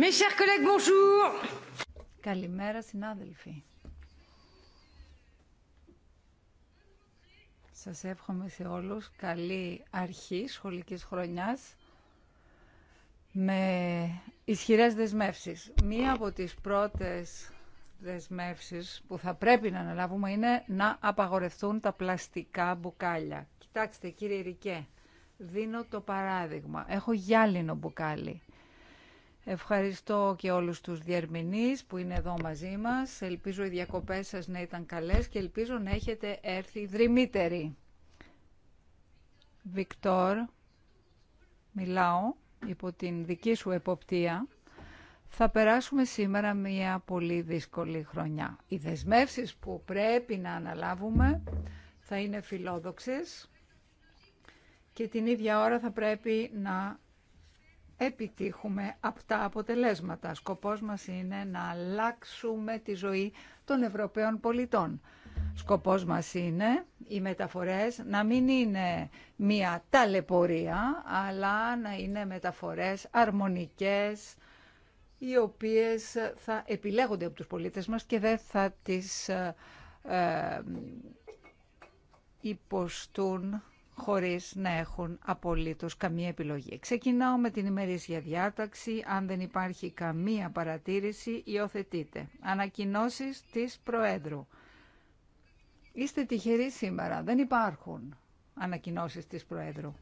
Mes chers collègues, bonjour. Καλημέρα συνάδελφοι. Σας εύχομαι σε όλους καλή αρχή σχολικής χρονιάς με ισχυρές δεσμεύσεις. Μία από τις πρώτες δεσμεύσεις που θα πρέπει να αναλάβουμε είναι να απαγορευτούν τα πλαστικά μπουκάλια. Κοιτάξτε κύριε Ρικέ, δίνω το παράδειγμα. Έχω γυάλινο μπουκάλι. Ευχαριστώ και όλους τους διερμηνείς που είναι εδώ μαζί μας. Ελπίζω οι διακοπές σας να ήταν καλές και ελπίζω να έχετε έρθει δρυμύτεροι. Βικτόρ, μιλάω υπό την δική σου εποπτεία. Θα περάσουμε σήμερα μια πολύ δύσκολη χρονιά. Οι δεσμεύσεις που πρέπει να αναλάβουμε θα είναι φιλόδοξες και την ίδια ώρα θα πρέπει να επιτύχουμε τα αποτελέσματα. Σκοπός μας είναι να αλλάξουμε τη ζωή των Ευρωπαίων πολιτών. Σκοπός μας είναι οι μεταφορές να μην είναι μία ταλαιπωρία, αλλά να είναι μεταφορές αρμονικές, οι οποίες θα επιλέγονται από τους πολίτες μας και δεν θα τις ε, ε, υποστούν χωρίς να έχουν απολύτως καμία επιλογή. Ξεκινάω με την ημερήσια διάταξη. Αν δεν υπάρχει καμία παρατήρηση, υιοθετείτε. Ανακοινώσεις της Προέδρου. Είστε τυχεροί σήμερα. Δεν υπάρχουν ανακοινώσεις της Προέδρου.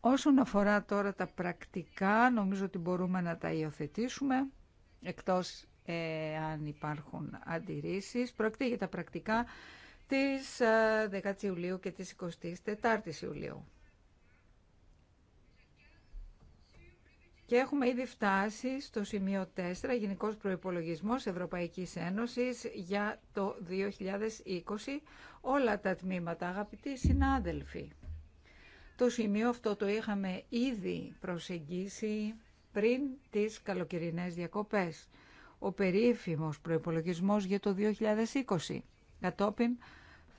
Όσον αφορά τώρα τα πρακτικά, νομίζω ότι μπορούμε να τα υιοθετήσουμε, εκτός αν υπάρχουν αντιρρήσεις. Πρόκειται για τα πρακτικά της 10 ε, Ιουλίου και της 24 η Ιουλίου. Και έχουμε ήδη φτάσει στο σημείο 4, Γενικός Προϋπολογισμός Ευρωπαϊκής Ένωσης για το 2020, όλα τα τμήματα, αγαπητοί συνάδελφοι. Το σημείο αυτό το είχαμε ήδη προσεγγίσει πριν τις καλοκαιρινές διακοπές. Ο περίφημος προϋπολογισμός για το 2020. Κατόπιν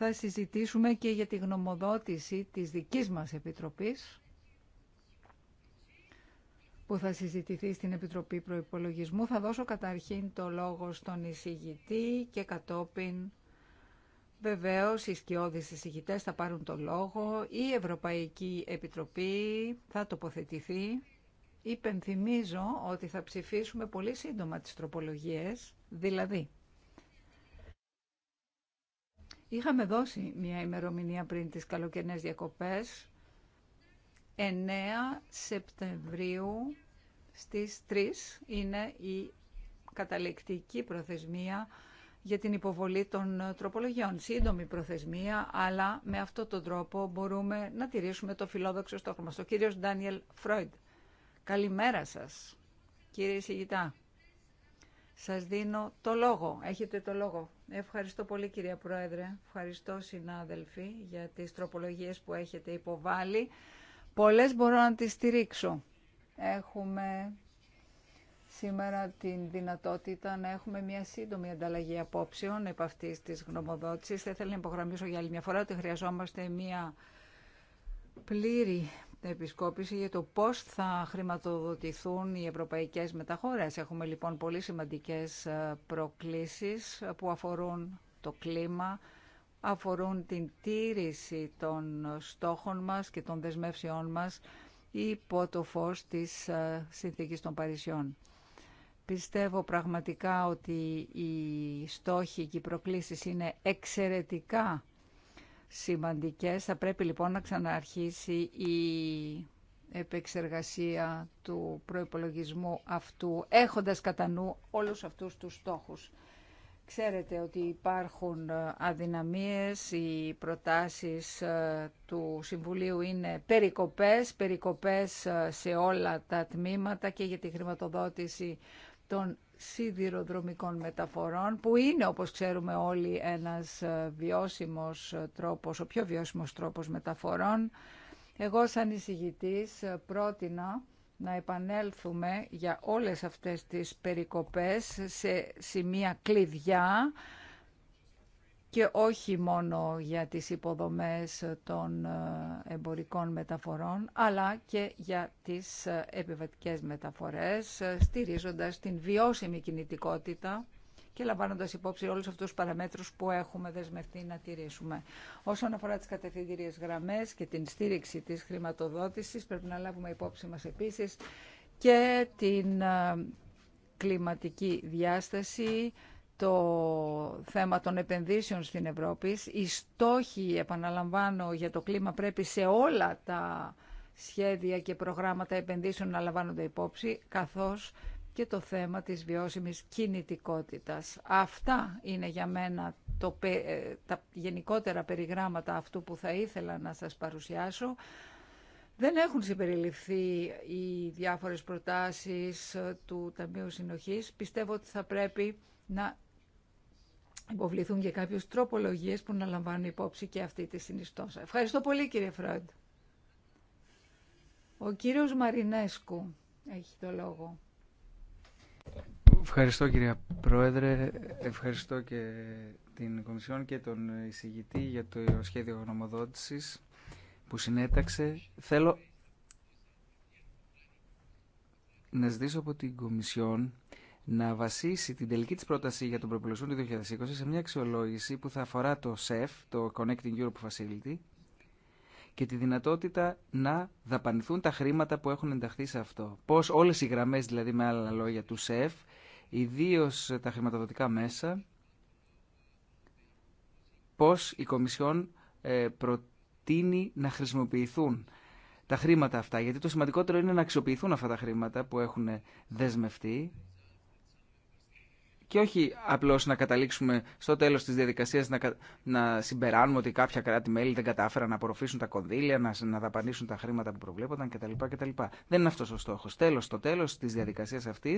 θα συζητήσουμε και για τη γνωμοδότηση της δικής μας Επιτροπής που θα συζητηθεί στην Επιτροπή Προϋπολογισμού. Θα δώσω καταρχήν το λόγο στον εισηγητή και κατόπιν βεβαίως οι σκιώδεις εισηγητές θα πάρουν το λόγο. Η Ευρωπαϊκή Επιτροπή θα τοποθετηθεί. Υπενθυμίζω ότι θα ψηφίσουμε πολύ σύντομα τις τροπολογίες, δηλαδή Είχαμε δώσει μια ημερομηνία πριν τις καλοκαιρινές διακοπές, 9 Σεπτεμβρίου στις 3 είναι η καταληκτική προθεσμία για την υποβολή των τροπολογιών. Σύντομη προθεσμία, αλλά με αυτόν τον τρόπο μπορούμε να τηρήσουμε το φιλόδοξο στόχο μας. Ο κύριος Ντάνιελ Φρόιντ. Καλημέρα σας, κύριε Σιγητά. Σας δίνω το λόγο. Έχετε το λόγο. Ευχαριστώ πολύ κυρία Πρόεδρε, ευχαριστώ συνάδελφοι για τις τροπολογίες που έχετε υποβάλει. Πολλές μπορώ να τις στηρίξω. Έχουμε σήμερα την δυνατότητα να έχουμε μια σύντομη ανταλλαγή απόψεων επ' αυτής της γνωμοδότησης. Θα ήθελα να υπογραμμίσω για άλλη μια φορά ότι χρειαζόμαστε μια πλήρη επισκόπηση για το πώς θα χρηματοδοτηθούν οι ευρωπαϊκές μεταχώρες. Έχουμε λοιπόν πολύ σημαντικές ε, προκλήσεις που αφορούν το κλίμα, αφορούν την τήρηση των στόχων μας και των δεσμεύσεών μας υπό το φως της ε, Συνθήκης των Παρισιών. Πιστεύω πραγματικά ότι οι στόχοι και οι προκλήσεις είναι εξαιρετικά σημαντικές. Θα πρέπει λοιπόν να ξαναρχίσει η επεξεργασία του προϋπολογισμού αυτού, έχοντας κατά νου όλους αυτούς τους στόχους. Ξέρετε ότι υπάρχουν ε, αδυναμίες, οι προτάσεις ε, του Συμβουλίου είναι περικοπές, περικοπές ε, σε όλα τα τμήματα και για τη χρηματοδότηση των σιδηροδρομικών μεταφορών που είναι όπως ξέρουμε όλοι ένας ε, βιώσιμος ε, τρόπος, ο πιο βιώσιμος τρόπος μεταφορών. Εγώ σαν εισηγητής ε, πρότεινα να επανέλθουμε για όλες αυτές τις περικοπές σε σημεία κλειδιά και όχι μόνο για τις υποδομές των ε, εμπορικών μεταφορών, αλλά και για τις ε, επιβατικές μεταφορές, ε, στηρίζοντας την βιώσιμη κινητικότητα και λαμβάνοντας υπόψη όλους αυτούς τους παραμέτρους που έχουμε δεσμευτεί να τηρήσουμε. Όσον αφορά τις κατευθυντήριες γραμμές και την στήριξη της χρηματοδότησης, πρέπει να λάβουμε υπόψη μας επίσης και την κλιματική διάσταση, το θέμα των επενδύσεων στην Ευρώπη. Οι στόχοι, επαναλαμβάνω, για το κλίμα πρέπει σε όλα τα σχέδια και προγράμματα επενδύσεων να λαμβάνονται υπόψη, καθώς και το θέμα της βιώσιμης κινητικότητας. Αυτά είναι για μένα το, ε, τα γενικότερα περιγράμματα αυτού που θα ήθελα να σας παρουσιάσω. Δεν έχουν συμπεριληφθεί οι διάφορες προτάσεις ε, του Ταμείου Συνοχής. Πιστεύω ότι θα πρέπει να υποβληθούν και κάποιες τροπολογίες που να λαμβάνουν υπόψη και αυτή τη συνιστόσα. Ευχαριστώ πολύ κύριε Φρόντ. Ο κύριος Μαρινέσκου έχει το λόγο. Ευχαριστώ κύριε Πρόεδρε, ευχαριστώ και την Κομισιόν και τον εισηγητή για το σχέδιο γνωμοδότησης που συνέταξε. Θέλω να ζητήσω από την Κομισιόν να βασίσει την τελική της πρόταση για τον προπολογισμό του 2020 σε μια αξιολόγηση που θα αφορά το SEF, το Connecting Europe Facility, και τη δυνατότητα να δαπανηθούν τα χρήματα που έχουν ενταχθεί σε αυτό. Πώς όλες οι γραμμές, δηλαδή με άλλα λόγια, του ΣΕΦ, ιδίω τα χρηματοδοτικά μέσα, πώς η Κομισιόν ε, προτείνει να χρησιμοποιηθούν τα χρήματα αυτά. Γιατί το σημαντικότερο είναι να αξιοποιηθούν αυτά τα χρήματα που έχουν δεσμευτεί και όχι απλώ να καταλήξουμε στο τέλο τη διαδικασία, να, να συμπεράνουμε ότι κάποια κράτη-μέλη δεν κατάφεραν να απορροφήσουν τα κονδύλια, να, να δαπανίσουν τα χρήματα που προβλέπονταν κτλ. κτλ. Δεν είναι αυτό ο στόχο. Τέλο, στο τέλο τη διαδικασία αυτή,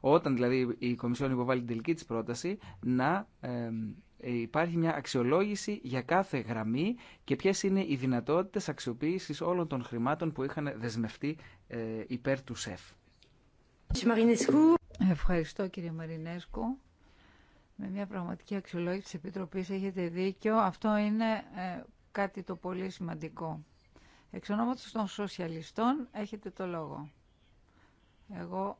όταν δηλαδή η Κομισιόν υποβάλλει την τελική τη πρόταση, να... Ε, υπάρχει μια αξιολόγηση για κάθε γραμμή και ποιε είναι οι δυνατότητε αξιοποίηση όλων των χρημάτων που είχαν δεσμευτεί ε, υπέρ του ΣΕΦ. Ευχαριστώ κύριε Μαρινέσκου. Με μια πραγματική αξιολόγηση της Επιτροπής έχετε δίκιο. Αυτό είναι ε, κάτι το πολύ σημαντικό. Εξ ονόματος των σοσιαλιστών έχετε το λόγο. Εγώ...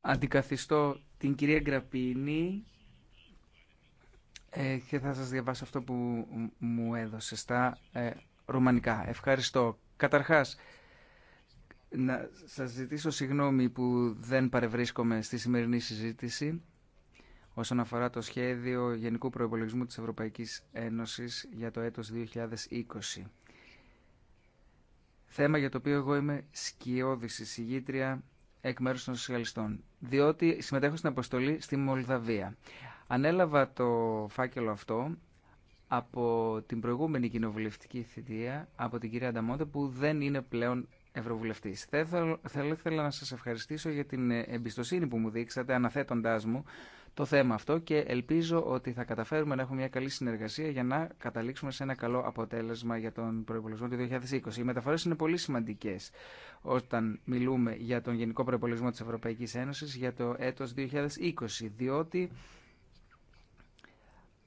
Αντικαθιστώ την κυρία Γκραπίνη ε, και θα σας διαβάσω αυτό που μου έδωσε στα ε, ρουμανικά. Ευχαριστώ. Καταρχάς, να σας ζητήσω συγγνώμη που δεν παρευρίσκομαι στη σημερινή συζήτηση όσον αφορά το σχέδιο Γενικού Προϋπολογισμού της Ευρωπαϊκής Ένωσης για το έτος 2020. Θέμα για το οποίο εγώ είμαι σκιώδης συγγήτρια εκ μέρους των σοσιαλιστών, διότι συμμετέχω στην αποστολή στη Μολδαβία. Ανέλαβα το φάκελο αυτό από την προηγούμενη κοινοβουλευτική θητεία, από την κυρία Ανταμόντα, που δεν είναι πλέον Ευρωβουλευτής. Θα ήθελα να σα ευχαριστήσω για την ε, εμπιστοσύνη που μου δείξατε αναθέτοντα μου το θέμα αυτό και ελπίζω ότι θα καταφέρουμε να έχουμε μια καλή συνεργασία για να καταλήξουμε σε ένα καλό αποτέλεσμα για τον προπολογισμό του 2020. Οι μεταφορέ είναι πολύ σημαντικέ όταν μιλούμε για τον Γενικό Προπολογισμό τη Ευρωπαϊκή Ένωση για το έτο 2020, διότι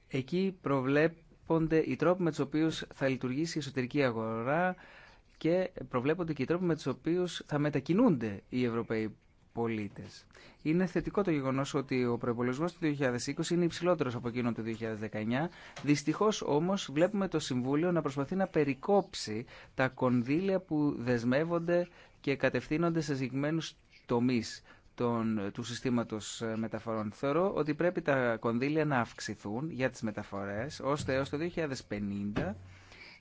εκεί προβλέπονται οι τρόποι με του οποίου θα λειτουργήσει η εσωτερική αγορά και προβλέπονται και οι τρόποι με τους οποίους θα μετακινούνται οι Ευρωπαίοι πολίτες. Είναι θετικό το γεγονός ότι ο προϋπολογισμός του 2020 είναι υψηλότερος από εκείνο του 2019. Δυστυχώς όμως βλέπουμε το Συμβούλιο να προσπαθεί να περικόψει τα κονδύλια που δεσμεύονται και κατευθύνονται σε συγκεκριμένου τομεί του συστήματος ε, μεταφορών. Θεωρώ ότι πρέπει τα κονδύλια να αυξηθούν για τις μεταφορές, ώστε έως το 2050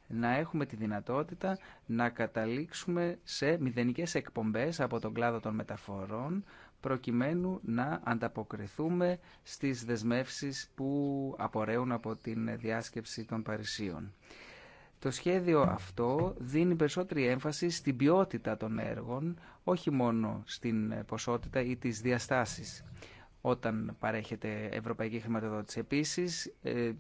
να έχουμε τη δυνατότητα να καταλήξουμε σε μηδενικές εκπομπές από τον κλάδο των μεταφορών προκειμένου να ανταποκριθούμε στις δεσμεύσεις που απορρέουν από την διάσκεψη των Παρισίων. Το σχέδιο αυτό δίνει περισσότερη έμφαση στην ποιότητα των έργων, όχι μόνο στην ποσότητα ή τις διαστάσεις. Όταν παρέχεται ευρωπαϊκή χρηματοδότηση επίσης, ε,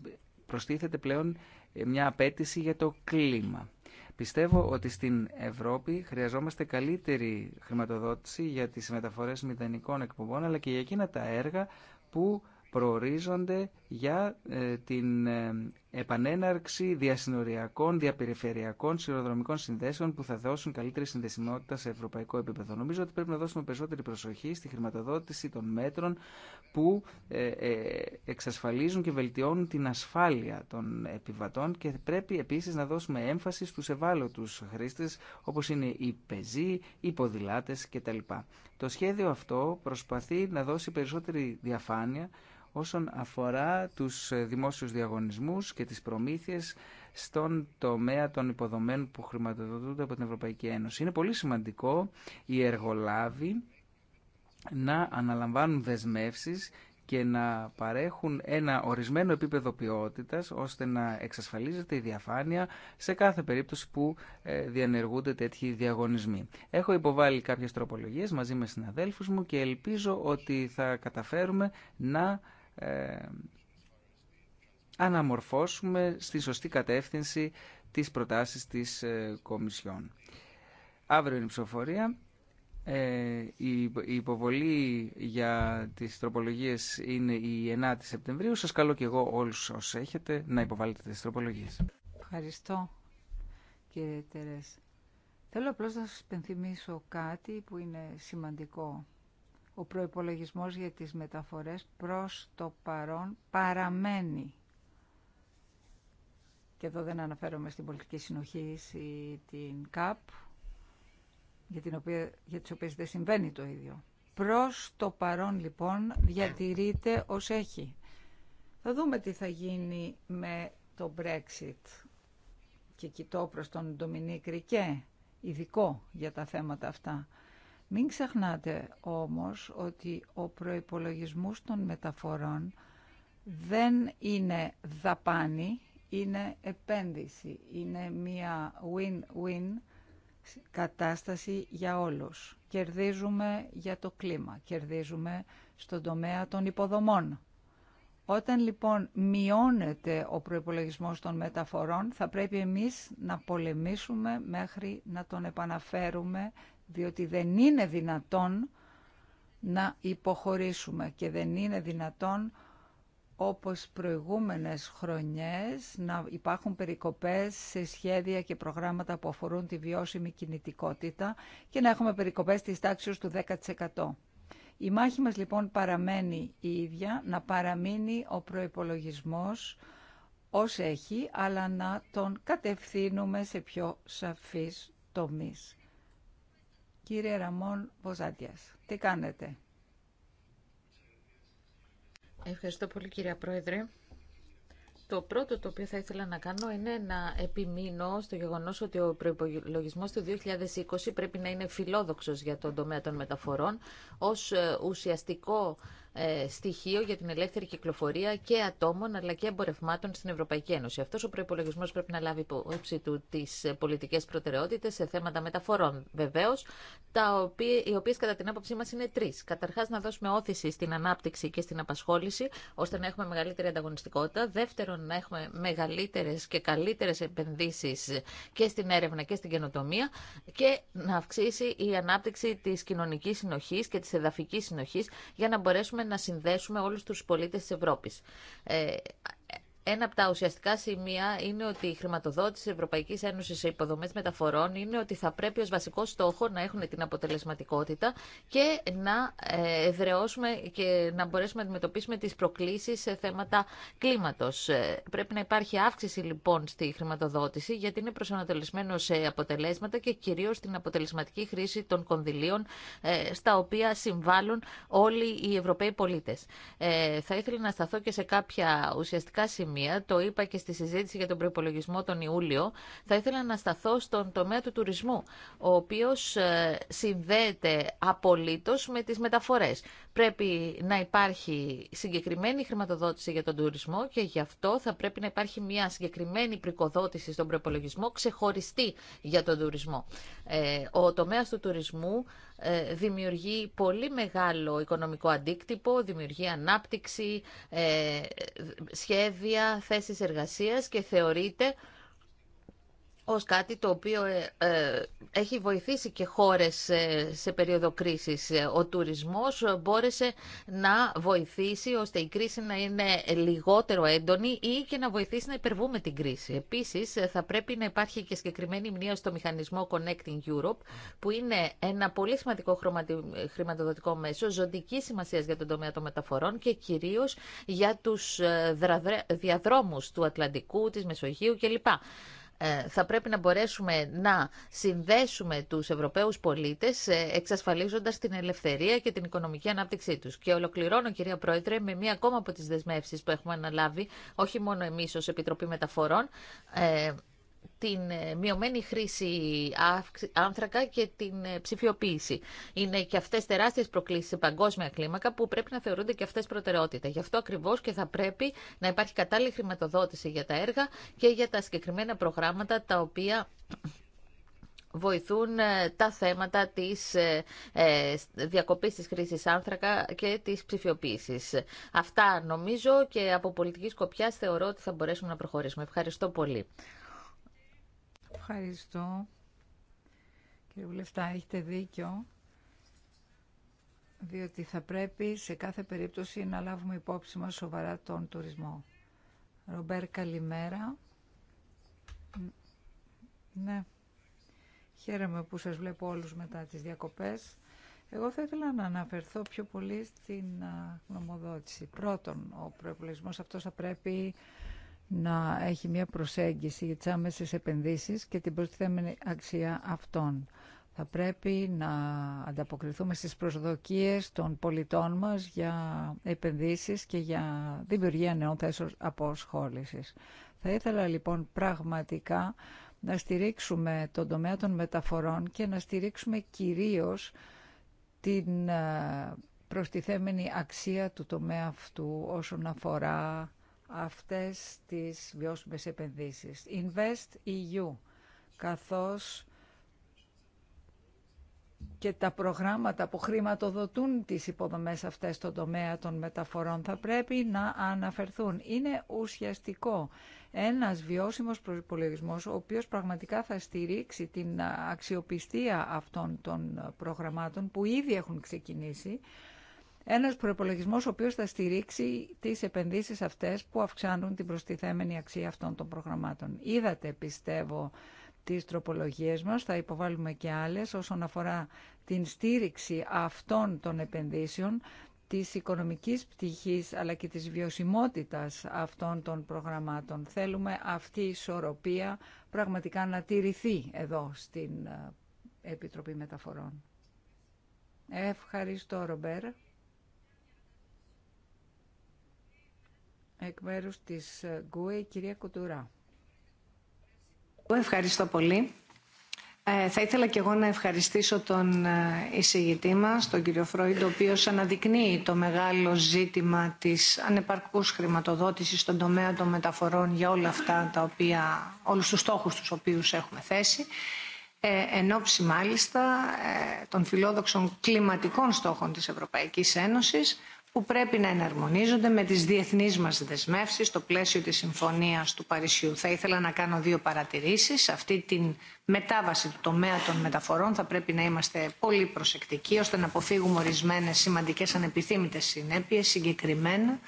προστίθεται πλέον ε, μια απέτηση για το κλίμα. Πιστεύω ότι στην Ευρώπη χρειαζόμαστε καλύτερη χρηματοδότηση για τις μεταφορές μηδενικών εκπομπών, αλλά και για εκείνα τα έργα που προορίζονται για ε, την ε, επανέναρξη διασυνοριακών, διαπεριφερειακών, σειροδρομικών συνδέσεων που θα δώσουν καλύτερη συνδεσιμότητα σε ευρωπαϊκό επίπεδο. Νομίζω ότι πρέπει να δώσουμε περισσότερη προσοχή στη χρηματοδότηση των μέτρων που ε, ε, εξασφαλίζουν και βελτιώνουν την ασφάλεια των επιβατών και πρέπει επίσης να δώσουμε έμφαση στους ευάλωτους χρήστες όπως είναι οι πεζοί, οι ποδηλάτες κτλ. Το σχέδιο αυτό προσπαθεί να δώσει περισσότερη διαφάνεια όσον αφορά τους ε, δημόσιους διαγωνισμούς και τις προμήθειες στον τομέα των υποδομένων που χρηματοδοτούνται από την Ευρωπαϊκή Ένωση. Είναι πολύ σημαντικό οι εργολάβοι να αναλαμβάνουν δεσμεύσεις και να παρέχουν ένα ορισμένο επίπεδο ποιότητας ώστε να εξασφαλίζεται η διαφάνεια σε κάθε περίπτωση που ε, διανεργούνται τέτοιοι διαγωνισμοί. Έχω υποβάλει κάποιες τροπολογίες μαζί με συναδέλφους μου και ελπίζω ότι θα καταφέρουμε να ε, αναμορφώσουμε στη σωστή κατεύθυνση τις προτάσεις της ε, Κομισιόν. Αύριο είναι η ψηφοφορία. Ε, η υποβολή για τις τροπολογίες είναι η 9η Σεπτεμβρίου. Σας καλώ και εγώ όλους έχετε να υποβάλλετε τις τροπολογίες. Ευχαριστώ κύριε Τερές. Θέλω απλώς να σας πενθυμίσω κάτι που είναι σημαντικό. Ο προϋπολογισμός για τις μεταφορές προς το παρόν παραμένει. Και εδώ δεν αναφέρομαι στην πολιτική συνοχή ή την ΚΑΠ, για, την οποία, για τις οποίες δεν συμβαίνει το ίδιο. Προς το παρόν λοιπόν διατηρείται ως έχει. Θα δούμε τι θα γίνει με το Brexit. Και κοιτώ προς τον Ντομινίκ Ρικέ, ειδικό για τα θέματα αυτά. Μην ξεχνάτε όμως ότι ο προϋπολογισμός των μεταφορών δεν είναι δαπάνη, είναι επένδυση, είναι μία win-win κατάσταση για όλους. Κερδίζουμε για το κλίμα, κερδίζουμε στον τομέα των υποδομών. Όταν λοιπόν μειώνεται ο προϋπολογισμός των μεταφορών, θα πρέπει εμείς να πολεμήσουμε μέχρι να τον επαναφέρουμε διότι δεν είναι δυνατόν να υποχωρήσουμε και δεν είναι δυνατόν όπως προηγούμενες χρονιές να υπάρχουν περικοπές σε σχέδια και προγράμματα που αφορούν τη βιώσιμη κινητικότητα και να έχουμε περικοπές της τάξης του 10%. Η μάχη μας λοιπόν παραμένει η ίδια, να παραμείνει ο προϋπολογισμός ως έχει, αλλά να τον κατευθύνουμε σε πιο σαφείς τομείς. Κύριε Ραμόν Βοζάντιας, τι κάνετε. Ευχαριστώ πολύ κύριε Πρόεδρε. Το πρώτο το οποίο θα ήθελα να κάνω είναι να επιμείνω στο γεγονός ότι ο προϋπολογισμός του 2020 πρέπει να είναι φιλόδοξος για τον τομέα των μεταφορών ως ε, ουσιαστικό ε, στοιχείο για την ελεύθερη κυκλοφορία και ατόμων αλλά και εμπορευμάτων στην Ευρωπαϊκή Ένωση. Αυτό ο προπολογισμό πρέπει να λάβει υπόψη του τι πολιτικέ προτεραιότητε σε θέματα μεταφορών βεβαίω, οι οποίε κατά την άποψή μα είναι τρει. Καταρχά, να δώσουμε όθηση στην ανάπτυξη και στην απασχόληση, ώστε να έχουμε μεγαλύτερη ανταγωνιστικότητα. Δεύτερον, να έχουμε μεγαλύτερε και καλύτερε επενδύσει και στην έρευνα και στην καινοτομία και να αυξήσει η ανάπτυξη τη κοινωνική συνοχή και τη εδαφική συνοχή για να μπορέσουμε να συνδέσουμε όλους τους πολίτες της Ευρώπης. Ε, ένα από τα ουσιαστικά σημεία είναι ότι η χρηματοδότηση τη Ευρωπαϊκή Ένωση σε υποδομέ μεταφορών είναι ότι θα πρέπει ω βασικό στόχο να έχουν την αποτελεσματικότητα και να ε, εδραιώσουμε και να μπορέσουμε να αντιμετωπίσουμε τι προκλήσει σε θέματα κλίματο. Ε, πρέπει να υπάρχει αύξηση λοιπόν στη χρηματοδότηση γιατί είναι προσανατολισμένο σε αποτελέσματα και κυρίω στην αποτελεσματική χρήση των κονδυλίων ε, στα οποία συμβάλλουν όλοι οι Ευρωπαίοι πολίτε. Θα ήθελα να σταθώ και σε κάποια ουσιαστικά σημεία το είπα και στη συζήτηση για τον προπολογισμό τον Ιούλιο, θα ήθελα να σταθώ στον τομέα του τουρισμού, ο οποίος ε, συνδέεται απολύτως με τις μεταφορές πρέπει να υπάρχει συγκεκριμένη χρηματοδότηση για τον τουρισμό και γι' αυτό θα πρέπει να υπάρχει μια συγκεκριμένη πρικοδότηση στον προπολογισμό ξεχωριστή για τον τουρισμό. Ε, ο τομέας του τουρισμού ε, δημιουργεί πολύ μεγάλο οικονομικό αντίκτυπο, δημιουργεί ανάπτυξη, ε, σχέδια, θέσεις εργασίας και θεωρείται ως κάτι το οποίο ε, ε, έχει βοηθήσει και χώρες ε, σε περίοδο κρίσης. Ο τουρισμός μπόρεσε να βοηθήσει ώστε η κρίση να είναι λιγότερο έντονη ή και να βοηθήσει να υπερβούμε την κρίση. Επίσης, θα πρέπει να υπάρχει και συγκεκριμένη μνήμα στο μηχανισμό Connecting Europe, που είναι ένα πολύ σημαντικό χρηματοδοτικό μέσο ζωτική σημασία για τον τομέα των μεταφορών και κυρίως για τους διαδρόμους του Ατλαντικού, της Μεσογείου κλπ. Ε, θα πρέπει να μπορέσουμε να συνδέσουμε τους Ευρωπαίους πολίτες ε, εξασφαλίζοντας την ελευθερία και την οικονομική ανάπτυξή τους. Και ολοκληρώνω κυρία Πρόεδρε με μία ακόμα από τις δεσμεύσεις που έχουμε αναλάβει όχι μόνο εμείς ως Επιτροπή Μεταφορών ε, την ε, μειωμένη χρήση άνθρακα και την ε, ψηφιοποίηση. Είναι και αυτές τεράστιες προκλήσεις σε παγκόσμια κλίμακα που πρέπει να θεωρούνται και αυτές προτεραιότητα. Γι' αυτό ακριβώς και θα πρέπει να υπάρχει κατάλληλη χρηματοδότηση για τα έργα και για τα συγκεκριμένα προγράμματα τα οποία βοηθούν ε, τα θέματα της διακοπής της χρήσης άνθρακα και της ψηφιοποίησης. Αυτά νομίζω και από πολιτική σκοπιά θεωρώ ότι θα μπορέσουμε να προχωρήσουμε. Ευχαριστώ πολύ. Ευχαριστώ. Κύριε Βουλευτά, έχετε δίκιο, διότι θα πρέπει σε κάθε περίπτωση να λάβουμε υπόψη μας σοβαρά τον τουρισμό. Ρομπέρ, καλημέρα. Ναι, χαίρομαι που σας βλέπω όλους μετά τις διακοπές. Εγώ θα ήθελα να αναφερθώ πιο πολύ στην γνωμοδότηση. Πρώτον, ο προεπολογισμός αυτός θα πρέπει να έχει μια προσέγγιση για τις άμεσες επενδύσεις και την προστιθέμενη αξία αυτών. Θα πρέπει να ανταποκριθούμε στις προσδοκίες των πολιτών μας για επενδύσεις και για δημιουργία νέων θέσεων αποσχόλησης. Θα ήθελα λοιπόν πραγματικά να στηρίξουμε τον τομέα των μεταφορών και να στηρίξουμε κυρίως την ε, προστιθέμενη αξία του τομέα αυτού όσον αφορά αυτές τις βιώσιμες επενδύσεις. Invest EU, καθώς και τα προγράμματα που χρηματοδοτούν τις υποδομές αυτές στον τομέα των μεταφορών θα πρέπει να αναφερθούν. Είναι ουσιαστικό ένας βιώσιμος προϋπολογισμός ο οποίος πραγματικά θα στηρίξει την αξιοπιστία αυτών των προγραμμάτων που ήδη έχουν ξεκινήσει ένας προϋπολογισμός ο οποίος θα στηρίξει τις επενδύσεις αυτές που αυξάνουν την προστιθέμενη αξία αυτών των προγραμμάτων. Είδατε, πιστεύω, τις τροπολογίες μας, θα υποβάλουμε και άλλες όσον αφορά την στήριξη αυτών των επενδύσεων, της οικονομικής πτυχής αλλά και της βιωσιμότητας αυτών των προγραμμάτων. Θέλουμε αυτή η ισορροπία πραγματικά να τηρηθεί εδώ στην ε, Επιτροπή Μεταφορών. Ευχαριστώ, Ρομπέρ. Εκ μέρους της ε, ΓΚΟΕ, η κυρία Κουτουρά. Ευχαριστώ πολύ. Ε, θα ήθελα και εγώ να ευχαριστήσω τον ε, εισηγητή μας, τον κύριο Φρόιντ, ο οποίος αναδεικνύει το μεγάλο ζήτημα της ανεπαρκούς χρηματοδότησης στον τομέα των μεταφορών για όλα αυτά τα οποία, όλους τους στόχους τους οποίους έχουμε θέσει. Ε, εν όψη, μάλιστα ε, των φιλόδοξων κλιματικών στόχων της Ευρωπαϊκής Ένωσης, που πρέπει να εναρμονίζονται με τις διεθνείς μας δεσμεύσεις στο πλαίσιο της Συμφωνίας του Παρισιού. Θα ήθελα να κάνω δύο παρατηρήσεις. Σε αυτή την μετάβαση του τομέα των μεταφορών θα πρέπει να είμαστε πολύ προσεκτικοί ώστε να αποφύγουμε ορισμένες σημαντικές ανεπιθύμητες συνέπειες συγκεκριμένα.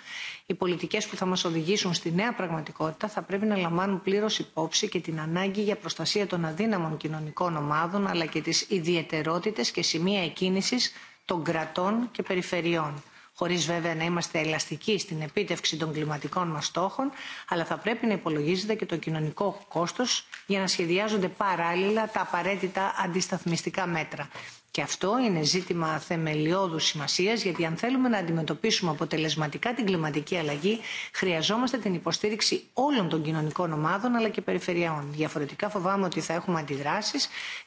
Οι πολιτικές που θα μας οδηγήσουν στη νέα πραγματικότητα θα πρέπει να λαμβάνουν πλήρως υπόψη και την ανάγκη για προστασία των αδύναμων κοινωνικών ομάδων αλλά και τις ιδιαιτερότητες και σημεία εκκίνησης των κρατών και περιφερειών χωρίς βέβαια να είμαστε ελαστικοί στην επίτευξη των κλιματικών μας στόχων, αλλά θα πρέπει να υπολογίζεται και το κοινωνικό κόστος για να σχεδιάζονται παράλληλα τα απαραίτητα αντισταθμιστικά μέτρα. Και αυτό είναι ζήτημα θεμελιώδου σημασία, γιατί αν θέλουμε να αντιμετωπίσουμε αποτελεσματικά την κλιματική αλλαγή, χρειαζόμαστε την υποστήριξη όλων των κοινωνικών ομάδων αλλά και περιφερειών. Διαφορετικά φοβάμαι ότι θα έχουμε αντιδράσει,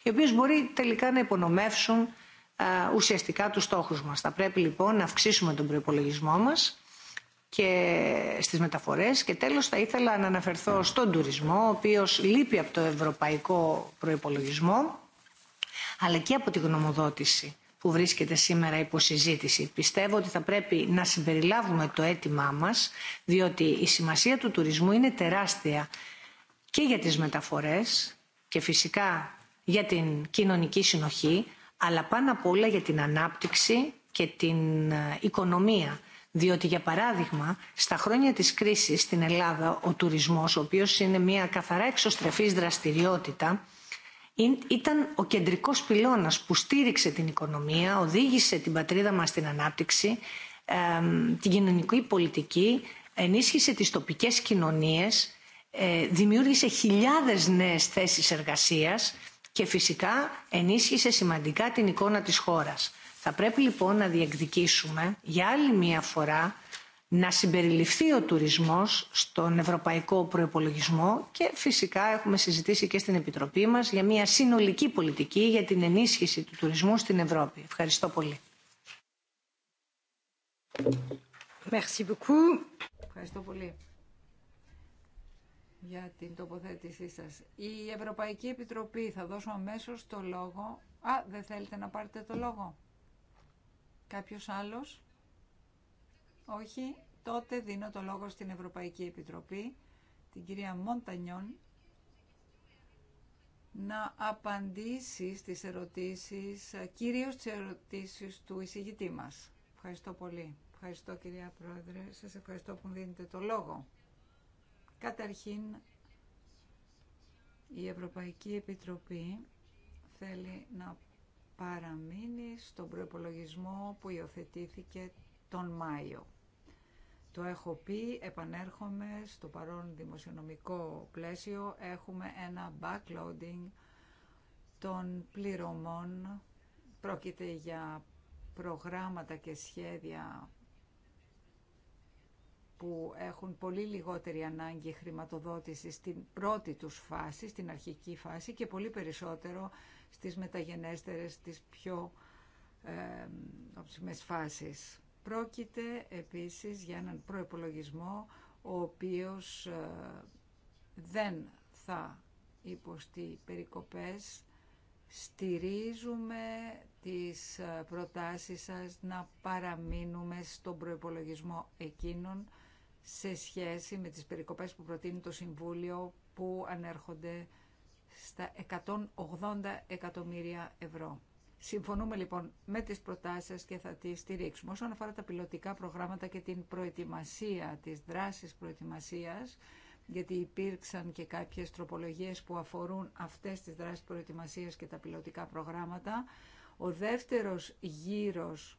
οι οποίε μπορεί τελικά να υπονομεύσουν ε, ουσιαστικά τους στόχους μας. Θα πρέπει λοιπόν να αυξήσουμε τον προϋπολογισμό μας και στις μεταφορές και τέλος θα ήθελα να αναφερθώ στον τουρισμό ο οποίος λείπει από το ευρωπαϊκό προϋπολογισμό αλλά και από τη γνωμοδότηση που βρίσκεται σήμερα υπό συζήτηση. Πιστεύω ότι θα πρέπει να συμπεριλάβουμε το αίτημά μας διότι η σημασία του τουρισμού είναι τεράστια και για τις μεταφορές και φυσικά για την κοινωνική συνοχή αλλά πάνω απ' όλα για την ανάπτυξη και την ε, οικονομία. Διότι, για παράδειγμα, στα χρόνια της κρίσης στην Ελλάδα, ο τουρισμός, ο οποίος είναι μια καθαρά εξωστρεφής δραστηριότητα, ήταν ο κεντρικός πυλώνας που στήριξε την οικονομία, οδήγησε την πατρίδα μας στην ανάπτυξη, την κοινωνική πολιτική, ενίσχυσε τις τοπικές κοινωνίες, ε, δημιούργησε χιλιάδες νέες θέσεις εργασίας και φυσικά ενίσχυσε σημαντικά την εικόνα της χώρας. Θα πρέπει λοιπόν να διεκδικήσουμε για άλλη μία φορά να συμπεριληφθεί ο τουρισμός στον ευρωπαϊκό προϋπολογισμό και φυσικά έχουμε συζητήσει και στην Επιτροπή μας για μια συνολική πολιτική για την ενίσχυση του τουρισμού στην Ευρώπη. Ευχαριστώ πολύ. Merci Ευχαριστώ πολύ για την τοποθέτησή σας. Η Ευρωπαϊκή Επιτροπή θα δώσω αμέσως το λόγο. Α, δεν θέλετε να πάρετε το λόγο. Κάποιος άλλος. Όχι. Τότε δίνω το λόγο στην Ευρωπαϊκή Επιτροπή, την κυρία Μοντανιόν, να απαντήσει στις ερωτήσεις, κυρίως τις ερωτήσεις του εισηγητή μας. Ευχαριστώ πολύ. Ευχαριστώ κυρία Πρόεδρε. Σας ευχαριστώ που δίνετε το λόγο. Καταρχήν, η Ευρωπαϊκή Επιτροπή θέλει να παραμείνει στον προϋπολογισμό που υιοθετήθηκε τον Μάιο. Το έχω πει, επανέρχομαι στο παρόν δημοσιονομικό πλαίσιο, έχουμε ένα backloading των πληρωμών, πρόκειται για προγράμματα και σχέδια που έχουν πολύ λιγότερη ανάγκη χρηματοδότηση στην πρώτη τους φάση, στην αρχική φάση και πολύ περισσότερο στις μεταγενέστερες, στις πιο ε, οψιμές φάσεις. Πρόκειται επίσης για έναν προϋπολογισμό ο οποίος ε, δεν θα υποστεί περικοπές. Στηρίζουμε τις ε, προτάσεις σας να παραμείνουμε στον προϋπολογισμό εκείνων σε σχέση με τις περικοπές που προτείνει το Συμβούλιο που ανέρχονται στα 180 εκατομμύρια ευρώ. Συμφωνούμε λοιπόν με τις προτάσεις και θα τις στηρίξουμε. Όσον αφορά τα πιλωτικά προγράμματα και την προετοιμασία, τις δράσεις προετοιμασίας, γιατί υπήρξαν και κάποιες τροπολογίες που αφορούν αυτές τις δράσεις προετοιμασίας και τα πιλωτικά προγράμματα, ο δεύτερος γύρος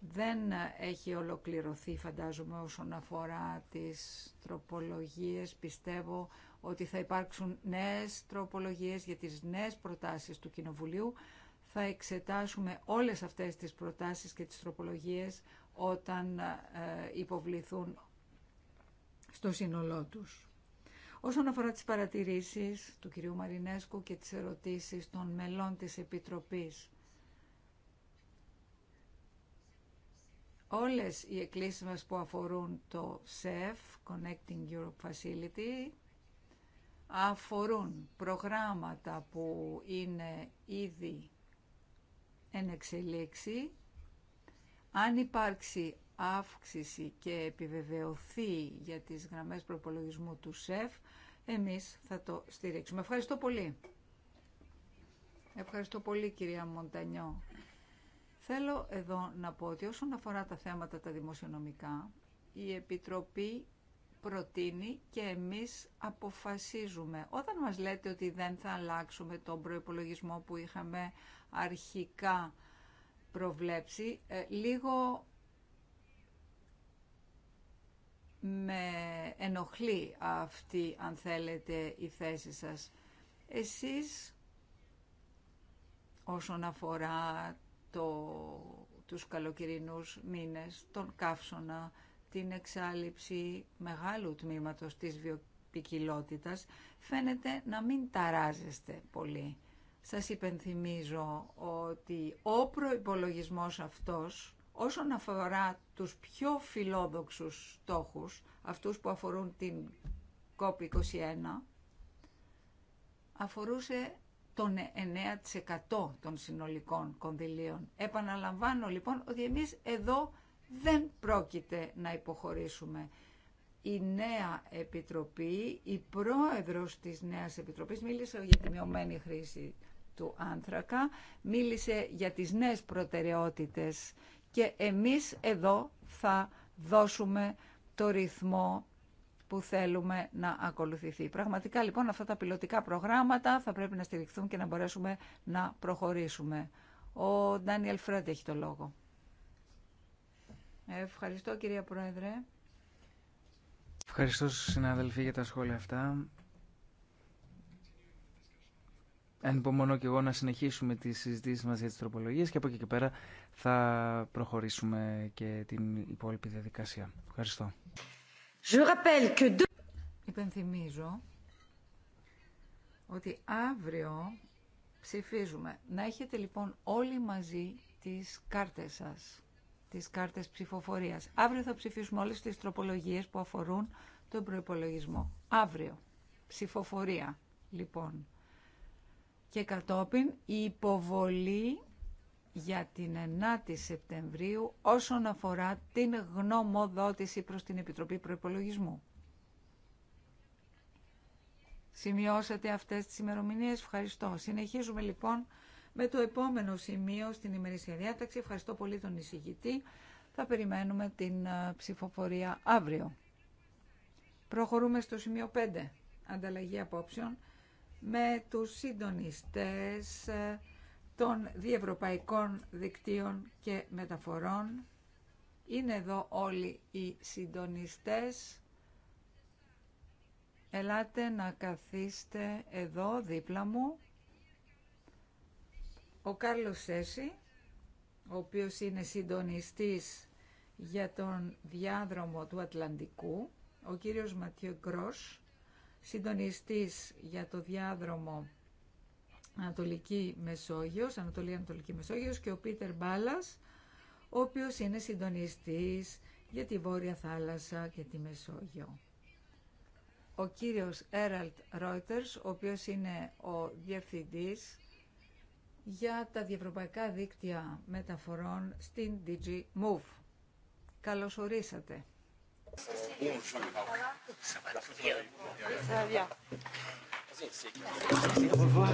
δεν έχει ολοκληρωθεί φαντάζομαι όσον αφορά τις τροπολογίες. Πιστεύω ότι θα υπάρξουν νέες τροπολογίες για τις νέες προτάσεις του Κοινοβουλίου. Θα εξετάσουμε όλες αυτές τις προτάσεις και τις τροπολογίες όταν ε, υποβληθούν στο σύνολό τους. Όσον αφορά τις παρατηρήσεις του κυρίου Μαρινέσκου και τις ερωτήσεις των μελών της Επιτροπής, όλες οι εκκλήσεις μας που αφορούν το SEF, Connecting Europe Facility, αφορούν προγράμματα που είναι ήδη εν εξελίξη. Αν υπάρξει αύξηση και επιβεβαιωθεί για τις γραμμές προπολογισμού του ΣΕΦ, εμείς θα το στηρίξουμε. Ευχαριστώ πολύ. Ευχαριστώ πολύ κυρία Μοντανιό. Θέλω εδώ να πω ότι όσον αφορά τα θέματα τα δημοσιονομικά, η Επιτροπή προτείνει και εμείς αποφασίζουμε. Όταν μας λέτε ότι δεν θα αλλάξουμε τον προϋπολογισμό που είχαμε αρχικά προβλέψει, ε, λίγο με ενοχλεί αυτή, αν θέλετε, η θέση σας. Εσείς, όσον αφορά το, τους καλοκαιρινούς μήνες, τον καύσωνα, την εξάλληψη μεγάλου τμήματος της βιοπικιλότητας, φαίνεται να μην ταράζεστε πολύ. Σας υπενθυμίζω ότι ο προϋπολογισμός αυτός, όσον αφορά τους πιο φιλόδοξους στόχους, αυτούς που αφορούν την COP21, αφορούσε των 9% των συνολικών κονδυλίων. Επαναλαμβάνω λοιπόν ότι εμείς εδώ δεν πρόκειται να υποχωρήσουμε. Η νέα επιτροπή, η πρόεδρος της νέας επιτροπής μίλησε για τη μειωμένη χρήση του άνθρακα, μίλησε για τις νέες προτεραιότητες και εμείς εδώ θα δώσουμε το ρυθμό που θέλουμε να ακολουθηθεί. Πραγματικά λοιπόν αυτά τα πιλωτικά προγράμματα θα πρέπει να στηριχθούν και να μπορέσουμε να προχωρήσουμε. Ο Ντάνιελ Φρέντ έχει το λόγο. Ευχαριστώ κυρία Πρόεδρε. Ευχαριστώ συναδελφοί για τα σχόλια αυτά. υπομονώ και εγώ να συνεχίσουμε τις συζητήσεις μας για τις τροπολογίες και από εκεί και πέρα θα προχωρήσουμε και την υπόλοιπη διαδικασία. Ευχαριστώ. Je Υπενθυμίζω ότι αύριο ψηφίζουμε. Να έχετε λοιπόν όλοι μαζί τις κάρτες σας, τις κάρτες ψηφοφορίας. Αύριο θα ψηφίσουμε όλες τις τροπολογίες που αφορούν τον προϋπολογισμό. Αύριο. Ψηφοφορία, λοιπόν. Και κατόπιν η υποβολή για την 9η Σεπτεμβρίου όσον αφορά την γνωμοδότηση προς την Επιτροπή Προϋπολογισμού. Σημειώσατε αυτές τις ημερομηνίε. Ευχαριστώ. Συνεχίζουμε λοιπόν με το επόμενο σημείο στην ημερήσια διάταξη. Ευχαριστώ πολύ τον εισηγητή. Θα περιμένουμε την ε, ψηφοφορία αύριο. Προχωρούμε στο σημείο 5. Ανταλλαγή απόψεων με τους συντονιστές ε, των διευρωπαϊκών δικτύων και μεταφορών. Είναι εδώ όλοι οι συντονιστές. Ελάτε να καθίστε εδώ δίπλα μου. Ο Κάρλος Σέση, ο οποίος είναι συντονιστής για τον διάδρομο του Ατλαντικού, ο κύριος Ματιό Γκρός, συντονιστής για το διάδρομο Ανατολική Μεσόγειος, Ανατολή Ανατολική Μεσόγειος και ο Πίτερ Μπάλας, ο οποίος είναι συντονιστής για τη Βόρεια Θάλασσα και τη Μεσόγειο. Ο κύριος Έραλτ Ρόιτερς, ο οποίος είναι ο διευθυντής για τα διευρωπαϊκά δίκτυα μεταφορών στην DG Move. Καλώς ορίσατε. Au revoir.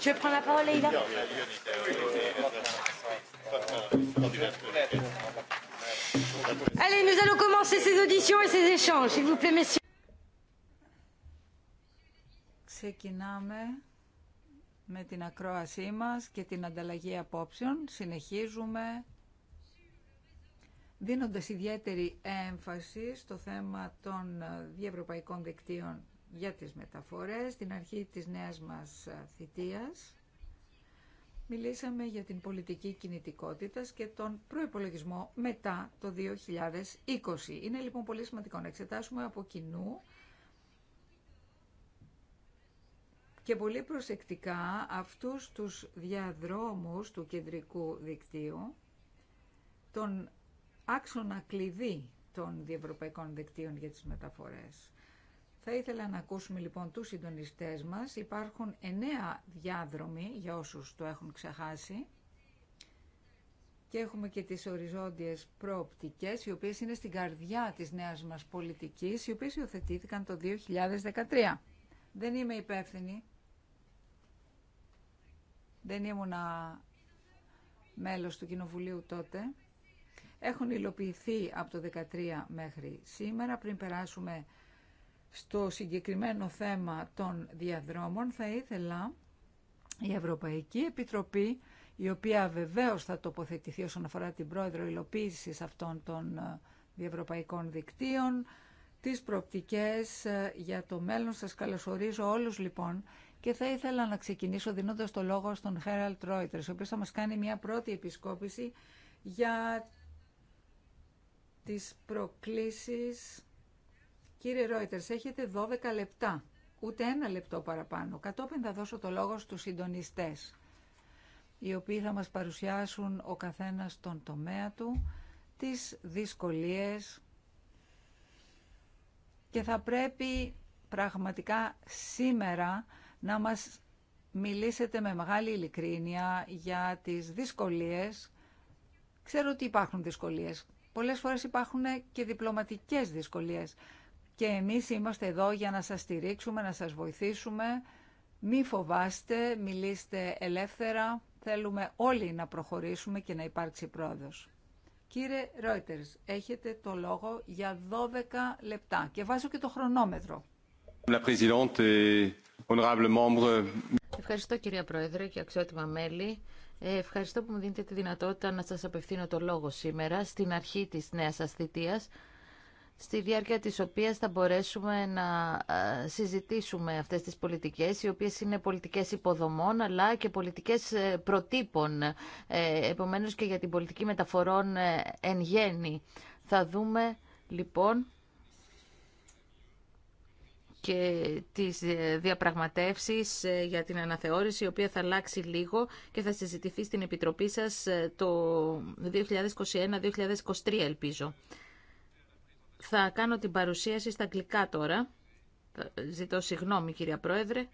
Je prends la parole, Leïla. Allez, nous allons commencer ces auditions et ces échanges, s'il vous plaît, messieurs. Ξεκινάμε με την ακρόασή μας και την ανταλλαγή απόψεων. Συνεχίζουμε δίνοντας ιδιαίτερη έμφαση στο θέμα των διευρωπαϊκών δικτύων για τις μεταφορές, την αρχή της νέας μας θητείας. Μιλήσαμε για την πολιτική κινητικότητας και τον προϋπολογισμό μετά το 2020. Είναι λοιπόν πολύ σημαντικό να εξετάσουμε από κοινού και πολύ προσεκτικά αυτούς τους διαδρόμους του κεντρικού δικτύου, τον άξονα κλειδί των διευρωπαϊκών δικτύων για τις μεταφορές. Θα ήθελα να ακούσουμε λοιπόν τους συντονιστές μας. Υπάρχουν εννέα διάδρομοι για όσους το έχουν ξεχάσει και έχουμε και τις οριζόντιες προοπτικές οι οποίες είναι στην καρδιά της νέας μας πολιτικής οι οποίες υιοθετήθηκαν το 2013. Δεν είμαι υπεύθυνη δεν ήμουνα μέλος του Κοινοβουλίου τότε, έχουν υλοποιηθεί από το 2013 μέχρι σήμερα. Πριν περάσουμε στο συγκεκριμένο θέμα των διαδρόμων, θα ήθελα η Ευρωπαϊκή Επιτροπή, η οποία βεβαίως θα τοποθετηθεί όσον αφορά την πρόεδρο υλοποίηση αυτών των ε, διευρωπαϊκών δικτύων, τις προοπτικές ε, για το μέλλον. Σας καλωσορίζω όλους λοιπόν και θα ήθελα να ξεκινήσω δίνοντας το λόγο στον Χέραλτ Ρόιτερς, ο οποίος θα μας κάνει μια πρώτη επισκόπηση για τις προκλήσεις. Κύριε Ρόιτερ, έχετε 12 λεπτά, ούτε ένα λεπτό παραπάνω. Κατόπιν θα δώσω το λόγο στους συντονιστές, οι οποίοι θα μας παρουσιάσουν ο καθένας τον τομέα του, τις δυσκολίες και θα πρέπει πραγματικά σήμερα να μας μιλήσετε με μεγάλη ειλικρίνεια για τις δυσκολίες. Ξέρω ότι υπάρχουν δυσκολίες. Πολλές φορές υπάρχουν και διπλωματικές δυσκολίες. Και εμείς είμαστε εδώ για να σας στηρίξουμε, να σας βοηθήσουμε. Μη φοβάστε, μιλήστε ελεύθερα. Θέλουμε όλοι να προχωρήσουμε και να υπάρξει πρόοδος. Κύριε Ρόιτερς, έχετε το λόγο για 12 λεπτά και βάζω και το χρονόμετρο. Ευχαριστώ κυρία Πρόεδρε και αξιότιμα μέλη. Ε, ευχαριστώ που μου δίνετε τη δυνατότητα να σας απευθύνω το λόγο σήμερα στην αρχή της νέας σας στη διάρκεια της οποίας θα μπορέσουμε να ε, συζητήσουμε αυτές τις πολιτικές, οι οποίες είναι πολιτικές υποδομών, αλλά και πολιτικές ε, προτύπων, επομένως και για την πολιτική μεταφορών εν γέννη. Θα δούμε λοιπόν και τις ε, διαπραγματεύσεις ε, για την αναθεώρηση, η οποία θα αλλάξει λίγο και θα συζητηθεί στην Επιτροπή σας ε, το 2021-2023, ελπίζω. Θα κάνω την παρουσίαση στα αγγλικά τώρα. Ζητώ συγγνώμη, κυρία Πρόεδρε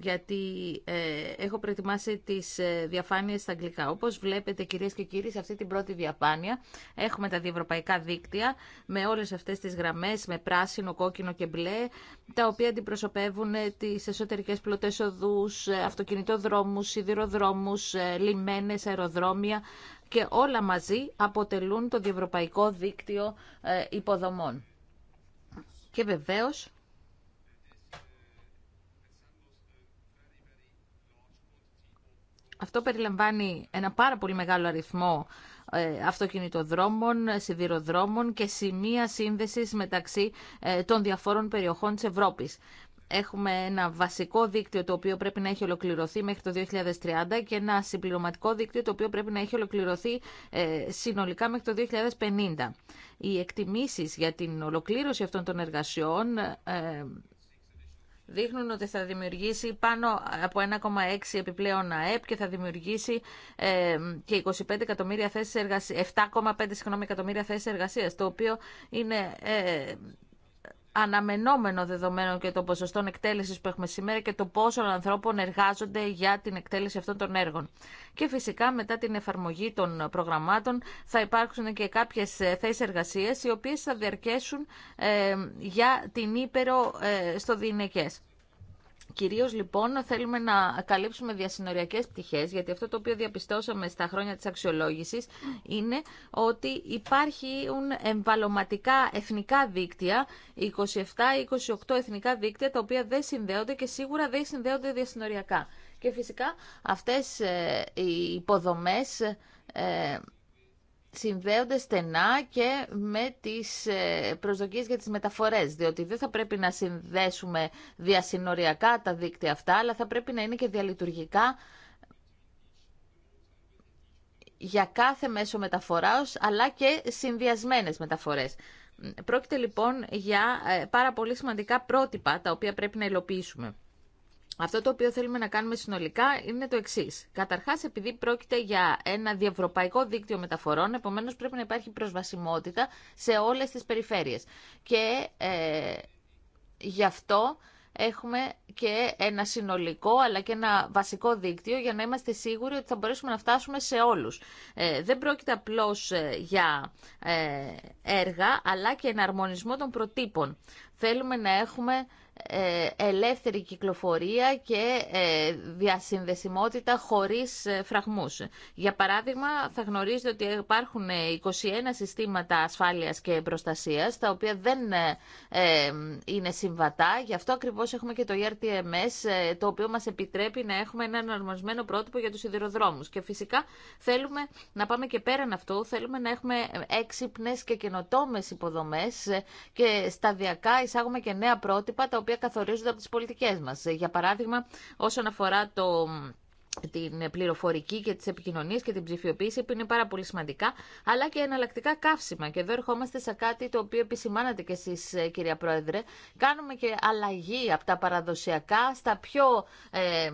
γιατί ε, έχω προετοιμάσει τις ε, διαφάνειες στα αγγλικά. Όπως βλέπετε κυρίες και κύριοι σε αυτή την πρώτη διαφάνεια έχουμε τα διευρωπαϊκά δίκτυα με όλες αυτές τις γραμμές με πράσινο, κόκκινο και μπλε τα οποία αντιπροσωπεύουν ε, τις εσωτερικές πλωτές οδούς, ε, αυτοκινητοδρόμους, σιδηροδρόμους, ε, λιμένες, αεροδρόμια και όλα μαζί αποτελούν το διευρωπαϊκό δίκτυο υποδομών. Και βεβαίως Αυτό περιλαμβάνει ένα πάρα πολύ μεγάλο αριθμό ε, αυτοκινητοδρόμων, σιδηροδρόμων και σημεία σύνδεσης μεταξύ ε, των διαφόρων περιοχών της Ευρώπης. Έχουμε ένα βασικό δίκτυο το οποίο πρέπει να έχει ολοκληρωθεί μέχρι το 2030 και ένα συμπληρωματικό δίκτυο το οποίο πρέπει να έχει ολοκληρωθεί ε, συνολικά μέχρι το 2050. Οι εκτιμήσεις για την ολοκλήρωση αυτών των εργασιών δείχνουν ότι θα δημιουργήσει πάνω από 1,6 επιπλέον ΑΕΠ και θα δημιουργήσει ε, και 25 εκατομμύρια θέσεις εργασίας, 7,5 εκατομμύρια θέσεις εργασίας, το οποίο είναι ε, αναμενόμενο δεδομένο και των ποσοστών εκτέλεσης που έχουμε σήμερα και το πόσο ανθρώπων εργάζονται για την εκτέλεση αυτών των έργων. Και φυσικά μετά την εφαρμογή των προγραμμάτων θα υπάρξουν και κάποιες ε, θέσεις εργασίας οι οποίες θα διαρκέσουν ε, για την Ήπερο ε, στο Δινεκές. Κυρίως λοιπόν θέλουμε να καλύψουμε διασυνοριακές πτυχές, γιατί αυτό το οποίο διαπιστώσαμε στα χρόνια της αξιολόγησης είναι ότι υπάρχουν εμβαλωματικά εθνικά δίκτυα, 27-28 εθνικά δίκτυα, τα οποία δεν συνδέονται και σίγουρα δεν συνδέονται διασυνοριακά. Και φυσικά αυτές ε, οι υποδομές ε, συνδέονται στενά και με τις ε, προσδοκίες για τις μεταφορές, διότι δεν θα πρέπει να συνδέσουμε διασυνοριακά τα δίκτυα αυτά, αλλά θα πρέπει να είναι και διαλειτουργικά για κάθε μέσο μεταφοράς, αλλά και συνδυασμένες μεταφορές. Πρόκειται λοιπόν για ε, πάρα πολύ σημαντικά πρότυπα, τα οποία πρέπει να υλοποιήσουμε. Αυτό το οποίο θέλουμε να κάνουμε συνολικά είναι το εξή. Καταρχά, επειδή πρόκειται για ένα διευρωπαϊκό δίκτυο μεταφορών, επομένω πρέπει να υπάρχει προσβασιμότητα σε όλε τι περιφέρειε. Και ε, γι' αυτό έχουμε και ένα συνολικό αλλά και ένα βασικό δίκτυο για να είμαστε σίγουροι ότι θα μπορέσουμε να φτάσουμε σε όλους. Ε, δεν πρόκειται απλώς ε, για ε, έργα αλλά και εναρμονισμό των προτύπων. Θέλουμε να έχουμε ε, ελεύθερη κυκλοφορία και ε, διασυνδεσιμότητα χωρίς ε, φραγμούς. Για παράδειγμα, θα γνωρίζετε ότι υπάρχουν 21 συστήματα ασφάλειας και προστασίας, τα οποία δεν είναι συμβατά. Γι' αυτό ακριβώς έχουμε και το ERTMS, το οποίο μας επιτρέπει να έχουμε ένα αναρμοσμένο πρότυπο για τους σιδηροδρόμους. Και φυσικά θέλουμε να πάμε και πέραν αυτού, θέλουμε να έχουμε έξυπνες και καινοτόμες υποδομές και σταδιακά εισάγουμε και νέα πρότυπα, οποία καθορίζονται από τις πολιτικές μας. Για παράδειγμα, όσον αφορά το την πληροφορική και τις επικοινωνίες και την ψηφιοποίηση που είναι πάρα πολύ σημαντικά, αλλά και εναλλακτικά καύσιμα. Και εδώ ερχόμαστε σε κάτι το οποίο επισημάνατε και εσείς ε, κυρία Πρόεδρε. Κάνουμε και αλλαγή από τα παραδοσιακά στα πιο ε, ε,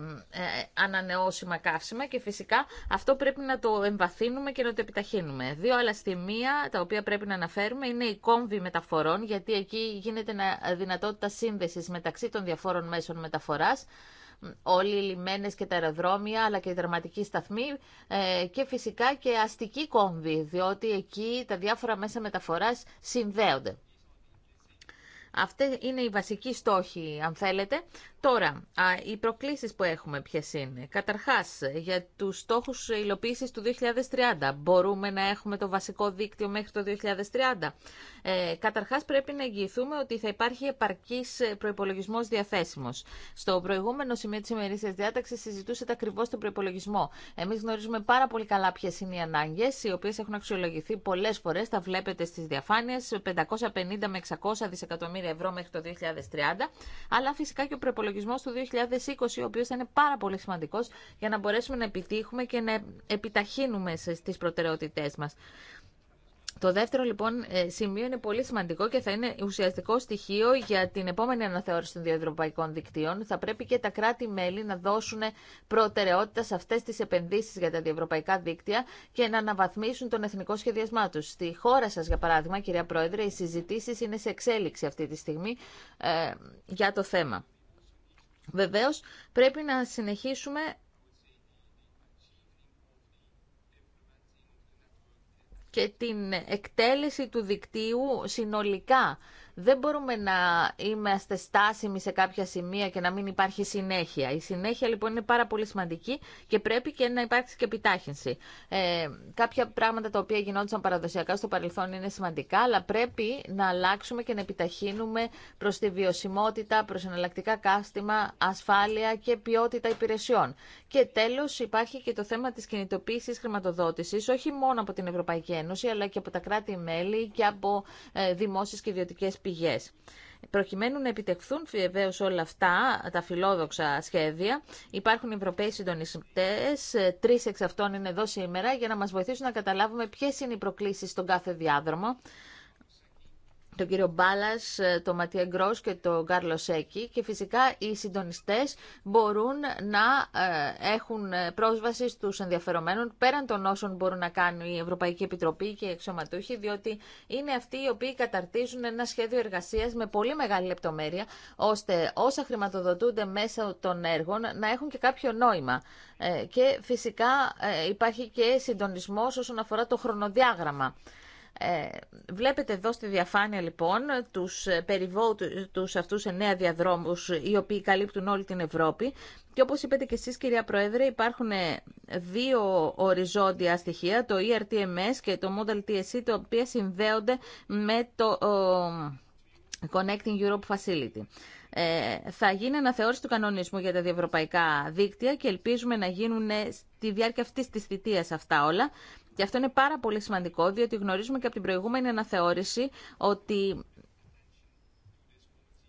ανανεώσιμα καύσιμα και φυσικά αυτό πρέπει να το εμβαθύνουμε και να το επιταχύνουμε. Δύο άλλα στιμία τα οποία πρέπει να αναφέρουμε είναι η κόμβη μεταφορών, γιατί εκεί γίνεται δυνατότητα σύνδεσης μεταξύ των διαφόρων μέσων μεταφοράς όλοι οι λιμένες και τα αεροδρόμια, αλλά και οι δραματικοί σταθμοί ε, και φυσικά και αστική κόμβη, διότι εκεί τα διάφορα μέσα μεταφοράς συνδέονται. Αυτή είναι η βασική στόχη, αν θέλετε. Τώρα, οι προκλήσει που έχουμε ποιε είναι. Καταρχά για του στόχου υλοποίηση του 2030. Μπορούμε να έχουμε το βασικό δίκτυο μέχρι το 2030. Ε, καταρχάς, πρέπει να εγγυηθούμε ότι θα υπάρχει επαρκή προπολογισμό διαθέσιμο. Στο προηγούμενο σημείο τη ημερήσια διάταξη, συζητούσατε ακριβώ τον προπολογισμό. Εμεί γνωρίζουμε πάρα πολύ καλά ποιε είναι οι ανάγκε, οι οποίε έχουν αξιολογηθεί πολλέ φορέ. τα βλέπετε στι διαφάνειε, 550 με 600 δισεκατομμύρια ευρώ μέχρι το 2030, αλλά φυσικά και ο προπολογισμό του 2020, ο οποίο θα είναι πάρα πολύ σημαντικό για να μπορέσουμε να επιτύχουμε και να επιταχύνουμε στι προτεραιότητέ μα. Το δεύτερο λοιπόν ε, σημείο είναι πολύ σημαντικό και θα είναι ουσιαστικό στοιχείο για την επόμενη αναθεώρηση των διευρωπαϊκών δικτύων. Θα πρέπει και τα κράτη-μέλη να δώσουν προτεραιότητα σε αυτέ τι επενδύσει για τα διευρωπαϊκά δίκτυα και να αναβαθμίσουν τον εθνικό σχεδιασμά του. Στη χώρα σα, για παράδειγμα, κυρία Πρόεδρε, οι συζητήσει είναι σε εξέλιξη αυτή τη στιγμή ε, για το θέμα. Βεβαίω, πρέπει να συνεχίσουμε και την εκτέλεση του δικτύου συνολικά δεν μπορούμε να είμαστε στάσιμοι σε κάποια σημεία και να μην υπάρχει συνέχεια. Η συνέχεια λοιπόν είναι πάρα πολύ σημαντική και πρέπει και να υπάρξει και επιτάχυνση. Ε, κάποια πράγματα τα οποία γινόντουσαν παραδοσιακά στο παρελθόν είναι σημαντικά, αλλά πρέπει να αλλάξουμε και να επιταχύνουμε προ τη βιωσιμότητα, προ εναλλακτικά κάστημα, ασφάλεια και ποιότητα υπηρεσιών. Και τέλο υπάρχει και το θέμα τη κινητοποίηση χρηματοδότηση, όχι μόνο από την Ευρωπαϊκή Ένωση, αλλά και από τα κράτη-μέλη και από ε, δημόσιε και ιδιωτικέ πηγέ Προκειμένου να επιτευχθούν βεβαίω όλα αυτά τα φιλόδοξα σχέδια, υπάρχουν οι Ευρωπαίοι συντονιστέ, τρει εξ αυτών είναι εδώ σήμερα, για να μα βοηθήσουν να καταλάβουμε ποιε είναι οι προκλήσει στον κάθε διάδρομο, τον κύριο Μπάλλα, ε, τον Ματία Γκρό και τον Κάρλο Σέκη. Και φυσικά οι συντονιστέ μπορούν να ε, έχουν ε, πρόσβαση στου ενδιαφερομένου πέραν των όσων μπορούν να κάνουν η Ευρωπαϊκή Επιτροπή και οι εξωματούχοι, διότι είναι αυτοί οι οποίοι καταρτίζουν ένα σχέδιο εργασία με πολύ μεγάλη λεπτομέρεια, ώστε όσα χρηματοδοτούνται μέσα των έργων να έχουν και κάποιο νόημα. Και φυσικά υπάρχει και συντονισμό όσον αφορά το χρονοδιάγραμμα. Ε, βλέπετε εδώ στη διαφάνεια λοιπόν τους ε, περιβόητους αυτούς εννέα διαδρόμους οι οποίοι καλύπτουν όλη την Ευρώπη και όπως είπατε και εσείς κυρία Πρόεδρε υπάρχουν ε, δύο οριζόντια στοιχεία, το ERTMS και το Model TSE τα οποία συνδέονται με το Connecting Europe Facility. Ε, θα γίνει αναθεώρηση του κανονισμού για τα διευρωπαϊκά δίκτυα και ελπίζουμε να γίνουν ε, στη διάρκεια αυτής της θητείας αυτά όλα και αυτό είναι πάρα πολύ σημαντικό, διότι γνωρίζουμε και από την προηγούμενη αναθεώρηση ότι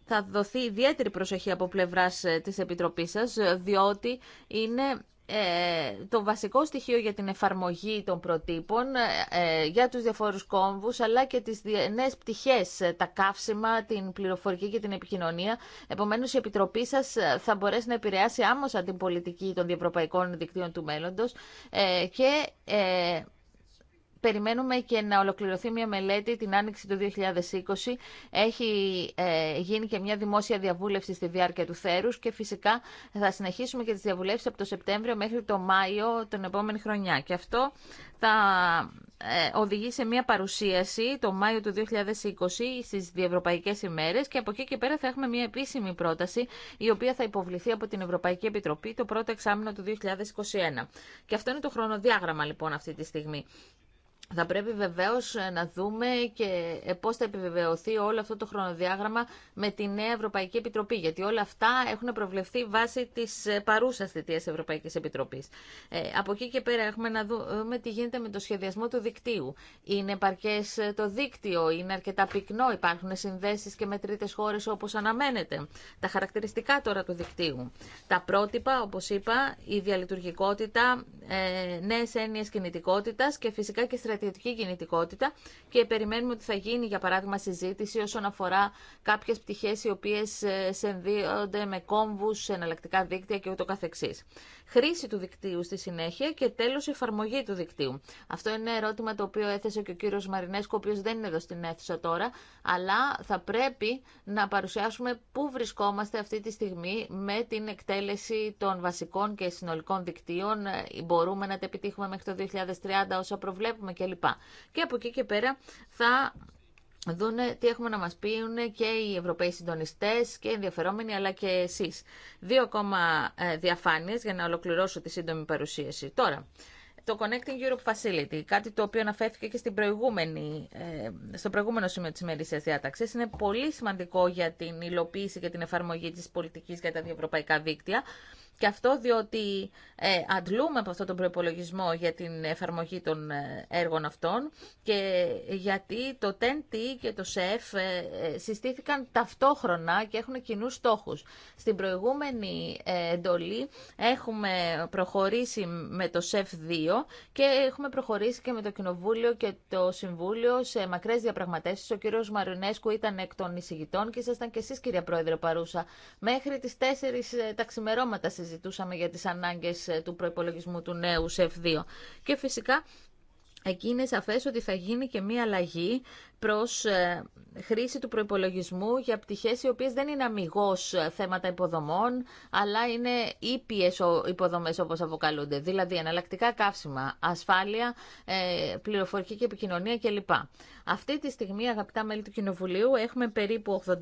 θα δοθεί ιδιαίτερη προσοχή από πλευράς ε, της Επιτροπής σας, διότι είναι ε, το βασικό στοιχείο για την εφαρμογή των προτύπων ε, για τους διαφορούς κόμβους αλλά και τις νέες πτυχές, τα καύσιμα, την πληροφορική και την επικοινωνία. Επομένως η Επιτροπή σας θα μπορέσει να επηρεάσει άμμοσα την πολιτική των διευρωπαϊκών δικτύων του μέλλοντος και Περιμένουμε και να ολοκληρωθεί μια μελέτη την άνοιξη του 2020. Έχει ε, γίνει και μια δημόσια διαβούλευση στη διάρκεια του θέρους και φυσικά θα συνεχίσουμε και τις διαβουλεύσεις από το Σεπτέμβριο μέχρι το Μάιο τον επόμενη χρονιά. Και αυτό θα ε, οδηγεί σε μια παρουσίαση το Μάιο του 2020 στις Διευρωπαϊκές ημέρες και από εκεί και πέρα θα έχουμε μια επίσημη πρόταση η οποία θα υποβληθεί από την Ευρωπαϊκή Επιτροπή το πρώτο εξάμεινο του 2021. Και αυτό είναι το χρονοδιάγραμμα λοιπόν αυτή τη στιγμή. Θα πρέπει βεβαίως ε, να δούμε και ε, πώς θα επιβεβαιωθεί όλο αυτό το χρονοδιάγραμμα με τη νέα Ευρωπαϊκή Επιτροπή, γιατί όλα αυτά έχουν προβλεφθεί βάσει της ε, παρούσας θητείας Ευρωπαϊκής Επιτροπής. Ε, από εκεί και πέρα έχουμε να δούμε τι γίνεται με το σχεδιασμό του δικτύου. Είναι επαρκέ το δίκτυο, είναι αρκετά πυκνό, υπάρχουν συνδέσεις και με τρίτες χώρες όπως αναμένεται. Τα χαρακτηριστικά τώρα του δικτύου. Τα πρότυπα, όπως είπα, η διαλειτουργικότητα, ε, νέες κινητικότητα και φυσικά και στρατηγική στρατιωτική κινητικότητα και περιμένουμε ότι θα γίνει, για παράδειγμα, συζήτηση όσον αφορά κάποιε πτυχέ οι οποίε ε, συνδύονται με κόμβου, εναλλακτικά δίκτυα και ούτω καθεξής. Χρήση του δικτύου στη συνέχεια και τέλο εφαρμογή του δικτύου. Αυτό είναι ένα ερώτημα το οποίο έθεσε και ο κύριο Μαρινέσκο, ο οποίο δεν είναι εδώ στην αίθουσα τώρα, αλλά θα πρέπει να παρουσιάσουμε πού βρισκόμαστε αυτή τη στιγμή με την εκτέλεση των βασικών και συνολικών δικτύων. Ε, μπορούμε να τα επιτύχουμε μέχρι το 2030 όσα προβλέπουμε και και από εκεί και πέρα θα δούνε τι έχουμε να μας πείουν και οι Ευρωπαίοι συντονιστές και οι ενδιαφερόμενοι αλλά και εσείς. Δύο ακόμα ε, διαφάνειες για να ολοκληρώσω τη σύντομη παρουσίαση. Τώρα, το Connecting Europe Facility, κάτι το οποίο αναφέρθηκε και στην προηγούμενη, ε, στο προηγούμενο σημείο της ημερήσιας διάταξης, είναι πολύ σημαντικό για την υλοποίηση και την εφαρμογή της πολιτικής για τα διευρωπαϊκά δίκτυα. Και αυτό διότι ε, αντλούμε από αυτόν τον προπολογισμό για την εφαρμογή των ε, έργων αυτών και γιατί το ten και το ΣΕΦ ε, συστήθηκαν ταυτόχρονα και έχουν κοινού στόχους. Στην προηγούμενη εντολή έχουμε προχωρήσει με το ΣΕΦ 2 και έχουμε προχωρήσει και με το Κοινοβούλιο και το Συμβούλιο σε μακρές διαπραγματεύσεις. Ο κύριος Μαρινέσκου ήταν εκ των εισηγητών και ήσασταν και εσείς κυρία Πρόεδρε παρούσα μέχρι τις 4 τα ξημερώματα συζητούσαμε για τις ανάγκες ε, του προϋπολογισμού του νέου ΣΕΦ2. Και φυσικά Εκεί είναι σαφές ότι θα γίνει και μία αλλαγή προς ε, χρήση του προϋπολογισμού για πτυχές οι οποίες δεν είναι αμυγός ε, θέματα υποδομών, αλλά είναι ήπιες υποδομές όπως αποκαλούνται, δηλαδή εναλλακτικά καύσιμα, ασφάλεια, ε, πληροφορική και επικοινωνία κλπ. Αυτή τη στιγμή, αγαπητά μέλη του Κοινοβουλίου, έχουμε περίπου 85%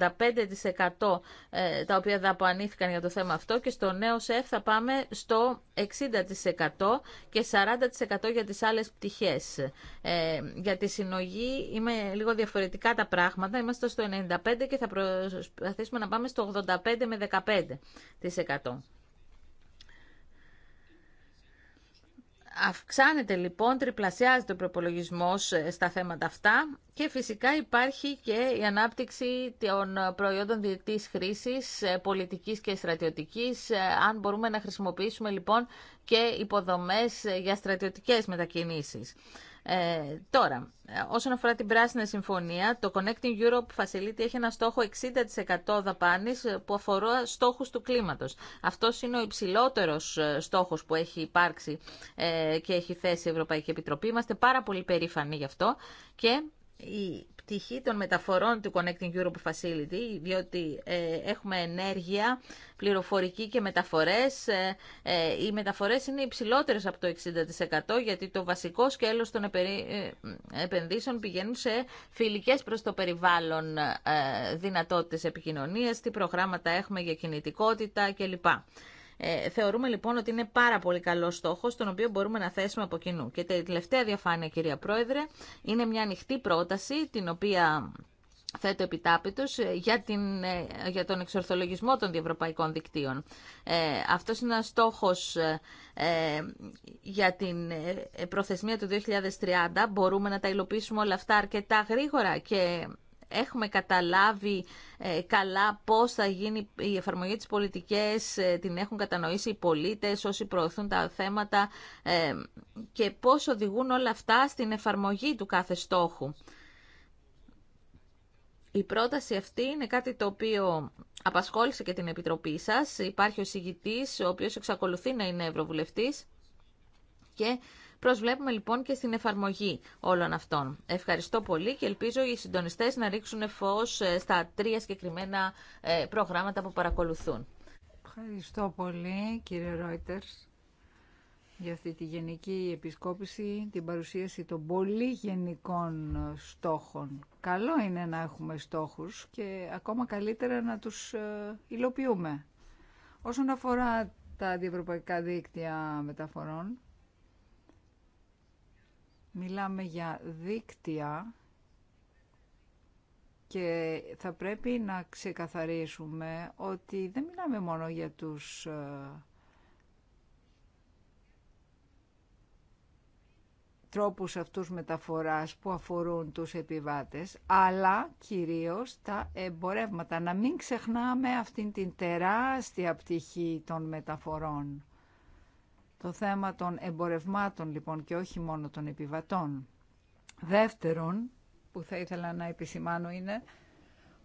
τα οποία δαπανήθηκαν για το θέμα αυτό και στο νέο ΣΕΦ θα πάμε στο 60% και 40% για τις άλλες πτυχές. για τη συνογή είμαι λίγο διαφορετικά τα πράγματα. Είμαστε στο 95% και θα προσπαθήσουμε να πάμε στο 85% με 15%. Αυξάνεται λοιπόν, τριπλασιάζεται ο προπολογισμό ε, στα θέματα αυτά και φυσικά υπάρχει και η ανάπτυξη των προϊόντων διετής χρήσης, ε, πολιτικής και στρατιωτικής, ε, αν μπορούμε να χρησιμοποιήσουμε λοιπόν και υποδομές για στρατιωτικές μετακινήσεις. Ε, τώρα, όσον αφορά την Πράσινη Συμφωνία, το Connecting Europe Facility έχει ένα στόχο 60% δαπάνη που αφορά στόχους του κλίματος. Αυτός είναι ο υψηλότερο ε, στόχος που έχει υπάρξει ε, και έχει θέσει η Ευρωπαϊκή Επιτροπή. Είμαστε πάρα πολύ περήφανοι γι' αυτό και η πτυχή των μεταφορών του Connecting Europe Facility, διότι ε, έχουμε ενέργεια, πληροφορική και μεταφορές. Ε, ε, οι μεταφορές είναι υψηλότερες από το 60% γιατί το βασικό σκέλος των επενδύσεων πηγαίνουν σε φιλικές προς το περιβάλλον δυνατότητες επικοινωνίας, τι προγράμματα έχουμε για κινητικότητα κλπ. Ε, θεωρούμε λοιπόν ότι είναι πάρα πολύ καλό στόχο, τον οποίο μπορούμε να θέσουμε από κοινού. Και τελευταία διαφάνεια, κυρία Πρόεδρε, είναι μια ανοιχτή πρόταση, την οποία θέτω επιτάπητος ε, για, ε, για τον εξορθολογισμό των διευρωπαϊκών δικτύων. Ε, αυτός είναι ένας στόχος ε, ε για την προθεσμία του 2030. Μπορούμε να τα υλοποιήσουμε όλα αυτά αρκετά γρήγορα και έχουμε καταλάβει ε, καλά πώς θα γίνει η εφαρμογή της πολιτικής, ε, την έχουν κατανοήσει οι πολίτες όσοι προωθούν τα θέματα ε, και πώς οδηγούν όλα αυτά στην εφαρμογή του κάθε στόχου. Η πρόταση αυτή είναι κάτι το οποίο απασχόλησε και την Επιτροπή σας. Υπάρχει ο συγητής, ο οποίος εξακολουθεί να είναι Ευρωβουλευτής Προσβλέπουμε λοιπόν και στην εφαρμογή όλων αυτών. Ευχαριστώ πολύ και ελπίζω οι συντονιστέ να ρίξουν φως ε, στα τρία συγκεκριμένα ε, προγράμματα που παρακολουθούν. Ευχαριστώ πολύ κύριε Ρόιτερ, για αυτή τη γενική επισκόπηση, την παρουσίαση των πολύ γενικών στόχων. Καλό είναι να έχουμε στόχους και ακόμα καλύτερα να τους ε, υλοποιούμε. Όσον αφορά τα αντιευρωπαϊκά δίκτυα μεταφορών, Μιλάμε για δίκτυα και θα πρέπει να ξεκαθαρίσουμε ότι δεν μιλάμε μόνο για τους ε, τρόπους αυτούς μεταφοράς που αφορούν τους επιβάτες, αλλά κυρίως τα εμπορεύματα. Να μην ξεχνάμε αυτήν την τεράστια πτυχή των μεταφορών το θέμα των εμπορευμάτων λοιπόν και όχι μόνο των επιβατών. Δεύτερον, που θα ήθελα να επισημάνω είναι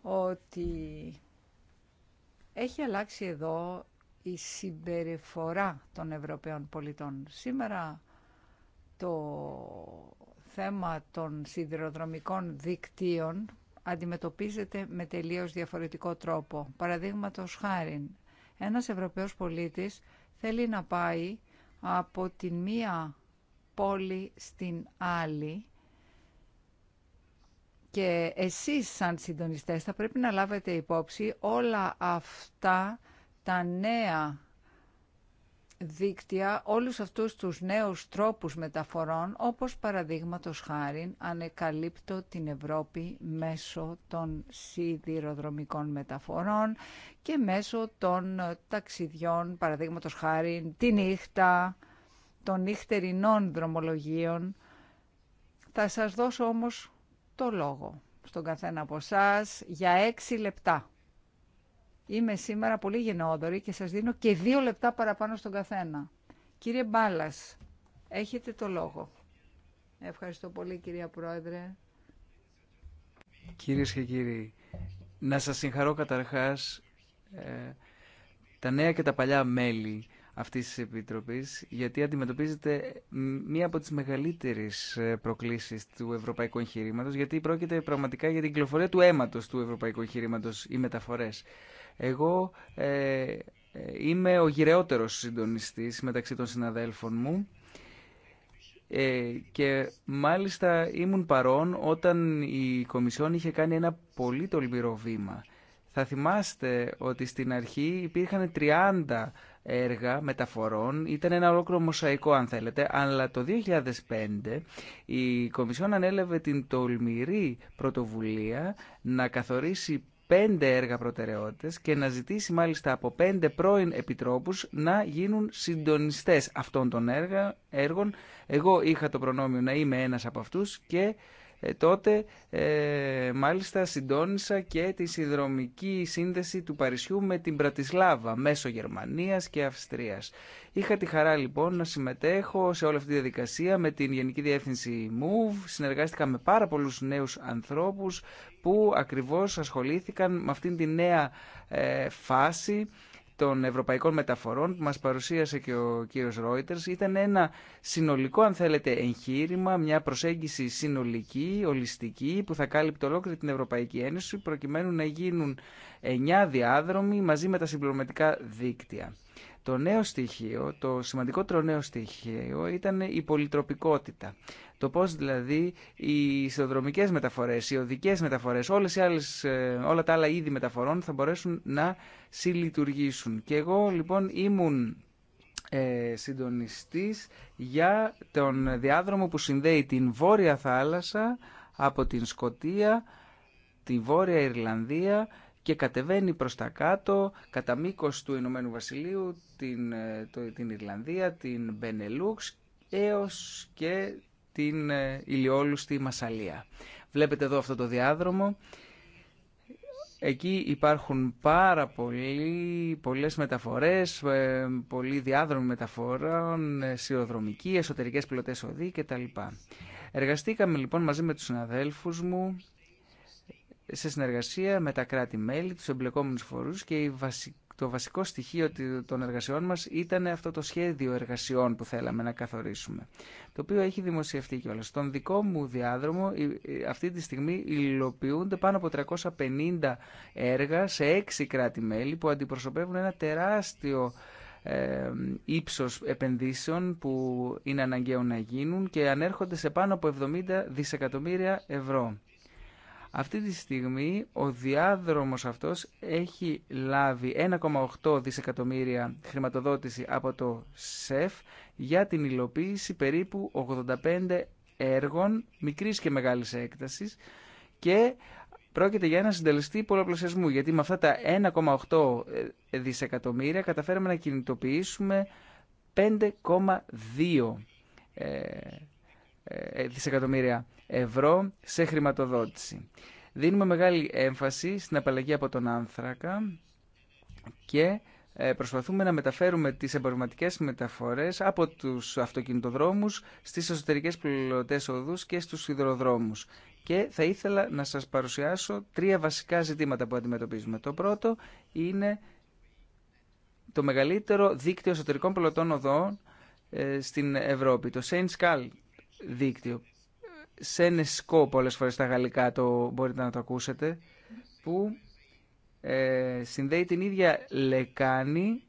ότι έχει αλλάξει εδώ η συμπεριφορά των Ευρωπαίων πολιτών. Σήμερα το θέμα των σιδηροδρομικών δικτύων αντιμετωπίζεται με τελείως διαφορετικό τρόπο. Παραδείγματος χάρη, ένας Ευρωπαίος πολίτης θέλει να πάει από την μία πόλη στην άλλη και εσείς σαν συντονιστές θα πρέπει να λάβετε υπόψη όλα αυτά τα νέα δίκτυα όλους αυτούς τους νέους τρόπους μεταφορών, όπως παραδείγματος χάρη ανεκαλύπτω την Ευρώπη μέσω των σιδηροδρομικών μεταφορών και μέσω των ταξιδιών, παραδείγματος χάρη τη νύχτα, των νύχτερινών δρομολογίων. Θα σας δώσω όμως το λόγο στον καθένα από εσά για έξι λεπτά. Είμαι σήμερα πολύ γενναιόδορη και σας δίνω και δύο λεπτά παραπάνω στον καθένα. Κύριε Μπάλας, έχετε το λόγο. Ευχαριστώ πολύ κυρία Πρόεδρε. Κύριε και κύριοι, να σας συγχαρώ καταρχάς ε, τα νέα και τα παλιά μέλη αυτής της Επιτροπής, γιατί αντιμετωπίζετε μία από τις μεγαλύτερες ε, προκλήσεις του ευρωπαϊκού εγχειρήματος γιατί πρόκειται πραγματικά για την κυκλοφορία του αίματος του ευρωπαϊκού εγχειρήματος, οι μεταφορές. Εγώ ε, ε, είμαι ο γυρεότερος συντονιστής μεταξύ των συναδέλφων μου ε, και μάλιστα ήμουν παρόν όταν η Κομισιόν είχε κάνει ένα πολύ τολμηρό βήμα. Θα θυμάστε ότι στην αρχή υπήρχαν 30 έργα μεταφορών, ήταν ένα ολόκληρο μοσαϊκό αν θέλετε, αλλά το 2005 η Κομισιόν ανέλευε την τολμηρή πρωτοβουλία να καθορίσει πέντε έργα προτεραιότητε και να ζητήσει μάλιστα από πέντε πρώην επιτρόπου να γίνουν συντονιστέ αυτών των έργων. Εγώ είχα το προνόμιο να είμαι ένα από αυτού και ε, τότε ε, μάλιστα συντόνισα και τη συνδρομική σύνδεση του Παρισιού με την Πρατισλάβα μέσω Γερμανίας και Αυστρίας. Είχα τη χαρά λοιπόν να συμμετέχω σε όλη αυτή τη διαδικασία με την Γενική Διεύθυνση MOVE. Συνεργάστηκα με πάρα πολλούς νέους ανθρώπους που ακριβώς ασχολήθηκαν με αυτήν τη νέα ε, φάση των ευρωπαϊκών μεταφορών που μας παρουσίασε και ο κύριος Ρόιτερ, ήταν ένα συνολικό αν θέλετε εγχείρημα, μια προσέγγιση συνολική, ολιστική που θα κάλυπτε ολόκληρη την Ευρωπαϊκή Ένωση προκειμένου να γίνουν 9 διάδρομοι μαζί με τα συμπληρωματικά δίκτυα. Το νέο στοιχείο, το σημαντικότερο νέο στοιχείο ήταν η πολυτροπικότητα. Το πώς δηλαδή οι ισοδρομικές μεταφορές, οι οδικές μεταφορές, όλες οι άλλες, ε, όλα τα άλλα είδη μεταφορών θα μπορέσουν να συλλειτουργήσουν. Και εγώ λοιπόν ήμουν ε, συντονιστής για τον διάδρομο που συνδέει την Βόρεια Θάλασσα από την Σκοτία, τη Βόρεια Ιρλανδία και κατεβαίνει προς τα κάτω κατά μήκο του Ηνωμένου Βασιλείου, την, ε, το, την Ιρλανδία, την Μπενελούξ έως και την ε, ηλιόλουστη Μασαλία. Βλέπετε εδώ αυτό το διάδρομο. Εκεί υπάρχουν πάρα πολύ πολλές μεταφορές, ε, πολλοί διάδρομοι μεταφορών, σειροδρομικοί, εσωτερικές πλωτές οδοί κτλ. Εργαστήκαμε λοιπόν μαζί με τους συναδέλφους μου σε συνεργασία με τα κράτη-μέλη, τους εμπλεκόμενους φορούς και το βασικό στοιχείο των εργασιών μας ήταν αυτό το σχέδιο εργασιών που θέλαμε να καθορίσουμε, το οποίο έχει δημοσιευτεί κιόλα. Στον δικό μου διάδρομο αυτή τη στιγμή υλοποιούνται πάνω από 350 έργα σε έξι κράτη-μέλη που αντιπροσωπεύουν ένα τεράστιο ύψος επενδύσεων που είναι αναγκαίο να γίνουν και ανέρχονται σε πάνω από 70 δισεκατομμύρια ευρώ. Αυτή τη στιγμή ο διάδρομος αυτός έχει λάβει 1,8 δισεκατομμύρια χρηματοδότηση από το ΣΕΦ για την υλοποίηση περίπου 85 έργων μικρής και μεγάλης έκτασης και πρόκειται για ένα συντελεστή πολλαπλασιασμού γιατί με αυτά τα 1,8 ε, δισεκατομμύρια καταφέραμε να κινητοποιήσουμε 5,2 ε, ε, ε, δισεκατομμύρια ευρώ σε χρηματοδότηση. Δίνουμε μεγάλη έμφαση στην απαλλαγή από τον άνθρακα και ε, προσπαθούμε να μεταφέρουμε τις εμπορευματικές μεταφορές από τους αυτοκινητοδρόμους στις εσωτερικές πλωτές οδούς και στους υδροδρόμους. Και θα ήθελα να σας παρουσιάσω τρία βασικά ζητήματα που αντιμετωπίζουμε. Το πρώτο είναι το μεγαλύτερο δίκτυο εσωτερικών πλωτών οδών στην Ευρώπη, το Saint δίκτυο. Σενεσκό πολλές φορές στα γαλλικά το μπορείτε να το ακούσετε, που ε, συνδέει την ίδια λεκάνη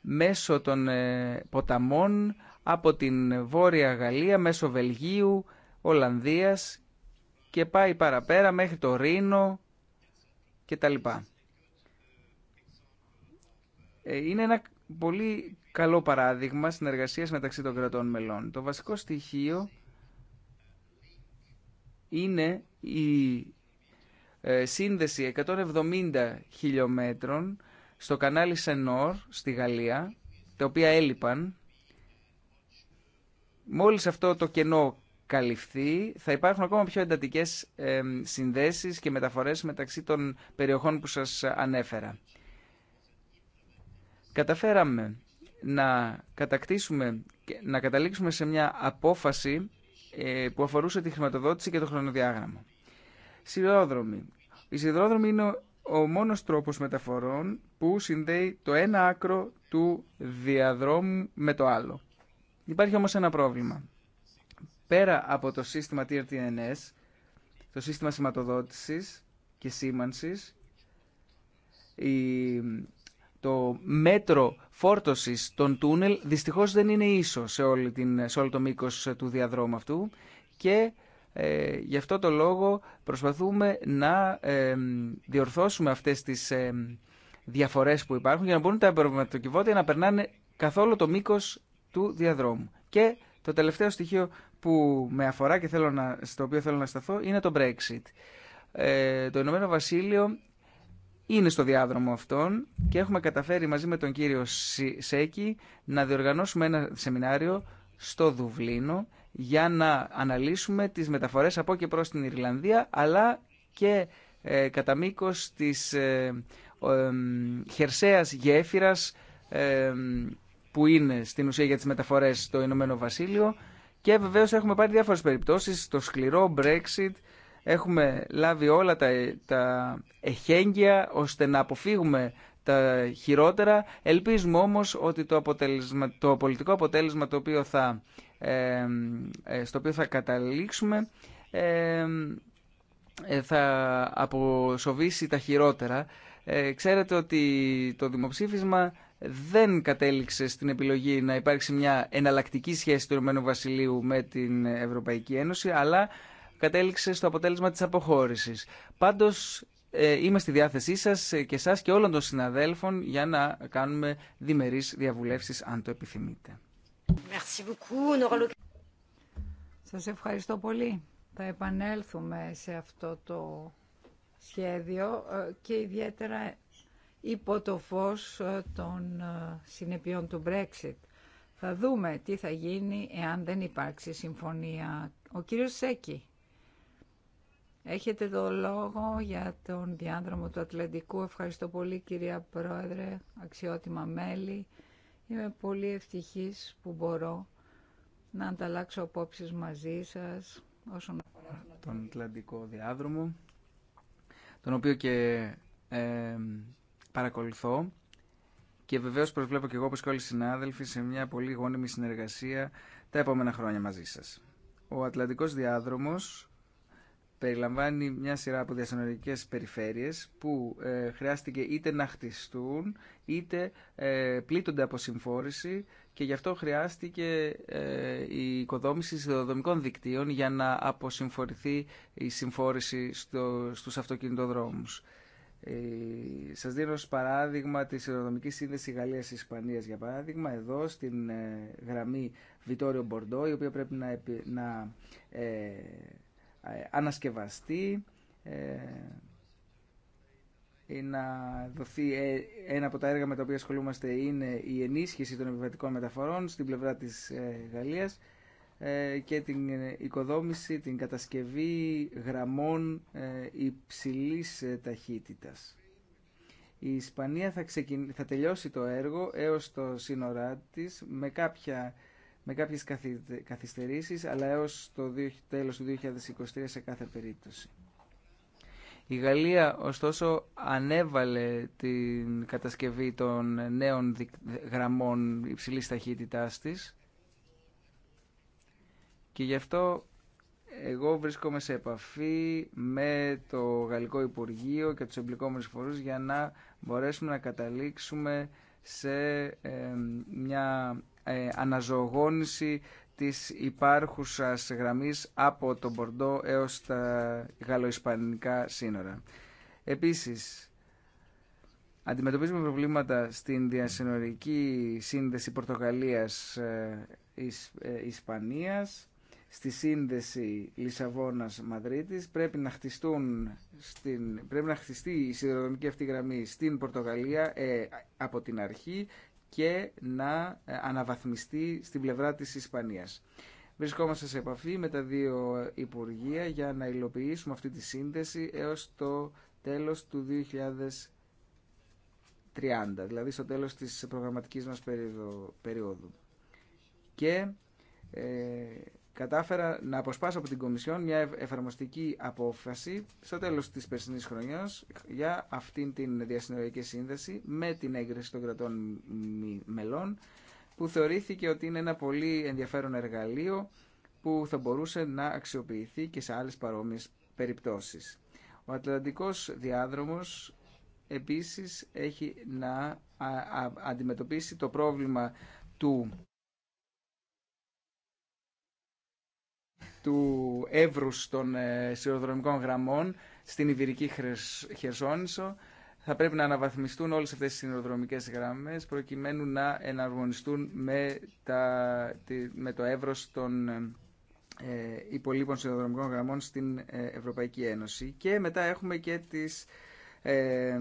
μέσω των ε, ποταμών από την Βόρεια Γαλλία, μέσω Βελγίου, Ολλανδίας και πάει παραπέρα μέχρι το Ρήνο και τα λοιπά. Ε, είναι ένα πολύ καλό παράδειγμα συνεργασίας μεταξύ των κρατών μελών. Το βασικό στοιχείο είναι η ε, σύνδεση 170 χιλιόμετρων στο κανάλι Σενόρ στη Γαλλία, τα οποία έλειπαν. Μόλις αυτό το κενό καλυφθεί, θα υπάρχουν ακόμα πιο εντατικές συνδέσεις και μεταφορές μεταξύ των περιοχών που σας ανέφερα. Καταφέραμε να κατακτήσουμε, να καταλήξουμε σε μια απόφαση ε, που αφορούσε τη χρηματοδότηση και το χρονοδιάγραμμα. Σιδηρόδρομοι. Οι σιδηρόδρομοι είναι ο μόνος τρόπος μεταφορών που συνδέει το ένα άκρο του διαδρόμου με το άλλο. Υπάρχει όμως ένα πρόβλημα. Πέρα από το σύστημα TRTNS, το σύστημα σηματοδότησης και σήμανσης, η το μέτρο φόρτωση των τούνελ δυστυχώς δεν είναι ίσο σε, όλη την, όλο το μήκος του διαδρόμου αυτού και ε, γι' αυτό το λόγο προσπαθούμε να ε, διορθώσουμε αυτές τις ε, διαφορές που υπάρχουν για να μπορούν τα εμπορευματοκιβώτια να περνάνε καθόλου το μήκος του διαδρόμου. Και το τελευταίο στοιχείο που με αφορά και θέλω να, στο οποίο θέλω να σταθώ είναι το Brexit. Ε, το Ηνωμένο Βασίλειο είναι στο διάδρομο αυτόν και έχουμε καταφέρει μαζί με τον κύριο Σέκη να διοργανώσουμε ένα σεμινάριο στο Δουβλίνο για να αναλύσουμε τις μεταφορές από και προς την Ιρλανδία αλλά και ε, κατά μήκο της ε, ε γέφυρας ε, που είναι στην ουσία για τις μεταφορές στο Ηνωμένο Βασίλειο και βεβαίως έχουμε πάρει διάφορες περιπτώσεις, το σκληρό Brexit, έχουμε λάβει όλα τα, τα εχέγγυα ώστε να αποφύγουμε τα χειρότερα. Ελπίζουμε όμως ότι το, αποτέλεσμα, το πολιτικό αποτέλεσμα το οποίο θα, ε, ε, στο οποίο θα καταλήξουμε ε, θα αποσοβήσει τα χειρότερα. ξέρετε ότι το δημοψήφισμα δεν κατέληξε στην επιλογή να υπάρξει μια εναλλακτική σχέση του Ηνωμένου Βασιλείου με την Ευρωπαϊκή Ένωση, αλλά κατέληξε στο αποτέλεσμα της αποχώρησης. Πάντως ε, είμαι στη διάθεσή σας ε, και σας και όλων των συναδέλφων για να κάνουμε διμερείς διαβουλεύσεις αν το επιθυμείτε. Σας ευχαριστώ πολύ. Θα επανέλθουμε σε αυτό το σχέδιο ε, και ιδιαίτερα υπό το φως των συνεπειών του Brexit. Θα δούμε τι θα γίνει εάν δεν υπάρξει συμφωνία. Ο κύριος Σέκη. Έχετε το λόγο για τον διάδρομο του Ατλαντικού. Ευχαριστώ πολύ κυρία Πρόεδρε, αξιότιμα μέλη. Είμαι πολύ ευτυχής που μπορώ να ανταλλάξω απόψεις μαζί σας όσον αφορά τον Ατλαντικό διάδρομο, τον οποίο και ε, παρακολουθώ. Και βεβαίως προσβλέπω και εγώ όπως και όλοι οι συνάδελφοι σε μια πολύ γόνιμη συνεργασία τα επόμενα χρόνια μαζί σας. Ο Ατλαντικός διάδρομος περιλαμβάνει μια σειρά από διασυνορικές περιφέρειες που ε, χρειάστηκε είτε να χτιστούν είτε ε, πλήττονται από συμφόρηση και γι' αυτό χρειάστηκε ε, η οικοδόμηση σιδηροδρομικών δικτύων για να αποσυμφορηθεί η συμφόρηση στο, στους αυτοκινητοδρόμους. Ε, σας δίνω ως παράδειγμα τη σιδηροδρομική σύνδεση Γαλλίας-Ισπανίας για παράδειγμα εδώ στην ε, γραμμή Βιτόριο Μπορντό η οποία πρέπει να, να ε, ανασκευαστεί ή ε, ε, να δοθεί ένα από τα έργα με τα οποία ασχολούμαστε είναι η ενίσχυση των επιβατικών μεταφορών στην πλευρά της Γαλλίας και την οικοδόμηση, την κατασκευή γραμμών υψηλής ταχύτητας. Η Ισπανία θα, θα τελειώσει το έργο έως το σύνορά της με κάποια με κάποιες καθυστερήσεις, αλλά έως το τέλος του 2023 σε κάθε περίπτωση. Η Γαλλία, ωστόσο, ανέβαλε την κατασκευή των νέων γραμμών υψηλής ταχύτητάς της και γι' αυτό εγώ βρίσκομαι σε επαφή με το Γαλλικό Υπουργείο και τους εμπλικόμενους φορούς για να μπορέσουμε να καταλήξουμε σε ε, μια ε, αναζωογόνηση της υπάρχουσας γραμμής από το Μπορντό έως τα γαλλοϊσπανικά σύνορα. Επίσης, αντιμετωπίζουμε προβλήματα στην διασυνορική σύνδεση Πορτογαλίας-Ισπανίας, ε, ε, στη σύνδεση Λισαβόνας-Μαδρίτης. Πρέπει να, χτιστούν πρέπει να χτιστεί η σιδηροδρομική αυτή γραμμή στην Πορτογαλία από την αρχή και να ε, αναβαθμιστεί στην πλευρά της Ισπανίας. Βρισκόμαστε σε επαφή με τα δύο Υπουργεία για να υλοποιήσουμε αυτή τη σύνδεση έως το τέλος του 2030, δηλαδή στο τέλος της προγραμματικής μας περίοδου. Και ε, κατάφερα να αποσπάσω από την Κομισιόν μια εφαρμοστική απόφαση στο τέλος της περσινής χρονιάς για αυτήν την διασυνοριακή σύνδεση με την έγκριση των κρατών μελών που θεωρήθηκε ότι είναι ένα πολύ ενδιαφέρον εργαλείο που θα μπορούσε να αξιοποιηθεί και σε άλλες παρόμοιες περιπτώσεις. Ο Ατλαντικός διάδρομος επίσης έχει να αντιμετωπίσει το πρόβλημα του του εύρου των ε, σειροδρομικών γραμμών στην Ιβυρική Χερσόνησο. Θα πρέπει να αναβαθμιστούν όλες αυτές οι σειροδρομικές γραμμές προκειμένου να εναρμονιστούν με, τα, με το εύρος των ε, υπολείπων σειροδρομικών γραμμών στην ε, Ευρωπαϊκή Ένωση. Και μετά έχουμε και τις ε, ε,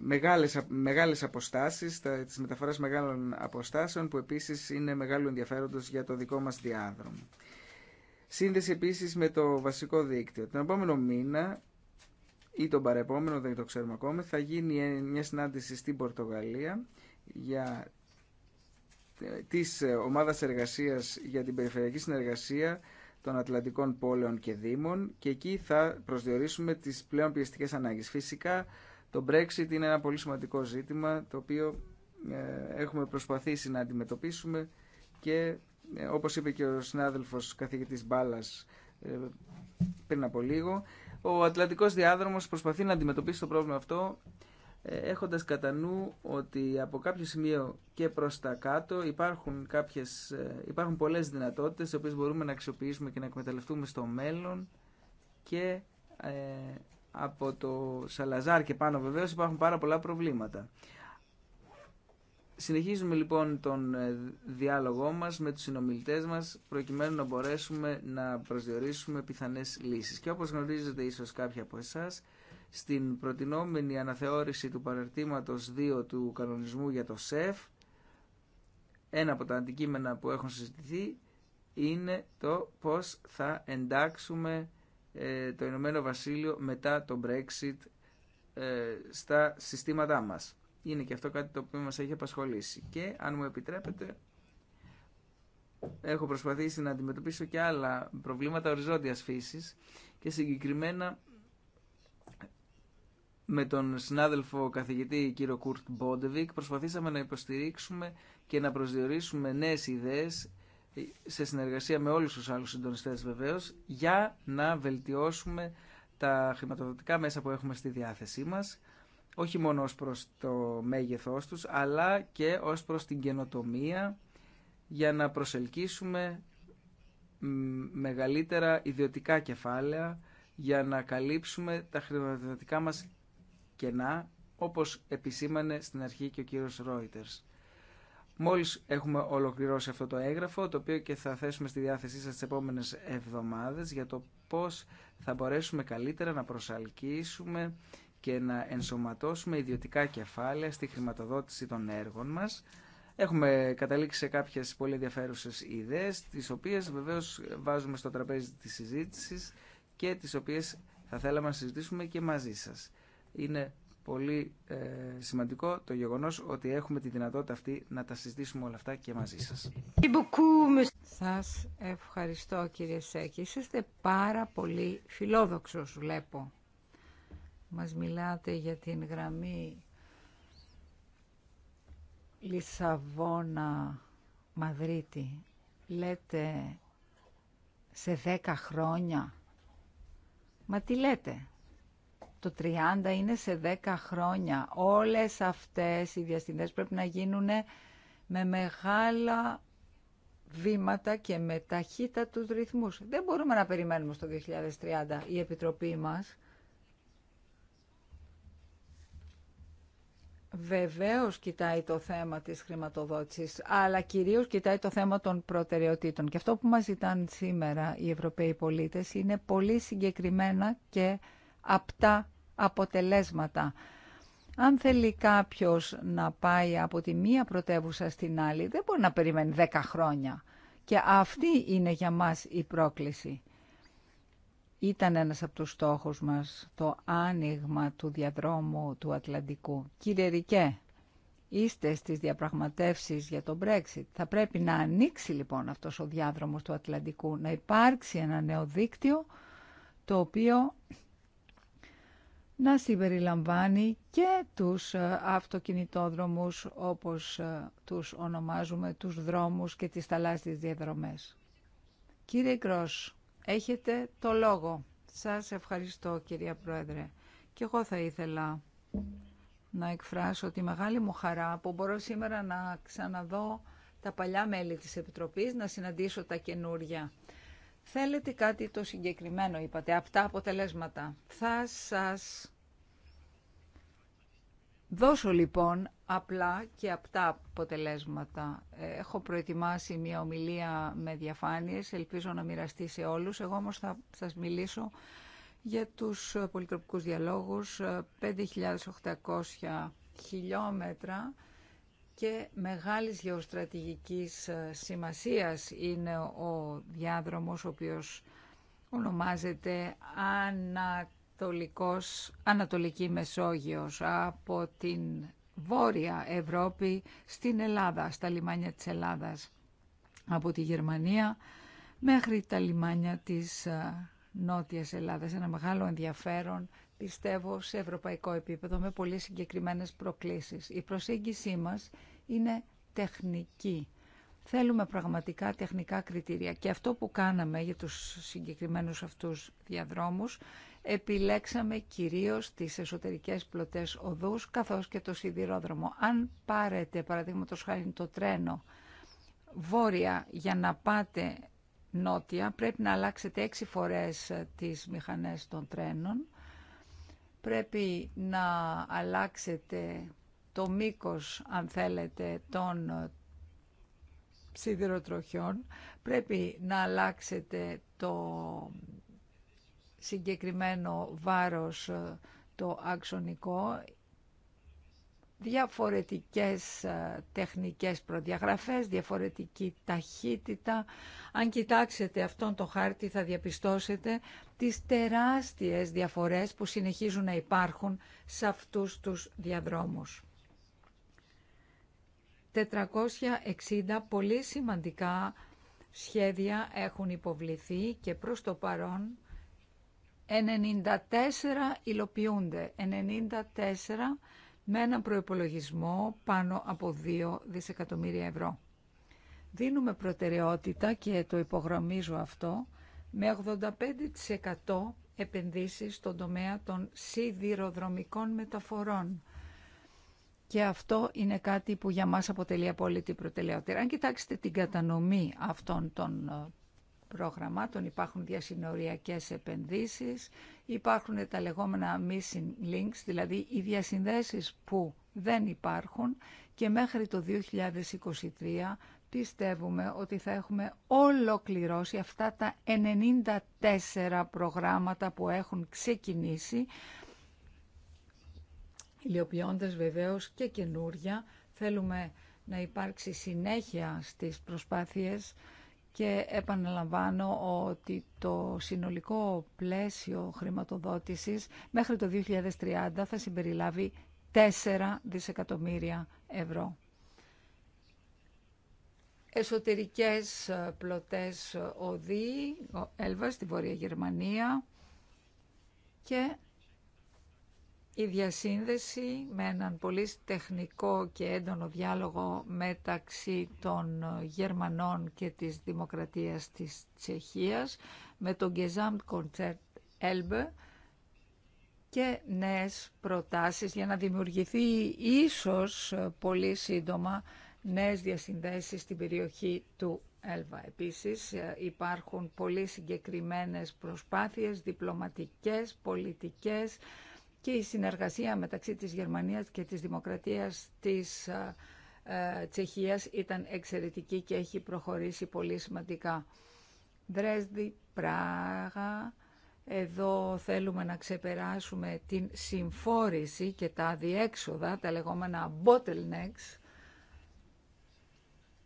μεγάλες, μεγάλες αποστάσεις, τα, τις μεταφορές μεγάλων αποστάσεων που επίσης είναι μεγάλο ενδιαφέροντος για το δικό μας διάδρομο. Σύνδεση επίσης με το βασικό δίκτυο. Τον επόμενο μήνα ή τον παρεπόμενο, δεν το ξέρουμε ακόμα, θα γίνει μια συνάντηση στην Πορτογαλία για ε, της ε, ομάδας εργασίας για την περιφερειακή συνεργασία των Ατλαντικών πόλεων και δήμων και εκεί θα προσδιορίσουμε τις πλέον πιεστικές ανάγκες. Φυσικά το Brexit είναι ένα πολύ σημαντικό ζήτημα το οποίο ε, έχουμε προσπαθήσει να αντιμετωπίσουμε και ε, όπως είπε και ο συνάδελφος καθηγητής Μπάλας ε, πριν από λίγο, ο Ατλαντικός Διάδρομος προσπαθεί να αντιμετωπίσει το πρόβλημα αυτό ε, έχοντας κατά νου ότι από κάποιο σημείο και προς τα κάτω υπάρχουν, κάποιες, υπάρχουν πολλές δυνατότητες τις οποίες μπορούμε να αξιοποιήσουμε και να εκμεταλλευτούμε στο μέλλον και από το Σαλαζάρ και πάνω βεβαίως υπάρχουν πάρα πολλά προβλήματα. Συνεχίζουμε λοιπόν τον ε, διάλογό μας με τους συνομιλητές μας προκειμένου να μπορέσουμε να προσδιορίσουμε πιθανές λύσεις. Και όπως γνωρίζετε ίσως κάποιοι από εσάς, στην προτινόμενη αναθεώρηση του παρερτήματος 2 του κανονισμού για το ΣΕΦ, ένα από τα αντικείμενα που έχουν συζητηθεί είναι το πώς θα εντάξουμε ε, το Ηνωμένο Βασίλειο μετά το Brexit ε, στα συστήματά μας είναι και αυτό κάτι το οποίο μας έχει απασχολήσει. Και αν μου επιτρέπετε, έχω προσπαθήσει να αντιμετωπίσω και άλλα προβλήματα οριζόντιας φύσης και συγκεκριμένα με τον συνάδελφο καθηγητή κύριο Κουρτ Μπόντεβικ προσπαθήσαμε να υποστηρίξουμε και να προσδιορίσουμε νέες ιδέες σε συνεργασία με όλους τους άλλους συντονιστές βεβαίως για να βελτιώσουμε τα χρηματοδοτικά μέσα που έχουμε στη διάθεσή μας όχι μόνο ως προς το μέγεθός τους, αλλά και ως προς την καινοτομία για να προσελκύσουμε μεγαλύτερα ιδιωτικά κεφάλαια για να καλύψουμε τα χρηματοδοτικά μας κενά, όπως επισήμανε στην αρχή και ο κύριος Ρόιτερς. Μόλις έχουμε ολοκληρώσει αυτό το έγγραφο, το οποίο και θα θέσουμε στη διάθεσή σας τις επόμενες εβδομάδες για το πώς θα μπορέσουμε καλύτερα να προσαλκύσουμε και να ενσωματώσουμε ιδιωτικά κεφάλαια στη χρηματοδότηση των έργων μας. Έχουμε καταλήξει σε κάποιες πολύ ενδιαφέρουσε ιδέες, τις οποίες βεβαίως βάζουμε στο τραπέζι της συζήτησης και τις οποίες θα θέλαμε να συζητήσουμε και μαζί σας. Είναι πολύ ε, σημαντικό το γεγονός ότι έχουμε τη δυνατότητα αυτή να τα συζητήσουμε όλα αυτά και μαζί σας. Σας ευχαριστώ κύριε Σέκη. Είστε πάρα πολύ φιλόδοξος βλέπω. Μας μιλάτε για την γραμμή Λισαβόνα Μαδρίτη. Λέτε σε δέκα χρόνια. Μα τι λέτε. Το 30 είναι σε 10 χρόνια. Όλες αυτές οι διαστηνές πρέπει να γίνουν με μεγάλα βήματα και με ταχύτατους ρυθμούς. Δεν μπορούμε να περιμένουμε στο 2030 η Επιτροπή μας Βεβαίως κοιτάει το θέμα της χρηματοδότησης, αλλά κυρίως κοιτάει το θέμα των προτεραιοτήτων. Και αυτό που μας ζητάνε σήμερα οι Ευρωπαίοι πολίτες είναι πολύ συγκεκριμένα και απτά αποτελέσματα. Αν θέλει κάποιος να πάει από τη μία πρωτεύουσα στην άλλη, δεν μπορεί να περιμένει 10 χρόνια. Και αυτή είναι για μας η πρόκληση ήταν ένας από τους στόχους μας το άνοιγμα του διαδρόμου του Ατλαντικού. Κύριε Ρικέ, είστε στις διαπραγματεύσεις για το Brexit. Θα πρέπει να ανοίξει λοιπόν αυτός ο διάδρομος του Ατλαντικού, να υπάρξει ένα νέο δίκτυο το οποίο να συμπεριλαμβάνει και τους ε, αυτοκινητόδρομους όπως ε, τους ονομάζουμε, τους δρόμους και τις θαλάσσιες διαδρομές. Κύριε Κρός, Έχετε το λόγο. Σας ευχαριστώ κυρία Πρόεδρε. Και εγώ θα ήθελα να εκφράσω τη μεγάλη μου χαρά που μπορώ σήμερα να ξαναδώ τα παλιά μέλη της Επιτροπής, να συναντήσω τα καινούρια. Θέλετε κάτι το συγκεκριμένο, είπατε, αυτά αποτελέσματα. Θα σας δώσω λοιπόν απλά και απτά αποτελέσματα. Ε, έχω προετοιμάσει μια ομιλία με διαφάνειες, ελπίζω να μοιραστεί σε όλους. Εγώ όμως θα σας μιλήσω για τους πολυτροπικούς διαλόγους, 5.800 ε, χιλιόμετρα και μεγάλης γεωστρατηγικής ε, σημασίας είναι ο διάδρομος ο οποίος ονομάζεται Ανατολικός, Ανατολική Μεσόγειος από την Βόρεια Ευρώπη στην Ελλάδα, στα λιμάνια της Ελλάδας, από τη Γερμανία μέχρι τα λιμάνια της ε, Νότιας Ελλάδας. Ένα μεγάλο ενδιαφέρον, πιστεύω, σε ευρωπαϊκό επίπεδο με πολύ συγκεκριμένες προκλήσεις. Η προσέγγιση μας είναι τεχνική. Θέλουμε πραγματικά τεχνικά κριτήρια και αυτό που κάναμε για τους συγκεκριμένους αυτούς διαδρόμους επιλέξαμε κυρίως τις εσωτερικές πλωτές οδούς καθώς και το σιδηρόδρομο. Αν πάρετε παραδείγματο χάρη το τρένο βόρεια για να πάτε νότια πρέπει να αλλάξετε έξι φορές τις μηχανές των τρένων. Πρέπει να αλλάξετε το μήκος, αν θέλετε, των σιδηροτροχιών. Πρέπει να αλλάξετε το συγκεκριμένο βάρος ε, το αξονικό, διαφορετικές ε, τεχνικές προδιαγραφές, διαφορετική ταχύτητα. Αν κοιτάξετε αυτόν το χάρτη θα διαπιστώσετε τις τεράστιες διαφορές που συνεχίζουν να υπάρχουν σε αυτούς τους διαδρόμους. 460 πολύ σημαντικά σχέδια έχουν υποβληθεί και προς το παρόν 94 υλοποιούνται. 94 με έναν προϋπολογισμό πάνω από 2 δισεκατομμύρια ευρώ. Δίνουμε προτεραιότητα και το υπογραμμίζω αυτό με 85% επενδύσεις στον τομέα των σιδηροδρομικών μεταφορών. Και αυτό είναι κάτι που για μας αποτελεί απόλυτη προτεραιότητα. Αν κοιτάξετε την κατανομή αυτών των ε, προγραμμάτων, υπάρχουν διασυνοριακές επενδύσεις, υπάρχουν τα λεγόμενα missing links, δηλαδή οι διασυνδέσεις που δεν υπάρχουν και μέχρι το 2023 πιστεύουμε ότι θα έχουμε ολοκληρώσει αυτά τα 94 προγράμματα που έχουν ξεκινήσει, ηλιοποιώντας βεβαίως και καινούρια. Θέλουμε να υπάρξει συνέχεια στις προσπάθειες και επαναλαμβάνω ότι το συνολικό πλαίσιο χρηματοδότησης μέχρι το 2030 θα συμπεριλάβει 4 δισεκατομμύρια ευρώ. Εσωτερικές ε, πλωτές ε, οδοί, ο στη Βόρεια Γερμανία και η διασύνδεση με έναν πολύ τεχνικό και έντονο διάλογο μεταξύ των Γερμανών και της Δημοκρατίας της Τσεχίας με τον Gesamtkonzert Elbe και νέες προτάσεις για να δημιουργηθεί ίσως ε, πολύ σύντομα νέες διασυνδέσεις στην περιοχή του Έλβα. Επίσης ε, υπάρχουν πολύ συγκεκριμένες προσπάθειες διπλωματικές, πολιτικές και η συνεργασία μεταξύ της Γερμανίας και της Δημοκρατίας της ε, ε, Τσεχίας ήταν εξαιρετική και έχει προχωρήσει πολύ σημαντικά. Δρέσδη, Πράγα, εδώ θέλουμε να ξεπεράσουμε την συμφόρηση και τα διέξοδα, τα λεγόμενα bottlenecks,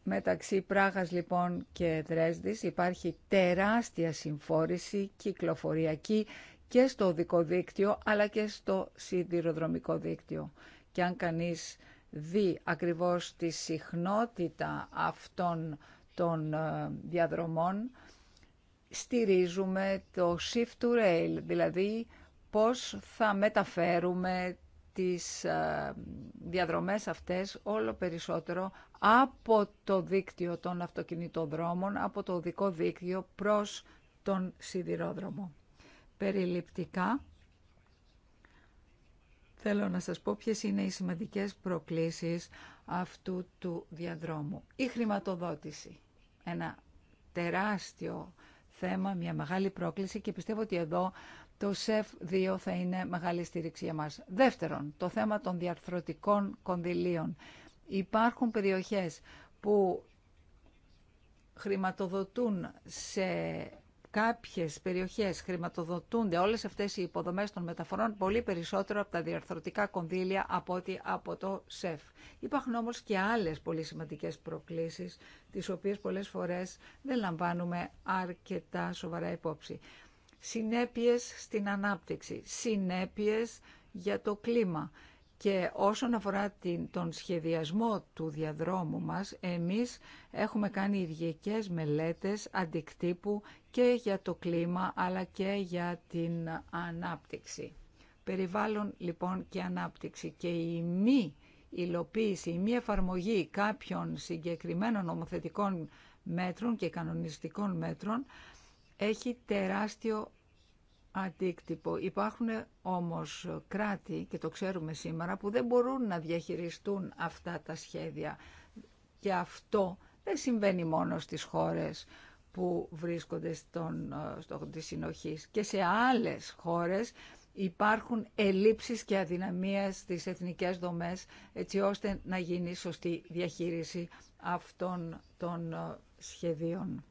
Μεταξύ Πράγας λοιπόν και Δρέσδης υπάρχει τεράστια συμφόρηση κυκλοφοριακή και στο οδικό δίκτυο αλλά και στο σιδηροδρομικό δίκτυο. Και αν κανείς δει ακριβώς τη συχνότητα αυτών των ε, διαδρομών, στηρίζουμε το shift to rail, δηλαδή πώς θα μεταφέρουμε τις ε, διαδρομές αυτές όλο περισσότερο από το δίκτυο των αυτοκινητοδρόμων, από το οδικό δίκτυο προς τον σιδηρόδρομο περιληπτικά. Θέλω να σας πω ποιες είναι οι σημαντικές προκλήσεις αυτού του διαδρόμου. Η χρηματοδότηση. Ένα τεράστιο θέμα, μια μεγάλη πρόκληση και πιστεύω ότι εδώ το ΣΕΦ 2 θα είναι μεγάλη στήριξη για μας. Δεύτερον, το θέμα των διαρθρωτικών κονδυλίων. Υπάρχουν περιοχές που χρηματοδοτούν σε κάποιες περιοχές χρηματοδοτούνται όλες αυτές οι υποδομές των μεταφορών πολύ περισσότερο από τα διαρθρωτικά κονδύλια από ό,τι από το ΣΕΦ. Υπάρχουν όμω και άλλες πολύ σημαντικέ προκλήσεις, τις οποίες πολλέ φορές δεν λαμβάνουμε αρκετά σοβαρά υπόψη. Συνέπειε στην ανάπτυξη, Συνέπειε για το κλίμα, και όσον αφορά την, τον σχεδιασμό του διαδρόμου μας, εμείς έχουμε κάνει ειδικέ μελέτες αντικτύπου και για το κλίμα αλλά και για την ανάπτυξη. Περιβάλλον λοιπόν και ανάπτυξη και η μη υλοποίηση, η μη εφαρμογή κάποιων συγκεκριμένων νομοθετικών μέτρων και κανονιστικών μέτρων έχει τεράστιο αντίκτυπο. Υπάρχουν όμως κράτη, και το ξέρουμε σήμερα, που δεν μπορούν να διαχειριστούν αυτά τα σχέδια. Και αυτό δεν συμβαίνει μόνο στις χώρες που βρίσκονται στον, ε, στον της συνοχής. Και σε άλλες χώρες υπάρχουν ελλείψεις και αδυναμίες στις εθνικές δομές, έτσι ώστε να γίνει σωστή διαχείριση αυτών των ε, σχεδίων.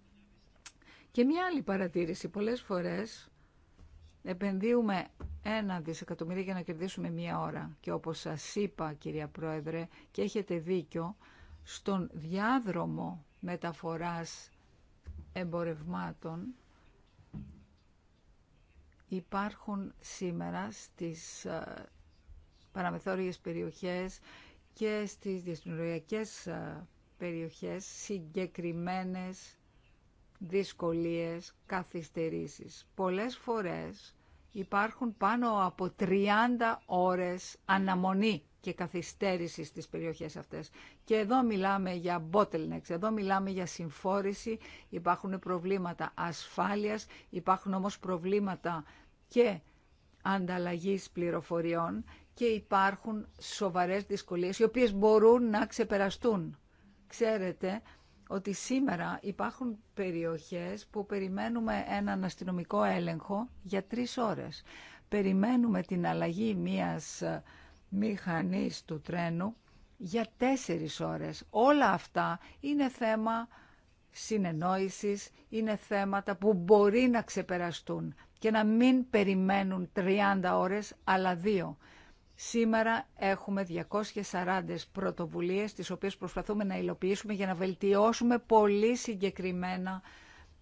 Και μια άλλη παρατήρηση. Πολλές φορές επενδύουμε ένα δισεκατομμύριο για να κερδίσουμε μία ώρα. Και όπως σας είπα, κυρία Πρόεδρε, και έχετε δίκιο, στον διάδρομο μεταφοράς εμπορευμάτων υπάρχουν σήμερα στις ε, παραμεθόριες περιοχές και στις διεθνωριακές ε, περιοχές συγκεκριμένες δυσκολίες, καθυστερήσεις. Πολλές φορές υπάρχουν πάνω από 30 ώρες αναμονή και καθυστέρηση στις περιοχές αυτές. Και εδώ μιλάμε για bottlenecks, εδώ μιλάμε για συμφόρηση, υπάρχουν προβλήματα ασφάλειας, υπάρχουν όμως προβλήματα και ανταλλαγής πληροφοριών και υπάρχουν σοβαρές δυσκολίες οι οποίες μπορούν να ξεπεραστούν. Ξέρετε ότι σήμερα υπάρχουν περιοχές που περιμένουμε έναν αστυνομικό έλεγχο για τρεις ώρες. Περιμένουμε την αλλαγή μιας ε, μηχανής του τρένου για τέσσερις ώρες. Όλα αυτά είναι θέμα συνεννόησης, είναι θέματα που μπορεί να ξεπεραστούν και να μην περιμένουν 30 ώρες, αλλά δύο. Σήμερα έχουμε 240 πρωτοβουλίες τις οποίες προσπαθούμε να υλοποιήσουμε για να βελτιώσουμε πολύ συγκεκριμένα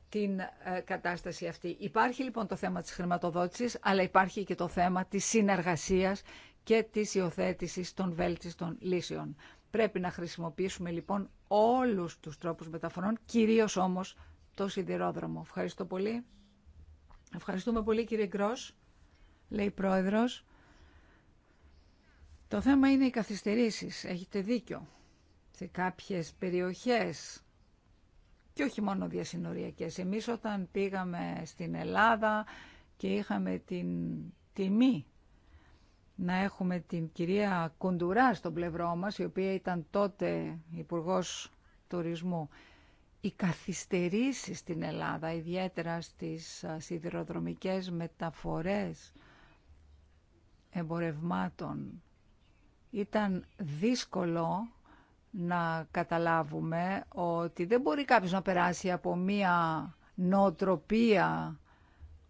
την ε, κατάσταση αυτή. Υπάρχει λοιπόν το θέμα της χρηματοδότησης, αλλά υπάρχει και το θέμα της συνεργασίας και της υιοθέτηση των βέλτιστων λύσεων. Πρέπει να χρησιμοποιήσουμε λοιπόν όλους τους τρόπους μεταφορών, κυρίως όμως το σιδηρόδρομο. Ευχαριστώ πολύ. Ευχαριστούμε πολύ κύριε Γκρός, λέει Πρόεδρος. Το θέμα είναι οι καθυστερήσεις. Έχετε δίκιο. Σε κάποιες περιοχές και όχι μόνο διασυνοριακές. Εμείς όταν πήγαμε στην Ελλάδα και είχαμε την τιμή να έχουμε την κυρία Κουντουρά στον πλευρό μας, η οποία ήταν τότε υπουργό Τουρισμού. Οι καθυστερήσει στην Ελλάδα, ιδιαίτερα στις σιδηροδρομικές μεταφορές εμπορευμάτων, ήταν δύσκολο να καταλάβουμε ότι δεν μπορεί κάποιος να περάσει από μία νοοτροπία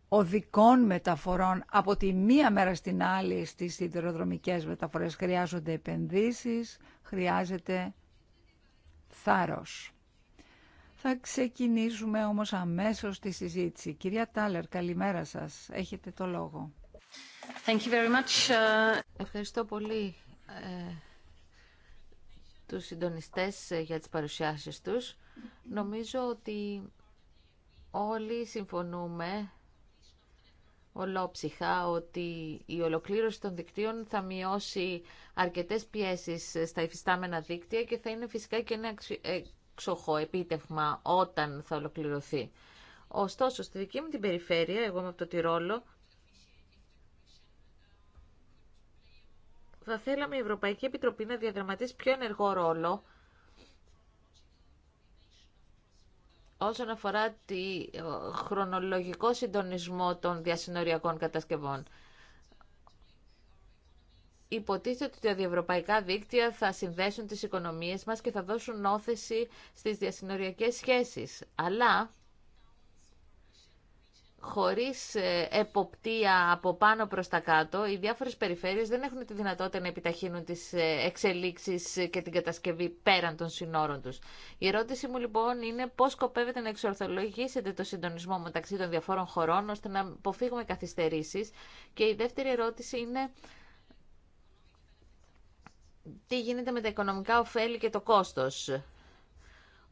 οδικών μεταφορών από τη μία μέρα στην άλλη στις σιδηροδρομικές μεταφορές. Χρειάζονται επενδύσεις, χρειάζεται θάρρος. Θα ξεκινήσουμε όμως αμέσως τη συζήτηση. Κυρία Τάλερ, καλημέρα σας. Έχετε το λόγο. Thank you very much. Uh, Ευχαριστώ πολύ ε, τους συντονιστές ε, για τις παρουσιάσεις τους. Νομίζω ότι όλοι συμφωνούμε ολόψυχα ότι η ολοκλήρωση των δικτύων θα μειώσει αρκετές πιέσεις στα υφιστάμενα δίκτυα και θα είναι φυσικά και ένα εξοχό επίτευγμα όταν θα ολοκληρωθεί. Ωστόσο, στη δική μου την περιφέρεια, εγώ είμαι από το Τυρόλο, θα θέλαμε η Ευρωπαϊκή Επιτροπή να διαδραματίσει πιο ενεργό ρόλο όσον αφορά τη ε, χρονολογικό συντονισμό των διασυνοριακών κατασκευών. Υποτίθεται ότι τα διευρωπαϊκά δίκτυα θα συνδέσουν τις οικονομίες μας και θα δώσουν όθεση στις διασυνοριακές σχέσεις. Αλλά χωρίς ε, εποπτεία από πάνω προς τα κάτω, οι διάφορες περιφέρειες δεν έχουν τη δυνατότητα να επιταχύνουν τις ε, εξελίξεις ε, και την κατασκευή πέραν των συνόρων τους. Η ερώτηση μου λοιπόν είναι πώς σκοπεύετε να εξορθολογήσετε το συντονισμό μεταξύ των διαφόρων χωρών ώστε να αποφύγουμε καθυστερήσεις. Και η δεύτερη ερώτηση είναι τι γίνεται με τα οικονομικά ωφέλη και το κόστος.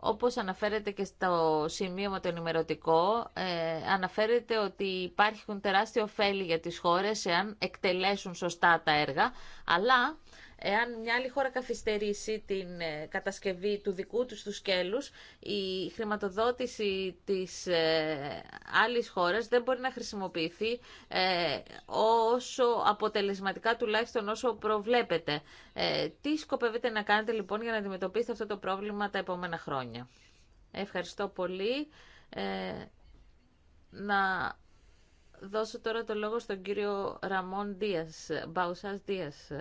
Όπως αναφέρεται και στο σημείο το ενημερωτικό, ε, αναφέρεται ότι υπάρχουν τεράστια ωφέλη για τις χώρες εάν εκτελέσουν σωστά τα έργα, αλλά Εάν μια άλλη χώρα καθυστερήσει την ε, κατασκευή του δικού τους του σκέλους, η χρηματοδότηση της ε, άλλης χώρας δεν μπορεί να χρησιμοποιηθεί ε, όσο αποτελεσματικά τουλάχιστον όσο προβλέπεται. Τι σκοπεύετε να κάνετε λοιπόν για να αντιμετωπίσετε αυτό το πρόβλημα τα επόμενα χρόνια. Ευχαριστώ πολύ. να δώσω τώρα το λόγο στον κύριο Ραμόν Δίας, Μπαουσάς Δίας,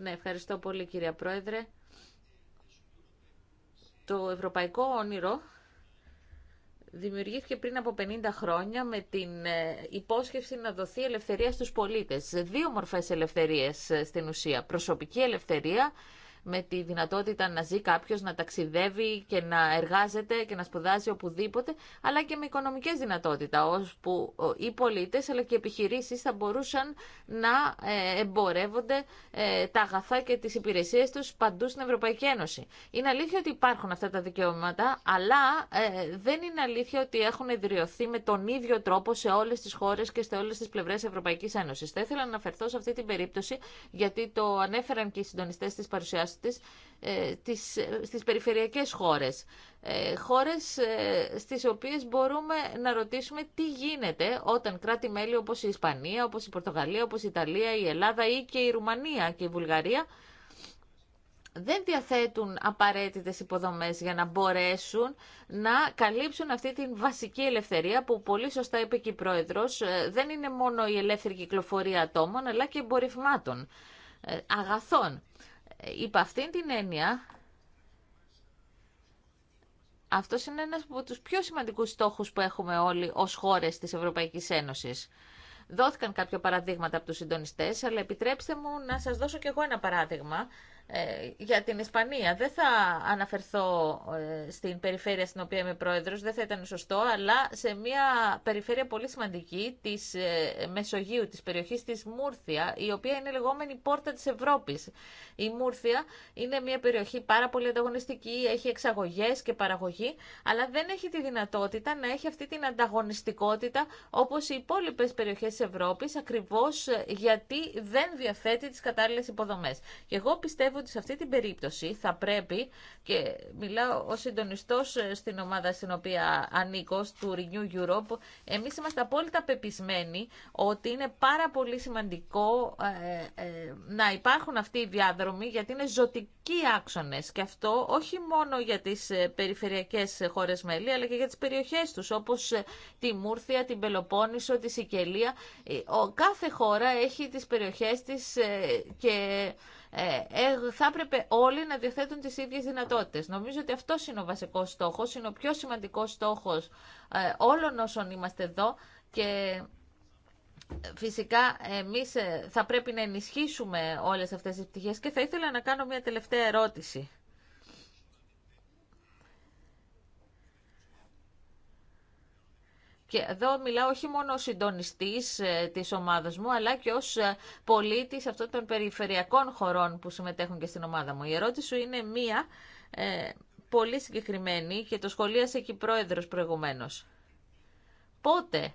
ναι, ευχαριστώ πολύ κυρία Πρόεδρε. Το ευρωπαϊκό όνειρο δημιουργήθηκε πριν από 50 χρόνια με την ε, υπόσχευση να δοθεί ελευθερία στους πολίτες. Δύο μορφές ελευθερίες ε, στην ουσία. Προσωπική ελευθερία με τη δυνατότητα να ζει κάποιο, να ταξιδεύει και να εργάζεται και να σπουδάζει οπουδήποτε, αλλά και με οικονομικέ δυνατότητα, ώσπου οι πολίτε αλλά και οι επιχειρήσει θα μπορούσαν να ε, εμπορεύονται ε, τα αγαθά και τι υπηρεσίε του παντού στην Ευρωπαϊκή Ένωση. Είναι αλήθεια ότι υπάρχουν αυτά τα δικαιώματα, αλλά ε, δεν είναι αλήθεια ότι έχουν ιδρυωθεί με τον ίδιο τρόπο σε όλε τι χώρε και σε όλε τι πλευρέ Ευρωπαϊκή Ένωση. Θα ήθελα να αναφερθώ σε αυτή την περίπτωση, γιατί το ανέφεραν και οι συντονιστέ τη παρουσιάση Στι ε, στις περιφερειακές χώρες. Ε, χώρες ε, στις οποίες μπορούμε να ρωτήσουμε τι γίνεται όταν κράτη-μέλη όπως η Ισπανία, όπως η Πορτογαλία, όπως η Ιταλία, η Ελλάδα ή και η Ρουμανία και η Βουλγαρία δεν διαθέτουν απαραίτητες υποδομές για να μπορέσουν να καλύψουν αυτή την βασική ελευθερία που πολύ σωστά είπε και η Πρόεδρος, δεν είναι μόνο η ελεύθερη κυκλοφορία ατόμων αλλά και εμπορευμάτων, αγαθών υπ' αυτήν την έννοια, αυτό είναι ένας από τους πιο σημαντικούς στόχους που έχουμε όλοι ως χώρες της Ευρωπαϊκής Ένωσης. Δόθηκαν κάποια παραδείγματα από τους συντονιστές, αλλά επιτρέψτε μου να σας δώσω κι εγώ ένα παράδειγμα ε, για την Ισπανία. Δεν θα αναφερθώ ε, στην περιφέρεια στην οποία είμαι πρόεδρος, δεν θα ήταν σωστό, αλλά σε μια περιφέρεια πολύ σημαντική της ε, Μεσογείου, της περιοχής της Μούρθια, η οποία είναι λεγόμενη πόρτα της Ευρώπης. Η Μούρθια είναι μια περιοχή πάρα πολύ ανταγωνιστική, έχει εξαγωγές και παραγωγή, αλλά δεν έχει τη δυνατότητα να έχει αυτή την ανταγωνιστικότητα όπως οι υπόλοιπε περιοχές της Ευρώπης, ακριβώς γιατί δεν διαθέτει τις κατάλληλες υποδομές. Και εγώ πιστεύω ότι σε αυτή την περίπτωση θα πρέπει, και μιλάω ως συντονιστό ε, στην ομάδα στην οποία ανήκω, του Renew Europe, εμείς είμαστε απόλυτα πεπισμένοι ότι είναι πάρα πολύ σημαντικό ε, ε, να υπάρχουν αυτοί οι διάδρομοι, γιατί είναι ζωτικοί άξονες. Και αυτό όχι μόνο για τις περιφερειακές χώρε μέλη, αλλά και για τις περιοχές τους, όπως τη Μούρθια, την Πελοπόννησο, τη Σικελία. Ο, κάθε χώρα έχει τις περιοχές της και ε, ε, θα έπρεπε όλοι να διαθέτουν τις ίδιες δυνατότητες. Νομίζω ότι αυτό είναι ο βασικός στόχος, είναι ο πιο σημαντικός στόχος ε, όλων όσων είμαστε εδώ και Φυσικά εμείς θα πρέπει να ενισχύσουμε όλες αυτές τις πτυχές και θα ήθελα να κάνω μια τελευταία ερώτηση. Και εδώ μιλάω όχι μόνο ως συντονιστής ε, της ομάδας μου, αλλά και ως ε, πολίτης αυτών των περιφερειακών χωρών που συμμετέχουν και στην ομάδα μου. Η ερώτηση σου είναι μία ε, πολύ συγκεκριμένη και το σχολίασε και η πρόεδρος προηγουμένως. Πότε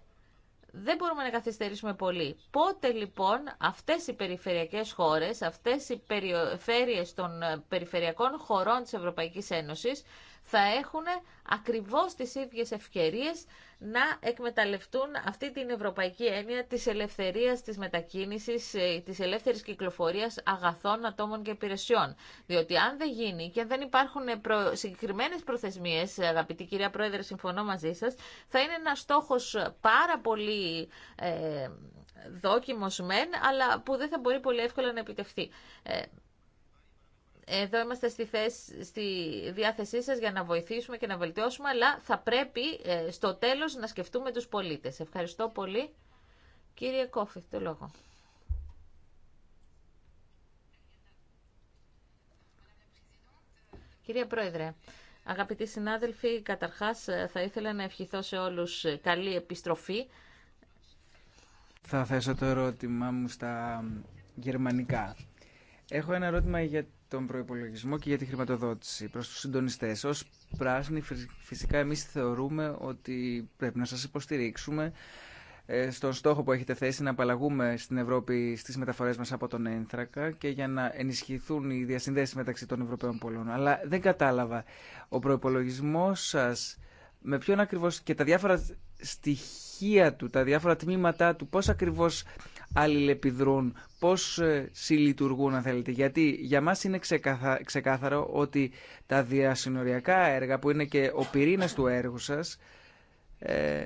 δεν μπορούμε να καθυστερήσουμε πολύ. Πότε λοιπόν αυτές οι περιφερειακές χώρες, αυτές οι περιφέρειες των ε, περιφερειακών χωρών της Ευρωπαϊκής Ένωσης θα έχουν ακριβώς τις ίδιες ευκαιρίες να εκμεταλλευτούν αυτή την ευρωπαϊκή έννοια της ελευθερίας της μετακίνησης, ε, της ελεύθερης κυκλοφορίας αγαθών, ατόμων και υπηρεσιών. Διότι αν δεν γίνει και αν δεν υπάρχουν προ... συγκεκριμένες προθεσμίες, ε, αγαπητή κυρία Πρόεδρε, συμφωνώ μαζί σας, θα είναι ένα στόχος πάρα πολύ ε, δόκιμος μεν, αλλά που δεν θα μπορεί πολύ εύκολα να επιτευχθεί. Ε, εδώ είμαστε στη, στη διάθεσή σας για να βοηθήσουμε και να βελτιώσουμε, αλλά θα πρέπει ε, στο τέλος να σκεφτούμε τους πολίτες. Ευχαριστώ πολύ. Κύριε Κόφη, το λόγο. Κυρία Πρόεδρε, αγαπητοί συνάδελφοι, καταρχάς ε, θα ήθελα να ευχηθώ σε όλους ε, καλή επιστροφή. Θα θέσω το ερώτημά μου στα γερμανικά. Έχω ένα ερώτημα για τον προπολογισμό και για τη χρηματοδότηση προς τους συντονιστές. Ως πράσινοι φυσικά εμείς θεωρούμε ότι πρέπει να σας υποστηρίξουμε ε, στον στόχο που έχετε θέσει να απαλλαγούμε στην Ευρώπη στις μεταφορές μας από τον ένθρακα και για να ενισχυθούν οι διασυνδέσεις μεταξύ των Ευρωπαίων πολλών. Αλλά δεν κατάλαβα, ο προπολογισμό σας με ποιον ακριβώς και τα διάφορα στοιχεία του, τα διάφορα τμήματά του, πώς ακριβώς αλληλεπιδρούν, πώς ε, συλλειτουργούν αν θέλετε. Γιατί για μας είναι ξεκάθαρο ότι τα διασυνοριακά έργα που είναι και ο πυρήνας του έργου σας ε,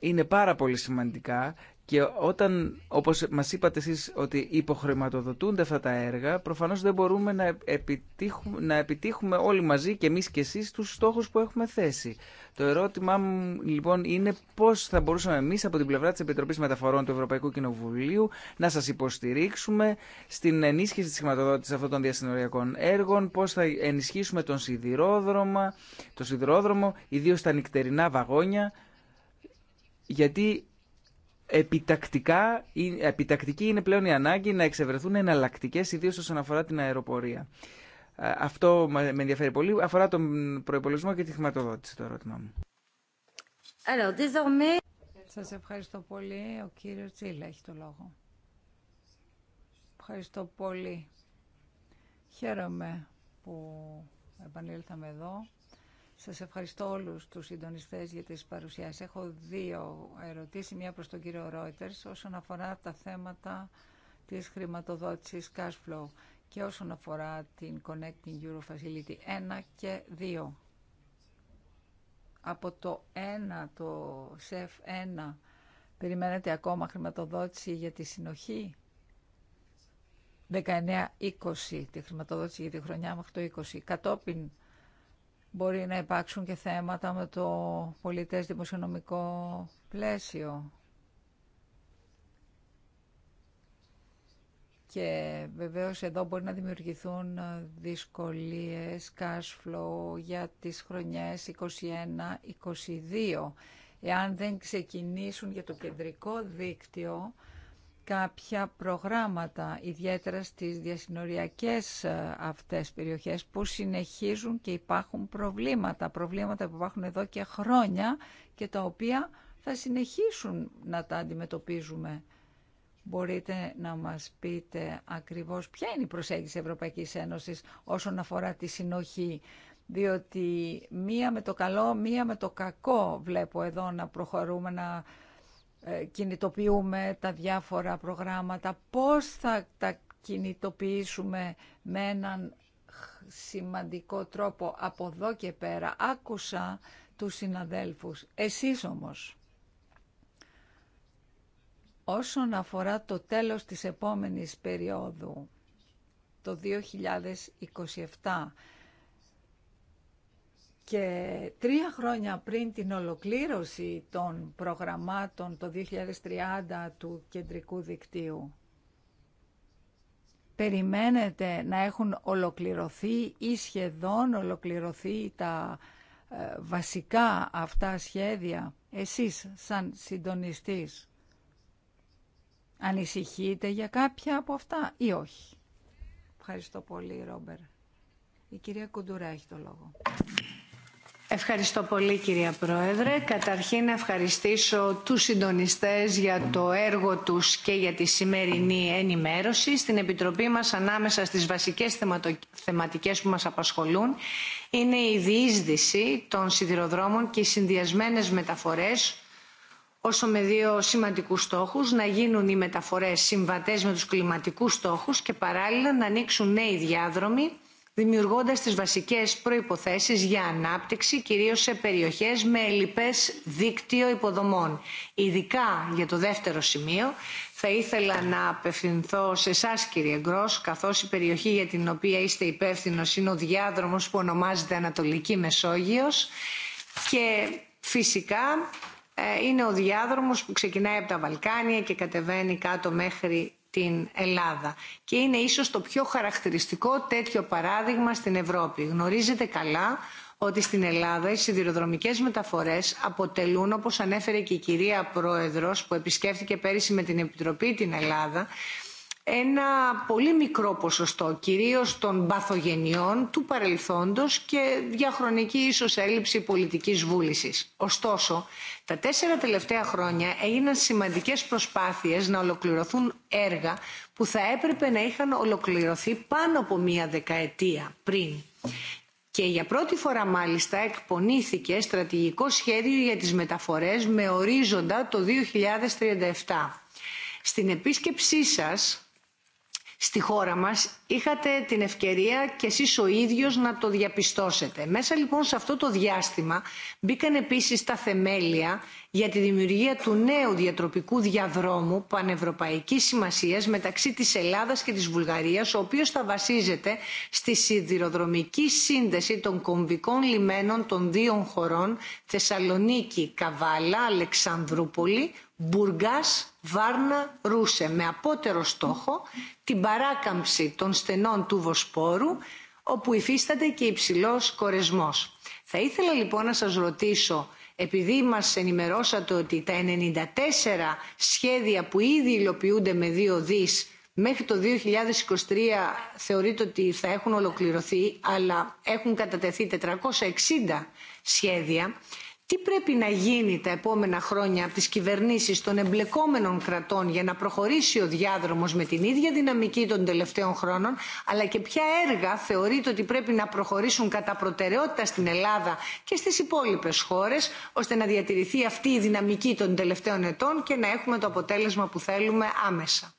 είναι πάρα πολύ σημαντικά και όταν, όπως μας είπατε εσείς, ότι υποχρηματοδοτούνται αυτά τα έργα, προφανώς δεν μπορούμε να επιτύχουμε, να επιτύχουμε όλοι μαζί και εμείς και εσείς τους στόχους που έχουμε θέσει. Το ερώτημά μου λοιπόν είναι πώς θα μπορούσαμε εμείς από την πλευρά της Επιτροπής Μεταφορών του Ευρωπαϊκού Κοινοβουλίου να σας υποστηρίξουμε στην ενίσχυση της χρηματοδότησης αυτών των διασυνοριακών έργων, πώς θα ενισχύσουμε τον σιδηρόδρομο, το σιδηρόδρομο, ιδίως τα νυχτερινά βαγόνια, γιατί Επιτακτικά, επιτακτική είναι πλέον η ανάγκη να εξευρεθούν εναλλακτικέ ιδίω όσον αφορά την αεροπορία. Ε, αυτό με ενδιαφέρει πολύ. Αφορά τον προπολογισμό και τη χρηματοδότηση το ερώτημά μου. Σα ευχαριστώ πολύ. Ο κύριο Τσίλα έχει το λόγο. Ευχαριστώ πολύ. Χαίρομαι που επανήλθαμε εδώ. Σας ευχαριστώ όλους τους συντονιστές για τις παρουσιάσεις. Έχω δύο ερωτήσεις, μία προς τον κύριο Ρόιτερς, όσον αφορά τα θέματα της χρηματοδότησης cash flow και όσον αφορά την Connecting Euro Facility 1 και 2. Από το 1, το SEF 1, περιμένετε ακόμα χρηματοδότηση για τη συνοχή. 19-20, τη χρηματοδότηση για τη χρονιά μέχρι το 20. Κατόπιν Μπορεί να υπάρξουν και θέματα με το πολιτές δημοσιονομικό πλαίσιο. Και βεβαίως εδώ μπορεί να δημιουργηθούν ε, δυσκολίες cash flow για τις χρονιές 21-22. Εάν δεν ξεκινήσουν για το κεντρικό δίκτυο, κάποια προγράμματα, ιδιαίτερα στις διασυνοριακές ε, αυτές περιοχές που συνεχίζουν και υπάρχουν προβλήματα, προβλήματα που υπάρχουν εδώ και χρόνια και τα οποία θα συνεχίσουν να τα αντιμετωπίζουμε. Μπορείτε να μας πείτε ακριβώς ποια είναι η προσέγγιση Ευρωπαϊκής Ένωσης όσον αφορά τη συνοχή, διότι μία με το καλό, μία με το κακό βλέπω εδώ να προχωρούμε, να ε, κινητοποιούμε τα διάφορα προγράμματα, πώς θα τα κινητοποιήσουμε με έναν σημαντικό τρόπο από εδώ και πέρα. Άκουσα τους συναδέλφους. Εσείς όμως, όσον αφορά το τέλος της επόμενης περίοδου, το 2027, και τρία χρόνια πριν την ολοκλήρωση των προγραμμάτων το 2030 του κεντρικού δικτύου, περιμένετε να έχουν ολοκληρωθεί ή σχεδόν ολοκληρωθεί τα ε, βασικά αυτά σχέδια, εσείς σαν συντονιστής, ανησυχείτε για κάποια από αυτά ή όχι. Ευχαριστώ πολύ, Ρόμπερ. Η κυρία Κουντουρά έχει το λόγο. Ευχαριστώ πολύ κυρία Πρόεδρε. Καταρχήν να ευχαριστήσω τους συντονιστές για το έργο τους και για τη σημερινή ενημέρωση. Στην Επιτροπή μας ανάμεσα στις βασικές θεματικές που μας απασχολούν είναι η διείσδυση των σιδηροδρόμων και οι συνδυασμένες μεταφορές όσο με δύο σημαντικούς στόχους να γίνουν οι μεταφορές συμβατές με τους κλιματικούς στόχους και παράλληλα να ανοίξουν νέοι διάδρομοι δημιουργώντας τις βασικές προϋποθέσεις για ανάπτυξη, κυρίως σε περιοχές με ελλειπές δίκτυο υποδομών. Ειδικά για το δεύτερο σημείο, θα ήθελα να απευθυνθώ σε εσά, κύριε Γκρός, καθώς η περιοχή για την οποία είστε υπεύθυνο είναι ο διάδρομος που ονομάζεται Ανατολική Μεσόγειος και φυσικά ε, είναι ο διάδρομος που ξεκινάει από τα Βαλκάνια και κατεβαίνει κάτω μέχρι την Ελλάδα. Και είναι ίσως το πιο χαρακτηριστικό τέτοιο παράδειγμα στην Ευρώπη. Γνωρίζετε καλά ότι στην Ελλάδα οι σιδηροδρομικές μεταφορές αποτελούν, όπως ανέφερε και η κυρία Πρόεδρος που επισκέφθηκε πέρυσι με την Επιτροπή την Ελλάδα, ένα πολύ μικρό ποσοστό κυρίως των παθογενειών του παρελθόντος και διαχρονική ίσως έλλειψη πολιτικής βούλησης. Ωστόσο, τα τέσσερα τελευταία χρόνια έγιναν σημαντικές προσπάθειες να ολοκληρωθούν έργα που θα έπρεπε να είχαν ολοκληρωθεί πάνω από μία δεκαετία πριν. Και για πρώτη φορά μάλιστα εκπονήθηκε στρατηγικό σχέδιο για τις μεταφορές με ορίζοντα το 2037. Στην επίσκεψή σας στη χώρα μας είχατε την ευκαιρία και εσείς ο ίδιος να το διαπιστώσετε. Μέσα λοιπόν σε αυτό το διάστημα μπήκαν επίσης τα θεμέλια για τη δημιουργία του νέου διατροπικού διαδρόμου πανευρωπαϊκής σημασίας μεταξύ της Ελλάδας και της Βουλγαρίας, ο οποίος θα βασίζεται στη σιδηροδρομική σύνδεση των κομβικών λιμένων των δύο χωρών Θεσσαλονίκη, Καβάλα, Αλεξανδρούπολη, Μπουργάς Βάρνα Ρούσε με απότερο στόχο την παράκαμψη των στενών του Βοσπόρου όπου υφίσταται και υψηλός κορεσμός. Θα ήθελα λοιπόν να σας ρωτήσω επειδή μας ενημερώσατε ότι τα 94 σχέδια που ήδη υλοποιούνται με δύο δις μέχρι το 2023 θεωρείται ότι θα έχουν ολοκληρωθεί αλλά έχουν κατατεθεί 460 σχέδια τι πρέπει να γίνει τα επόμενα χρόνια από τις κυβερνήσεις των εμπλεκόμενων κρατών για να προχωρήσει ο διάδρομος με την ίδια δυναμική των τελευταίων χρόνων αλλά και ποια έργα θεωρείται ότι πρέπει να προχωρήσουν κατά προτεραιότητα στην Ελλάδα και στις υπόλοιπες χώρες ώστε να διατηρηθεί αυτή η δυναμική των τελευταίων ετών και να έχουμε το αποτέλεσμα που θέλουμε άμεσα.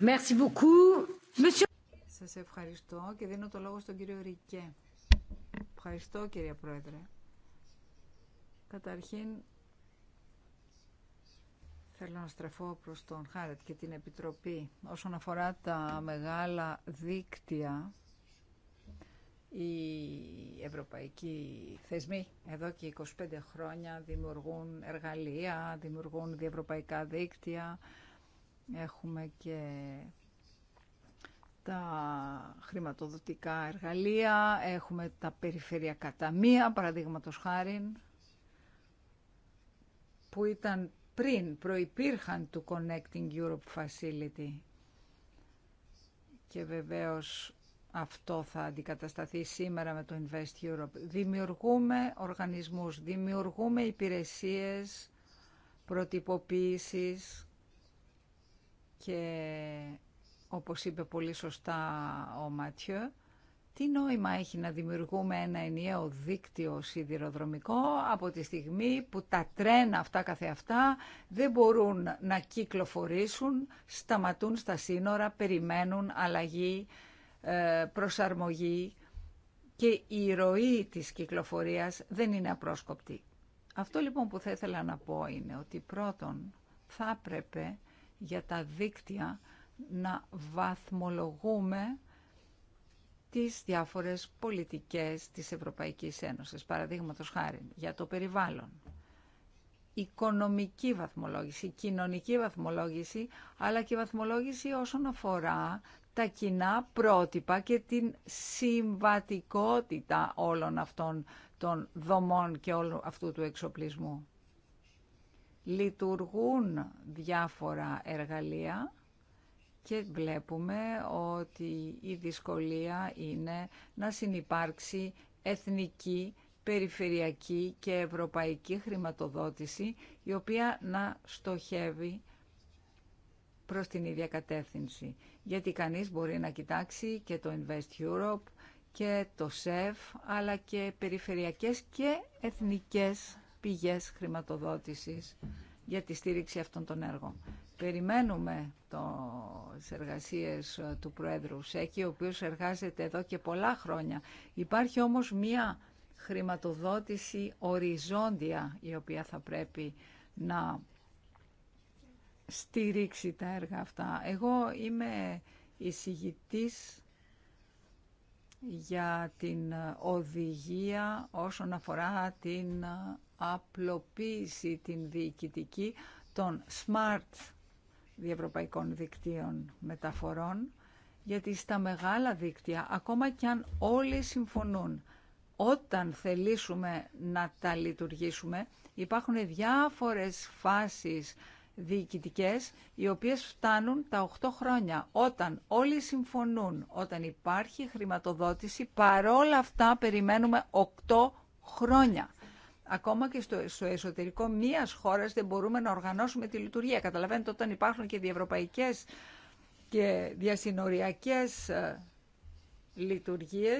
Merci Σας ευχαριστώ και δίνω το λόγο στον κύριο Ρικέ. Ευχαριστώ κύριε Πρόεδρε. Καταρχήν θέλω να στραφώ προς τον Χάρετ και την Επιτροπή. Όσον αφορά τα μεγάλα δίκτυα, οι ευρωπαϊκοί θεσμοί εδώ και 25 χρόνια δημιουργούν εργαλεία, δημιουργούν διευρωπαϊκά δίκτυα. Έχουμε και τα χρηματοδοτικά εργαλεία, έχουμε τα περιφερειακά ταμεία, παραδείγματο χάρη, που ήταν πριν, προϋπήρχαν του Connecting Europe Facility. Και βεβαίως αυτό θα αντικατασταθεί σήμερα με το Invest Europe. Δημιουργούμε οργανισμούς, δημιουργούμε υπηρεσίες προτυποποίησης και όπως είπε πολύ σωστά ο Ματιό, τι νόημα έχει να δημιουργούμε ένα ενιαίο δίκτυο σιδηροδρομικό από τη στιγμή που τα τρένα αυτά καθεαυτά δεν μπορούν να κυκλοφορήσουν, σταματούν στα σύνορα, περιμένουν αλλαγή, ε, προσαρμογή και η ροή της κυκλοφορίας δεν είναι απρόσκοπτη. Αυτό λοιπόν που θα ήθελα να πω είναι ότι πρώτον θα έπρεπε για τα δίκτυα να βαθμολογούμε τις διάφορες πολιτικές της Ευρωπαϊκής Ένωσης, παραδείγματος χάρη για το περιβάλλον. Οικονομική βαθμολόγηση, κοινωνική βαθμολόγηση, αλλά και βαθμολόγηση όσον αφορά τα κοινά πρότυπα και την συμβατικότητα όλων αυτών των δομών και όλου αυτού του εξοπλισμού. Λειτουργούν διάφορα εργαλεία και βλέπουμε ότι η δυσκολία είναι να συνεπάρξει εθνική, περιφερειακή και ευρωπαϊκή χρηματοδότηση η οποία να στοχεύει προς την ίδια κατεύθυνση. Γιατί κανείς μπορεί να κοιτάξει και το Invest Europe και το ΣΕΦ, αλλά και περιφερειακές και εθνικές πηγές χρηματοδότησης για τη στήριξη αυτών των έργων. Περιμένουμε το, τις εργασίες του Πρόεδρου Σέκη, ο οποίος εργάζεται εδώ και πολλά χρόνια. Υπάρχει όμως μία χρηματοδότηση οριζόντια, η οποία θα πρέπει να στηρίξει τα έργα αυτά. Εγώ είμαι εισηγητής για την οδηγία όσον αφορά την απλοποίηση την διοικητική των smart διευρωπαϊκών δικτύων μεταφορών, γιατί στα μεγάλα δίκτυα, ακόμα κι αν όλοι συμφωνούν, όταν θελήσουμε να τα λειτουργήσουμε, υπάρχουν διάφορες φάσεις διοικητικέ, οι οποίες φτάνουν τα 8 χρόνια. Όταν όλοι συμφωνούν, όταν υπάρχει χρηματοδότηση, παρόλα αυτά περιμένουμε 8 χρόνια. Ακόμα και στο, εσωτερικό μίας χώρας δεν μπορούμε να οργανώσουμε τη λειτουργία. Καταλαβαίνετε όταν υπάρχουν και διευρωπαϊκές και διασυνοριακές ε, λειτουργίε,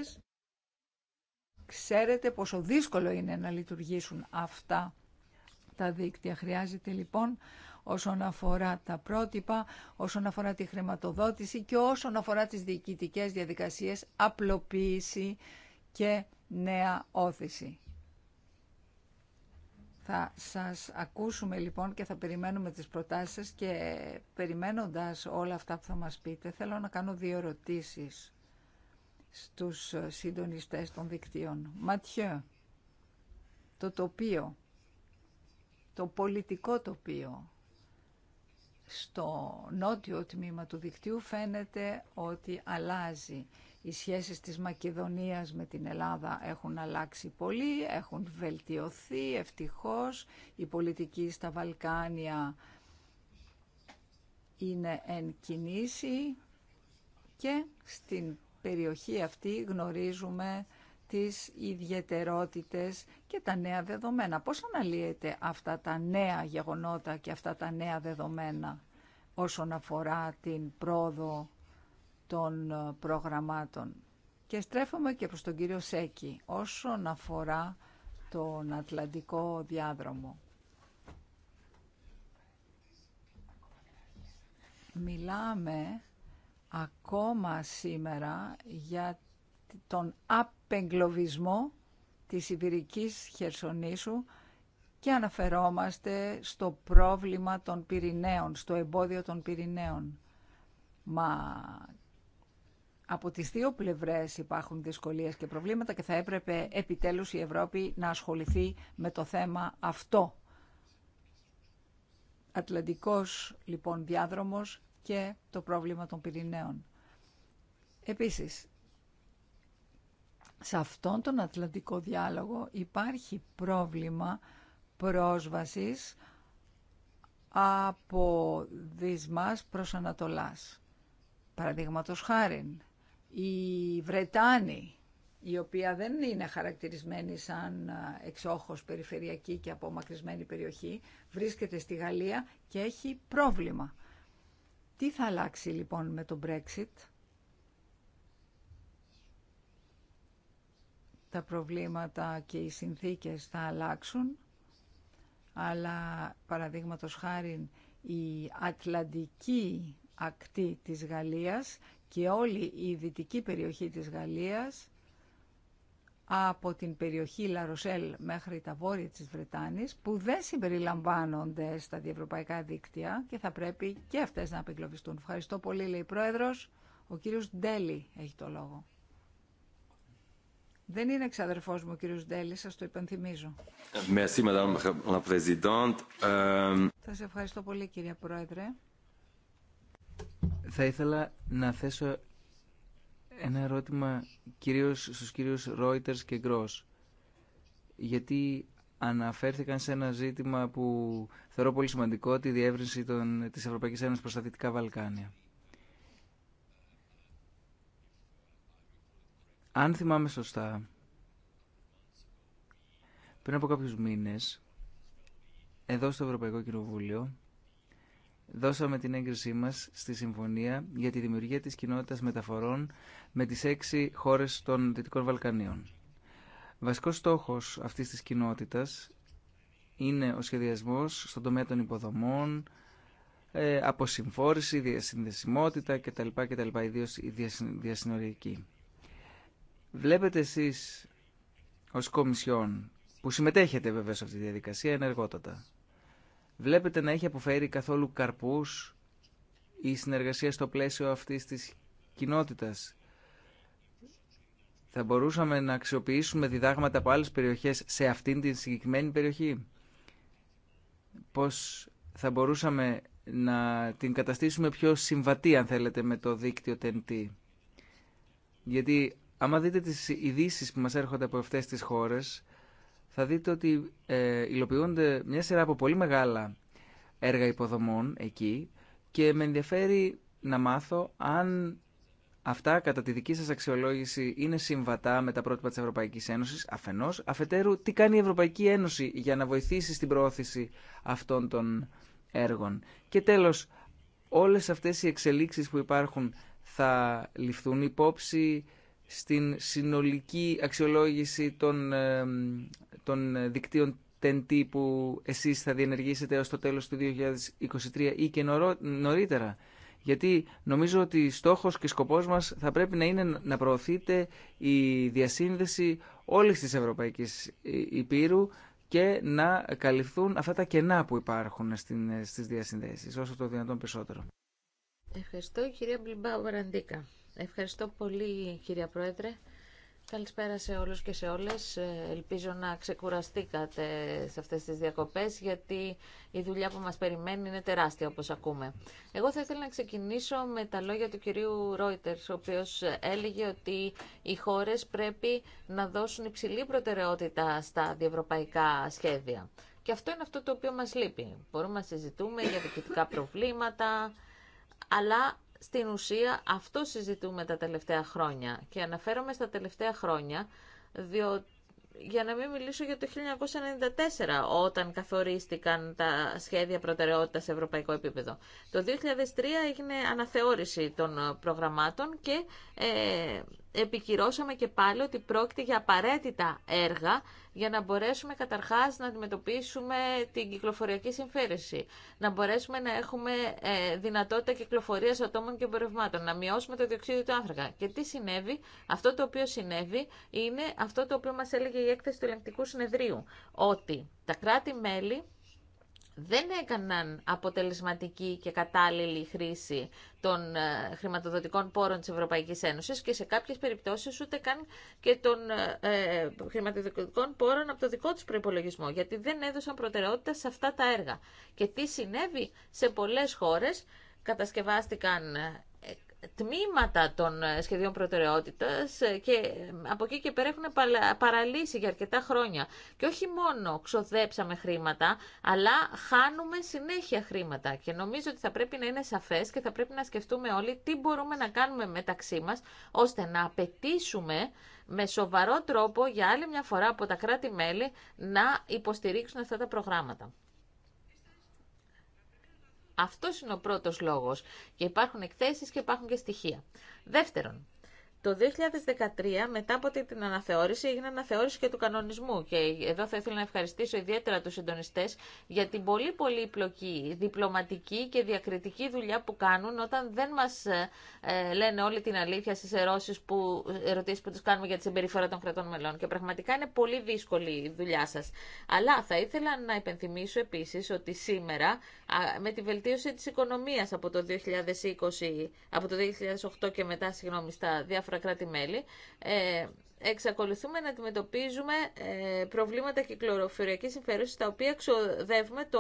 ξέρετε πόσο δύσκολο είναι να λειτουργήσουν αυτά τα δίκτυα. Χρειάζεται λοιπόν όσον αφορά τα πρότυπα, όσον αφορά τη χρηματοδότηση και όσον αφορά τις διοικητικές διαδικασίες, απλοποίηση και νέα όθηση. Θα σας ακούσουμε λοιπόν και θα περιμένουμε τις προτάσεις σας και περιμένοντας όλα αυτά που θα μας πείτε θέλω να κάνω δύο ερωτήσει στους συντονιστές των δικτύων. Ματιέ, το τοπίο, το πολιτικό τοπίο στο νότιο τμήμα του δικτύου φαίνεται ότι αλλάζει. Οι σχέσεις της Μακεδονίας με την Ελλάδα έχουν αλλάξει πολύ, έχουν βελτιωθεί ευτυχώς. Η πολιτική στα Βαλκάνια είναι εν κινήσει και στην περιοχή αυτή γνωρίζουμε τις ιδιαιτερότητες και τα νέα δεδομένα. Πώς αναλύεται αυτά τα νέα γεγονότα και αυτά τα νέα δεδομένα όσον αφορά την πρόοδο των ε, προγραμμάτων. Και στρέφομαι και προς τον κύριο Σέκη όσον αφορά τον Ατλαντικό διάδρομο. Μιλάμε ακόμα σήμερα για τον απεγκλωβισμό της Ιβηρικής Χερσονήσου και αναφερόμαστε στο πρόβλημα των πυρηναίων, στο εμπόδιο των πυρηναίων. Μα από τις δύο πλευρές υπάρχουν δυσκολίες και προβλήματα και θα έπρεπε επιτέλους η Ευρώπη να ασχοληθεί με το θέμα αυτό. Ατλαντικός λοιπόν διάδρομος και το πρόβλημα των Πυρηναίων. Επίσης, σε αυτόν τον Ατλαντικό διάλογο υπάρχει πρόβλημα πρόσβασης από δυσμάς προς Ανατολάς. Παραδείγματος χάριν, η Βρετάνοι, η οποία δεν είναι χαρακτηρισμένη σαν εξόχως περιφερειακή και απομακρυσμένη περιοχή, βρίσκεται στη Γαλλία και έχει πρόβλημα. Τι θα αλλάξει λοιπόν με το Brexit? Τα προβλήματα και οι συνθήκες θα αλλάξουν, αλλά παραδείγματος χάρη η Ατλαντική ακτή της Γαλλίας και όλη η δυτική περιοχή της Γαλλίας από την περιοχή Λαροσέλ μέχρι τα βόρεια της Βρετάνης που δεν συμπεριλαμβάνονται στα διευρωπαϊκά δίκτυα και θα πρέπει και αυτές να απεγκλωβιστούν. Ευχαριστώ πολύ, λέει η Πρόεδρος. Ο κύριος Ντέλη έχει το λόγο. Δεν είναι εξαδερφός μου ο κύριος Ντέλη, σας το υπενθυμίζω. Merci, Σας ευχαριστώ πολύ, κύριε Πρόεδρε. Θα ήθελα να θέσω ένα ερώτημα κυρίως στους κύριους Reuters και Gross. Γιατί αναφέρθηκαν σε ένα ζήτημα που θεωρώ πολύ σημαντικό, τη διεύρυνση των, της Ευρωπαϊκής Ένωσης προς τα Δυτικά Βαλκάνια. Αν θυμάμαι σωστά, πριν από κάποιους μήνες, εδώ στο Ευρωπαϊκό Κοινοβούλιο, δώσαμε την έγκρισή μας στη συμφωνία για τη δημιουργία της κοινότητας μεταφορών με τις έξι χώρες των Δυτικών Βαλκανίων. Βασικός στόχος αυτής της κοινότητας είναι ο σχεδιασμός στον τομέα των υποδομών, ε, αποσυμφόρηση, διασυνδεσιμότητα κτλ. κτλ ιδίως η διασυνοριακή. Βλέπετε εσείς ως Κομισιόν, που συμμετέχετε βέβαια σε αυτή τη διαδικασία ενεργότατα, βλέπετε να έχει αποφέρει καθόλου καρπούς η συνεργασία στο πλαίσιο αυτής της κοινότητας. Θα μπορούσαμε να αξιοποιήσουμε διδάγματα από άλλες περιοχές σε αυτήν την συγκεκριμένη περιοχή. Πώς θα μπορούσαμε να την καταστήσουμε πιο συμβατή, αν θέλετε, με το δίκτυο TNT. Γιατί άμα δείτε τις ειδήσει που μας έρχονται από αυτές τις χώρες, θα δείτε ότι ε, υλοποιούνται μια σειρά από πολύ μεγάλα έργα υποδομών εκεί και με ενδιαφέρει να μάθω αν αυτά κατά τη δική σας αξιολόγηση είναι συμβατά με τα πρότυπα της Ευρωπαϊκής Ένωσης αφενός. Αφετέρου, τι κάνει η Ευρωπαϊκή Ένωση για να βοηθήσει στην προώθηση αυτών των έργων. Και τέλος, όλες αυτές οι εξελίξεις που υπάρχουν θα ληφθούν υπόψη στην συνολική αξιολόγηση των, των δικτύων TNT που εσείς θα διενεργήσετε ως το τέλος του 2023 ή και νωρίτερα. Γιατί νομίζω ότι στόχος και σκοπός μας θα πρέπει να είναι να προωθείτε η διασύνδεση όλης της Ευρωπαϊκής Υπήρου και να καλυφθούν αυτά τα κενά που υπάρχουν στις διασυνδέσεις όσο το δυνατόν περισσότερο. Ευχαριστώ κυρία Μπλιμπάου Βαραντίκα. Ευχαριστώ πολύ κυρία Πρόεδρε. Καλησπέρα σε όλους και σε όλες. Ε, ελπίζω να ξεκουραστήκατε σε αυτές τις διακοπές γιατί η δουλειά που μας περιμένει είναι τεράστια όπως ακούμε. Εγώ θα ήθελα να ξεκινήσω με τα λόγια του κυρίου Ρόιτερ, ο οποίος έλεγε ότι οι χώρες πρέπει να δώσουν υψηλή προτεραιότητα στα διευρωπαϊκά σχέδια. Και αυτό είναι αυτό το οποίο μας λείπει. Μπορούμε να συζητούμε για διοικητικά προβλήματα αλλά στην ουσία αυτό συζητούμε τα τελευταία χρόνια και αναφέρομαι στα τελευταία χρόνια διότι για να μην μιλήσω για το 1994, όταν καθορίστηκαν τα σχέδια προτεραιότητας σε ευρωπαϊκό επίπεδο. Το 2003 έγινε αναθεώρηση των ε, προγραμμάτων και ε, επικυρώσαμε και πάλι ότι πρόκειται για απαραίτητα έργα για να μπορέσουμε καταρχάς να αντιμετωπίσουμε την κυκλοφοριακή συμφέρεση, να μπορέσουμε να έχουμε ε, δυνατότητα κυκλοφορίας ατόμων και εμπορευμάτων, να μειώσουμε το διοξείδιο του άνθρακα. Και τι συνέβη, αυτό το οποίο συνέβη είναι αυτό το οποίο μας έλεγε η έκθεση του ελεγκτικού συνεδρίου, ότι τα κράτη-μέλη δεν έκαναν αποτελεσματική και κατάλληλη χρήση των ε, χρηματοδοτικών πόρων της Ευρωπαϊκής Ένωσης και σε κάποιες περιπτώσεις ούτε καν και των ε, ε, χρηματοδοτικών πόρων από το δικό τους προϋπολογισμό, γιατί δεν έδωσαν προτεραιότητα σε αυτά τα έργα. Και τι συνέβη σε πολλές χώρες, κατασκευάστηκαν τμήματα των ε, σχεδίων προτεραιότητας ε, και ε, από εκεί και πέρα έχουν παραλύσει για αρκετά χρόνια. Και όχι μόνο ξοδέψαμε χρήματα, αλλά χάνουμε συνέχεια χρήματα. Και νομίζω ότι θα πρέπει να είναι σαφές και θα πρέπει να σκεφτούμε όλοι τι μπορούμε να κάνουμε μεταξύ μας, ώστε να απαιτήσουμε με σοβαρό τρόπο για άλλη μια φορά από τα κράτη-μέλη να υποστηρίξουν αυτά τα προγράμματα. Αυτό είναι ο πρώτος λόγος και υπάρχουν εκθέσεις και υπάρχουν και στοιχεία. Δεύτερον, το 2013, μετά από την αναθεώρηση, έγινε αναθεώρηση και του κανονισμού. Και εδώ θα ήθελα να ευχαριστήσω ιδιαίτερα του συντονιστέ για την πολύ πολύ πλοκή διπλωματική και διακριτική δουλειά που κάνουν όταν δεν μα ε, ε, λένε όλη την αλήθεια στι ερωτήσει που, ερωτήσεις που του κάνουμε για τη συμπεριφορά των κρατών μελών. Και πραγματικά είναι πολύ δύσκολη η δουλειά σα. Αλλά θα ήθελα να υπενθυμίσω επίση ότι σήμερα, με τη βελτίωση τη οικονομία από το 2020, από το 2008 και μετά, συγγνώμη, στα διάφορα διάφορα κράτη-μέλη, ε, εξακολουθούμε να αντιμετωπίζουμε ε, προβλήματα κυκλοφοριακή συμφέρουση, τα οποία ξοδεύουμε το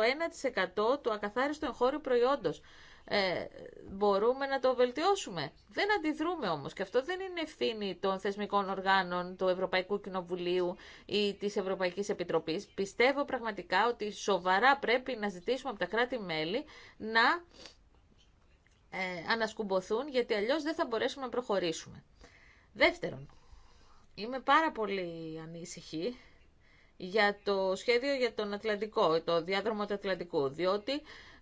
1% του ακαθάριστου εγχώριου προϊόντος. Ε, μπορούμε να το βελτιώσουμε. Δεν αντιδρούμε όμως και αυτό δεν είναι ευθύνη των θεσμικών οργάνων του Ευρωπαϊκού Κοινοβουλίου ή της Ευρωπαϊκής Επιτροπής. Πιστεύω πραγματικά ότι σοβαρά πρέπει να ζητήσουμε από τα κράτη-μέλη να ε, ανασκουμποθούν γιατί αλλιώς δεν θα μπορέσουμε να προχωρήσουμε. Δεύτερον, είμαι πάρα πολύ ανήσυχη για το σχέδιο για τον Ατλαντικό, το διάδρομο του Ατλαντικού, διότι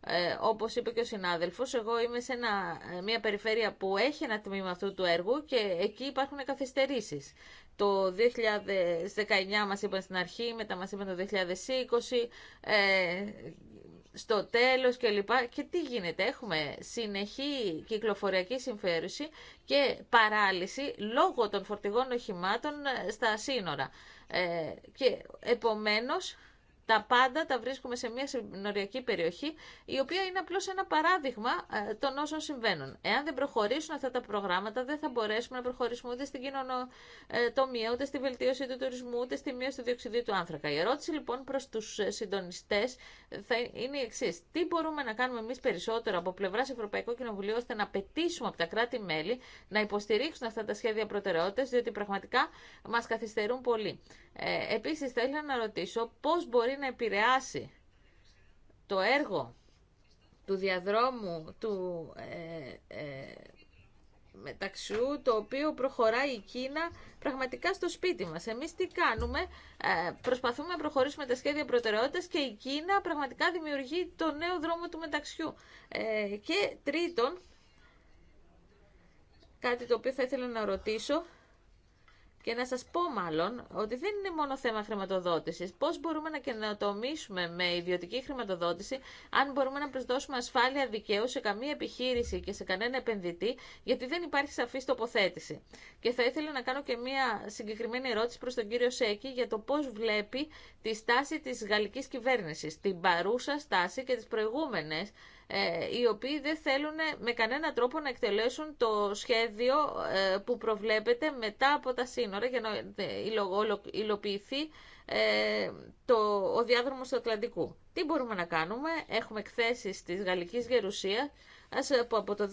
ε, όπως είπε και ο συνάδελφος, εγώ είμαι σε ε, μια περιφέρεια που έχει ένα τμήμα αυτού του έργου και εκεί υπάρχουν καθυστερήσεις. Το 2019 μας είπαν στην αρχή, μετά μας είπαν το 2020, ε, στο τέλος και Και τι γίνεται, έχουμε συνεχή κυκλοφοριακή συμφέρουση και παράλυση λόγω των φορτηγών οχημάτων ε, στα σύνορα. Ε, και επομένως τα πάντα τα βρίσκουμε σε μια συνοριακή περιοχή, η οποία είναι απλώ ένα παράδειγμα ε, των όσων συμβαίνουν. Εάν δεν προχωρήσουν αυτά τα προγράμματα, δεν θα μπορέσουμε να προχωρήσουμε ούτε στην κοινωνοτομία, ούτε στη βελτίωση του τουρισμού, ούτε στη μείωση του διοξιδίου του άνθρακα. Η ερώτηση λοιπόν προ του ε, συντονιστέ θα είναι η εξή. Τι μπορούμε να κάνουμε εμεί περισσότερο από πλευρά Ευρωπαϊκού Κοινοβουλίου, ώστε να πετύσουμε από τα κράτη-μέλη να υποστηρίξουν αυτά τα σχέδια προτεραιότητε, διότι πραγματικά μα καθυστερούν πολύ. Ε, θα να ρωτήσω πώ μπορεί να επηρεάσει το έργο του διαδρόμου του ε, ε, μεταξιού το οποίο προχωράει η Κίνα πραγματικά στο σπίτι μας. Εμείς τι κάνουμε, ε, προσπαθούμε να προχωρήσουμε τα σχέδια προτεραιότητας και η Κίνα πραγματικά δημιουργεί το νέο δρόμο του μεταξιού. Ε, και τρίτον, κάτι το οποίο θα ήθελα να ρωτήσω, και να σας πω μάλλον ότι δεν είναι μόνο θέμα χρηματοδότησης. Πώς μπορούμε να καινοτομήσουμε με ιδιωτική χρηματοδότηση αν μπορούμε να προσδώσουμε ασφάλεια δικαίου σε καμία επιχείρηση και σε κανένα επενδυτή γιατί δεν υπάρχει σαφής τοποθέτηση. Και θα ήθελα να κάνω και μία συγκεκριμένη ερώτηση προς τον κύριο Σέκη για το πώς βλέπει τη στάση της γαλλικής κυβέρνησης, την παρούσα στάση και τις προηγούμενες ε, οι οποίοι δεν θέλουν ε, με κανένα τρόπο να εκτελέσουν το σχέδιο ε, που προβλέπεται μετά από τα σύνορα για να υλοποιηθεί το, ο διάδρομος του Ατλαντικού. Τι μπορούμε να κάνουμε, έχουμε εκθέσεις της Γαλλικής Γερουσίας που από το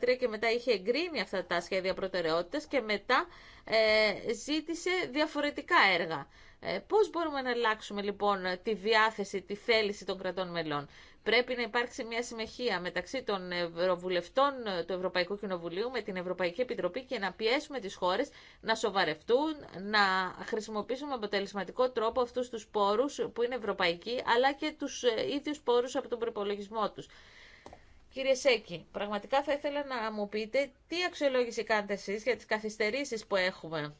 2013 και μετά είχε εγκρίνει αυτά τα σχέδια προτεραιότητας και μετά ε, ζήτησε διαφορετικά έργα. Ε, πώς μπορούμε να αλλάξουμε λοιπόν τη διάθεση, τη θέληση των κρατών μελών. Πρέπει να υπάρξει μια συμμεχία μεταξύ των Ευρωβουλευτών του Ευρωπαϊκού Κοινοβουλίου με την Ευρωπαϊκή Επιτροπή και να πιέσουμε τις χώρες να σοβαρευτούν, να χρησιμοποιήσουμε με αποτελεσματικό τρόπο αυτούς τους πόρους που είναι ευρωπαϊκοί, αλλά και τους ε, ίδιους πόρους από τον προπολογισμό τους. Κύριε Σέκη, πραγματικά θα ήθελα να μου πείτε τι αξιολόγηση κάνετε εσείς για τις καθυστερήσεις που έχουμε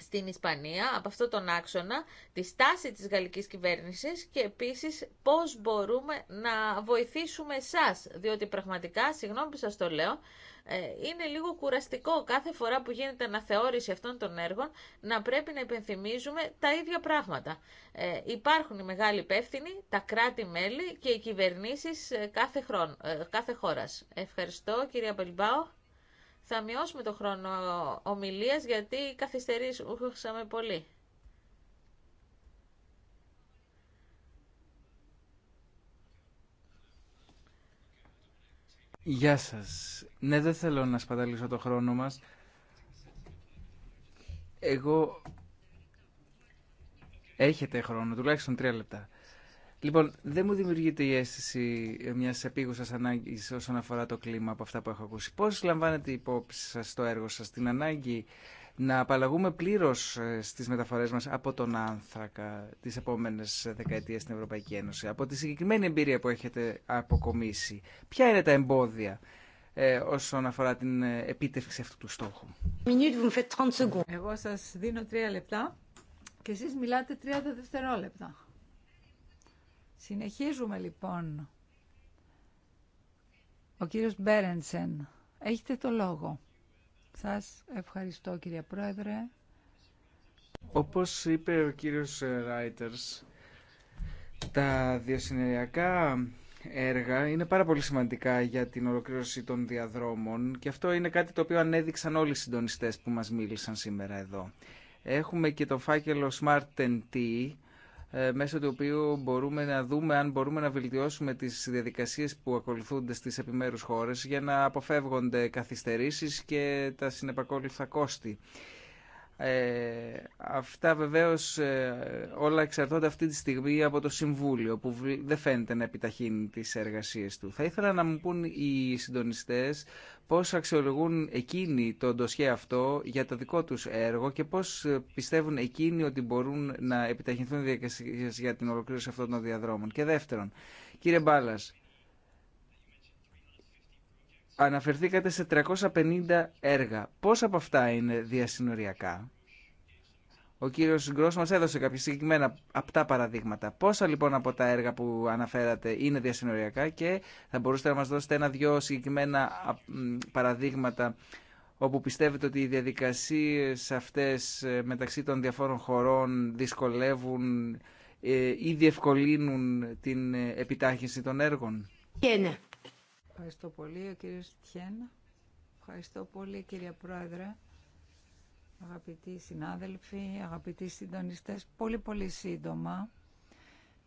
στην Ισπανία από αυτό τον άξονα, τη στάση της γαλλικής κυβέρνησης και επίσης πώς μπορούμε να βοηθήσουμε σας διότι πραγματικά, συγγνώμη που σας το λέω, ε, είναι λίγο κουραστικό κάθε φορά που γίνεται αναθεώρηση αυτών των έργων να πρέπει να υπενθυμίζουμε τα ίδια πράγματα. Ε, υπάρχουν οι μεγάλοι υπεύθυνοι, τα κράτη-μέλη και οι κυβερνήσεις ε, κάθε, χρόνο, ε, κάθε χώρας. Ευχαριστώ κυρία Μπελμπάου. Θα μειώσουμε το χρόνο ομιλίας γιατί καθυστερήσαμε πολύ. Γεια σας. Ναι, δεν θέλω να σπαταλήσω το χρόνο μας. Εγώ... Έχετε χρόνο, τουλάχιστον τρία λεπτά. Λοιπόν, δεν μου δημιουργείται η αίσθηση μια επίγουσα ανάγκη όσον αφορά το κλίμα από αυτά που έχω ακούσει. Πώ λαμβάνετε υπόψη σα το έργο σα την ανάγκη να απαλλαγούμε πλήρω ε, στι μεταφορέ μα από τον άνθρακα τι επόμενε δεκαετίε στην Ευρωπαϊκή Ένωση, από τη συγκεκριμένη εμπειρία που έχετε αποκομίσει. Ποια είναι τα εμπόδια ε, όσον αφορά την ε, επίτευξη αυτού του στόχου. Εγώ σα δίνω τρία λεπτά και εσεί μιλάτε 30 δευτερόλεπτα. Συνεχίζουμε λοιπόν. Ο κύριος Μπέρενσεν, έχετε το λόγο. Σας ευχαριστώ κύριε Πρόεδρε. Όπως είπε ο κύριος Ράιτερς, τα διασυνεριακά έργα είναι πάρα πολύ σημαντικά για την ολοκλήρωση των διαδρόμων και αυτό είναι κάτι το οποίο ανέδειξαν όλοι οι συντονιστές που μας μίλησαν σήμερα εδώ. Έχουμε και το φάκελο Smart TNT ε, μέσω του οποίου μπορούμε να δούμε αν μπορούμε να βελτιώσουμε τι διαδικασίε που ακολουθούνται στι επιμέρου χώρε για να αποφεύγονται καθυστερήσει και τα συνεπακόλουθα κόστη. Ε, αυτά βεβαίως ε, όλα εξαρτώνται αυτή τη στιγμή από το Συμβούλιο που δεν φαίνεται να επιταχύνει τις εργασίες του. Θα ήθελα να μου πούν οι συντονιστές πώς αξιολογούν εκείνοι το ντοσχέ αυτό για το δικό τους έργο και πώς ε, πιστεύουν εκείνοι ότι μπορούν να επιταχυνθούν διαδικασίες για την ολοκλήρωση αυτών των διαδρόμων. Και δεύτερον, κύριε Μπάλας, αναφερθήκατε σε 350 έργα. Πόσα από αυτά είναι διασυνοριακά. Ο κύριος Γκρός μας έδωσε κάποια συγκεκριμένα απτά παραδείγματα. Πόσα λοιπόν από τα έργα που αναφέρατε είναι διασυνοριακά και θα μπορούσατε να μας δώσετε ένα-δυο συγκεκριμένα παραδείγματα όπου πιστεύετε ότι οι διαδικασίες αυτές ε, μεταξύ των διαφόρων χωρών δυσκολεύουν ε, ή διευκολύνουν την ε, επιτάχυνση των έργων. Και Ευχαριστώ πολύ, ο κύριος Τιέν. Ευχαριστώ πολύ, κύριε Πρόεδρε. Αγαπητοί συνάδελφοι, αγαπητοί συντονιστές, πολύ πολύ σύντομα,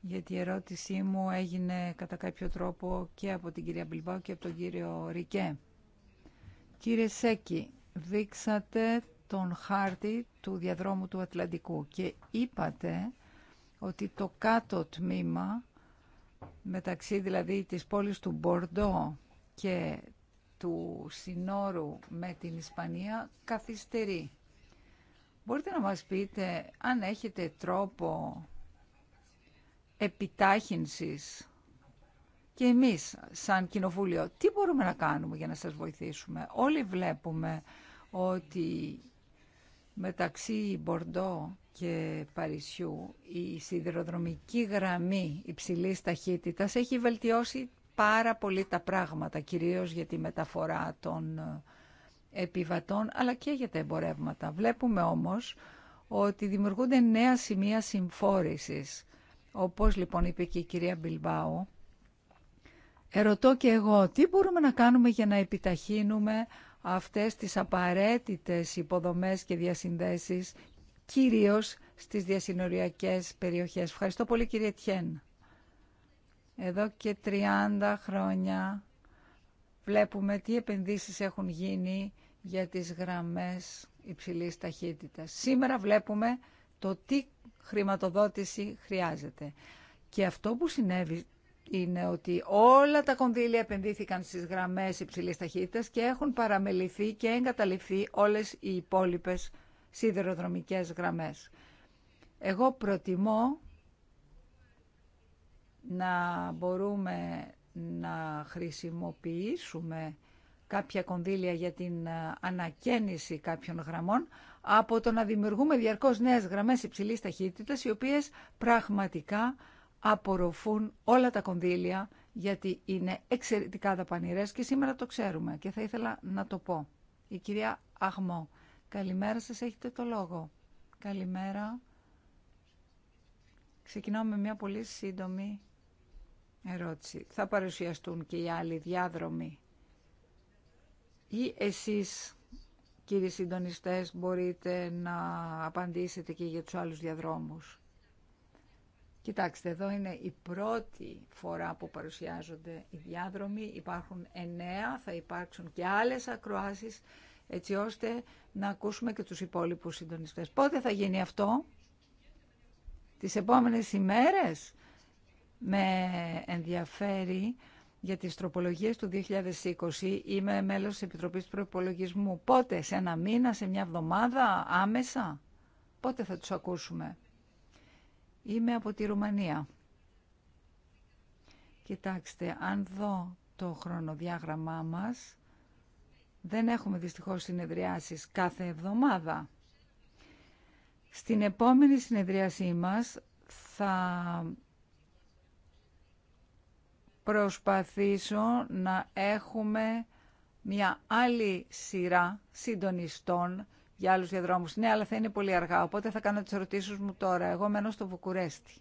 γιατί η ερώτησή μου έγινε κατά κάποιο τρόπο και από την κυρία Μπιλμπάου και από τον κύριο Ρικέ. Κύριε Σέκη, δείξατε τον χάρτη του διαδρόμου του Ατλαντικού και είπατε ότι το κάτω τμήμα μεταξύ δηλαδή της πόλης του Μπορντό και του συνόρου με την Ισπανία καθυστερεί. Μπορείτε να μας πείτε αν έχετε τρόπο επιτάχυνσης και εμείς σαν κοινοβούλιο τι μπορούμε να κάνουμε για να σας βοηθήσουμε. Όλοι βλέπουμε ότι μεταξύ Μπορντό και Παρισιού η σιδηροδρομική γραμμή υψηλή ταχύτητα έχει βελτιώσει πάρα πολύ τα πράγματα, κυρίω για τη μεταφορά των ε, επιβατών, αλλά και για τα εμπορεύματα. Βλέπουμε όμως ότι δημιουργούνται νέα σημεία συμφόρηση, όπω λοιπόν είπε και η κυρία Μπιλμπάου, ερωτώ και εγώ τι μπορούμε να κάνουμε για να επιταχύνουμε αυτές τις απαραίτητες υποδομές και διασυνδέσεις κυρίως στις διασυνοριακές περιοχές. Ευχαριστώ πολύ κύριε Τιέν. Εδώ και 30 χρόνια βλέπουμε τι επενδύσεις έχουν γίνει για τις γραμμές υψηλής ταχύτητας. Σήμερα βλέπουμε το τι χρηματοδότηση χρειάζεται. Και αυτό που συνέβη είναι ότι όλα τα κονδύλια επενδύθηκαν στις γραμμές υψηλής ταχύτητας και έχουν παραμεληθεί και εγκαταληφθεί όλες οι υπόλοιπες σιδεροδρομικές γραμμές. Εγώ προτιμώ να μπορούμε να χρησιμοποιήσουμε κάποια κονδύλια για την ανακαίνιση κάποιων γραμμών από το να δημιουργούμε διαρκώς νέες γραμμές υψηλής ταχύτητας οι οποίες πραγματικά απορροφούν όλα τα κονδύλια γιατί είναι εξαιρετικά δαπανηρές και σήμερα το ξέρουμε και θα ήθελα να το πω. Η κυρία Αχμό, Καλημέρα σας, έχετε το λόγο. Καλημέρα. Ξεκινάω με μια πολύ σύντομη ερώτηση. Θα παρουσιαστούν και οι άλλοι διάδρομοι. Ή εσείς, κύριοι συντονιστές, μπορείτε να απαντήσετε και για τους άλλους διαδρόμους. Κοιτάξτε, εδώ είναι η πρώτη φορά που παρουσιάζονται οι διάδρομοι. Υπάρχουν εννέα, θα υπάρξουν και άλλες ακροάσεις έτσι ώστε να ακούσουμε και τους υπόλοιπους συντονιστές. Πότε θα γίνει αυτό, τις επόμενες ημέρες, με ενδιαφέρει για τις τροπολογίες του 2020. Είμαι μέλος της Επιτροπής προπολογισμού. Πότε, σε ένα μήνα, σε μια εβδομάδα, άμεσα, πότε θα τους ακούσουμε. Είμαι από τη Ρουμανία. Κοιτάξτε, αν δω το χρονοδιάγραμμά μας, δεν έχουμε δυστυχώς συνεδριάσεις κάθε εβδομάδα. Στην επόμενη συνεδρίασή μας θα προσπαθήσω να έχουμε μια άλλη σειρά συντονιστών για άλλους διαδρόμους. Ναι, αλλά θα είναι πολύ αργά, οπότε θα κάνω τις ρωτήσεις μου τώρα. Εγώ μένω στο Βουκουρέστι.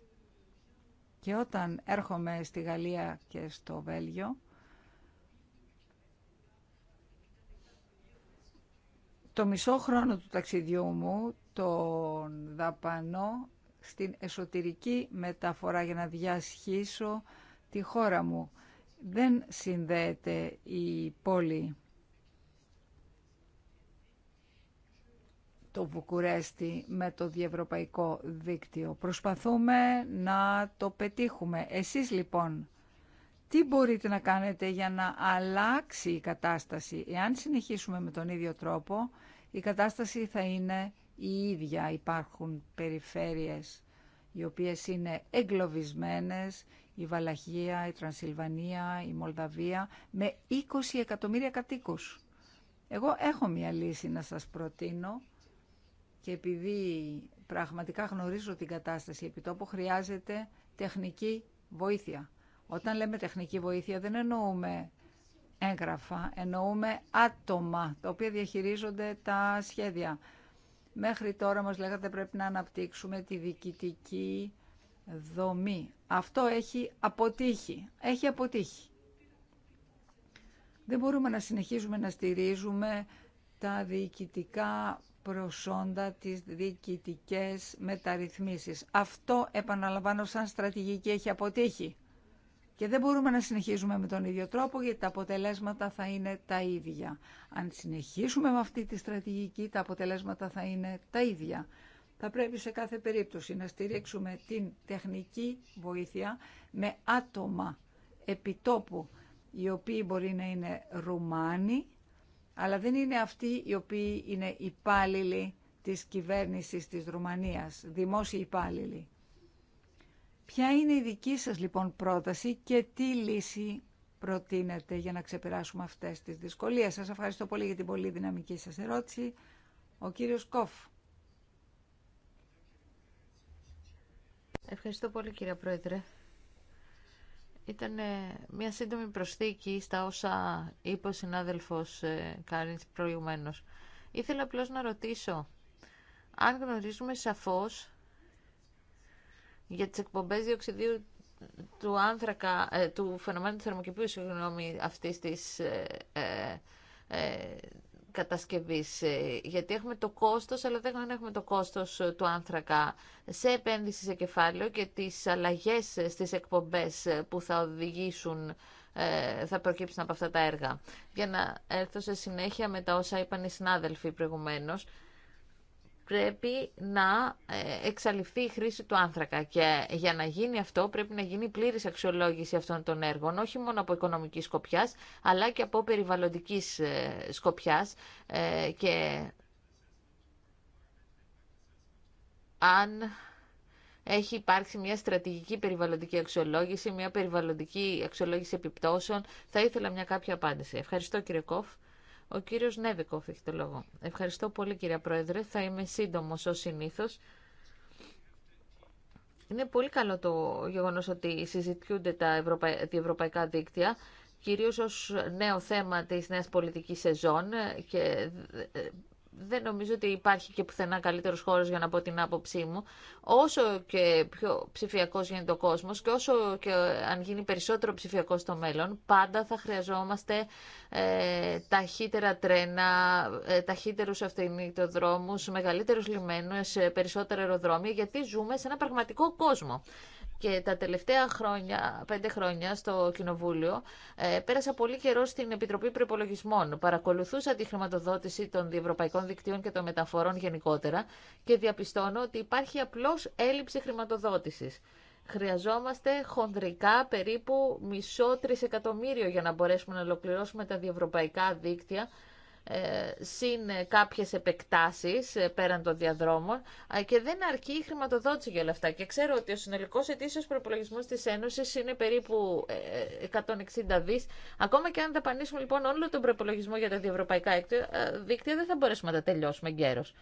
Και όταν έρχομαι στη Γαλλία και στο Βέλγιο, το μισό χρόνο του ταξιδιού μου τον δαπανώ στην εσωτερική μεταφορά για να διασχίσω τη χώρα μου. Δεν συνδέεται η πόλη το Βουκουρέστι με το διευρωπαϊκό δίκτυο. Προσπαθούμε να το πετύχουμε. Εσείς λοιπόν, τι μπορείτε να κάνετε για να αλλάξει η κατάσταση. Εάν συνεχίσουμε με τον ίδιο τρόπο, η κατάσταση θα είναι η ίδια. Υπάρχουν περιφέρειες οι οποίες είναι εγκλωβισμένες, η Βαλαχία, η Τρανσιλβανία, η Μολδαβία, με 20 εκατομμύρια κατοίκους. Εγώ έχω μια λύση να σας προτείνω και επειδή πραγματικά γνωρίζω την κατάσταση τόπου, χρειάζεται τεχνική βοήθεια. Όταν λέμε τεχνική βοήθεια δεν εννοούμε έγγραφα εννοούμε άτομα τα οποία διαχειρίζονται τα σχέδια. Μέχρι τώρα μας λέγατε πρέπει να αναπτύξουμε τη διοικητική δομή. Αυτό έχει αποτύχει. Έχει αποτύχει. Δεν μπορούμε να συνεχίζουμε να στηρίζουμε τα διοικητικά προσόντα, τις διοικητικές μεταρρυθμίσεις. Αυτό, επαναλαμβάνω, σαν στρατηγική έχει αποτύχει. Και δεν μπορούμε να συνεχίζουμε με τον ίδιο τρόπο γιατί τα αποτελέσματα θα είναι τα ίδια. Αν συνεχίσουμε με αυτή τη στρατηγική τα αποτελέσματα θα είναι τα ίδια. Θα πρέπει σε κάθε περίπτωση να στηρίξουμε την τεχνική βοήθεια με άτομα επιτόπου οι οποίοι μπορεί να είναι Ρουμάνοι αλλά δεν είναι αυτοί οι οποίοι είναι υπάλληλοι της κυβέρνησης της Ρουμανίας, δημόσιοι υπάλληλοι. Ποια είναι η δική σας λοιπόν πρόταση και τι λύση προτείνετε για να ξεπεράσουμε αυτές τις δυσκολίες. Σας ευχαριστώ πολύ για την πολύ δυναμική σας ερώτηση. Ο κύριος Κόφ. Ευχαριστώ πολύ κύριε Πρόεδρε. Ήταν μια σύντομη προσθήκη στα όσα είπε ο συνάδελφος ε, Κάρινς προηγουμένως. Ήθελα απλώς να ρωτήσω αν γνωρίζουμε σαφώς για τις εκπομπές διοξιδίου του, άνθρακα, ε, του φαινομένου του θερμοκηπίου, συγγνώμη, αυτής της ε, ε, ε κατασκευής. Ε, γιατί έχουμε το κόστος, αλλά δεν έχουμε το κόστος του άνθρακα σε επένδυση σε κεφάλαιο και τις αλλαγές στις εκπομπές που θα οδηγήσουν θα προκύψουν από αυτά τα έργα. Για να έρθω σε συνέχεια με τα όσα είπαν οι συνάδελφοι προηγουμένως, πρέπει να ε, εξαλειφθεί η χρήση του άνθρακα. Και για να γίνει αυτό πρέπει να γίνει πλήρης αξιολόγηση αυτών των έργων, όχι μόνο από οικονομική σκοπιάς, αλλά και από περιβαλλοντικής ε, σκοπιάς ε, και αν έχει υπάρξει μια στρατηγική περιβαλλοντική αξιολόγηση, μια περιβαλλοντική αξιολόγηση επιπτώσεων. Θα ήθελα μια κάποια απάντηση. Ευχαριστώ κύριε Κόφ. Ο κύριος Νέβικοφ έχει το λόγο. Ευχαριστώ πολύ κύριε Πρόεδρε. Θα είμαι σύντομος ως συνήθως. Είναι πολύ καλό το γεγονός ότι συζητιούνται τα ευρωπαϊκά δίκτυα κυρίως ως νέο θέμα της νέας πολιτικής σεζόν και δεν νομίζω ότι υπάρχει και πουθενά καλύτερος χώρος για να πω την άποψή μου. Όσο και πιο ψηφιακό γίνεται ο κόσμος και όσο και αν γίνει περισσότερο ψηφιακό στο μέλλον, πάντα θα χρειαζόμαστε ε, ταχύτερα τρένα, ε, ταχύτερους αυτοκινητοδρόμους, μεγαλύτερους λιμένους, ε, περισσότερα αεροδρόμια, γιατί ζούμε σε ένα πραγματικό κόσμο. Και τα τελευταία χρόνια, πέντε χρόνια στο Κοινοβούλιο, ε, πέρασα πολύ καιρό στην Επιτροπή Προπολογισμών. Παρακολουθούσα τη χρηματοδότηση των διευρωπαϊκών δικτύων και των μεταφορών γενικότερα και διαπιστώνω ότι υπάρχει απλώ έλλειψη χρηματοδότηση. Χρειαζόμαστε χονδρικά περίπου μισό τρισεκατομμύριο για να μπορέσουμε να ολοκληρώσουμε τα διευρωπαϊκά δίκτυα ε, συν κάποιες επεκτάσεις ε, πέραν των διαδρόμων και δεν αρκεί η χρηματοδότηση για όλα αυτά. Και ξέρω ότι ο συνολικός ετήσιος προπολογισμός της Ένωσης είναι περίπου 160 ε, δις. Ακόμα και αν δαπανίσουμε λοιπόν όλο τον προπολογισμό για τα διευρωπαϊκά δίκτυα δεν θα μπορέσουμε να τα τελειώσουμε γέρος.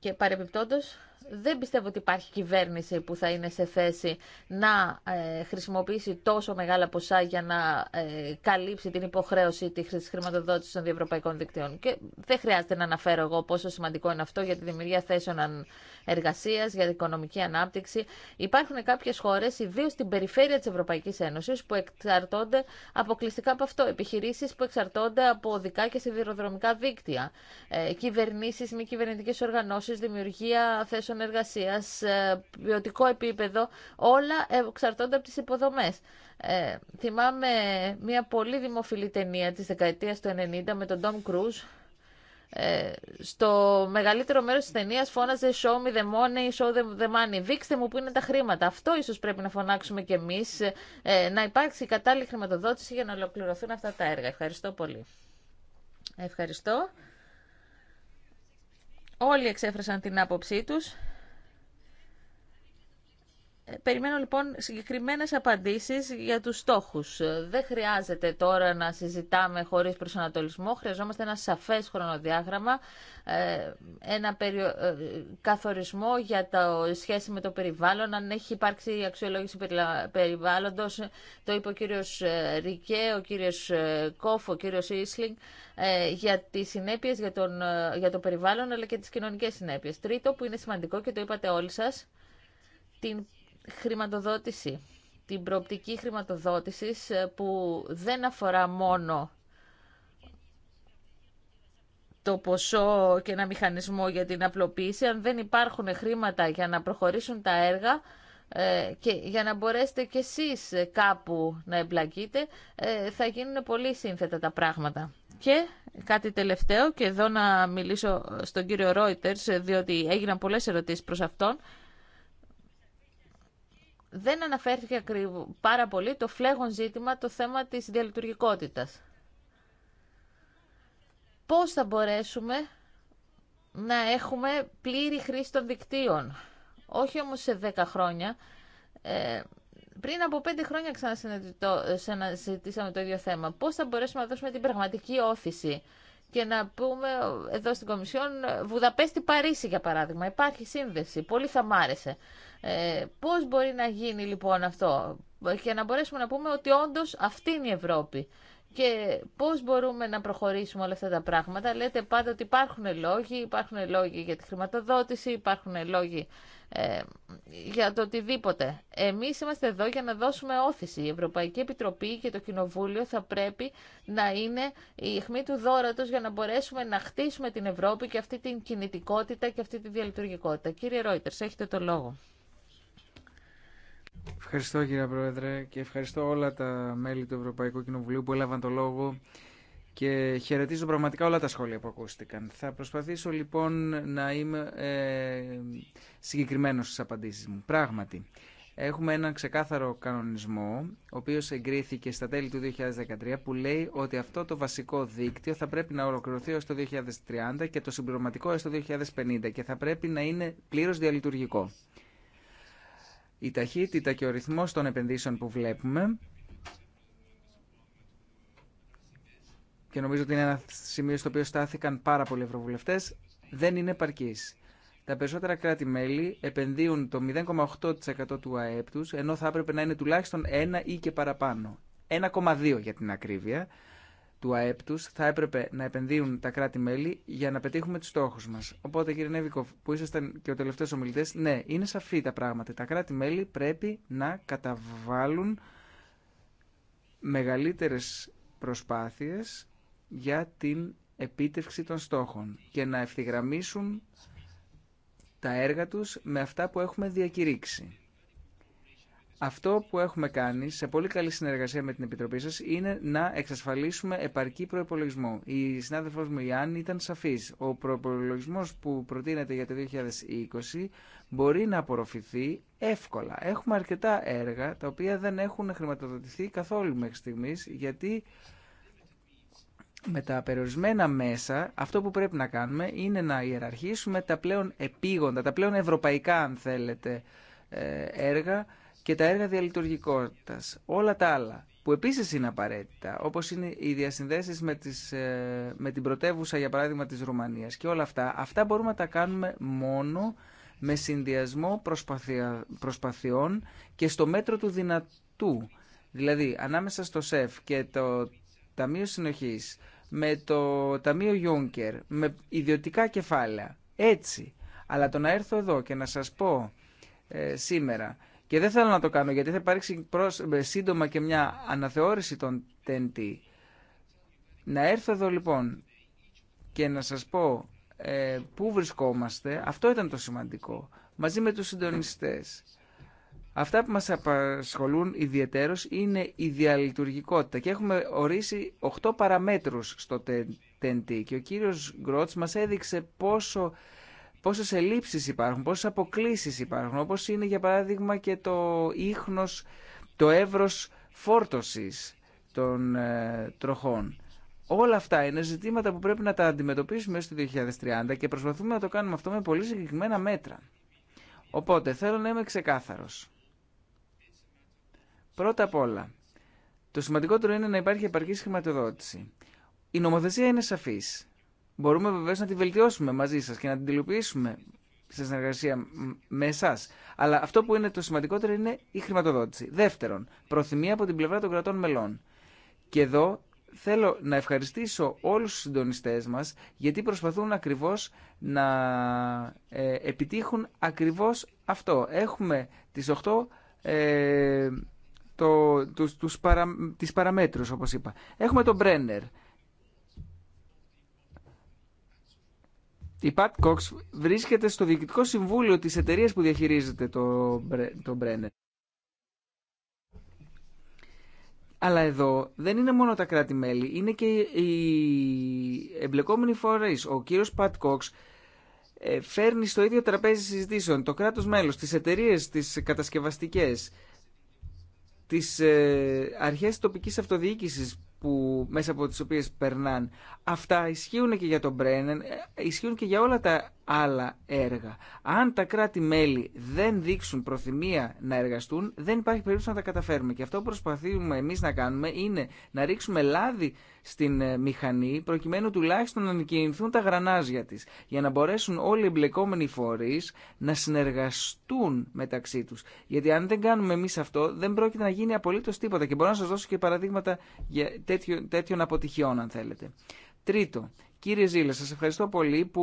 Και παρεμπιπτόντως, δεν πιστεύω ότι υπάρχει κυβέρνηση που θα είναι σε θέση να ε, χρησιμοποιήσει τόσο μεγάλα ποσά για να ε, καλύψει την υποχρέωση τη χρηματοδότηση των διευρωπαϊκών δικτύων. Και δεν χρειάζεται να αναφέρω εγώ πόσο σημαντικό είναι αυτό για τη δημιουργία θέσεων εργασία, για την οικονομική ανάπτυξη. Υπάρχουν κάποιε χώρε, ιδίω στην περιφέρεια τη Ευρωπαϊκή Ένωση, που εξαρτώνται αποκλειστικά από αυτό. Επιχειρήσει που εξαρτώνται από οδικά και σιδηροδρομικά δίκτυα. Ε, κυβερνήσεις, μη κυβερνητικέ οργανώσει, δημιουργία θέσεων εργασίας, ε, ποιοτικό επίπεδο, όλα εξαρτώνται από τι υποδομές. Ε, θυμάμαι μια πολύ δημοφιλή ταινία της δεκαετίας του 90 με τον Ντόμ Κρούζ, ε, στο μεγαλύτερο μέρο τη ταινία φώναζε Show me the money, show the money. Δείξτε μου που είναι τα χρήματα. Αυτό ίσω πρέπει να φωνάξουμε κι εμεί, ε, να υπάρξει κατάλληλη χρηματοδότηση για να ολοκληρωθούν αυτά τα έργα. Ευχαριστώ πολύ. Ευχαριστώ. Όλοι εξέφρασαν την άποψή τους Περιμένω λοιπόν συγκεκριμένες απαντήσεις για τους στόχους. Δεν χρειάζεται τώρα να συζητάμε χωρίς προσανατολισμό. Χρειαζόμαστε ένα σαφές χρονοδιάγραμμα, ε, ένα ε, καθορισμό για το σχέση με το περιβάλλον, αν έχει υπάρξει αξιολόγηση περιβάλλοντος. Το είπε ο κύριος ε, Ρικέ, ο κύριος Κόφ, ο κύριος Ίσλινγκ για τις συνέπειες για, τον, για το περιβάλλον αλλά και τις κοινωνικές συνέπειες. Τρίτο που είναι σημαντικό και το είπατε όλοι σας, την χρηματοδότηση, την προοπτική χρηματοδότησης ε, που δεν αφορά μόνο το ποσό και ένα μηχανισμό για την απλοποίηση, αν δεν υπάρχουν χρήματα για να προχωρήσουν τα έργα ε, και για να μπορέσετε κι εσείς κάπου να εμπλακείτε, ε, θα γίνουν πολύ σύνθετα τα πράγματα. Και κάτι τελευταίο, και εδώ να μιλήσω στον κύριο Ρόιτερς, διότι έγιναν πολλές ερωτήσεις προς αυτόν, δεν αναφέρθηκε ακριβώς, πάρα πολύ το φλέγον ζήτημα, το θέμα της διαλειτουργικότητας. Πώς θα μπορέσουμε να έχουμε πλήρη χρήση των δικτύων, όχι όμως σε 10 χρόνια. Ε, πριν από 5 χρόνια ξανασυζητήσαμε το ίδιο θέμα. Πώς θα μπορέσουμε να δώσουμε την πραγματική όθηση και να πούμε εδώ στην Κομισιόν Βουδαπέστη-Παρίσι για παράδειγμα. Υπάρχει σύνδεση. Πολύ θα μ' άρεσε. Ε, πώς μπορεί να γίνει λοιπόν αυτό και να μπορέσουμε να πούμε ότι όντως αυτή είναι η Ευρώπη και πώς μπορούμε να προχωρήσουμε όλα αυτά τα πράγματα. Λέτε πάντα ότι υπάρχουν λόγοι, υπάρχουν λόγοι για τη χρηματοδότηση, υπάρχουν λόγοι ε, για το οτιδήποτε. Εμείς είμαστε εδώ για να δώσουμε όθηση. Η Ευρωπαϊκή Επιτροπή και το Κοινοβούλιο θα πρέπει να είναι η αιχμή του δόρατος για να μπορέσουμε να χτίσουμε την Ευρώπη και αυτή την κινητικότητα και αυτή τη διαλειτουργικότητα. Κύριε Ρόιτερς, έχετε το λόγο. Ευχαριστώ κύριε Πρόεδρε και ευχαριστώ όλα τα μέλη του Ευρωπαϊκού Κοινοβουλίου που έλαβαν το λόγο και χαιρετίζω πραγματικά όλα τα σχόλια που ακούστηκαν. Θα προσπαθήσω λοιπόν να είμαι ε, συγκεκριμένος στις απαντήσεις μου. Πράγματι, έχουμε έναν ξεκάθαρο κανονισμό, ο οποίος εγκρίθηκε στα τέλη του 2013, που λέει ότι αυτό το βασικό δίκτυο θα πρέπει να ολοκληρωθεί έως το 2030 και το συμπληρωματικό έως το 2050 και θα πρέπει να είναι πλήρως διαλειτουργικό η ταχύτητα και ο ρυθμός των επενδύσεων που βλέπουμε και νομίζω ότι είναι ένα σημείο στο οποίο στάθηκαν πάρα πολλοί ευρωβουλευτές, δεν είναι επαρκής. Τα περισσότερα κράτη-μέλη επενδύουν το 0,8% του ΑΕΠ τους, ενώ θα έπρεπε να είναι τουλάχιστον 1 ή και παραπάνω. 1,2 για την ακρίβεια, του ΑΕΠ του θα έπρεπε να επενδύουν τα κράτη-μέλη για να πετύχουμε του στόχου μα. Οπότε, κύριε Νέβικοφ, που ήσασταν και ο τελευταίο ομιλητή, ναι, είναι σαφή τα πράγματα. Τα κράτη-μέλη πρέπει να καταβάλουν μεγαλύτερε προσπάθειε για την επίτευξη των στόχων και να ευθυγραμμίσουν τα έργα τους με αυτά που έχουμε διακηρύξει. Αυτό που έχουμε κάνει σε πολύ καλή συνεργασία με την Επιτροπή σας είναι να εξασφαλίσουμε επαρκή προπολογισμό. Η συνάδελφός μου Ιάννη ήταν σαφής. Ο προπολογισμό που προτείνεται για το 2020 μπορεί να απορροφηθεί εύκολα. Έχουμε αρκετά έργα τα οποία δεν έχουν χρηματοδοτηθεί καθόλου μέχρι στιγμή, γιατί με τα περιορισμένα μέσα, αυτό που πρέπει να κάνουμε είναι να ιεραρχήσουμε τα πλέον επίγοντα, τα πλέον ευρωπαϊκά αν θέλετε ε, έργα και τα έργα διαλειτουργικότητας, όλα τα άλλα που επίσης είναι απαραίτητα, όπως είναι οι διασυνδέσεις ε, με, την πρωτεύουσα, για παράδειγμα, της Ρουμανίας και όλα αυτά, αυτά μπορούμε να τα κάνουμε μόνο με συνδυασμό προσπαθειών και στο μέτρο του δυνατού. Δηλαδή, ανάμεσα στο ΣΕΦ και το Ταμείο Συνοχής, με το Ταμείο Ιούνκερ, με ιδιωτικά κεφάλαια, έτσι. Αλλά το να έρθω εδώ και να σας πω ε, σήμερα και δεν θέλω να το κάνω γιατί θα υπάρξει ε, σύντομα και μια αναθεώρηση των TNT. Να έρθω εδώ λοιπόν και να σας πω ε, πού βρισκόμαστε. Αυτό ήταν το σημαντικό. Μαζί με τους συντονιστές. Αυτά που μας απασχολούν ιδιαίτερως είναι η διαλειτουργικότητα και έχουμε ορίσει 8 παραμέτρους στο TNT και ο κύριος Γκρότς μας έδειξε πόσο πόσες ελλείψεις υπάρχουν, πόσες αποκλήσεις υπάρχουν, όπως είναι για παράδειγμα και το ίχνος, το εύρος φόρτωσης των ε, τροχών. Όλα αυτά είναι ζητήματα που πρέπει να τα αντιμετωπίσουμε έως το 2030 και προσπαθούμε να το κάνουμε αυτό με πολύ συγκεκριμένα μέτρα. Οπότε θέλω να είμαι ξεκάθαρος. Πρώτα απ' όλα, το σημαντικότερο είναι να υπάρχει επαρκή χρηματοδότηση. Η νομοθεσία είναι σαφής. Μπορούμε βεβαίω να τη βελτιώσουμε μαζί σας και να την τελειοποιήσουμε σε συνεργασία με εσά. Αλλά αυτό που είναι το σημαντικότερο είναι η χρηματοδότηση. Δεύτερον, προθυμία από την πλευρά των κρατών μελών. Και εδώ θέλω να ευχαριστήσω όλους τους συντονιστές μας γιατί προσπαθούν ακριβώς να ε, επιτύχουν ακριβώς αυτό. Έχουμε τις 8 ε, το, τους, τους τις παραμέτρους όπως είπα. Έχουμε τον Brenner η Πατ Κόξ βρίσκεται στο διοικητικό συμβούλιο της εταιρείας που διαχειρίζεται το, το Μπρένερ. Αλλά εδώ δεν είναι μόνο τα κράτη-μέλη, είναι και οι εμπλεκόμενοι φορείς. Ο κύριος Πατ Κόξ ε, φέρνει στο ίδιο τραπέζι συζητήσεων το κράτος μέλος, τις εταιρείες, τις κατασκευαστικές, τις ε, αρχές τοπικής αυτοδιοίκησης που, μέσα από τις οποίες περνάνε. Αυτά ισχύουν και για τον Μπρένεν, ε, ισχύουν και για όλα τα άλλα έργα. Αν τα κράτη-μέλη δεν δείξουν προθυμία να εργαστούν, δεν υπάρχει περίπτωση να τα καταφέρουμε. Και αυτό που προσπαθούμε εμείς να κάνουμε είναι να ρίξουμε λάδι στην ε, μηχανή, προκειμένου τουλάχιστον να ανακοινηθούν τα γρανάζια της, για να μπορέσουν όλοι οι εμπλεκόμενοι φορείς να συνεργαστούν μεταξύ τους. Γιατί αν δεν κάνουμε εμείς αυτό, δεν πρόκειται να γίνει απολύτως τίποτα. Και μπορώ να σας δώσω και παραδείγματα για τέτοιων αποτυχιών, αν θέλετε. Τρίτο, Κύριε Ζήλε, σας ευχαριστώ πολύ που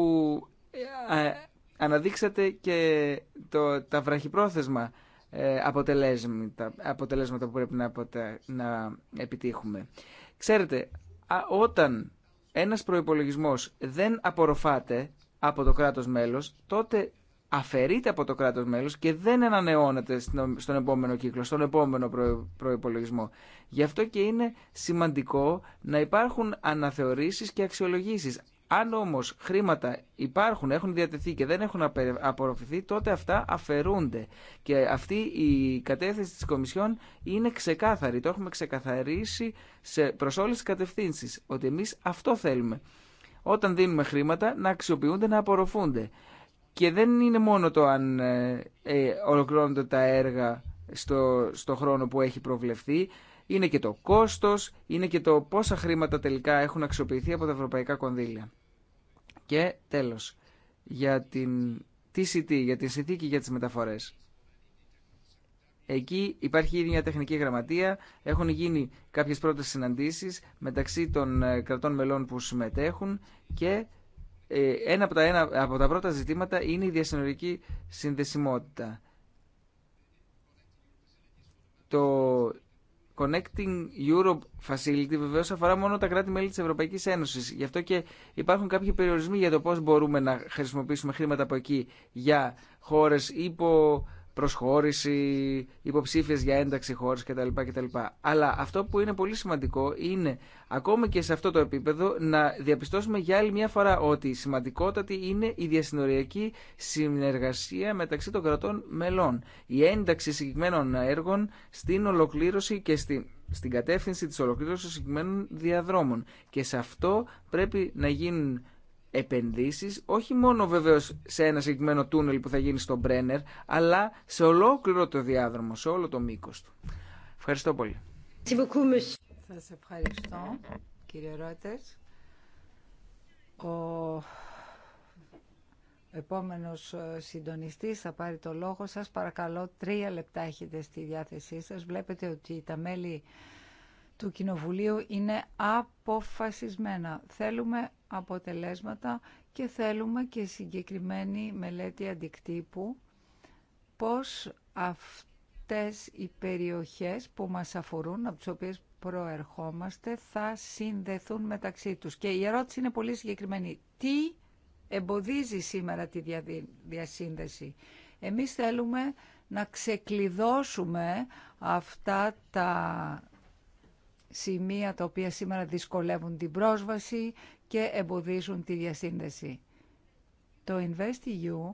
ε, αναδείξατε και το, τα βραχυπρόθεσμα ε, αποτελέσματα, αποτελέσματα που πρέπει να, να επιτύχουμε. Ξέρετε, όταν ένας προϋπολογισμός δεν απορροφάται από το κράτος μέλος, τότε αφαιρείται από το κράτος μέλος και δεν ανανεώνεται στον επόμενο κύκλο, στον επόμενο προϋπολογισμό. Γι' αυτό και είναι σημαντικό να υπάρχουν αναθεωρήσεις και αξιολογήσεις. Αν όμω χρήματα υπάρχουν, έχουν διατεθεί και δεν έχουν απορροφηθεί, τότε αυτά αφαιρούνται. Και αυτή η κατεύθυνση τη Κομισιόν είναι ξεκάθαρη. Το έχουμε ξεκαθαρίσει προ όλε τι κατευθύνσει. ότι εμεί αυτό θέλουμε. Όταν δίνουμε χρήματα, να αξιοποιούνται, να απορροφούνται. Και δεν είναι μόνο το αν ε, ε, ολοκληρώνονται τα έργα στο, στο χρόνο που έχει προβλεφθεί, είναι και το κόστος, είναι και το πόσα χρήματα τελικά έχουν αξιοποιηθεί από τα ευρωπαϊκά κονδύλια. Και τέλος, για την TCT, για τη συνθήκη για τις μεταφορές. Εκεί υπάρχει ήδη μια τεχνική γραμματεία, έχουν γίνει κάποιες πρώτες συναντήσεις μεταξύ των ε, κρατών μελών που συμμετέχουν και ε, ένα από τα, ένα, από τα πρώτα ζητήματα είναι η διασυνορική συνδεσιμότητα. Το Connecting Europe Facility βεβαίως αφορά μόνο τα κράτη-μέλη της Ευρωπαϊκής Ένωσης. Γι' αυτό και υπάρχουν κάποιοι περιορισμοί για το πώς μπορούμε να χρησιμοποιήσουμε χρήματα από εκεί για χώρες υπό προσχώρηση, υποψήφιε για ένταξη χώρε κτλ, κτλ. Αλλά αυτό που είναι πολύ σημαντικό είναι ακόμη και σε αυτό το επίπεδο να διαπιστώσουμε για άλλη μια φορά ότι η σημαντικότατη είναι η διασυνοριακή συνεργασία μεταξύ των κρατών μελών. Η ένταξη συγκεκριμένων έργων στην ολοκλήρωση και στην στην κατεύθυνση της ολοκλήρωσης συγκεκριμένων διαδρόμων. Και σε αυτό πρέπει να γίνουν επενδύσεις όχι μόνο βεβαίως σε ένα συγκεκριμένο τούνελ που θα γίνει στο Μπρένερ αλλά σε ολόκληρο το διάδρομο, σε όλο το μήκος του. Ευχαριστώ πολύ. Σας ευχαριστώ κύριε Ρότερς. Ο επόμενος ε, συντονιστής θα πάρει το λόγο σας. Παρακαλώ τρία λεπτά έχετε στη διάθεσή σας. Βλέπετε ότι τα μέλη του Κοινοβουλίου είναι αποφασισμένα. Θέλουμε αποτελέσματα και θέλουμε και συγκεκριμένη μελέτη αντικτύπου πώς αυτές οι περιοχές που μας αφορούν, από τις οποίες προερχόμαστε, θα συνδεθούν μεταξύ τους. Και η ερώτηση είναι πολύ συγκεκριμένη. Τι εμποδίζει σήμερα τη διασύνδεση. Εμείς θέλουμε να ξεκλειδώσουμε αυτά τα σημεία τα οποία σήμερα δυσκολεύουν την πρόσβαση και εμποδίζουν τη διασύνδεση. Το InvestEU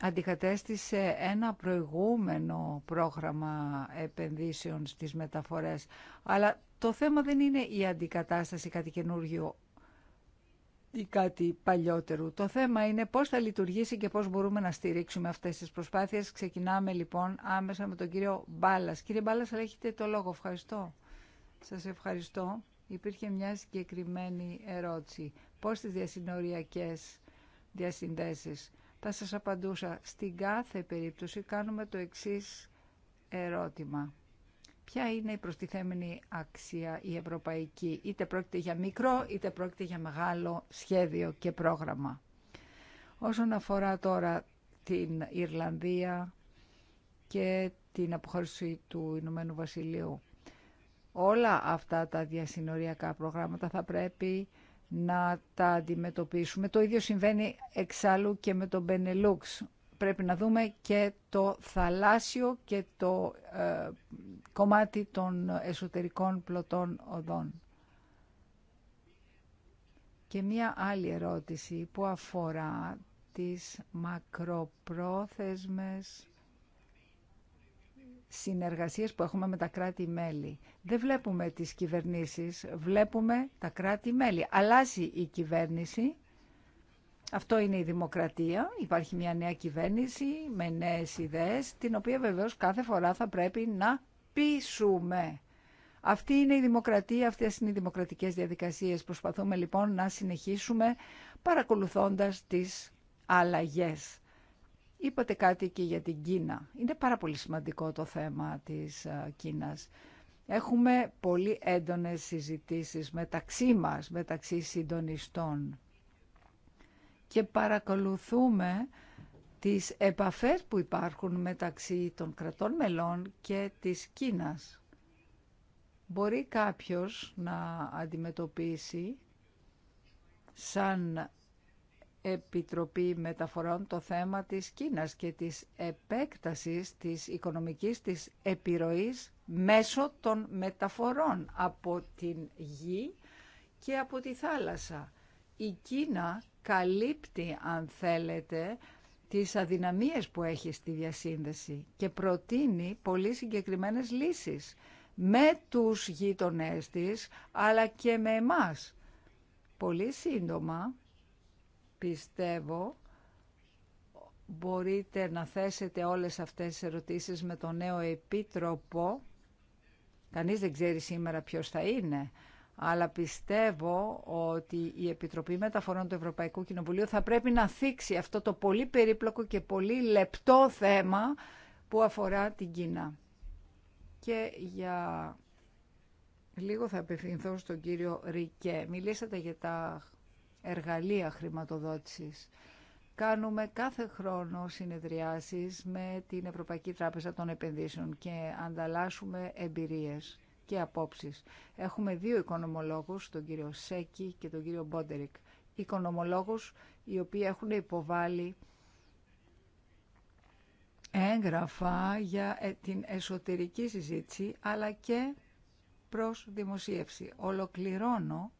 αντικατέστησε ένα προηγούμενο πρόγραμμα επενδύσεων στις μεταφορές. Αλλά το θέμα δεν είναι η αντικατάσταση κάτι καινούργιο ή κάτι παλιότερο. Το θέμα είναι πώς θα λειτουργήσει και πώς μπορούμε να στηρίξουμε αυτές τις προσπάθειες. Ξεκινάμε λοιπόν άμεσα με τον κύριο Μπάλας. Κύριε Μπάλας, αλλά έχετε το λόγο. Ευχαριστώ. Σας ευχαριστώ. Υπήρχε μια συγκεκριμένη ερώτηση. Πώς τις διασυνοριακές διασυνδέσεις. Θα σας απαντούσα. Στην κάθε περίπτωση κάνουμε το εξής ερώτημα ποια είναι η προστιθέμενη αξία η ευρωπαϊκή, είτε πρόκειται για μικρό είτε πρόκειται για μεγάλο σχέδιο και πρόγραμμα. Όσον αφορά τώρα την Ιρλανδία και την αποχώρηση του Ηνωμένου Βασιλείου, όλα αυτά τα διασυνοριακά προγράμματα θα πρέπει να τα αντιμετωπίσουμε. Το ίδιο συμβαίνει εξάλλου και με τον Benelux πρέπει να δούμε και το θαλάσσιο και το ε, κομμάτι των εσωτερικών πλωτών οδών. Και μία άλλη ερώτηση που αφορά τις μακροπρόθεσμες συνεργασίες που έχουμε με τα κράτη-μέλη. Δεν βλέπουμε τις κυβερνήσεις, βλέπουμε τα κράτη-μέλη. Αλλάζει η κυβέρνηση αυτό είναι η δημοκρατία. Υπάρχει μια νέα κυβέρνηση με νέες ιδέες, την οποία βεβαίως κάθε φορά θα πρέπει να πείσουμε. Αυτή είναι η δημοκρατία, αυτές είναι οι δημοκρατικές διαδικασίες. Προσπαθούμε λοιπόν να συνεχίσουμε παρακολουθώντας τις αλλαγές. Είπατε κάτι και για την Κίνα. Είναι πάρα πολύ σημαντικό το θέμα της Κίνας. Έχουμε πολύ έντονες συζητήσεις μεταξύ μας, μεταξύ συντονιστών και παρακολουθούμε τις επαφές που υπάρχουν μεταξύ των κρατών μελών και της Κίνας. Μπορεί κάποιος να αντιμετωπίσει σαν Επιτροπή Μεταφορών το θέμα της Κίνας και της επέκτασης της οικονομικής της επιρροής μέσω των μεταφορών από την γη και από τη θάλασσα. Η Κίνα καλύπτει, αν θέλετε, τις αδυναμίες που έχει στη διασύνδεση και προτείνει πολύ συγκεκριμένες λύσεις με τους γείτονές της, αλλά και με εμάς. Πολύ σύντομα, πιστεύω, μπορείτε να θέσετε όλες αυτές τις ερωτήσεις με τον νέο επίτροπο. Κανείς δεν ξέρει σήμερα ποιος θα είναι αλλά πιστεύω ότι η Επιτροπή Μεταφορών του Ευρωπαϊκού Κοινοβουλίου θα πρέπει να θίξει αυτό το πολύ περίπλοκο και πολύ λεπτό θέμα που αφορά την Κίνα. Και για λίγο θα απευθυνθώ στον κύριο Ρικέ. Μιλήσατε για τα εργαλεία χρηματοδότησης. Κάνουμε κάθε χρόνο συνεδριάσεις με την Ευρωπαϊκή Τράπεζα των Επενδύσεων και ανταλλάσσουμε εμπειρίες και απόψεις. Έχουμε δύο οικονομολόγους, τον κύριο Σέκη και τον κύριο Μπόντερικ. Οικονομολόγους οι οποίοι έχουν υποβάλει έγγραφα για ε, την εσωτερική συζήτηση αλλά και προς δημοσίευση. Ολοκληρώνω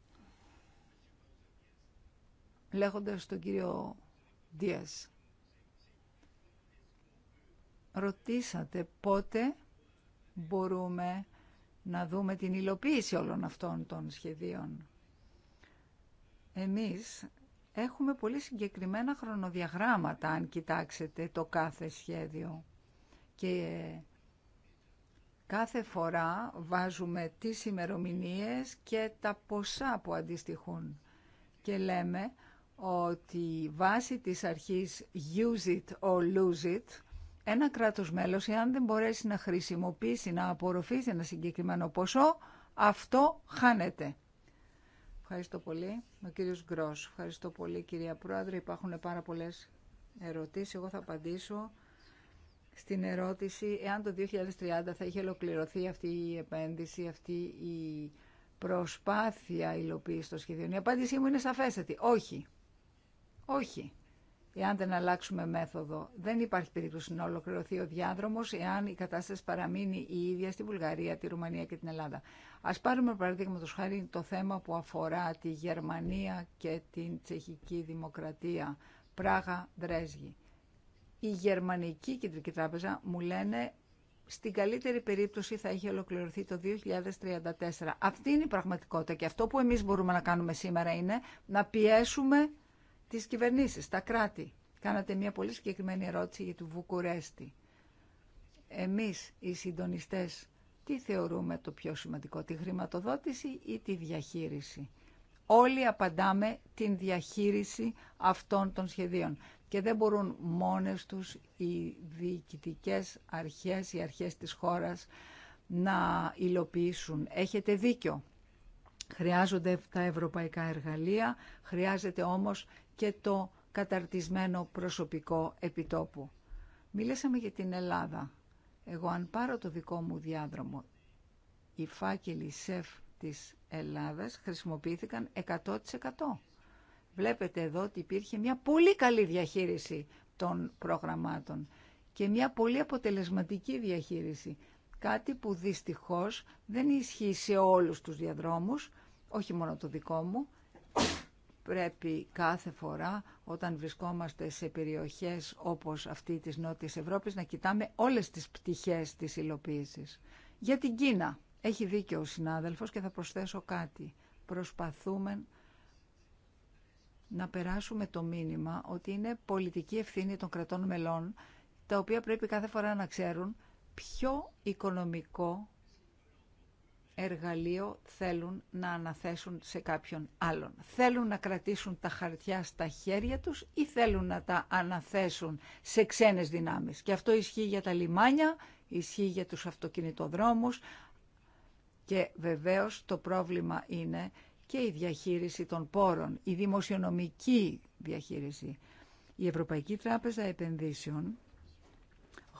λέγοντας τον κύριο Δίας. Ρωτήσατε πότε μπορούμε να δούμε την υλοποίηση όλων αυτών των σχεδίων. Εμείς έχουμε πολύ συγκεκριμένα χρονοδιαγράμματα, αν κοιτάξετε το κάθε σχέδιο. Και κάθε φορά βάζουμε τις ημερομηνίες και τα ποσά που αντιστοιχούν. Και λέμε ότι βάσει της αρχής «use it or lose it» ένα κράτος μέλος, εάν δεν μπορέσει να χρησιμοποιήσει, να απορροφήσει ένα συγκεκριμένο ποσό, αυτό χάνεται. Ευχαριστώ πολύ. Ο κύριος Γκρός. Ευχαριστώ πολύ κυρία Πρόεδρε. Υπάρχουν πάρα πολλές ερωτήσεις. Εγώ θα απαντήσω στην ερώτηση εάν το 2030 θα είχε ολοκληρωθεί αυτή η επένδυση, αυτή η προσπάθεια υλοποίηση των σχεδίων. Η απάντησή μου είναι σαφέστατη. Όχι. Όχι εάν δεν αλλάξουμε μέθοδο. Δεν υπάρχει περίπτωση να ολοκληρωθεί ο διάδρομο εάν η κατάσταση παραμείνει η ίδια στη Βουλγαρία, τη Ρουμανία και την Ελλάδα. Α πάρουμε παραδείγματο χάρη το θέμα που αφορά τη Γερμανία και την Τσεχική Δημοκρατία, Πράγα, Δρέσγη. Η Γερμανική Κεντρική Τράπεζα μου λένε στην καλύτερη περίπτωση θα έχει ολοκληρωθεί το 2034. Αυτή είναι η πραγματικότητα και αυτό που εμείς μπορούμε να κάνουμε σήμερα είναι να πιέσουμε τις κυβερνήσεις, τα κράτη. Κάνατε μια πολύ συγκεκριμένη ερώτηση για του Βουκουρέστη. Εμείς οι συντονιστές τι θεωρούμε το πιο σημαντικό, τη χρηματοδότηση ή τη διαχείριση. Όλοι απαντάμε την διαχείριση αυτών των σχεδίων και δεν μπορούν μόνες τους οι διοικητικές αρχές, οι αρχές της χώρας να υλοποιήσουν. Έχετε δίκιο. Χρειάζονται τα ευρωπαϊκά εργαλεία, χρειάζεται όμως και το καταρτισμένο προσωπικό επιτόπου. Μίλησαμε για την Ελλάδα. Εγώ αν πάρω το δικό μου διάδρομο, οι φάκελοι ΣΕΦ της Ελλάδας χρησιμοποιήθηκαν 100%. Βλέπετε εδώ ότι υπήρχε μια πολύ καλή διαχείριση των προγραμμάτων και μια πολύ αποτελεσματική διαχείριση. Κάτι που δυστυχώς δεν ισχύει σε όλους τους διαδρόμους, όχι μόνο το δικό μου, πρέπει κάθε φορά όταν βρισκόμαστε σε περιοχές όπως αυτή της Νότιας Ευρώπης να κοιτάμε όλες τις πτυχές της υλοποίησης. Για την Κίνα έχει δίκιο ο συνάδελφος και θα προσθέσω κάτι. Προσπαθούμε να περάσουμε το μήνυμα ότι είναι πολιτική ευθύνη των κρατών μελών τα οποία πρέπει κάθε φορά να ξέρουν ποιο οικονομικό εργαλείο θέλουν να αναθέσουν σε κάποιον άλλον. Θέλουν να κρατήσουν τα χαρτιά στα χέρια τους ή θέλουν να τα αναθέσουν σε ξένες δυνάμεις. Και αυτό ισχύει για τα λιμάνια, ισχύει για τους αυτοκινητοδρόμους και βεβαίως το πρόβλημα είναι και η διαχείριση των πόρων, η δημοσιονομική διαχείριση. Η Ευρωπαϊκή Τράπεζα Επενδύσεων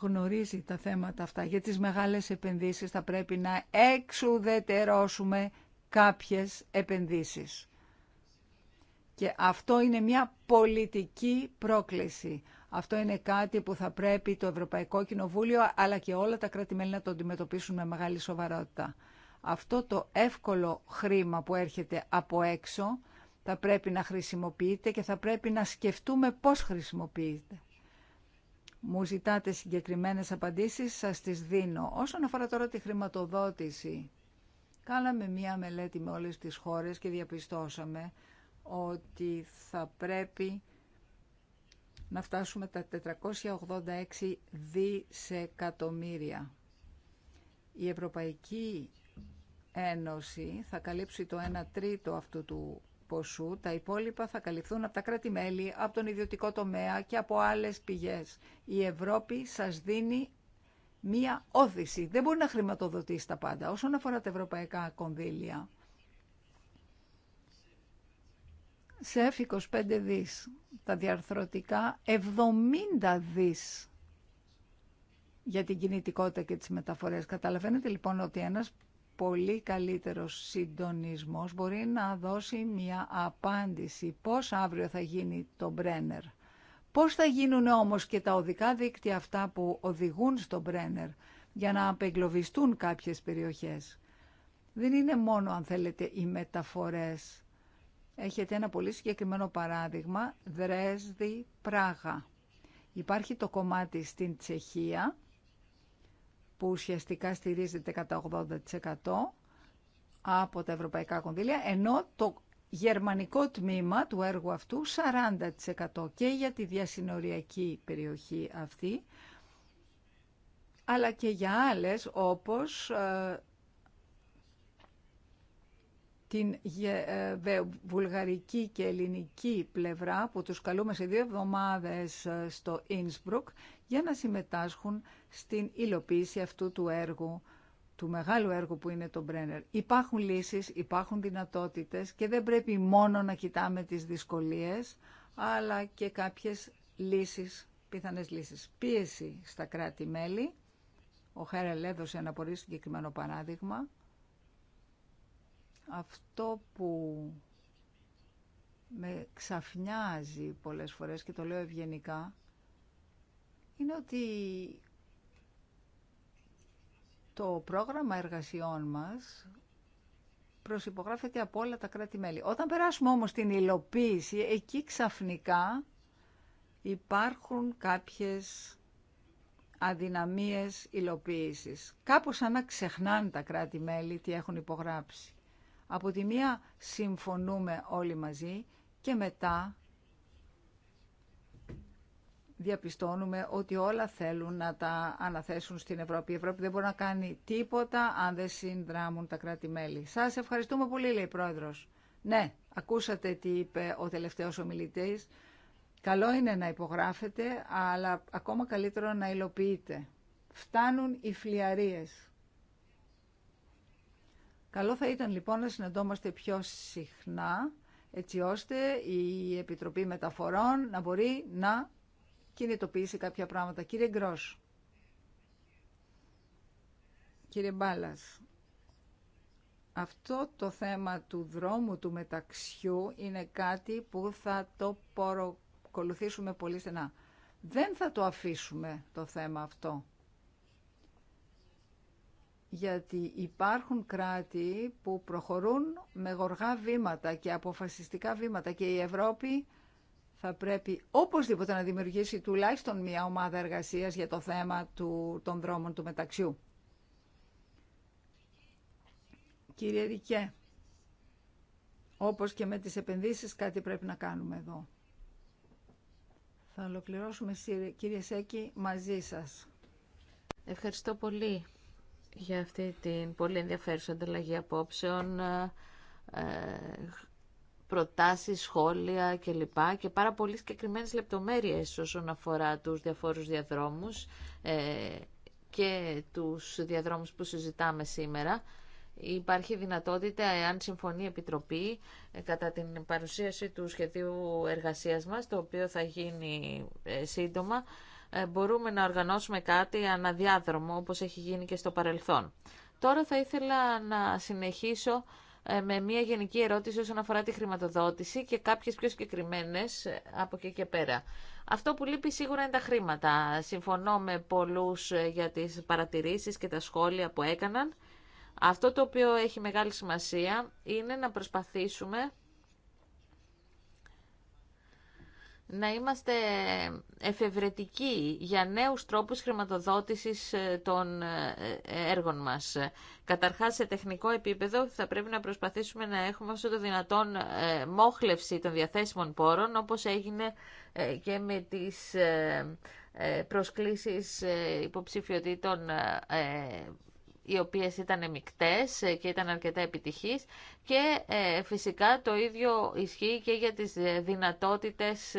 γνωρίζει τα θέματα αυτά. Για τις μεγάλες επενδύσεις θα πρέπει να εξουδετερώσουμε κάποιες επενδύσεις. Και αυτό είναι μια πολιτική πρόκληση. Αυτό είναι κάτι που θα πρέπει το Ευρωπαϊκό Κοινοβούλιο αλλά και όλα τα κράτη-μέλη να το αντιμετωπίσουν με μεγάλη σοβαρότητα. Αυτό το εύκολο χρήμα που έρχεται από έξω θα πρέπει να χρησιμοποιείται και θα πρέπει να σκεφτούμε πώς χρησιμοποιείται μου ζητάτε συγκεκριμένες απαντήσεις, σας τις δίνω. Όσον αφορά τώρα τη χρηματοδότηση, κάναμε μία μελέτη με όλες τις χώρες και διαπιστώσαμε ότι θα πρέπει να φτάσουμε τα 486 δισεκατομμύρια. Η Ευρωπαϊκή Ένωση θα καλύψει το 1 τρίτο αυτού του τα υπόλοιπα θα καλυφθούν από τα κράτη-μέλη, από τον ιδιωτικό τομέα και από άλλες πηγές. Η Ευρώπη σας δίνει μία όθηση. Δεν μπορεί να χρηματοδοτήσει τα πάντα. Όσον αφορά τα ευρωπαϊκά κονδύλια, σε 25 δις, τα διαρθρωτικά 70 δις για την κινητικότητα και τις μεταφορές. Καταλαβαίνετε λοιπόν ότι ένας πολύ καλύτερος συντονισμός μπορεί να δώσει μια απάντηση πώς αύριο θα γίνει το Μπρένερ. Πώς θα γίνουν όμως και τα οδικά δίκτυα αυτά που οδηγούν στο Μπρένερ για να απεγκλωβιστούν κάποιες περιοχές. Δεν είναι μόνο αν θέλετε οι μεταφορές. Έχετε ένα πολύ συγκεκριμένο παράδειγμα, Δρέσδη Πράγα. Υπάρχει το κομμάτι στην Τσεχία που ουσιαστικά στηρίζεται κατά 80% από τα ευρωπαϊκά κονδύλια, ενώ το γερμανικό τμήμα του έργου αυτού 40% και για τη διασυνοριακή περιοχή αυτή, αλλά και για άλλες όπως ε, την ε, βουλγαρική και ελληνική πλευρά που τους καλούμε σε δύο εβδομάδες ε, στο Ίνσμπρουκ για να συμμετάσχουν στην υλοποίηση αυτού του έργου, του μεγάλου έργου που είναι το Μπρένερ. Υπάρχουν λύσεις, υπάρχουν δυνατότητες και δεν πρέπει μόνο να κοιτάμε τις δυσκολίες, αλλά και κάποιες λύσεις, πιθανές λύσεις. Πίεση στα κράτη-μέλη. Ο Χέρελ έδωσε ένα πολύ συγκεκριμένο παράδειγμα αυτό που με ξαφνιάζει πολλές φορές και το λέω ευγενικά είναι ότι το πρόγραμμα εργασιών μας προσυπογράφεται από όλα τα κράτη-μέλη. Όταν περάσουμε όμως την υλοποίηση, εκεί ξαφνικά υπάρχουν κάποιες αδυναμίες υλοποίησης. Κάπως σαν να ξεχνάνε τα κράτη-μέλη τι έχουν υπογράψει. Από τη μία συμφωνούμε όλοι μαζί και μετά διαπιστώνουμε ότι όλα θέλουν να τα αναθέσουν στην Ευρώπη. Η Ευρώπη δεν μπορεί να κάνει τίποτα αν δεν συνδράμουν τα κράτη-μέλη. Σας ευχαριστούμε πολύ, λέει η Πρόεδρος. Ναι, ακούσατε τι είπε ο τελευταίος ομιλητής. Καλό είναι να υπογράφετε, αλλά ακόμα καλύτερο να υλοποιείτε. Φτάνουν οι φλιαρίες. Καλό θα ήταν λοιπόν να συναντόμαστε πιο συχνά έτσι ώστε η Επιτροπή Μεταφορών να μπορεί να κινητοποιήσει κάποια πράγματα. Κύριε Γκρός, κύριε Μπάλας, αυτό το θέμα του δρόμου του μεταξιού είναι κάτι που θα το παρακολουθήσουμε πολύ στενά. Δεν θα το αφήσουμε το θέμα αυτό γιατί υπάρχουν κράτη που προχωρούν με γοργά βήματα και αποφασιστικά βήματα και η Ευρώπη θα πρέπει οπωσδήποτε να δημιουργήσει τουλάχιστον μια ομάδα εργασίας για το θέμα του, των δρόμων του μεταξιού. Κύριε Ρικέ, όπως και με τις επενδύσεις κάτι πρέπει να κάνουμε εδώ. Θα ολοκληρώσουμε, κύριε Σέκη, μαζί σας. Ευχαριστώ πολύ για αυτή την πολύ ενδιαφέρουσα ανταλλαγή απόψεων, ε, ε, προτάσεις, σχόλια κλπ. Και πάρα πολύ συγκεκριμένε λεπτομέρειες όσον αφορά τους διαφόρους διαδρόμους ε, και τους διαδρόμους που συζητάμε σήμερα. Υπάρχει δυνατότητα, εάν συμφωνεί η Επιτροπή, κατά την παρουσίαση του σχεδίου εργασίας μας, το οποίο θα γίνει σύντομα, ε, μπορούμε να οργανώσουμε κάτι αναδιάδρομο όπως έχει γίνει και στο παρελθόν. Τώρα θα ήθελα να συνεχίσω ε, με μια γενική ερώτηση όσον αφορά τη χρηματοδότηση και κάποιες πιο συγκεκριμένες ε, από εκεί και πέρα. Αυτό που λείπει σίγουρα είναι τα χρήματα. Συμφωνώ με πολλούς για τις παρατηρήσεις και τα σχόλια που έκαναν. Αυτό το οποίο έχει μεγάλη σημασία είναι να προσπαθήσουμε να είμαστε εφευρετικοί για νέους τρόπους χρηματοδότησης ε, των ε, έργων μας. Καταρχάς, σε τεχνικό επίπεδο θα πρέπει να προσπαθήσουμε να έχουμε όσο το δυνατόν ε, μόχλευση των διαθέσιμων πόρων, όπως έγινε και με τις προσκλήσεις υποψηφιωτήτων οι οποίες ήταν μικτές ε, και ήταν αρκετά επιτυχείς και ε, φυσικά το ίδιο ισχύει και για τις ε, δυνατότητες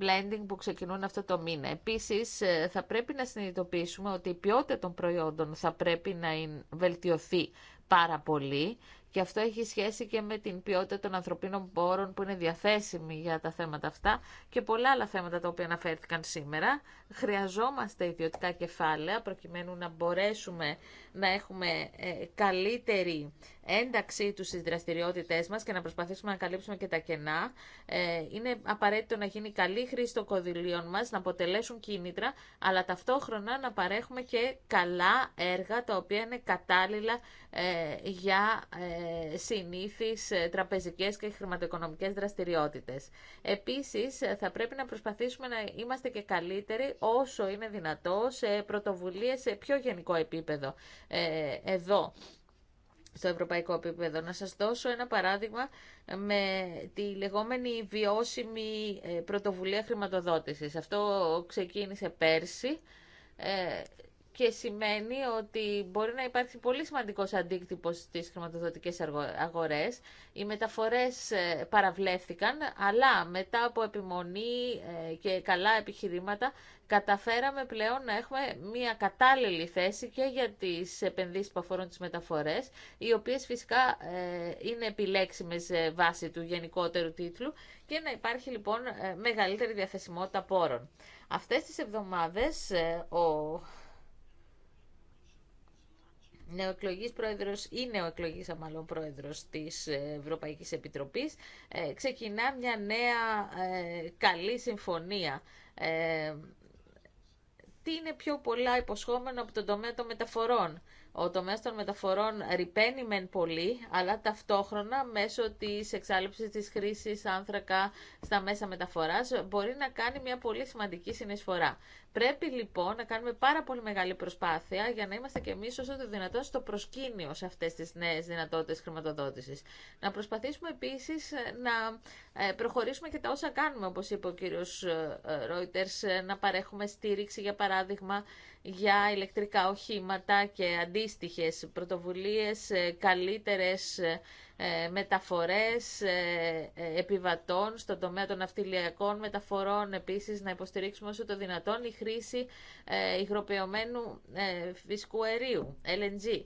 blending που ξεκινούν αυτό το μήνα. Επίσης, θα πρέπει να συνειδητοποιήσουμε ότι η ποιότητα των προϊόντων θα πρέπει να βελτιωθεί πάρα πολύ και αυτό έχει σχέση και με την ποιότητα των ανθρωπίνων πόρων που είναι διαθέσιμοι για τα θέματα αυτά και πολλά άλλα θέματα τα οποία αναφέρθηκαν σήμερα. Χρειαζόμαστε ιδιωτικά κεφάλαια προκειμένου να μπορέσουμε να έχουμε ε, καλύτερη ένταξή του στι δραστηριότητές μας και να προσπαθήσουμε να καλύψουμε και τα κενά. Ε, είναι απαραίτητο να γίνει καλή χρήση των κονδυλίων μας, να αποτελέσουν κίνητρα, αλλά ταυτόχρονα να παρέχουμε και καλά έργα τα οποία είναι κατάλληλα ε, για ε, συνήθεις τραπεζικές και χρηματοοικονομικές δραστηριότητες. Επίσης, θα πρέπει να προσπαθήσουμε να είμαστε και καλύτεροι όσο είναι δυνατό σε πρωτοβουλίες σε πιο γενικό επίπεδο. Εδώ στο ευρωπαϊκό επίπεδο. Να σας δώσω ένα παράδειγμα με τη λεγόμενη βιώσιμη ε, πρωτοβουλία χρηματοδότησης. Αυτό ξεκίνησε πέρσι ε, και σημαίνει ότι μπορεί να υπάρχει πολύ σημαντικός αντίκτυπος στις χρηματοδοτικές αγορές. Οι μεταφορές ε, παραβλέφθηκαν, αλλά μετά από επιμονή ε, και καλά επιχειρήματα καταφέραμε πλέον να έχουμε μια κατάλληλη θέση και για τις επενδύσεις που αφορούν τις μεταφορές, οι οποίες φυσικά ε, είναι επιλέξιμες βάσει του γενικότερου τίτλου και να υπάρχει λοιπόν μεγαλύτερη διαθεσιμότητα πόρων. Αυτές τις εβδομάδες ο νεοεκλογής πρόεδρος ή νεοεκλογής αμαλών πρόεδρος της Ευρωπαϊκής Επιτροπής ε, ξεκινά μια νέα ε, καλή συμφωνία. Ε, τι είναι πιο πολλά υποσχόμενο από τον τομέα των μεταφορών. Ο τομέας των μεταφορών ρηπαίνει μεν πολύ, αλλά ταυτόχρονα μέσω της εξάλληψης της χρήσης άνθρακα στα μέσα μεταφοράς μπορεί να κάνει μια πολύ σημαντική συνεισφορά. Πρέπει λοιπόν να κάνουμε πάρα πολύ μεγάλη προσπάθεια για να είμαστε κι εμεί όσο το δυνατόν στο προσκήνιο σε αυτέ τι νέε δυνατότητε χρηματοδότηση. Να προσπαθήσουμε επίση να ε, προχωρήσουμε και τα όσα κάνουμε, όπω είπε ο κύριο Ρόιτερ, ε, ε, να παρέχουμε στήριξη, για παράδειγμα, για ηλεκτρικά οχήματα και αντίστοιχε πρωτοβουλίε, καλύτερε ε, μεταφορές ε, ε, επιβατών στον τομέα των αυτιλιακών μεταφορών επίσης να υποστηρίξουμε όσο το δυνατόν η χρήση υγροποιημένου φυσικού αερίου, LNG.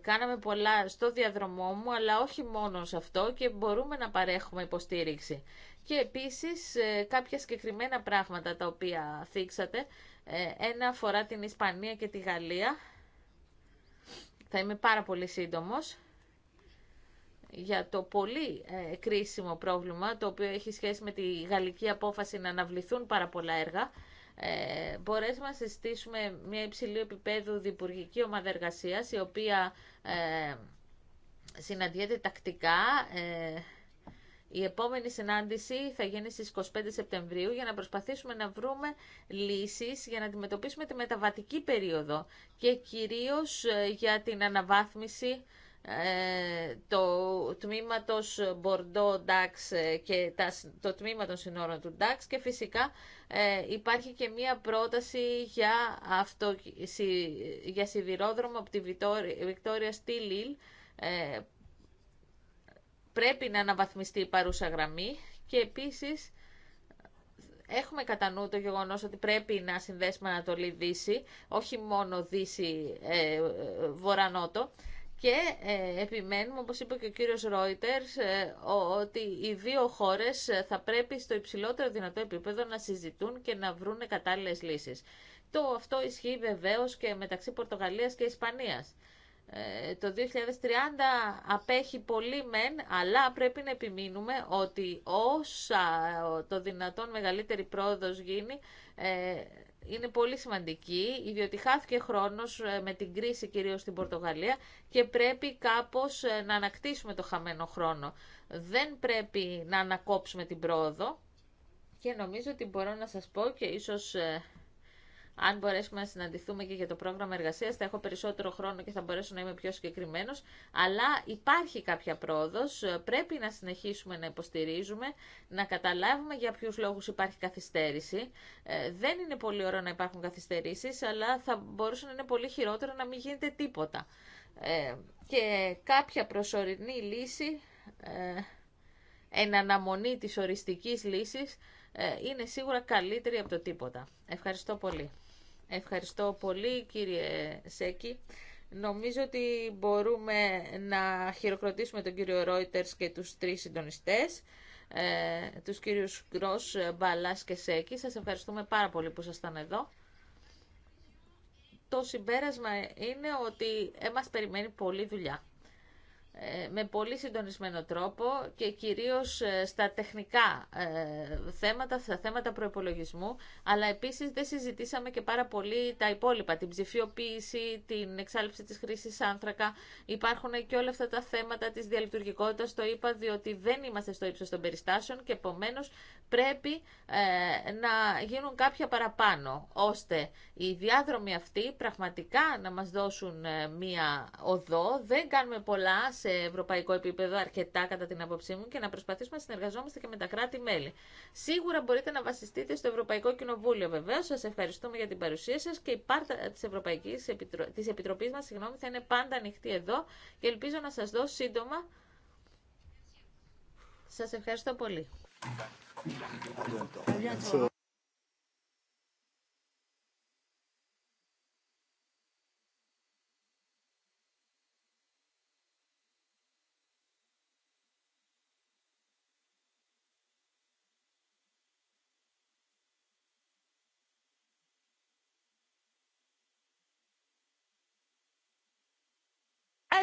Κάναμε πολλά στο διαδρομό μου αλλά όχι μόνο σε αυτό και μπορούμε να παρέχουμε υποστήριξη. Και επίσης κάποια συγκεκριμένα πράγματα τα οποία θίξατε. Ένα αφορά την Ισπανία και τη Γαλλία. Θα είμαι πάρα πολύ σύντομος για το πολύ ε, κρίσιμο πρόβλημα το οποίο έχει σχέση με τη γαλλική απόφαση να αναβληθούν πάρα πολλά έργα ε, μπορέσουμε να συστήσουμε μια υψηλή επίπεδου διπουργική ομάδα η οποία ε, συναντιέται τακτικά ε, η επόμενη συνάντηση θα γίνει στις 25 Σεπτεμβρίου για να προσπαθήσουμε να βρούμε λύσεις για να αντιμετωπίσουμε τη μεταβατική περίοδο και κυρίως ε, για την αναβάθμιση ε, το τμήματος Bordeaux ε, και το τμήμα των συνόρων του Ντάξ και φυσικά ε, υπάρχει και μία πρόταση για, αυτο, για σιδηρόδρομο από τη Βικτόρια στη Λίλ πρέπει να αναβαθμιστεί η παρούσα γραμμή και επίσης έχουμε κατά νου το γεγονός ότι πρέπει να συνδέσουμε Ανατολή-Δύση, όχι μόνο Δύση-Βορανότο. Και ε, επιμένουμε, όπως είπε και ο κύριος Ρόιτερς, ότι οι δύο χώρες ε, θα πρέπει στο υψηλότερο δυνατό επίπεδο να συζητούν και να βρουν κατάλληλες λύσεις. Το αυτό ισχύει βεβαίως και μεταξύ Πορτογαλίας και Ισπανίας. Ε, το 2030 απέχει πολύ μεν, αλλά πρέπει να επιμείνουμε ότι όσα το δυνατόν μεγαλύτερη πρόοδος γίνει, ε, είναι πολύ σημαντική, διότι χάθηκε χρόνος ε, με την κρίση κυρίως στην Πορτογαλία και πρέπει κάπως ε, να ανακτήσουμε το χαμένο χρόνο. Δεν πρέπει να ανακόψουμε την πρόοδο και νομίζω ότι μπορώ να σας πω και ίσως ε, αν μπορέσουμε να συναντηθούμε και για το πρόγραμμα εργασία, θα έχω περισσότερο χρόνο και θα μπορέσω να είμαι πιο συγκεκριμένο. Αλλά υπάρχει κάποια πρόοδο. πρέπει να συνεχίσουμε να υποστηρίζουμε, να καταλάβουμε για ποιου λόγου υπάρχει καθυστέρηση. Ε, δεν είναι πολύ ωραίο να υπάρχουν καθυστερήσει, αλλά θα μπορούσε να είναι πολύ χειρότερο να μην γίνεται τίποτα. Ε, και κάποια προσωρινή λύση, ε, εν αναμονή της οριστικής λύσης, ε, είναι σίγουρα καλύτερη από το τίποτα. Ευχαριστώ πολύ. Ευχαριστώ πολύ κύριε Σέκη. Νομίζω ότι μπορούμε να χειροκροτήσουμε τον κύριο Ρόιτερς και τους τρεις συντονιστές, ε, τους κύριους Γκρός, Μπαλάς και Σέκη. Σας ευχαριστούμε πάρα πολύ που ήσασταν εδώ. Το συμπέρασμα είναι ότι εμάς περιμένει πολλή δουλειά. Ε, με πολύ συντονισμένο τρόπο και κυρίως ε, στα τεχνικά ε, θέματα, στα θέματα προϋπολογισμού, αλλά επίσης δεν συζητήσαμε και πάρα πολύ τα υπόλοιπα, την ψηφιοποίηση, την εξάλληψη της χρήσης άνθρακα. Υπάρχουν και όλα αυτά τα θέματα της διαλειτουργικότητας, το είπα, διότι δεν είμαστε στο ύψος των περιστάσεων και επομένως πρέπει να γίνουν κάποια παραπάνω, ώστε οι διάδρομοι αυτοί πραγματικά να μας δώσουν μία οδό, δεν κάνουμε πολλά σε ευρωπαϊκό επίπεδο, αρκετά κατά την άποψή μου, και να προσπαθήσουμε να συνεργαζόμαστε και με τα κράτη-μέλη. Σίγουρα μπορείτε να βασιστείτε στο Ευρωπαϊκό Κοινοβούλιο, βεβαίω. Σα ευχαριστούμε για την παρουσία σα και η πάρτα τη Ευρωπαϊκής Επιτρο... της Επιτροπή μα θα είναι πάντα ανοιχτή εδώ και ελπίζω να σα δω σύντομα. Σα ευχαριστώ πολύ.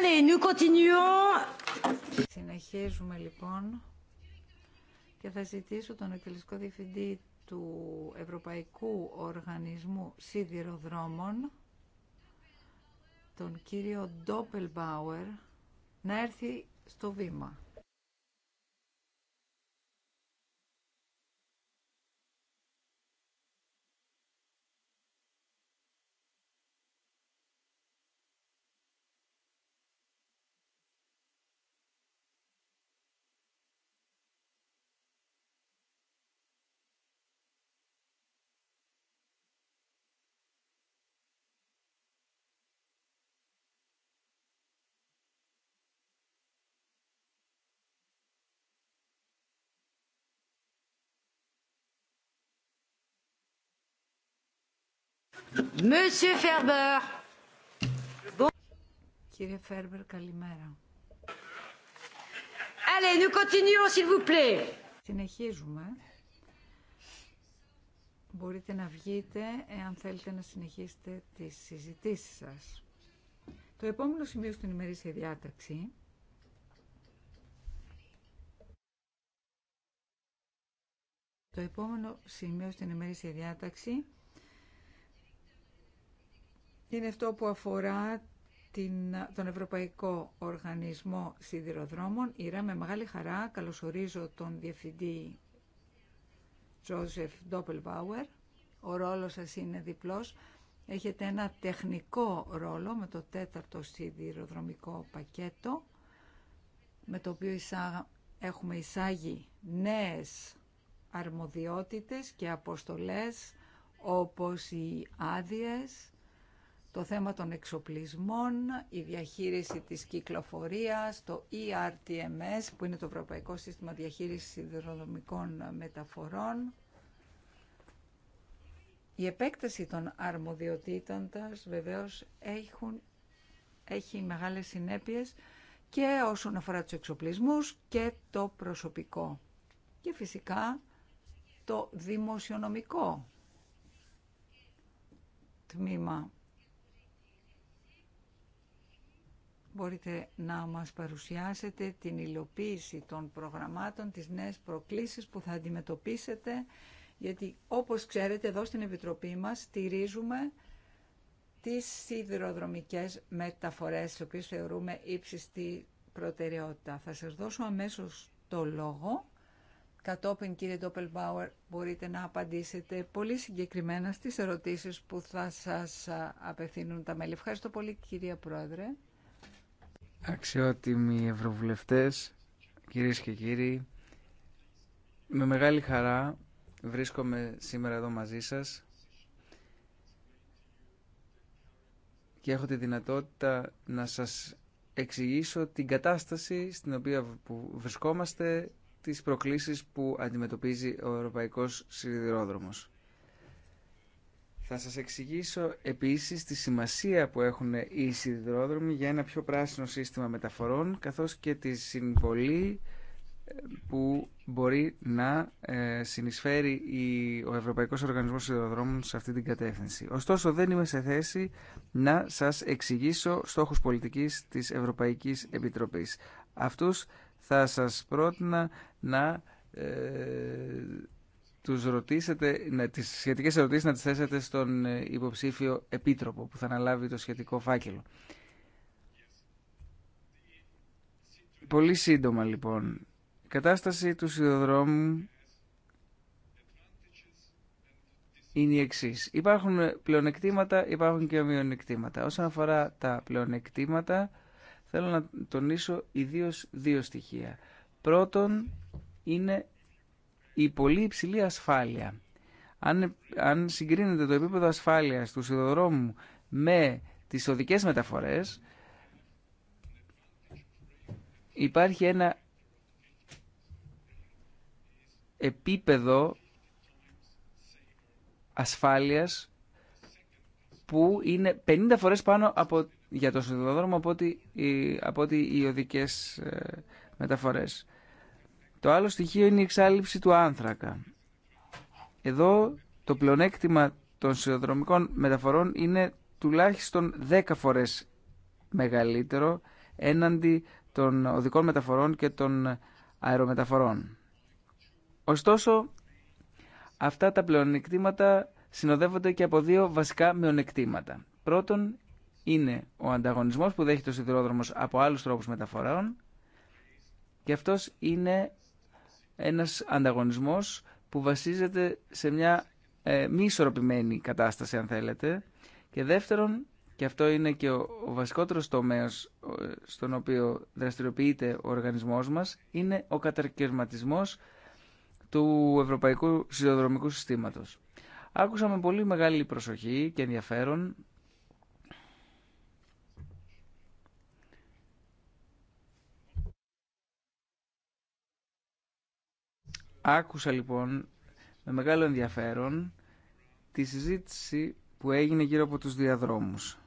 Allez, nous Συνεχίζουμε λοιπόν και θα ζητήσω τον εκτελεστικό διευθυντή του Ευρωπαϊκού Οργανισμού Σιδηροδρόμων, τον κύριο Μπάουερ, να έρθει στο βήμα. Κύριε Φέρμπερ, καλημέρα. Allez, nous continuons, s'il vous plaît. Συνεχίζουμε. Μπορείτε να βγείτε εάν θέλετε να συνεχίσετε τις συζητήσεις σας. Το επόμενο σημείο στην ημερήσια διάταξη Το επόμενο σημείο στην ημερήσια διάταξη είναι αυτό που αφορά την, τον Ευρωπαϊκό Οργανισμό Σιδηροδρόμων. Ήρα, με μεγάλη χαρά καλωσορίζω τον Διευθυντή Τζόζεφ Ντόπελμπάουερ. Ο ρόλος σας είναι διπλός. Έχετε ένα τεχνικό ρόλο με το τέταρτο σιδηροδρομικό πακέτο, με το οποίο έχουμε εισάγει νέες αρμοδιότητες και αποστολές, όπως οι άδειες, το θέμα των εξοπλισμών, η διαχείριση της κυκλοφορίας, το ERTMS που είναι το Ευρωπαϊκό Σύστημα Διαχείρισης Σιδηροδρομικών Μεταφορών, η επέκταση των αρμοδιοτήτων τας βεβαίως έχουν, έχει μεγάλες συνέπειες και όσον αφορά τους εξοπλισμούς και το προσωπικό. Και φυσικά το δημοσιονομικό τμήμα μπορείτε να μας παρουσιάσετε την υλοποίηση των προγραμμάτων, τις νέες προκλήσεις που θα αντιμετωπίσετε, γιατί όπως ξέρετε εδώ στην Επιτροπή μας στηρίζουμε τις σιδηροδρομικές μεταφορές, τις οποίες θεωρούμε ύψιστη προτεραιότητα. Θα σας δώσω αμέσως το λόγο. Κατόπιν, κύριε Ντόπελμπάουερ, μπορείτε να απαντήσετε πολύ συγκεκριμένα στις ερωτήσεις που θα σας απευθύνουν τα μέλη. Ευχαριστώ πολύ, κυρία Πρόεδρε. Αξιότιμοι ευρωβουλευτές, κυρίες και κύριοι, με μεγάλη χαρά βρίσκομαι σήμερα εδώ μαζί σας και έχω τη δυνατότητα να σας εξηγήσω την κατάσταση στην οποία που βρισκόμαστε, τις προκλήσεις που αντιμετωπίζει ο Ευρωπαϊκός Σιδηρόδρομος. Θα σας εξηγήσω επίσης τη σημασία που έχουν οι σιδηρόδρομοι για ένα πιο πράσινο σύστημα μεταφορών καθώς και τη συμβολή ε, που μπορεί να ε, συνεισφέρει ο Ευρωπαϊκός Οργανισμός Σιδηροδρόμων σε αυτή την κατεύθυνση. Ωστόσο δεν είμαι σε θέση να σας εξηγήσω στόχους πολιτικής της Ευρωπαϊκής Επιτροπής. Αυτούς θα σας πρότεινα να ε, τους ρωτήσετε, να, τις σχετικές ερωτήσεις να τις θέσετε στον ε, υποψήφιο επίτροπο που θα αναλάβει το σχετικό φάκελο. Πολύ σύντομα λοιπόν, η κατάσταση του σιδηροδρόμου είναι η εξή. Υπάρχουν πλεονεκτήματα, υπάρχουν και μειονεκτήματα. Όσον αφορά τα πλεονεκτήματα, θέλω να τονίσω ιδίω δύο στοιχεία. Πρώτον, είναι η πολύ υψηλή ασφάλεια. Αν, αν συγκρίνεται το επίπεδο ασφάλειας του σιδηροδρόμου με τις οδικές μεταφορές, υπάρχει ένα επίπεδο ασφάλειας που είναι 50 φορές πάνω από, για το σιδηροδρόμο από ό,τι, ε, από ότι οι οδικές ε, μεταφορές. Το άλλο στοιχείο είναι η εξάλληψη του άνθρακα. Εδώ το πλεονέκτημα των σιδηροδρομικών μεταφορών είναι τουλάχιστον 10 φορές μεγαλύτερο έναντι των οδικών μεταφορών και των αερομεταφορών. Ωστόσο, αυτά τα πλεονεκτήματα συνοδεύονται και από δύο βασικά μειονεκτήματα. Πρώτον, είναι ο ανταγωνισμός που δέχεται ο σιδηρόδρομος από άλλους τρόπους μεταφορών και αυτός είναι ένας ανταγωνισμός που βασίζεται σε μια ε, μη ισορροπημένη κατάσταση αν θέλετε και δεύτερον και αυτό είναι και ο, ο βασικότερος τομέας στον οποίο δραστηριοποιείται ο οργανισμός μας είναι ο καταρκερματισμός του Ευρωπαϊκού Συνδρομικού Συστήματος. Άκουσα με πολύ μεγάλη προσοχή και ενδιαφέρον Άκουσα λοιπόν με μεγάλο ενδιαφέρον τη συζήτηση που έγινε γύρω από τους διαδρόμους.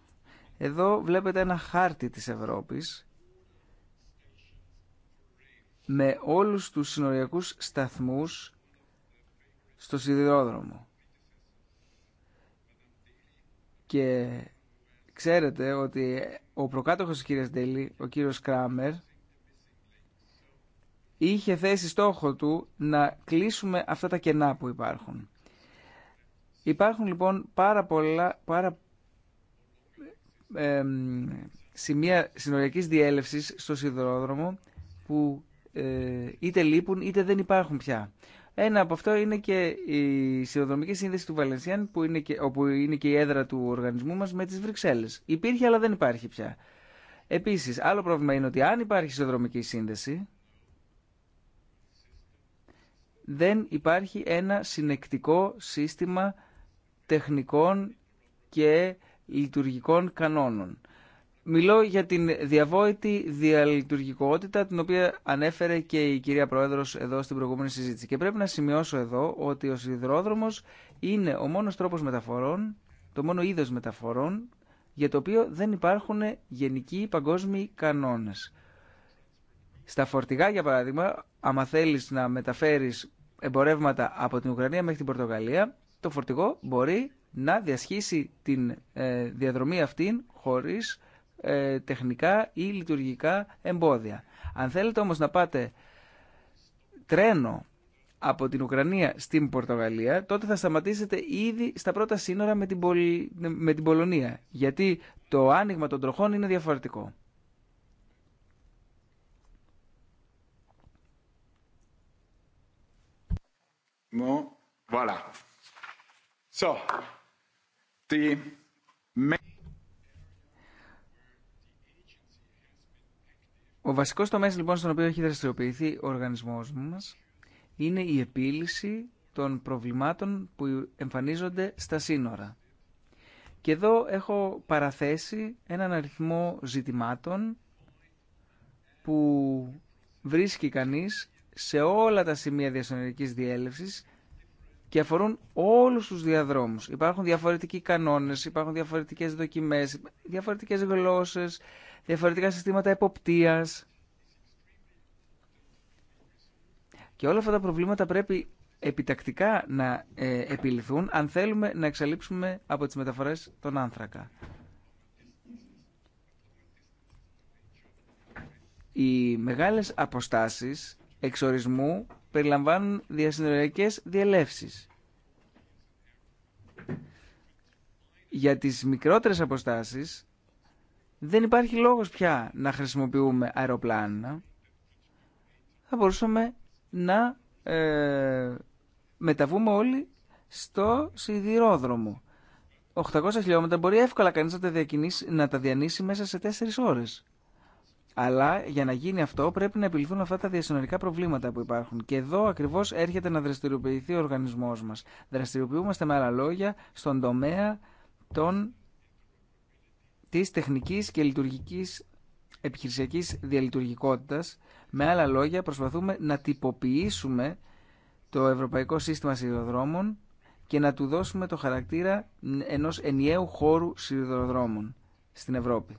Εδώ βλέπετε ένα χάρτη της Ευρώπης με όλους τους συνοριακούς σταθμούς στο σιδηρόδρομο. Και ξέρετε ότι ο προκάτοχος της κυρίας Ντέλη, ο κύριος Κράμερ, είχε θέσει στόχο του να κλείσουμε αυτά τα κενά που υπάρχουν. Υπάρχουν λοιπόν πάρα πολλά πάρα, ε, σημεία συνοριακής διέλευσης στο σιδηρόδρομο που ε, είτε λείπουν είτε δεν υπάρχουν πια. Ένα από αυτό είναι και η σιδηροδρομική σύνδεση του Βαλενσιάν, που είναι και, όπου είναι και η έδρα του οργανισμού μας με τις Βρυξέλλες. Υπήρχε αλλά δεν υπάρχει πια. Επίσης, άλλο πρόβλημα είναι ότι αν υπάρχει σιδηροδρομική σύνδεση, δεν υπάρχει ένα συνεκτικό σύστημα τεχνικών και λειτουργικών κανόνων. Μιλώ για την διαβόητη διαλειτουργικότητα την οποία ανέφερε και η κυρία Πρόεδρος εδώ στην προηγούμενη συζήτηση. Και πρέπει να σημειώσω εδώ ότι ο σιδηρόδρομος είναι ο μόνος τρόπος μεταφορών, το μόνο είδος μεταφορών για το οποίο δεν υπάρχουν γενικοί παγκόσμιοι κανόνες. Στα φορτηγά, για παράδειγμα, άμα θέλει να μεταφέρει εμπορεύματα από την Ουκρανία μέχρι την Πορτογαλία, το φορτηγό μπορεί να διασχίσει την ε, διαδρομή αυτήν χωρίς ε, τεχνικά ή λειτουργικά εμπόδια. Αν θέλετε όμως να πάτε τρένο από την Ουκρανία στην Πορτογαλία, τότε θα σταματήσετε ήδη στα πρώτα σύνορα με την, με την Πολωνία, γιατί το άνοιγμα των τροχών είναι διαφορετικό. Ο βασικός τομέας λοιπόν στον οποίο έχει δραστηριοποιηθεί ο οργανισμός μας είναι η επίλυση των προβλημάτων που εμφανίζονται στα σύνορα. Και εδώ έχω παραθέσει έναν αριθμό ζητημάτων που βρίσκει κανείς σε όλα τα σημεία διασυνοριακής διέλευσης και αφορούν όλους τους διαδρόμους. Υπάρχουν διαφορετικοί κανόνες, υπάρχουν διαφορετικές δοκιμές, διαφορετικές γλώσσες, διαφορετικά συστήματα εποπτείας. Και όλα αυτά τα προβλήματα πρέπει επιτακτικά να ε, επιληθούν αν θέλουμε να εξαλείψουμε από τις μεταφορές τον άνθρακα. Οι μεγάλες αποστάσεις εξορισμού περιλαμβάνουν διασυνοριακές διελεύσεις. Για τις μικρότερες αποστάσεις δεν υπάρχει λόγος πια να χρησιμοποιούμε αεροπλάνα. Θα μπορούσαμε να ε, μεταβούμε όλοι στο σιδηρόδρομο. 800 χιλιόμετρα μπορεί εύκολα κανείς να τα, διανύσει μέσα σε 4 ώρες. Αλλά για να γίνει αυτό πρέπει να επιληθούν αυτά τα διασυνορικά προβλήματα που υπάρχουν. Και εδώ ακριβώ έρχεται να δραστηριοποιηθεί ο οργανισμό μα. Δραστηριοποιούμαστε με άλλα λόγια στον τομέα των... τη τεχνική και λειτουργική επιχειρησιακή διαλειτουργικότητα. Με άλλα λόγια, προσπαθούμε να τυποποιήσουμε το Ευρωπαϊκό Σύστημα Σιδηροδρόμων και να του δώσουμε το χαρακτήρα ενός ενιαίου χώρου σιδηροδρόμων στην Ευρώπη.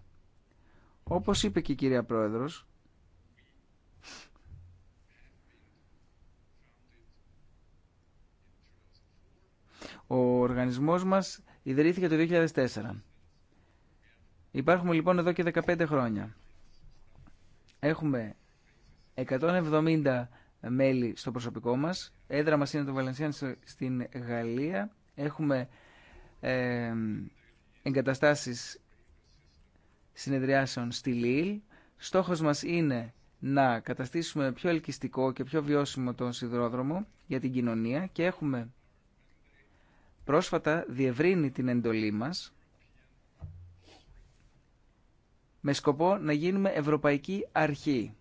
Όπως είπε και η κυρία Πρόεδρος, ο οργανισμός μας ιδρύθηκε το 2004. Υπάρχουμε λοιπόν εδώ και 15 χρόνια. Έχουμε 170 μέλη στο προσωπικό μας. Έδρα μας είναι το Βαλενσιάν στην Γαλλία. Έχουμε ε, εγκαταστάσεις συνεδριάσεων στη ΛΥΛ. Στόχος μας είναι να καταστήσουμε πιο ελκυστικό και πιο βιώσιμο τον σιδηρόδρομο για την κοινωνία και έχουμε πρόσφατα διευρύνει την εντολή μας με σκοπό να γίνουμε Ευρωπαϊκή Αρχή.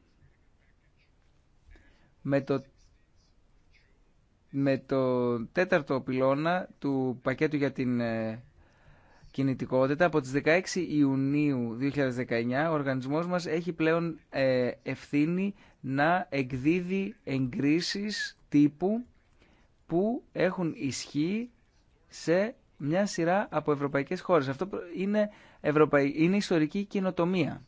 Με το, με το τέταρτο πυλώνα του πακέτου για την ε, κινητικότητα. Από τις 16 Ιουνίου 2019 ο οργανισμός μας έχει πλέον ε, ευθύνη να εκδίδει εγκρίσεις τύπου που έχουν ισχύ σε μια σειρά από ευρωπαϊκές χώρες. Αυτό είναι, ευρωπαϊ... είναι ιστορική κοινοτομία.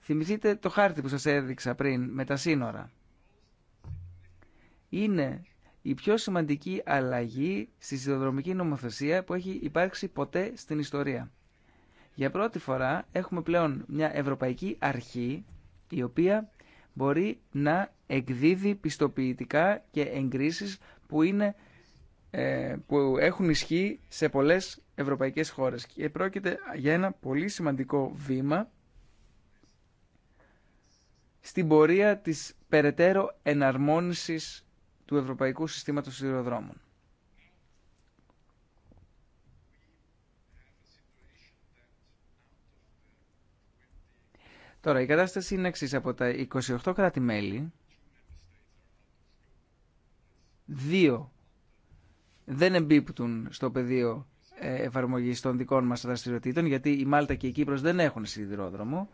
Θυμηθείτε το χάρτη που σας έδειξα πριν με τα σύνορα. Είναι η πιο σημαντική αλλαγή στη σιδηροδρομική νομοθεσία που έχει υπάρξει ποτέ στην ιστορία. Για πρώτη φορά έχουμε πλέον μια ευρωπαϊκή αρχή η οποία μπορεί να εκδίδει πιστοποιητικά και εγκρίσεις που, είναι, ε, που έχουν ισχύ σε πολλές ευρωπαϊκές χώρες. Και πρόκειται για ένα πολύ σημαντικό βήμα στην πορεία της περαιτέρω εναρμόνισης του Ευρωπαϊκού Συστήματος Σιδηροδρόμων. Τώρα, η κατάσταση είναι εξή. Από τα 28 κράτη-μέλη, δύο δεν εμπίπτουν στο πεδίο ε, εφαρμογή των δικών μας δραστηριοτήτων, γιατί η Μάλτα και η Κύπρος δεν έχουν σιδηρόδρομο.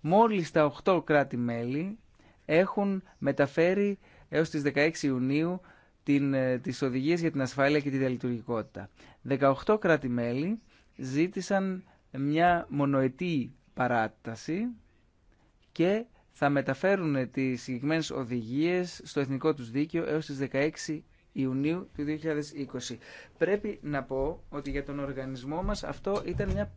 Μόλις τα 8 κράτη-μέλη έχουν μεταφέρει έως τις 16 Ιουνίου την, ε, τις οδηγίες για την ασφάλεια και τη διαλειτουργικότητα. 18 κράτη-μέλη ζήτησαν μια μονοετή παράταση και θα μεταφέρουν τις συγκεκριμένες οδηγίες στο εθνικό τους δίκαιο έως τις 16 Ιουνίου του 2020. Πρέπει να πω ότι για τον οργανισμό μας αυτό ήταν, μια...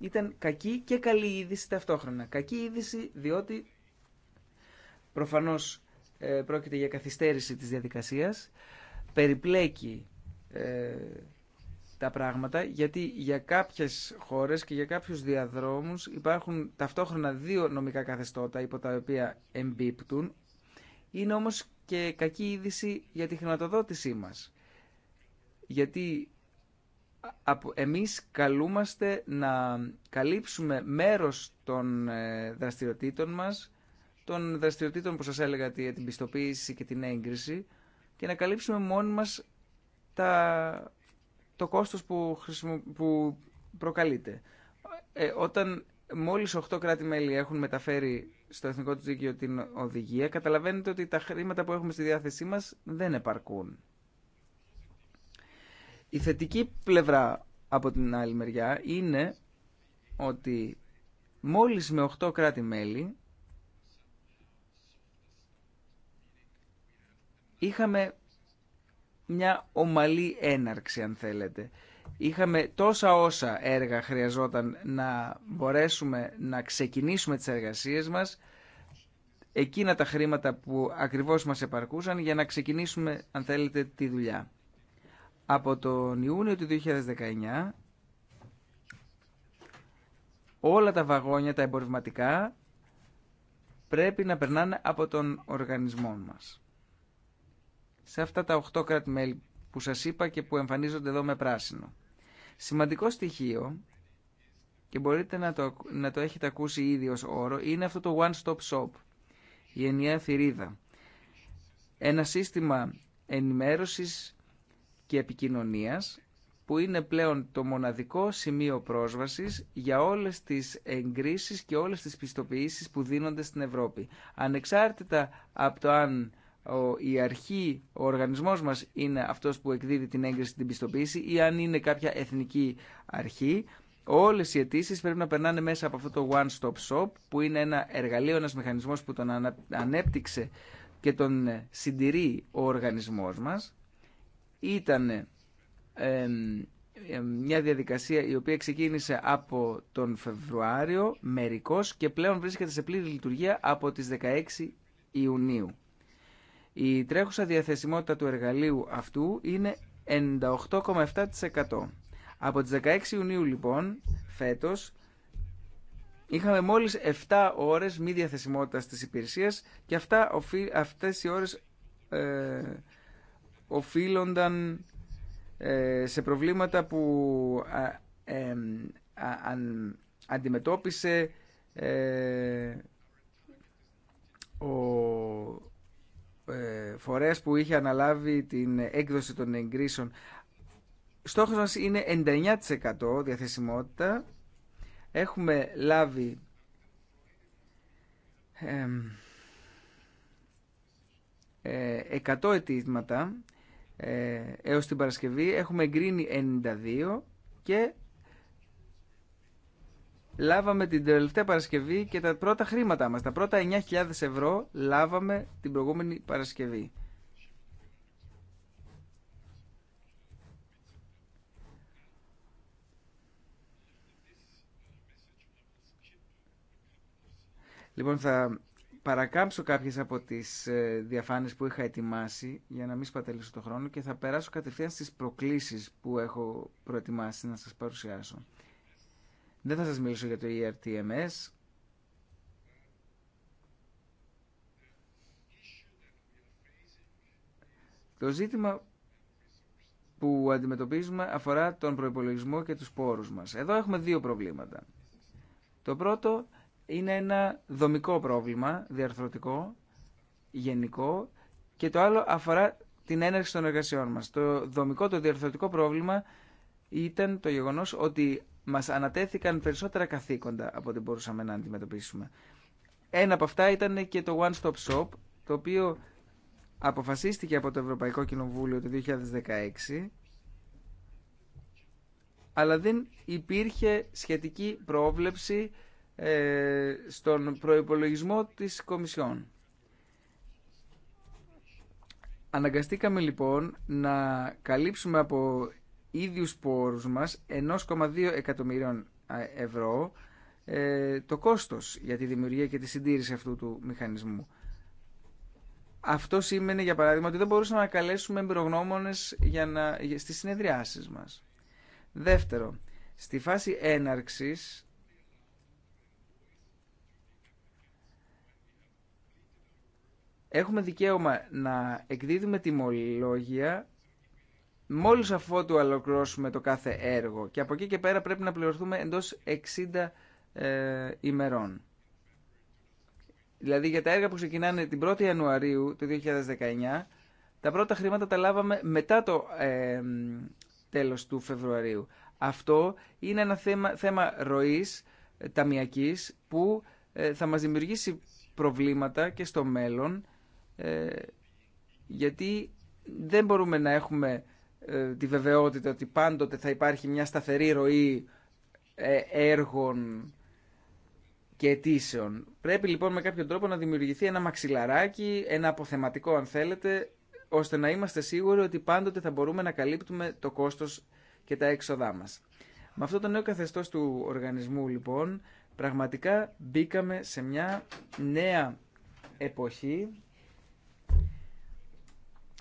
ήταν κακή και καλή είδηση ταυτόχρονα. Κακή είδηση διότι προφανώς ε, πρόκειται για καθυστέρηση της διαδικασίας, περιπλέκει ε, τα πράγματα, γιατί για κάποιες χώρες και για κάποιους διαδρόμους υπάρχουν ταυτόχρονα δύο νομικά καθεστώτα υπό τα οποία εμπίπτουν. Είναι όμως και κακή είδηση για τη χρηματοδότησή μας. Γιατί εμείς καλούμαστε να καλύψουμε μέρος των ε, δραστηριοτήτων μας των δραστηριοτήτων που σας έλεγα για την πιστοποίηση και την έγκριση και να καλύψουμε μόνοι μας τα, το κόστος που, χρησιμο, που προκαλείται. Ε, όταν μόλις 8 κράτη-μέλη έχουν μεταφέρει στο Εθνικό του Δίκαιο την οδηγία, καταλαβαίνετε ότι τα χρήματα που έχουμε στη διάθεσή μας δεν επαρκούν. Η θετική πλευρά από την άλλη μεριά είναι ότι μόλις με 8 κράτη-μέλη είχαμε μια ομαλή έναρξη αν θέλετε. Είχαμε τόσα όσα έργα χρειαζόταν να μπορέσουμε να ξεκινήσουμε τις εργασίες μας, εκείνα τα χρήματα που ακριβώς μας επαρκούσαν για να ξεκινήσουμε αν θέλετε τη δουλειά. Από τον Ιούνιο του 2019 όλα τα βαγόνια, τα εμπορευματικά πρέπει να περνάνε από τον οργανισμό μας σε αυτά τα 8 κράτη-μέλη που σας είπα και που εμφανίζονται εδώ με πράσινο. Σημαντικό στοιχείο, και μπορείτε να το, να το έχετε ακούσει ήδη ως όρο, είναι αυτό το one-stop shop, η ενιαία θηρίδα. Ένα σύστημα ενημέρωσης και επικοινωνίας που είναι πλέον το μοναδικό σημείο πρόσβασης για όλες τις εγκρίσεις και όλες τις πιστοποιήσεις που δίνονται στην Ευρώπη. Ανεξάρτητα από το αν η αρχή, ο οργανισμός μας είναι αυτός που εκδίδει την έγκριση την πιστοποίηση ή αν είναι κάποια εθνική αρχή. Όλες οι αιτήσει πρέπει να περνάνε μέσα από αυτό το One Stop Shop που είναι ένα εργαλείο, ένας μηχανισμός που τον ανέπτυξε και τον ε, συντηρεί ο οργανισμός μας. Ήταν μια διαδικασία η οποία ξεκίνησε από τον Φεβρουάριο μερικώς και πλέον βρίσκεται σε πλήρη λειτουργία από τις 16 Ιουνίου. Η τρέχουσα διαθεσιμότητα του εργαλείου αυτού είναι 98,7%. Από τις 16 Ιουνίου λοιπόν φέτος είχαμε μόλις 7 ώρες μη διαθεσιμότητα της υπηρεσίας και αυτά, αυτές οι ώρες ε, οφείλονταν ε, σε προβλήματα που ε, αν, αντιμετώπισε ε, ο ε, φορές που είχε αναλάβει την έκδοση των εγκρίσεων. Στόχος μας είναι 99% διαθεσιμότητα. Έχουμε λάβει ε, 100 αιτήματα ε, έως την Παρασκευή. Έχουμε εγκρίνει 92 και λάβαμε την τελευταία Παρασκευή και τα πρώτα χρήματά μας. Τα πρώτα 9.000 ευρώ λάβαμε την προηγούμενη Παρασκευή. Λοιπόν, θα παρακάμψω κάποιες από τις ε, διαφάνειες που είχα ετοιμάσει για να μην σπαταλήσω το χρόνο και θα περάσω κατευθείαν στις προκλήσεις που έχω προετοιμάσει να σας παρουσιάσω. Δεν θα σας μιλήσω για το ERTMS. Το ζήτημα που αντιμετωπίζουμε αφορά τον προϋπολογισμό και τους πόρους μας. Εδώ έχουμε δύο προβλήματα. Το πρώτο είναι ένα δομικό πρόβλημα, διαρθρωτικό, γενικό, και το άλλο αφορά την έναρξη των εργασιών μας. Το δομικό, το διαρθρωτικό πρόβλημα ήταν το γεγονός ότι Μα ανατέθηκαν περισσότερα καθήκοντα από ό,τι μπορούσαμε να αντιμετωπίσουμε. Ένα από αυτά ήταν και το One Stop Shop, το οποίο αποφασίστηκε από το Ευρωπαϊκό Κοινοβούλιο το 2016, αλλά δεν υπήρχε σχετική πρόβλεψη ε, στον προϋπολογισμό της Κομισιόν. Αναγκαστήκαμε λοιπόν να καλύψουμε από ίδιους πόρους μας 1,2 εκατομμυρίων ευρώ ε, το κόστος για τη δημιουργία και τη συντήρηση αυτού του μηχανισμού. Αυτό σήμαινε, για παράδειγμα, ότι δεν μπορούσαμε να καλέσουμε εμπειρογνώμονες... για να... στις συνεδριάσεις μας. Δεύτερο, στη φάση έναρξης έχουμε δικαίωμα να εκδίδουμε τιμολόγια μόλις αφότου ολοκληρώσουμε το κάθε έργο και από εκεί και πέρα πρέπει να πληρωθούμε εντός 60 ε, ημερών. Δηλαδή για τα έργα που ξεκινάνε την 1η Ιανουαρίου του 2019, τα πρώτα χρήματα τα λάβαμε μετά το ε, τέλος του Φεβρουαρίου. Αυτό είναι ένα θέμα, θέμα ροής ε, ταμιακής που ε, θα μας δημιουργήσει προβλήματα και στο μέλλον, γιατί δεν μπορούμε να έχουμε ε, τη βεβαιότητα ότι πάντοτε θα υπάρχει μια σταθερή ροή ε, έργων και αιτήσεων. Πρέπει λοιπόν με κάποιο τρόπο να δημιουργηθεί ένα μαξιλαράκι, ένα αποθεματικό αν θέλετε, ώστε να είμαστε σίγουροι ότι πάντοτε θα μπορούμε να καλύπτουμε το κόστος και τα έξοδά μας. Με αυτό το νέο καθεστώς του οργανισμού λοιπόν, πραγματικά μπήκαμε σε μια νέα εποχή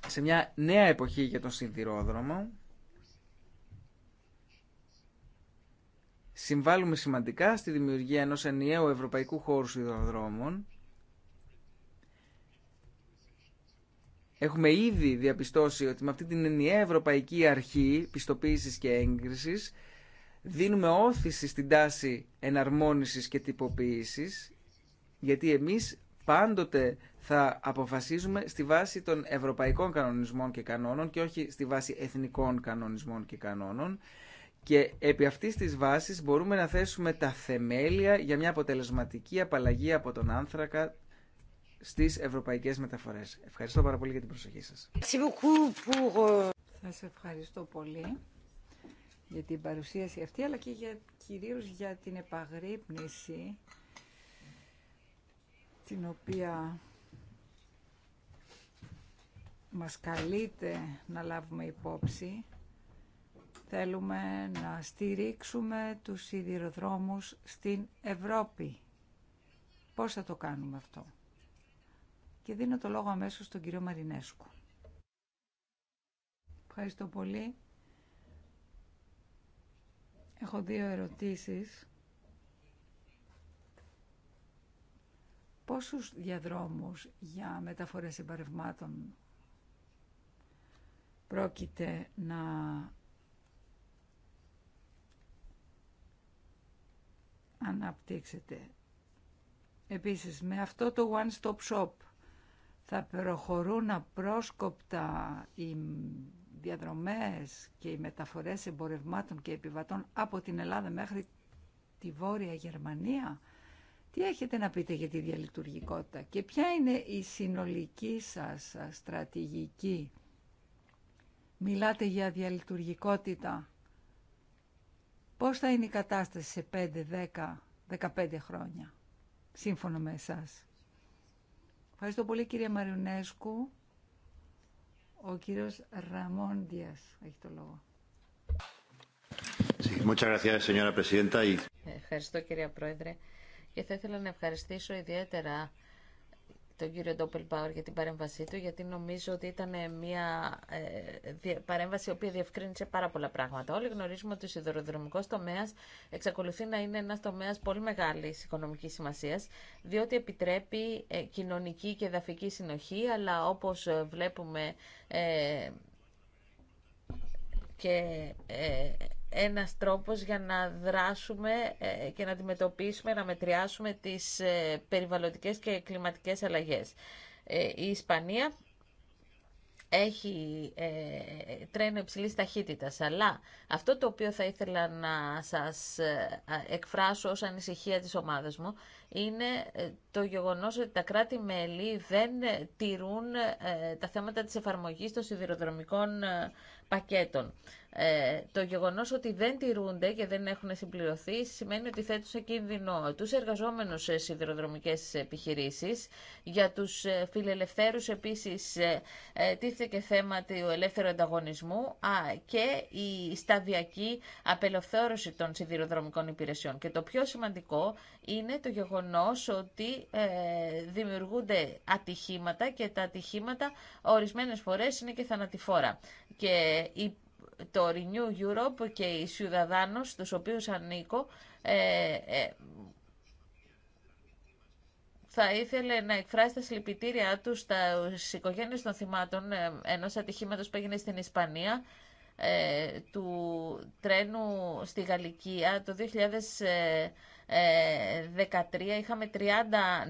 σε μια νέα εποχή για τον σιδηρόδρομο. Συμβάλλουμε σημαντικά στη δημιουργία ενός ενιαίου ευρωπαϊκού χώρου σιδηροδρόμων. Έχουμε ήδη διαπιστώσει ότι με αυτή την ενιαία ευρωπαϊκή αρχή πιστοποίησης και έγκρισης δίνουμε όθηση στην τάση εναρμόνισης και τυποποίησης γιατί εμείς πάντοτε θα αποφασίζουμε στη βάση των ευρωπαϊκών κανονισμών και κανόνων και όχι στη βάση εθνικών κανονισμών και κανόνων. Και επί αυτής της βάσης μπορούμε να θέσουμε τα θεμέλια για μια αποτελεσματική απαλλαγή από τον άνθρακα στις ευρωπαϊκές μεταφορές. Ευχαριστώ πάρα πολύ για την προσοχή σας. Euh, σας ευχαριστώ πολύ για την παρουσίαση αυτή, αλλά και για, κυρίως για την επαγρύπνηση την οποία μας καλείτε να λάβουμε υπόψη. Θέλουμε να στηρίξουμε τους σιδηροδρόμους στην Ευρώπη. Πώς θα το κάνουμε αυτό. Και δίνω το λόγο αμέσως στον κύριο Μαρινέσκου. Ευχαριστώ πολύ. Έχω δύο ερωτήσεις. Πόσους διαδρόμους για μεταφορές εμπαρευμάτων Πρόκειται να αναπτύξετε. Επίσης, με αυτό το one-stop shop θα προχωρούν απρόσκοπτα οι διαδρομές και οι μεταφορές εμπορευμάτων και επιβατών από την Ελλάδα μέχρι τη Βόρεια Γερμανία. Τι έχετε να πείτε για τη διαλειτουργικότητα και ποια είναι η συνολική σας στρατηγική Μιλάτε για διαλειτουργικότητα. Πώς θα είναι η κατάσταση σε 5, 10, 15 χρόνια, σύμφωνα με εσάς. Ευχαριστώ πολύ κύριε Μαριουνέσκου. Ο κύριος Ραμόντιας έχει το λόγο. Ευχαριστώ κυρία Πρόεδρε και θα ήθελα να ευχαριστήσω ιδιαίτερα τον κύριο Ντόπελ για την παρέμβασή του, γιατί νομίζω ότι ήταν μια ε, παρέμβαση η οποία διευκρίνησε πάρα πολλά πράγματα. Όλοι γνωρίζουμε ότι ο σιδηροδρομικό τομέα εξακολουθεί να είναι ένα τομέα πολύ μεγάλη οικονομική σημασία, διότι επιτρέπει ε, κοινωνική και εδαφική συνοχή, αλλά όπω βλέπουμε ε, και ένας τρόπος για να δράσουμε ε, και να αντιμετωπίσουμε, να μετριάσουμε τις ε, περιβαλλοντικές και κλιματικές αλλαγές. Ε, η Ισπανία έχει τρένο υψηλής ταχύτητας. Αλλά αυτό το οποίο θα ήθελα να σας εκφράσω ως ανησυχία της ομάδας μου είναι το γεγονός ότι τα κράτη-μέλη δεν τηρούν τα θέματα της εφαρμογής των σιδηροδρομικών πακέτων. Ε, το γεγονός ότι δεν τηρούνται και δεν έχουν συμπληρωθεί σημαίνει ότι θέτουν σε κίνδυνο τους εργαζόμενους σε σιδηροδρομικές επιχειρήσεις. Για τους ε, φιλελευθέρους επίσης ε, ε, τίθεται και θέμα του ελεύθερου ανταγωνισμού και η σταδιακή απελευθέρωση των σιδηροδρομικών υπηρεσιών. Και το πιο σημαντικό είναι το γεγονό ότι δημιουργούνται ατυχήματα και τα ατυχήματα ορισμένε φορέ είναι και θανατηφόρα. Και το Renew Europe και οι Ciudadanos, στους οποίους ανήκω, ε, ε, θα ήθελε να εκφράσει τα συλληπιτήριά του στις οικογένειες των θυμάτων ε, ενός ατυχήματος που έγινε στην Ισπανία, του τρένου στη Γαλλικία το 2000 13 ε, είχαμε 30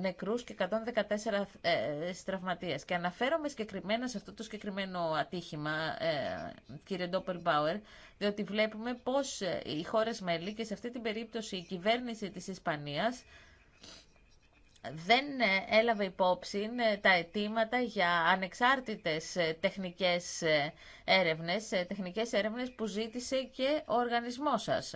νεκρούς και 114 ε, στραυματίες Και αναφέρομαι συγκεκριμένα σε αυτό το συγκεκριμένο ατύχημα, ε, κύριε Ντόπερ Μπάουερ, διότι βλέπουμε πώς οι χώρες μέλη και σε αυτή την περίπτωση η κυβέρνηση της Ισπανίας δεν έλαβε υπόψη τα αιτήματα για ανεξάρτητες τεχνικές έρευνες, τεχνικές έρευνες που ζήτησε και ο οργανισμός σας.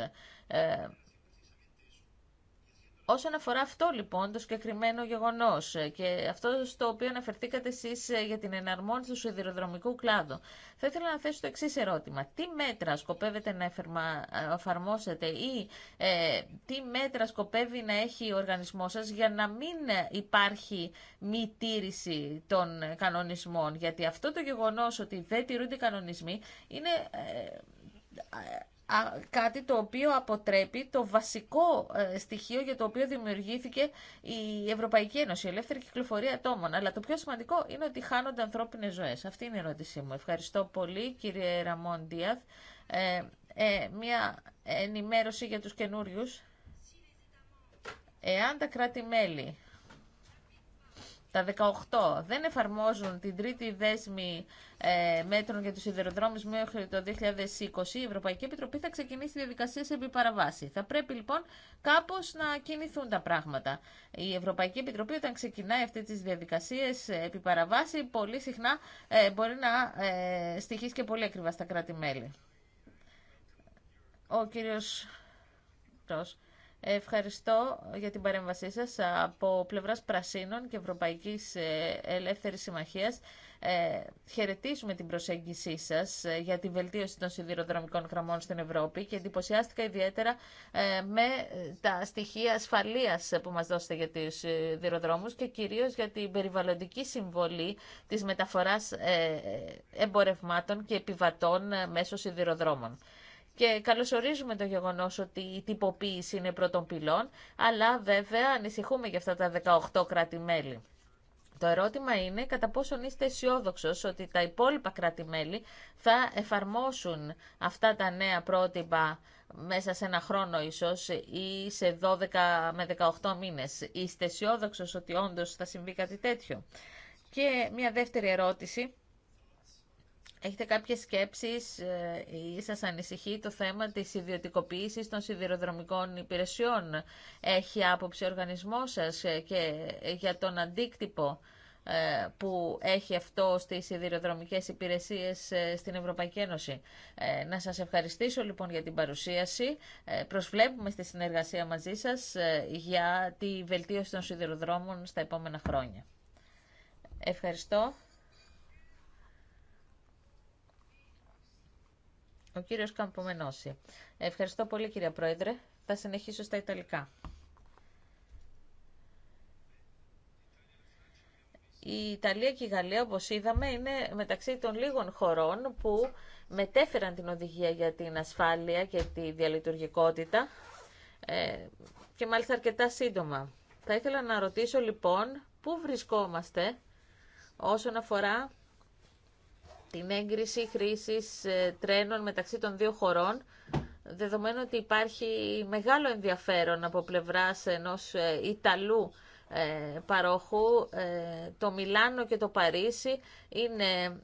Όσον αφορά αυτό λοιπόν το συγκεκριμένο γεγονό ε, και αυτό στο οποίο αναφερθήκατε εσεί ε, για την εναρμόνιση του σιδηροδρομικού κλάδου, θα ήθελα να θέσω το εξή ερώτημα. Τι μέτρα σκοπεύετε να ε, εφαρμόσετε ή τι μέτρα σκοπεύει να έχει ο οργανισμό σα για να μην υπάρχει μη τήρηση των κανονισμών. Γιατί αυτό το γεγονό ότι δεν τηρούνται οι κανονισμοί είναι κάτι το οποίο αποτρέπει το βασικό ε, στοιχείο για το οποίο δημιουργήθηκε η Ευρωπαϊκή Ένωση, η ελεύθερη κυκλοφορία ατόμων. Αλλά το πιο σημαντικό είναι ότι χάνονται ανθρώπινες ζωές. Αυτή είναι η ερώτησή μου. Ευχαριστώ πολύ κύριε Ραμόν Δίαθ. Ε, ε μια ενημέρωση για τους καινούριου. Εάν τα κράτη-μέλη τα 18 δεν εφαρμόζουν την τρίτη δέσμη ε, μέτρων για τους σιδηροδρόμους μέχρι το 2020, η Ευρωπαϊκή Επιτροπή θα ξεκινήσει διαδικασίε επί παραβάση. Θα πρέπει λοιπόν κάπως να κινηθούν τα πράγματα. Η Ευρωπαϊκή Επιτροπή όταν ξεκινάει αυτές τις διαδικασίες επί πολύ συχνά ε, μπορεί να ε, και πολύ ακριβά στα κράτη-μέλη. Ο κύριος... Ευχαριστώ για την παρέμβασή σας από πλευράς Πρασίνων και Ευρωπαϊκής ε, Ελεύθερης Συμμαχίας. Ε, χαιρετίζουμε την προσέγγισή σας ε, για τη βελτίωση των σιδηροδρομικών γραμμών στην Ευρώπη και εντυπωσιάστηκα ιδιαίτερα ε, με τα στοιχεία ασφαλείας που μας δώσετε για τους σιδηροδρόμους και κυρίως για την περιβαλλοντική συμβολή της μεταφοράς εμπορευμάτων και επιβατών μέσω σιδηροδρόμων. Και καλωσορίζουμε το γεγονό ότι η τυποποίηση είναι πρώτων πυλών, αλλά βέβαια ανησυχούμε για αυτά τα 18 κράτη-μέλη. Το ερώτημα είναι κατά πόσον είστε αισιόδοξο ότι τα υπόλοιπα κράτη-μέλη θα εφαρμόσουν αυτά τα νέα πρότυπα μέσα σε ένα χρόνο ίσως ή σε 12 με 18 μήνες. Είστε αισιόδοξο ότι όντως θα συμβεί κάτι τέτοιο. Και μια δεύτερη ερώτηση. Έχετε κάποιες σκέψεις ε, ή σας ανησυχεί το θέμα της ιδιωτικοποίησης των σιδηροδρομικών υπηρεσιών. Έχει άποψη ο οργανισμός σας ε, και για τον αντίκτυπο ε, που έχει αυτό στις σιδηροδρομικές υπηρεσίες στην Ευρωπαϊκή Ένωση. Να σας ευχαριστήσω λοιπόν για την παρουσίαση. Προσβλέπουμε στη συνεργασία μαζί σας για τη βελτίωση των σιδηροδρόμων στα επόμενα χρόνια. Ευχαριστώ. Ο κύριο Καμπομενώση. Ευχαριστώ πολύ κύριε Πρόεδρε. Θα συνεχίσω στα Ιταλικά. Η Ιταλία και η Γαλλία, όπως είδαμε, είναι μεταξύ των λίγων χωρών που μετέφεραν την οδηγία για την ασφάλεια και τη διαλειτουργικότητα ε, και μάλιστα αρκετά σύντομα. Θα ήθελα να ρωτήσω λοιπόν πού βρισκόμαστε όσον αφορά την έγκριση χρήσης ε, τρένων μεταξύ των δύο χωρών, δεδομένου ότι υπάρχει μεγάλο ενδιαφέρον από πλευράς ενός ε, Ιταλού ε, παρόχου. Το Μιλάνο και το Παρίσι είναι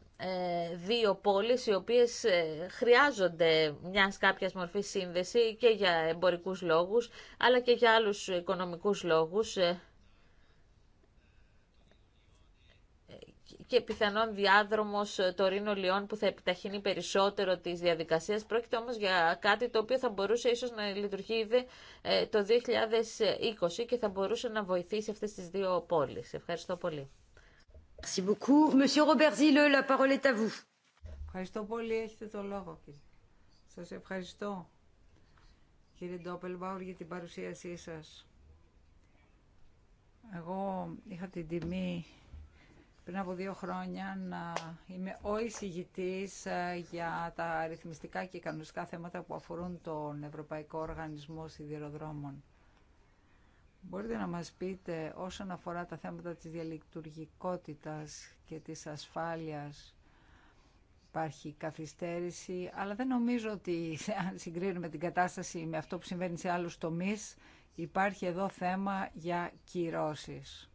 δύο πόλεις οι οποίες χρειάζονται μιας κάποιας μορφής σύνδεση και για εμπορικούς λόγους, αλλά και για άλλους οικονομικούς λόγους και πιθανόν διάδρομος ε, το Ρήνο Λιόν που θα επιταχύνει περισσότερο τις διαδικασίες. Πρόκειται όμως για κάτι το οποίο θα μπορούσε ίσως να λειτουργεί ε, το 2020 και θα μπορούσε να βοηθήσει αυτές τις δύο πόλεις. Ευχαριστώ πολύ. Ευχαριστώ πολύ. Έχετε το λόγο. Κύριε. Σας ευχαριστώ κύριε Ντόπελμπαουρ για την παρουσίασή σα. Εγώ είχα την τιμή πριν από δύο χρόνια να είμαι ο εισηγητής ε, για τα ρυθμιστικά και κανονιστικά θέματα που αφορούν τον Ευρωπαϊκό Οργανισμό Σιδηροδρόμων. Μπορείτε να μας πείτε όσον αφορά τα θέματα της διαλειτουργικότητας και της ασφάλειας υπάρχει καθυστέρηση, αλλά δεν νομίζω ότι αν συγκρίνουμε την κατάσταση με αυτό που συμβαίνει σε άλλους τομείς υπάρχει εδώ θέμα για κυρώσεις.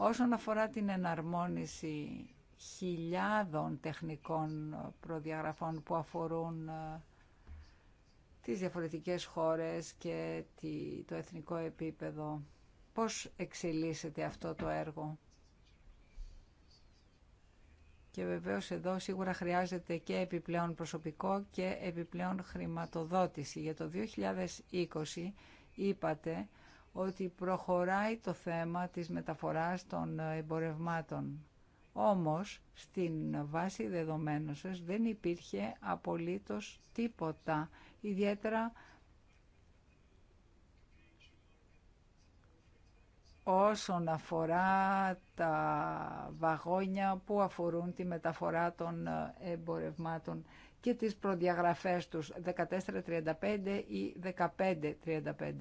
Όσον αφορά την εναρμόνιση χιλιάδων τεχνικών προδιαγραφών που αφορούν ε, τις διαφορετικές χώρες και το εθνικό επίπεδο. Πώς εξελίσσεται αυτό το έργο. Και βεβαίως εδώ σίγουρα χρειάζεται και επιπλέον προσωπικό και επιπλέον χρηματοδότηση. Για το 2020 είπατε ότι προχωράει το θέμα της μεταφοράς των εμπορευμάτων. Όμως, στην βάση δεδομένων σας δεν υπήρχε απολύτως τίποτα, ιδιαίτερα όσον αφορά τα βαγόνια που αφορούν τη μεταφορά των εμπορευμάτων και τις προδιαγραφές τους 1435 ή 1535.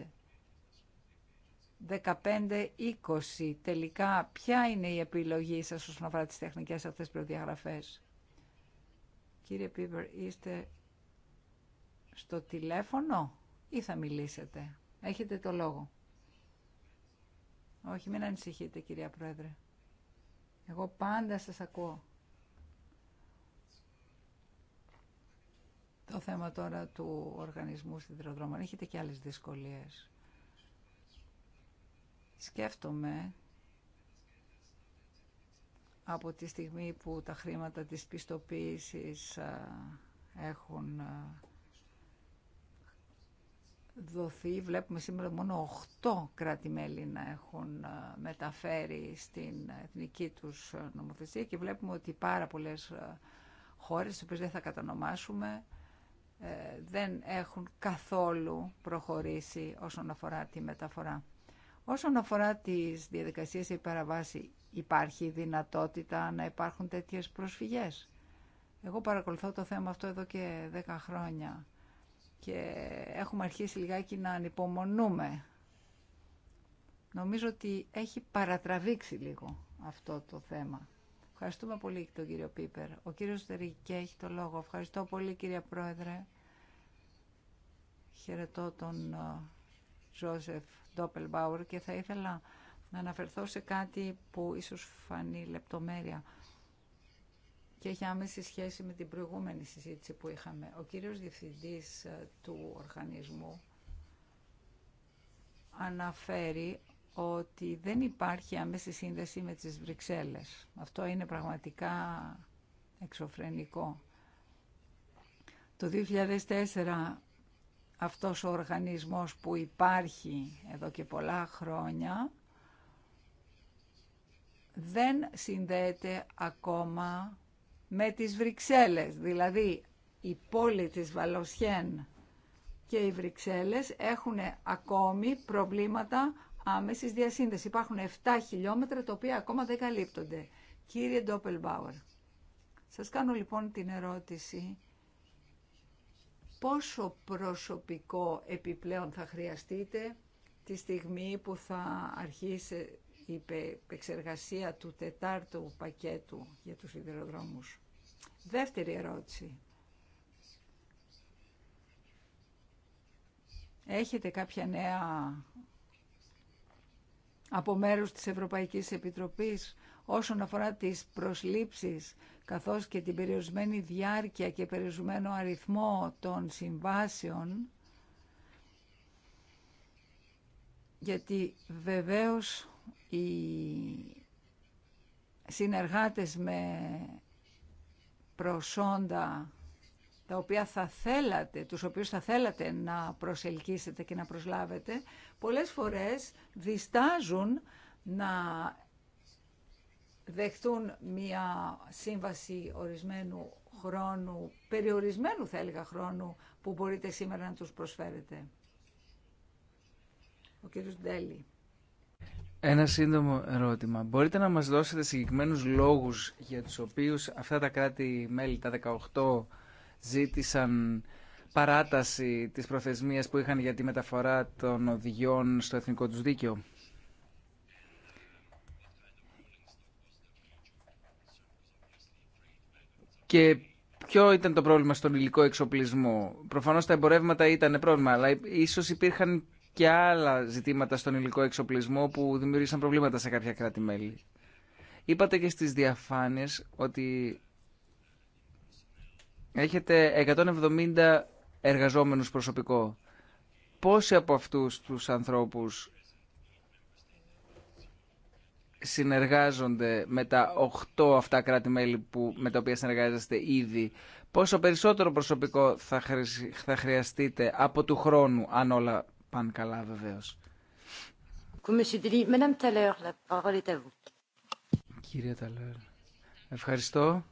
15-20 τελικά ποια είναι η επιλογή σας όσον αφορά τις τεχνικές αυτές προδιαγραφές. Κύριε Πίπερ, είστε στο τηλέφωνο ή θα μιλήσετε. Έχετε το λόγο. Όχι, μην ανησυχείτε κυρία Πρόεδρε. Εγώ πάντα σας ακούω. Το θέμα τώρα του οργανισμού σιδηροδρόμων. Έχετε και άλλες δυσκολίες. Σκέφτομαι από τη στιγμή που τα χρήματα της πιστοποίησης έχουν δοθεί. Βλέπουμε σήμερα μόνο 8 κράτη-μέλη να έχουν μεταφέρει στην εθνική τους νομοθεσία και βλέπουμε ότι πάρα πολλές χώρες, τις οποίες δεν θα κατανομάσουμε, ε, δεν έχουν καθόλου προχωρήσει όσον αφορά τη μεταφορά. Όσον αφορά τις διαδικασίες η παραβάση, υπάρχει δυνατότητα να υπάρχουν τέτοιες προσφυγές. Εγώ παρακολουθώ το θέμα αυτό εδώ και 10 χρόνια και έχουμε αρχίσει λιγάκι να ανυπομονούμε. Νομίζω ότι έχει παρατραβήξει λίγο αυτό το θέμα. Ευχαριστούμε πολύ τον κύριο Πίπερ. Ο κύριος Στερικέ έχει το λόγο. Ευχαριστώ πολύ κύριε Πρόεδρε. Χαιρετώ τον ε, Ζώσεφ Ντόπελμπάουρ και θα ήθελα να αναφερθώ σε κάτι που ίσως φανεί λεπτομέρεια και έχει άμεση σχέση με την προηγούμενη συζήτηση που είχαμε. Ο κύριος Διευθυντής ε, του οργανισμού αναφέρει ότι δεν υπάρχει άμεση σύνδεση με τις Βρυξέλλες. Αυτό είναι πραγματικά εξωφρενικό. Το 2004 αυτός ο οργανισμός που υπάρχει εδώ και πολλά χρόνια δεν συνδέεται ακόμα με τις Βρυξέλλες. Δηλαδή, η πόλη της Βαλοσχέν και οι Βρυξέλλες έχουν ακόμη προβλήματα άμεσης διασύνδεσης. Υπάρχουν 7 χιλιόμετρα τα οποία ακόμα δεν καλύπτονται. Κύριε Ντόπελμπάουερ, σας κάνω λοιπόν την ερώτηση πόσο προσωπικό επιπλέον θα χρειαστείτε τη στιγμή που θα αρχίσει η επεξεργασία του τετάρτου πακέτου για τους σιδηροδρόμους. Δεύτερη ερώτηση. Έχετε κάποια νέα από μέρους της Ευρωπαϊκής Επιτροπής όσον αφορά τις προσλήψεις καθώς και την περιορισμένη διάρκεια και περιορισμένο αριθμό των συμβάσεων, γιατί βεβαίως οι συνεργάτες με προσόντα τα οποία θα θέλατε, τους οποίους θα θέλατε να προσελκύσετε και να προσλάβετε, πολλές φορές διστάζουν να δεχτούν μία σύμβαση ορισμένου χρόνου, περιορισμένου θα έλεγα χρόνου, που μπορείτε σήμερα να τους προσφέρετε. Ο κύριος Ντέλη. Ένα σύντομο ερώτημα. Μπορείτε να μας δώσετε συγκεκριμένους λόγους για τους οποίους αυτά τα κράτη-μέλη, τα 18, ζήτησαν παράταση της προθεσμίας που είχαν για τη μεταφορά των οδηγιών στο εθνικό τους δίκαιο. Και ποιο ήταν το πρόβλημα στον υλικό εξοπλισμό. Προφανώς τα εμπορεύματα ήταν πρόβλημα, αλλά ίσως υπήρχαν και άλλα ζητήματα στον υλικό εξοπλισμό που δημιούργησαν προβλήματα σε κάποια κράτη-μέλη. Είπατε και στις διαφάνειες ότι έχετε 170 εργαζόμενους προσωπικό. Πόσοι από αυτούς τους ανθρώπους συνεργάζονται με τα 8 αυτά κράτη-μέλη με τα οποία συνεργάζεστε ήδη, πόσο περισσότερο προσωπικό θα, θα χρειαστείτε από του χρόνου, αν όλα πάνε καλά βεβαίω. Κύριε Ταλέρ, ευχαριστώ.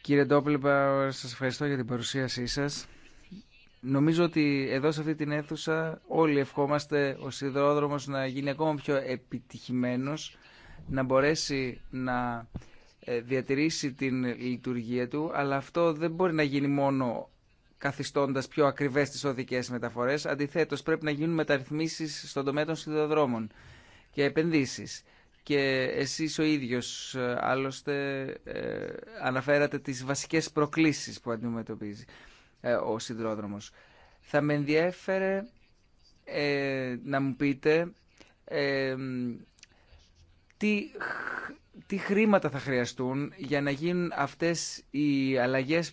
Κύριε Ντόπλεπα, σας ευχαριστώ για την παρουσίασή σας. Νομίζω ότι εδώ σε αυτή την αίθουσα όλοι ευχόμαστε ο σιδηρόδρομος να γίνει ακόμα πιο επιτυχημένος, να μπορέσει να ε, διατηρήσει την λειτουργία του, αλλά αυτό δεν μπορεί να γίνει μόνο καθιστώντας πιο ακριβές τις οδικές μεταφορές. Αντιθέτως, πρέπει να γίνουν μεταρρυθμίσεις στον τομέα των σιδηροδρόμων και επενδύσεις. Και εσείς ο ίδιος ε, άλλωστε ε, αναφέρατε τις βασικές προκλήσεις που αντιμετωπίζει. Ε, ο σιδηρόδρομος. Θα με ενδιέφερε ε, να μου πείτε ε, τι, τι χρήματα θα χρειαστούν για να γίνουν αυτές οι αλλαγές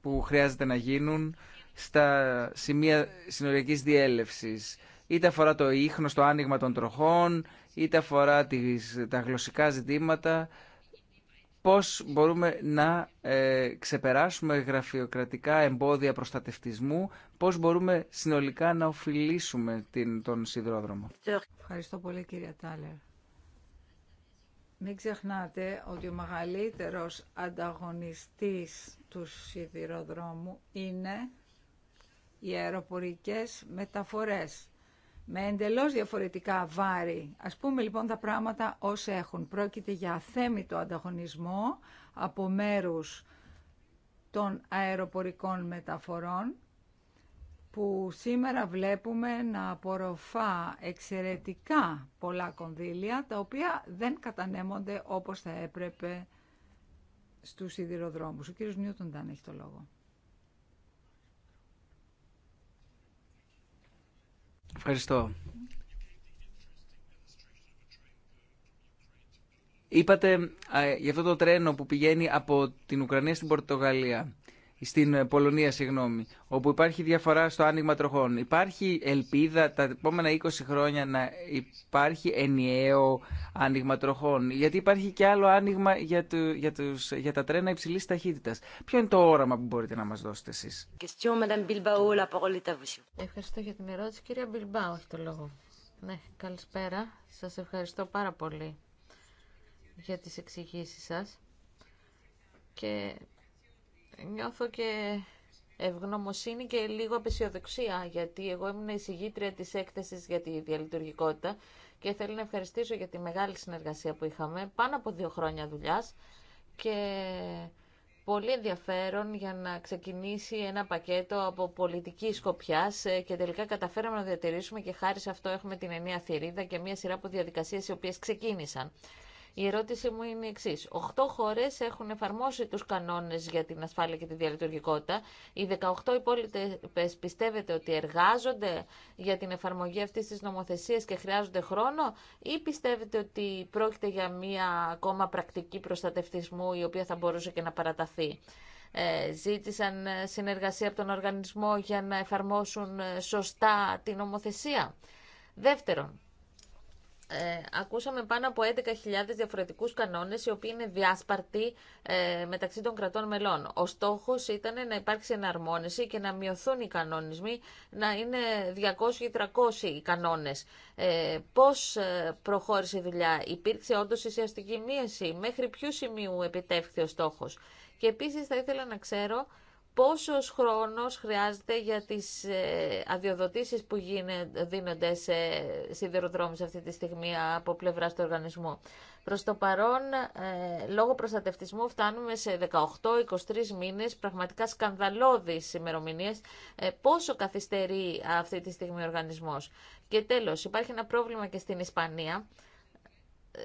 που χρειάζεται να γίνουν στα σημεία συνοριακής διέλευσης. Είτε αφορά το ίχνος, το άνοιγμα των τροχών, είτε αφορά τις, τα γλωσσικά ζητήματα πώς μπορούμε να ε, ξεπεράσουμε γραφειοκρατικά εμπόδια προστατευτισμού, πώς μπορούμε συνολικά να οφειλήσουμε την, τον σιδηρόδρομο. Ευχαριστώ πολύ κύριε Τάλερ. Μην ξεχνάτε ότι ο μεγαλύτερος ανταγωνιστής του σιδηροδρόμου είναι οι αεροπορικές μεταφορές με εντελώς διαφορετικά βάρη. Ας πούμε λοιπόν τα πράγματα ως έχουν. Πρόκειται για αθέμητο ανταγωνισμό από μέρους των αεροπορικών μεταφορών που σήμερα βλέπουμε να απορροφά εξαιρετικά πολλά κονδύλια τα οποία δεν κατανέμονται όπως θα έπρεπε στους σιδηροδρόμους. Ο κύριος Νιούτον δεν έχει το λόγο. Ευχαριστώ. Είπατε α, για αυτό το τρένο που πηγαίνει από την Ουκρανία στην Πορτογαλία στην ε, Πολωνία, συγγνώμη, όπου υπάρχει διαφορά στο άνοιγμα τροχών. Υπάρχει ελπίδα τα επόμενα 20 χρόνια να υπάρχει ενιαίο άνοιγμα τροχών, γιατί υπάρχει και άλλο άνοιγμα για, για, τους, για τα τρένα υψηλής ταχύτητας. Ποιο είναι το όραμα που μπορείτε να μας δώσετε εσείς. Ευχαριστώ για την ερώτηση. Κυρία Μπιλμπάου, έχει το λόγο. Ναι, καλησπέρα. Σας ευχαριστώ πάρα πολύ για τις εξηγήσεις σας. Και νιώθω και ευγνωμοσύνη και λίγο απεσιοδοξία, γιατί εγώ ήμουν εισηγήτρια της έκθεσης για τη διαλειτουργικότητα και θέλω να ευχαριστήσω για τη μεγάλη συνεργασία που είχαμε, πάνω από δύο χρόνια δουλειάς και πολύ ενδιαφέρον για να ξεκινήσει ένα πακέτο από πολιτική σκοπιά ε, και τελικά καταφέραμε να διατηρήσουμε και χάρη σε αυτό έχουμε την ενία θηρίδα και μια σειρά από διαδικασίες οι οποίες ξεκίνησαν. Η ερώτηση μου είναι η εξή. Οχτώ χώρε έχουν εφαρμόσει του κανόνε για την ασφάλεια και τη διαλειτουργικότητα. Οι 18 υπόλοιπε πιστεύετε ότι εργάζονται για την εφαρμογή αυτή τη νομοθεσία και χρειάζονται χρόνο, ή πιστεύετε ότι πρόκειται για μία ακόμα πρακτική προστατευτισμού η οποία θα μπορούσε και να παραταθεί. Ε, ζήτησαν συνεργασία από τον οργανισμό για να εφαρμόσουν ε, σωστά την νομοθεσία. Δεύτερον, ε, ακούσαμε πάνω από 11.000 διαφορετικούς κανόνες οι οποίοι είναι διάσπαρτοι ε, μεταξύ των κρατών μελών. Ο στόχος ήταν να υπάρξει εναρμόνιση και να μειωθούν οι κανονισμοί, να είναι 200 ή 300 οι κανόνες. Ε, πώς ε, προχώρησε η δουλειά, υπήρξε όντως η μείωση, μέχρι ποιου σημείου επιτεύχθη ο στόχος. Και επίσης θα ήθελα να ξέρω πόσος χρόνος χρειάζεται για τις ε, αδειοδοτήσεις που δίνονται σε σιδηροδρόμους αυτή τη στιγμή από πλευράς του οργανισμού. Προς το παρόν, ε, λόγω προστατευτισμού φτάνουμε σε 18-23 μήνες, πραγματικά σκανδαλώδεις ημερομηνίε. Ε, πόσο καθυστερεί αυτή τη στιγμή ο οργανισμός. Και τέλος, υπάρχει ένα πρόβλημα και στην Ισπανία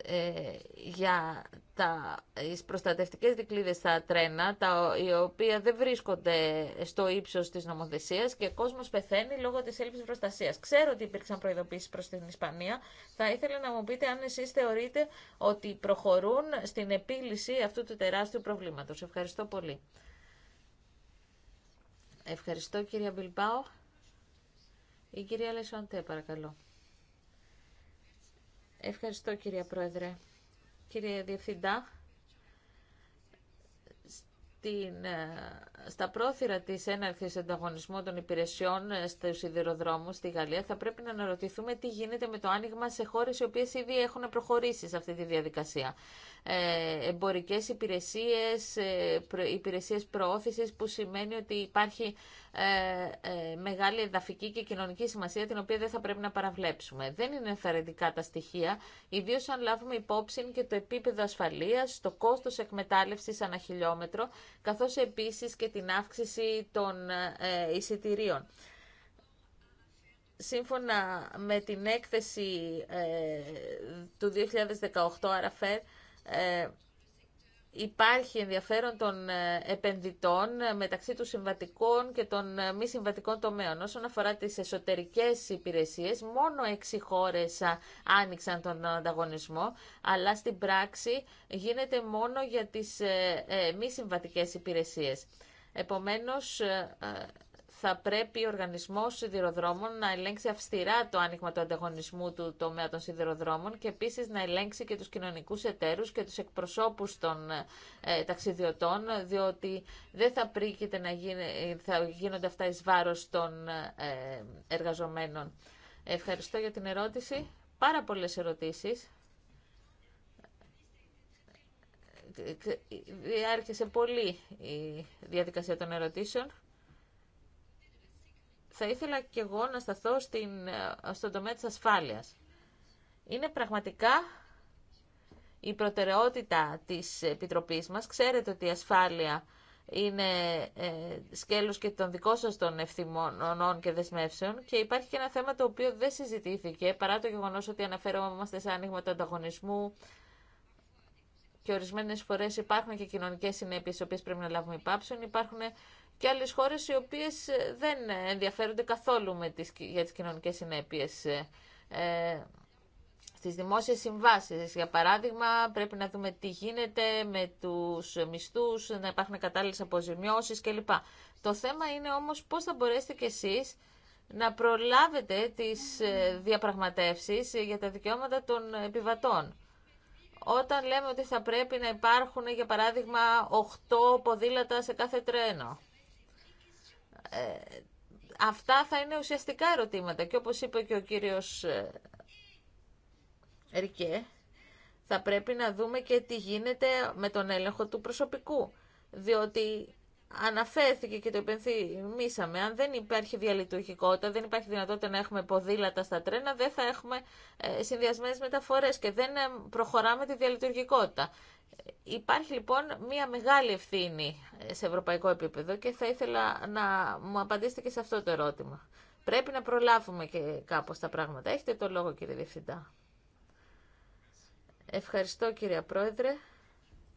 ε, για τα, τις προστατευτικές δικλείδες στα τρένα, τα οι οποία δεν βρίσκονται στο ύψος της νομοθεσίας και ο κόσμος πεθαίνει λόγω της έλλειψης προστασίας. Ξέρω ότι υπήρξαν προειδοποίησεις προς την Ισπανία. Θα ήθελα να μου πείτε αν εσείς θεωρείτε ότι προχωρούν στην επίλυση αυτού του τεράστιου προβλήματος. Ευχαριστώ πολύ. Ευχαριστώ κυρία Μπιλμπάου. Η κυρία Λεσόντε, παρακαλώ. Ευχαριστώ κυρία Πρόεδρε. Κύριε Διευθυντά, στην, ε, στα πρόθυρα της έναρξης ανταγωνισμού των υπηρεσιών ε, στους σιδηροδρόμους στη Γαλλία θα πρέπει να αναρωτηθούμε τι γίνεται με το άνοιγμα σε χώρες οι οποίες ήδη έχουν προχωρήσει σε αυτή τη διαδικασία. Ε, εμπορικές υπηρεσίες, ε, υπηρεσίες προώθησης που σημαίνει ότι υπάρχει ε, ε, μεγάλη εδαφική και κοινωνική σημασία την οποία δεν θα πρέπει να παραβλέψουμε. Δεν είναι ενθαρρυντικά τα στοιχεία, ιδίω αν λάβουμε υπόψη και το επίπεδο ασφαλεία, το κόστο εκμετάλλευση ανά χιλιόμετρο, καθώ επίση και την αύξηση των ε, εισιτηρίων. Σύμφωνα με την έκθεση του 2018 Αραφέρ, ε, υπάρχει ενδιαφέρον των ε, επενδυτών ε, μεταξύ των συμβατικών και των ε, μη συμβατικών τομέων. Όσον αφορά τις εσωτερικές υπηρεσίες, μόνο έξι χώρες άνοιξαν τον ανταγωνισμό, αλλά στην πράξη γίνεται μόνο για τις μη συμβατικές υπηρεσίες. Επομένως, θα πρέπει ο οργανισμό σιδηροδρόμων να ελέγξει αυστηρά το άνοιγμα του ανταγωνισμού του τομέα των σιδηροδρόμων και επίση να ελέγξει και του κοινωνικού εταίρου και του εκπροσώπου των ταξιδιωτών, διότι δεν θα πρήκεται να γίνε θα γίνονται αυτά ει βάρο των εργαζομένων. Ευχαριστώ για την ερώτηση. Πάρα πολλέ ερωτήσει. Διάρκεσε πολύ η διαδικασία των ερωτήσεων θα ήθελα και εγώ να σταθώ στην, ε, στον τομέα της ασφάλειας. Είναι πραγματικά η προτεραιότητα της Επιτροπής μας. Ξέρετε ότι η ασφάλεια είναι ε, σκέλος και των δικών σας των ευθυμών και δεσμεύσεων και υπάρχει και ένα θέμα το οποίο δεν συζητήθηκε παρά το γεγονός ότι αναφέρομαστε σε άνοιγμα του ανταγωνισμού και ορισμένες φορές υπάρχουν και κοινωνικές συνέπειες οι οποίες πρέπει να λάβουμε υπάψη. Υπάρχουν και άλλε χώρε οι οποίε ε, δεν ενδιαφέρονται καθόλου με τις, για τι κοινωνικέ συνέπειε ε, ε, στις δημόσιες συμβάσεις, για παράδειγμα, πρέπει να δούμε τι γίνεται με τους μισθούς, να υπάρχουν κατάλληλες αποζημιώσεις κλπ. Το θέμα είναι όμως πώς θα μπορέσετε κι εσείς να προλάβετε τις ε, διαπραγματεύσεις για τα δικαιώματα των επιβατών. Όταν λέμε ότι θα πρέπει να υπάρχουν, για παράδειγμα, 8 ποδήλατα σε κάθε τρένο. Ε, αυτά θα είναι ουσιαστικά ερωτήματα και όπως είπε και ο κύριος ε, Ρικέ, θα πρέπει να δούμε και τι γίνεται με τον έλεγχο του προσωπικού, διότι αναφέρθηκε και το υπενθυμίσαμε, αν δεν υπάρχει διαλειτουργικότητα, δεν υπάρχει δυνατότητα να έχουμε ποδήλατα στα τρένα, δεν θα έχουμε ε, συνδυασμένες μεταφορές και δεν προχωράμε τη διαλειτουργικότητα. Υπάρχει λοιπόν μια μεγάλη ευθύνη σε ευρωπαϊκό επίπεδο και θα ήθελα να μου απαντήσετε και σε αυτό το ερώτημα. Πρέπει να προλάβουμε και κάπως τα πράγματα. Έχετε το λόγο κύριε Διευθυντά. Ευχαριστώ κύριε Πρόεδρε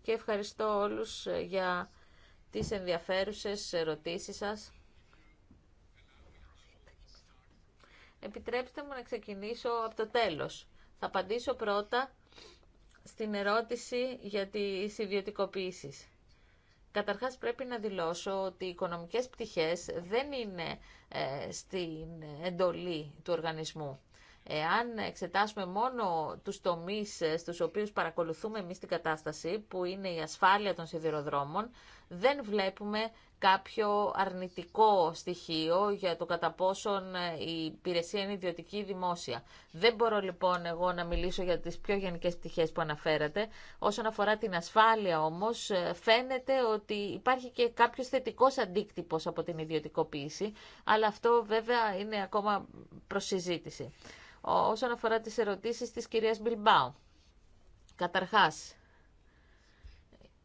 και ευχαριστώ όλους ε, για τις ενδιαφέρουσες ερωτήσεις σας. Επιτρέψτε μου να ξεκινήσω από το τέλος. Θα απαντήσω πρώτα στην ερώτηση για τις ιδιωτικοποίησεις. Καταρχάς πρέπει να δηλώσω ότι οι οικονομικές πτυχές δεν είναι ε, στην εντολή του οργανισμού. Εάν εξετάσουμε μόνο τους τομείς ε, στους οποίους παρακολουθούμε εμείς την κατάσταση, που είναι η ασφάλεια των σιδηροδρόμων, δεν βλέπουμε κάποιο αρνητικό στοιχείο για το κατά πόσον ε, η υπηρεσία είναι ιδιωτική ή δημόσια. Δεν μπορώ λοιπόν εγώ να μιλήσω για τις πιο γενικές πτυχές που αναφέρατε. Όσον αφορά την ασφάλεια όμως, ε, φαίνεται ότι υπάρχει και κάποιος θετικός αντίκτυπος από την ιδιωτικοποίηση, αλλά αυτό βέβαια είναι ακόμα προσυζήτηση. Όσον αφορά τις ερωτήσεις της κυρίας Μπιλμπάου. Καταρχάς,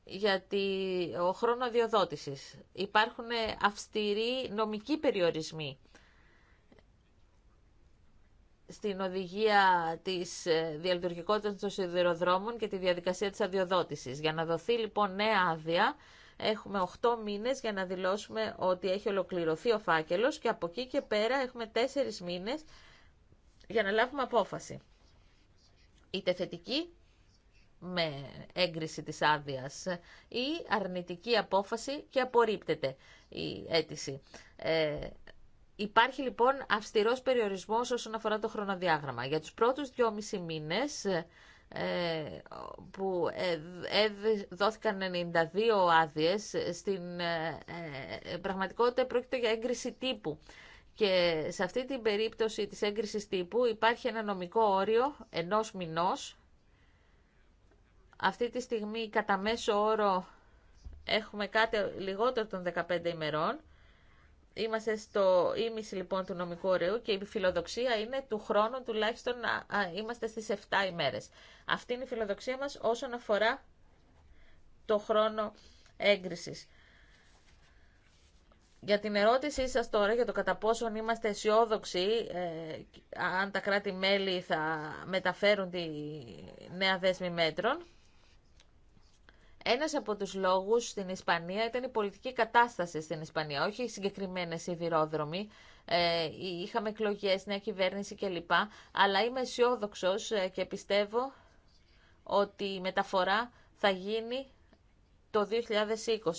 γιατί ο χρόνο διοδότησης. Υπάρχουν αυστηροί νομικοί περιορισμοί στην οδηγία της ε, διαλειτουργικότητας των σιδηροδρόμων και τη διαδικασία της αδειοδότησης. Για να δοθεί λοιπόν νέα άδεια, έχουμε 8 μήνες για να δηλώσουμε ότι έχει ολοκληρωθεί ο φάκελος και από εκεί και πέρα έχουμε 4 μήνες για να λάβουμε απόφαση. Είτε θετική με έγκριση της άδειας ή αρνητική απόφαση και απορρίπτεται η αίτηση. Ε, υπάρχει λοιπόν αυστηρός περιορισμός όσον αφορά το χρονοδιάγραμμα. Για τους πρώτους δυόμισι μήνες ε, που ε, ε, δόθηκαν 92 άδειες, στην πραγματικότητα πρόκειται για έγκριση τύπου. Και σε αυτή την περίπτωση της έγκρισης τύπου υπάρχει ένα νομικό όριο ενός μηνός αυτή τη στιγμή κατά μέσο όρο έχουμε κάτι λιγότερο των 15 ημερών. Είμαστε στο ίμιση λοιπόν του νομικού ωραίου και η φιλοδοξία είναι του χρόνου τουλάχιστον να είμαστε στις 7 ημέρες. Αυτή είναι η φιλοδοξία μας όσον αφορά το χρόνο έγκρισης. Για την ερώτησή σας τώρα για το κατά πόσο είμαστε αισιόδοξοι ε, αν τα κράτη-μέλη θα μεταφέρουν τη νέα δέσμη μέτρων, ένας από τους λόγους στην Ισπανία ήταν η πολιτική κατάσταση στην Ισπανία, όχι οι συγκεκριμένε σιδηρόδρομοι. Ε, είχαμε εκλογέ, νέα κυβέρνηση κλπ. Αλλά είμαι αισιόδοξο ε, και πιστεύω ότι η μεταφορά θα γίνει το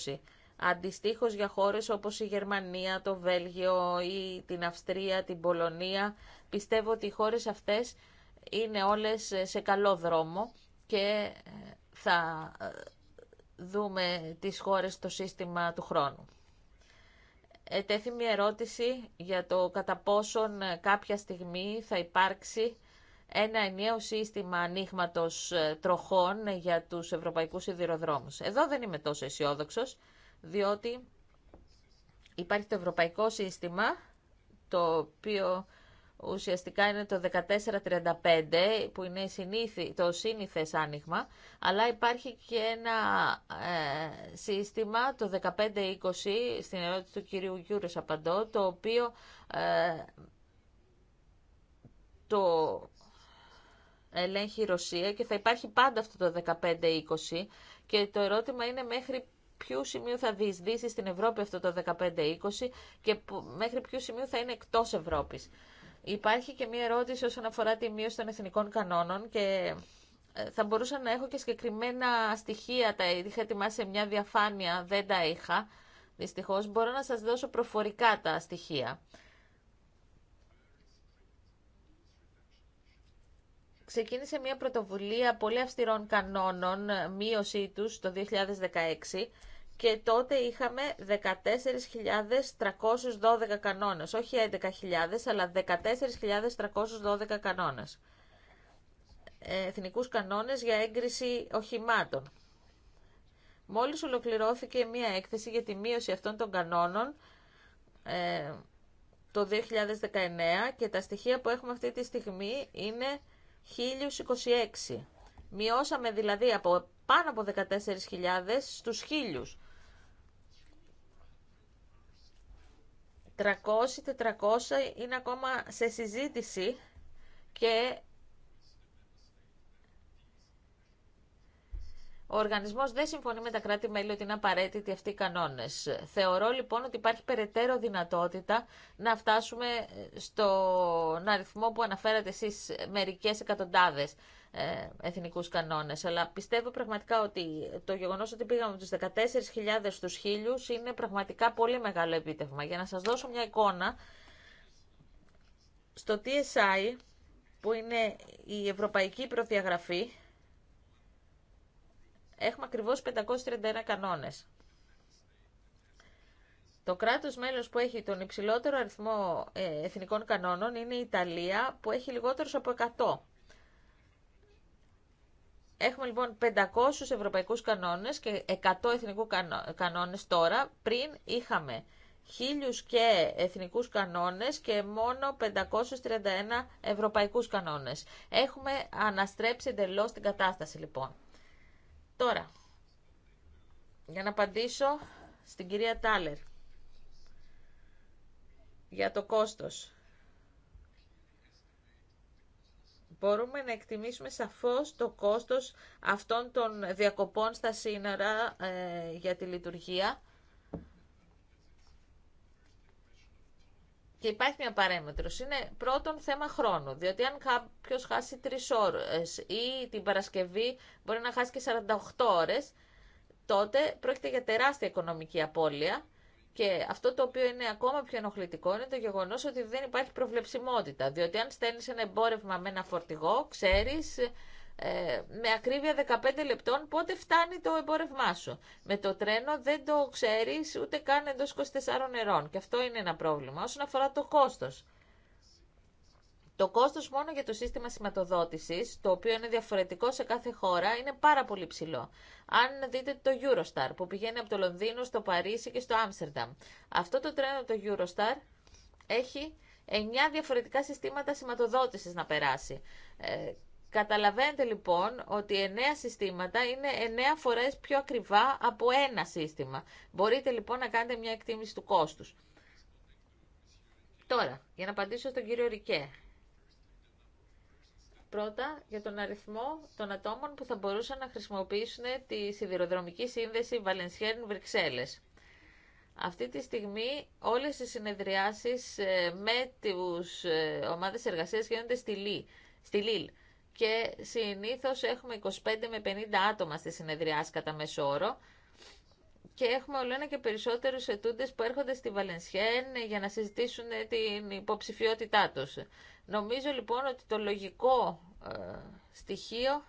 2020. Αντιστοίχω για χώρες όπως η Γερμανία, το Βέλγιο ή την Αυστρία, την Πολωνία, πιστεύω ότι οι χώρε αυτέ είναι όλε σε καλό δρόμο και θα ε, δούμε τις χώρες στο σύστημα του χρόνου. Ετέθη μια ερώτηση για το κατά πόσον κάποια στιγμή θα υπάρξει ένα ενιαίο σύστημα ανοίγματο ε, τροχών για τους ευρωπαϊκούς σιδηροδρόμους. Εδώ δεν είμαι τόσο αισιόδοξο, διότι υπάρχει το ευρωπαϊκό σύστημα, το οποίο ουσιαστικά είναι το 1435 που είναι συνήθι, το σύνηθες άνοιγμα, αλλά υπάρχει και ένα ε, σύστημα το 1520 στην ερώτηση του κυρίου Γιούρες απαντώ, το οποίο ε, το ελέγχει η Ρωσία και θα υπάρχει πάντα αυτό το 1520 και το ερώτημα είναι μέχρι ποιο σημείο θα διεισδύσει στην Ευρώπη αυτό το 15-20 και μέχρι ποιο σημείο θα είναι εκτός Ευρώπης. Υπάρχει και μία ερώτηση όσον αφορά τη μείωση των εθνικών κανόνων και ε, θα μπορούσα να έχω και συγκεκριμένα στοιχεία, τα είχα ετοιμάσει σε μια διαφάνεια, δεν τα είχα. Δυστυχώ. μπορώ να σας δώσω προφορικά τα στοιχεία. Ξεκίνησε μια πρωτοβουλία πολύ αυστηρών κανόνων, μείωσή τους το 2016 και τότε είχαμε 14.312 κανόνες, όχι 11.000 αλλά 14.312 κανόνες. Ε, εθνικούς κανόνες για έγκριση οχημάτων. Μόλις ολοκληρώθηκε μία έκθεση για τη μείωση αυτών των κανόνων ε, το 2019 και τα στοιχεία που έχουμε αυτή τη στιγμή είναι 1026. Μειώσαμε δηλαδή από πάνω από 14.000 στους 1.000. 300-400 είναι ακόμα σε συζήτηση και Ο οργανισμό δεν συμφωνεί με τα κράτη-μέλη ότι είναι απαραίτητοι αυτοί οι κανόνε. Θεωρώ λοιπόν ότι υπάρχει περαιτέρω δυνατότητα να φτάσουμε στον αριθμό που αναφέρατε εσεί, μερικέ εκατοντάδε. Ε, εθνικούς κανόνες. Αλλά πιστεύω πραγματικά ότι το γεγονός ότι πήγαμε τους 14.000 στους 1.000 είναι πραγματικά πολύ μεγάλο επίτευγμα. Για να σας δώσω μια εικόνα, στο TSI, που είναι η Ευρωπαϊκή Προδιαγραφή, έχουμε ακριβώς 531 κανόνες. Το κράτος μέλος που έχει τον υψηλότερο αριθμό ε, εθνικών κανόνων είναι η Ιταλία που έχει λιγότερους από 100. Έχουμε λοιπόν 500 ευρωπαϊκούς κανόνες και 100 εθνικού κανόνες τώρα. Πριν είχαμε χίλιους και εθνικούς κανόνες και μόνο 531 ευρωπαϊκούς κανόνες. Έχουμε αναστρέψει εντελώ την κατάσταση λοιπόν. Τώρα, για να απαντήσω στην κυρία Τάλερ για το κόστος. μπορούμε να εκτιμήσουμε σαφώς το κόστος αυτών των διακοπών στα σύνορα ε, για τη λειτουργία. Και υπάρχει μια παρέμετρο. Είναι πρώτον θέμα χρόνου. Διότι αν κάποιο χάσει τρει ώρες ή την Παρασκευή μπορεί να χάσει και 48 ώρες, τότε πρόκειται για τεράστια οικονομική απώλεια. Και αυτό το οποίο είναι ακόμα πιο ενοχλητικό είναι το γεγονό ότι δεν υπάρχει προβλεψιμότητα. Διότι αν στέλνει ένα εμπόρευμα με ένα φορτηγό, ξέρει ε, με ακρίβεια 15 λεπτών πότε φτάνει το εμπόρευμά σου. Με το τρένο δεν το ξέρει ούτε καν εντό 24 ερών. Και αυτό είναι ένα πρόβλημα. Όσον αφορά το κόστο. Το κόστος μόνο για το σύστημα σηματοδότησης, το οποίο είναι διαφορετικό σε κάθε χώρα, είναι πάρα πολύ ψηλό. Αν δείτε το Eurostar που πηγαίνει από το Λονδίνο στο Παρίσι και στο Άμστερνταμ. Αυτό το τρένο το Eurostar έχει 9 διαφορετικά συστήματα σηματοδότησης να περάσει. Ε, καταλαβαίνετε λοιπόν ότι 9 συστήματα είναι 9 φορές πιο ακριβά από ένα σύστημα. Μπορείτε λοιπόν να κάνετε μια εκτίμηση του κόστους. Τώρα, για να απαντήσω στον κύριο Ρικέ Πρώτα, για τον αριθμό των ατόμων που θα μπορούσαν να χρησιμοποιήσουν τη σιδηροδρομική σύνδεση Βαλενσιέν-Βρυξέλλες. Αυτή τη στιγμή όλες οι συνεδριάσεις ε, με τις ε, ομάδες εργασίας γίνονται στη, ΛΥΛ. στη και συνήθως έχουμε 25 με 50 άτομα στη συνεδριάσεις κατά μέσο όρο και έχουμε όλο ένα και περισσότερους ετούντες που έρχονται στη Βαλενσιέν για να συζητήσουν ε, την υποψηφιότητά τους. Νομίζω λοιπόν ότι το λογικό ε, στοιχείο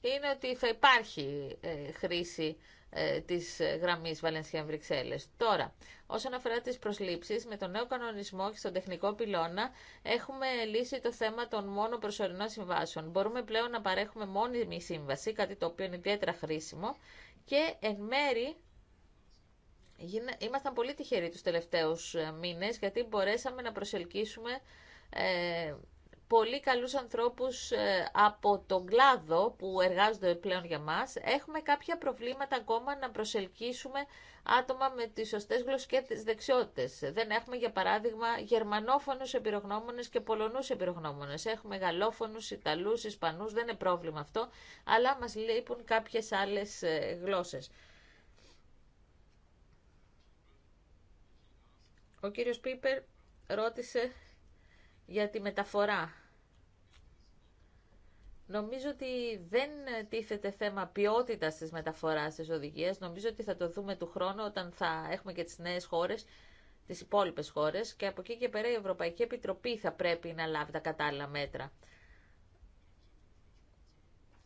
είναι ότι θα υπάρχει ε, χρήση ε, της γραμμής Βαλενσιάν-Βρυξέλλες. Τώρα, όσον αφορά τις προσλήψεις, με τον νέο κανονισμό και στον τεχνικό πυλώνα έχουμε λύσει το θέμα των μόνο προσωρινών συμβάσεων. Μπορούμε πλέον να παρέχουμε μόνιμη σύμβαση, κάτι το οποίο είναι ιδιαίτερα χρήσιμο και εν μέρη ήμασταν πολύ τυχεροί τους τελευταίους ε, μήνες γιατί μπορέσαμε να προσελκύσουμε ε, πολύ καλούς ανθρώπους ε, από τον κλάδο που εργάζονται πλέον για μας. Έχουμε κάποια προβλήματα ακόμα να προσελκύσουμε άτομα με τις σωστές γλωσσικές δεξιότητες. Δεν έχουμε, για παράδειγμα, γερμανόφωνους εμπειρογνώμονες και πολωνούς εμπειρογνώμονες. Έχουμε γαλλόφωνους, Ιταλούς, Ισπανούς, δεν είναι πρόβλημα αυτό, αλλά μας λείπουν κάποιες άλλες ε, γλώσσες. Ο κύριος Πίπερ ρώτησε για τη μεταφορά. Νομίζω ότι δεν τίθεται θέμα ποιότητας της μεταφοράς της οδηγίας. Νομίζω ότι θα το δούμε του χρόνου όταν θα έχουμε και τις νέες χώρες, τις υπόλοιπες χώρες και από εκεί και πέρα η Ευρωπαϊκή Επιτροπή θα πρέπει να λάβει τα κατάλληλα μέτρα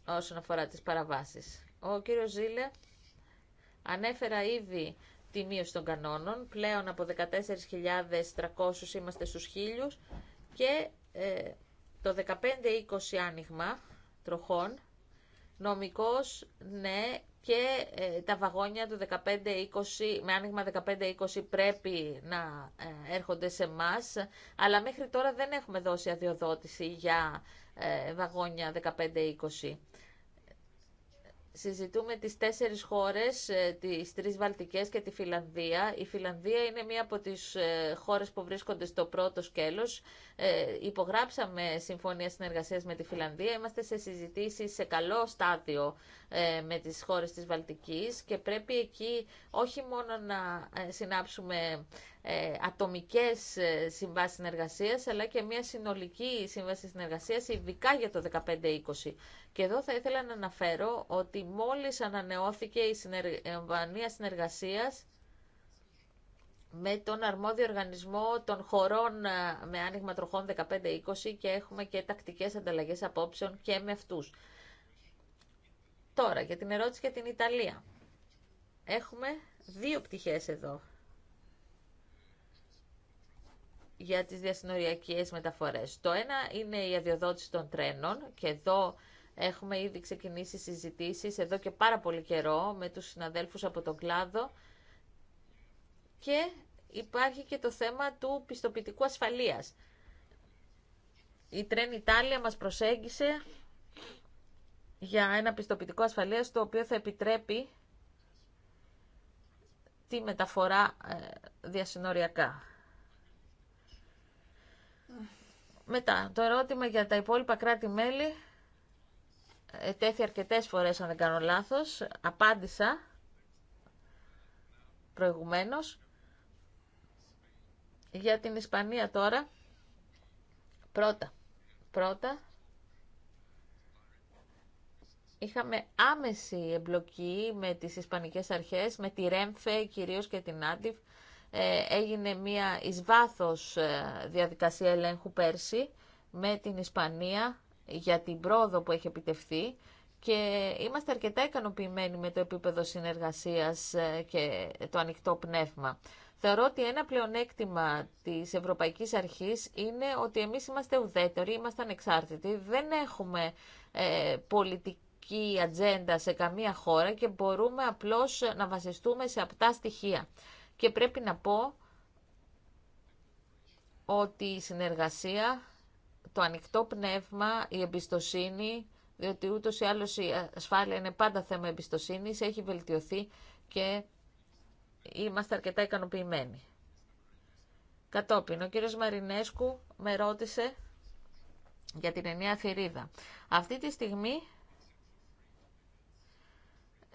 όσον αφορά τις παραβάσεις. Ο κύριος Ζήλε ανέφερα ήδη τη μείωση των κανόνων. Πλέον από 14.300 είμαστε στους 1.000 και ε, το 15-20 άνοιγμα τροχών, νομικός ναι και ε, τα βαγόνια του 15-20 με άνοιγμα 15-20 πρέπει να ε, έρχονται σε εμά. αλλά μέχρι τώρα δεν έχουμε δώσει αδειοδότηση για βαγόνια 15-20 συζητούμε τις τέσσερις χώρες, ε, τις τρεις Βαλτικές και τη Φιλανδία. Η Φιλανδία είναι μία από τις ε, χώρες που βρίσκονται στο πρώτο σκέλος. Ε, υπογράψαμε συμφωνία συνεργασίας με τη Φιλανδία. Είμαστε σε συζητήσεις σε καλό στάδιο με τις χώρες της Βαλτικής και πρέπει εκεί όχι μόνο να συνάψουμε ε, ατομικές ε, συμβάσεις συνεργασίας, αλλά και μια συνολική σύμβαση συνεργασίας, ειδικά για το 15-20. Και εδώ θα ήθελα να αναφέρω ότι μόλις ανανεώθηκε η Συμφωνία Συνεργασίας με τον αρμόδιο οργανισμό των χωρών ε, με άνοιγμα τροχών 15-20 και έχουμε και τακτικές ανταλλαγές απόψεων και με αυτούς. Τώρα, για την ερώτηση για την Ιταλία. Έχουμε δύο πτυχές εδώ. για τις διασυνοριακές μεταφορές. Το ένα είναι η αδειοδότηση των τρένων και εδώ έχουμε ήδη ξεκινήσει συζητήσεις εδώ και πάρα πολύ καιρό με τους συναδέλφους από τον κλάδο και υπάρχει και το θέμα του πιστοποιητικού ασφαλείας. Η Τρέν Ιτάλια μας προσέγγισε για ένα πιστοποιητικό ασφαλείας το οποίο θα επιτρέπει τη μεταφορά ε, διασυνοριακά. Μετά, το ερώτημα για τα υπόλοιπα κράτη-μέλη ετέθη αρκετές φορές, αν δεν κάνω λάθος. Απάντησα προηγουμένως. Για την Ισπανία τώρα, πρώτα, πρώτα, είχαμε άμεση εμπλοκή με τις Ισπανικές αρχές, με τη Ρέμφε κυρίως και την Άντιφ, ε, έγινε μια εις βάθος ε, διαδικασία ελέγχου πέρσι με την Ισπανία για την πρόοδο που έχει επιτευχθεί και είμαστε αρκετά ικανοποιημένοι με το επίπεδο συνεργασίας ε, και το ανοιχτό πνεύμα. Θεωρώ ότι ένα πλεονέκτημα της Ευρωπαϊκής Αρχής είναι ότι εμείς είμαστε ουδέτεροι, είμαστε ανεξάρτητοι, δεν έχουμε πολιτική ατζέντα σε καμία χώρα και μπορούμε απλώς να βασιστούμε σε απτά στοιχεία και πρέπει να πω ότι η συνεργασία, το ανοιχτό πνεύμα, η εμπιστοσύνη, διότι ούτως ή άλλως η ασφάλεια είναι πάντα θέμα εμπιστοσύνης, έχει βελτιωθεί και είμαστε αρκετά ικανοποιημένοι. Κατόπιν, ο κύριος Μαρινέσκου με ρώτησε για την ενιαία θηρίδα. Αυτή τη στιγμή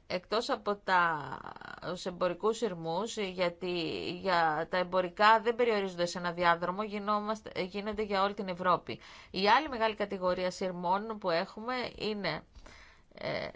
εκτός από τα εμπορικού εμπορικούς σειρμούς, γιατί για τα εμπορικά δεν περιορίζονται σε ένα διάδρομο, γινόμαστε, γίνονται για όλη την Ευρώπη. Η άλλη μεγάλη κατηγορία σειρμών που έχουμε είναι ε,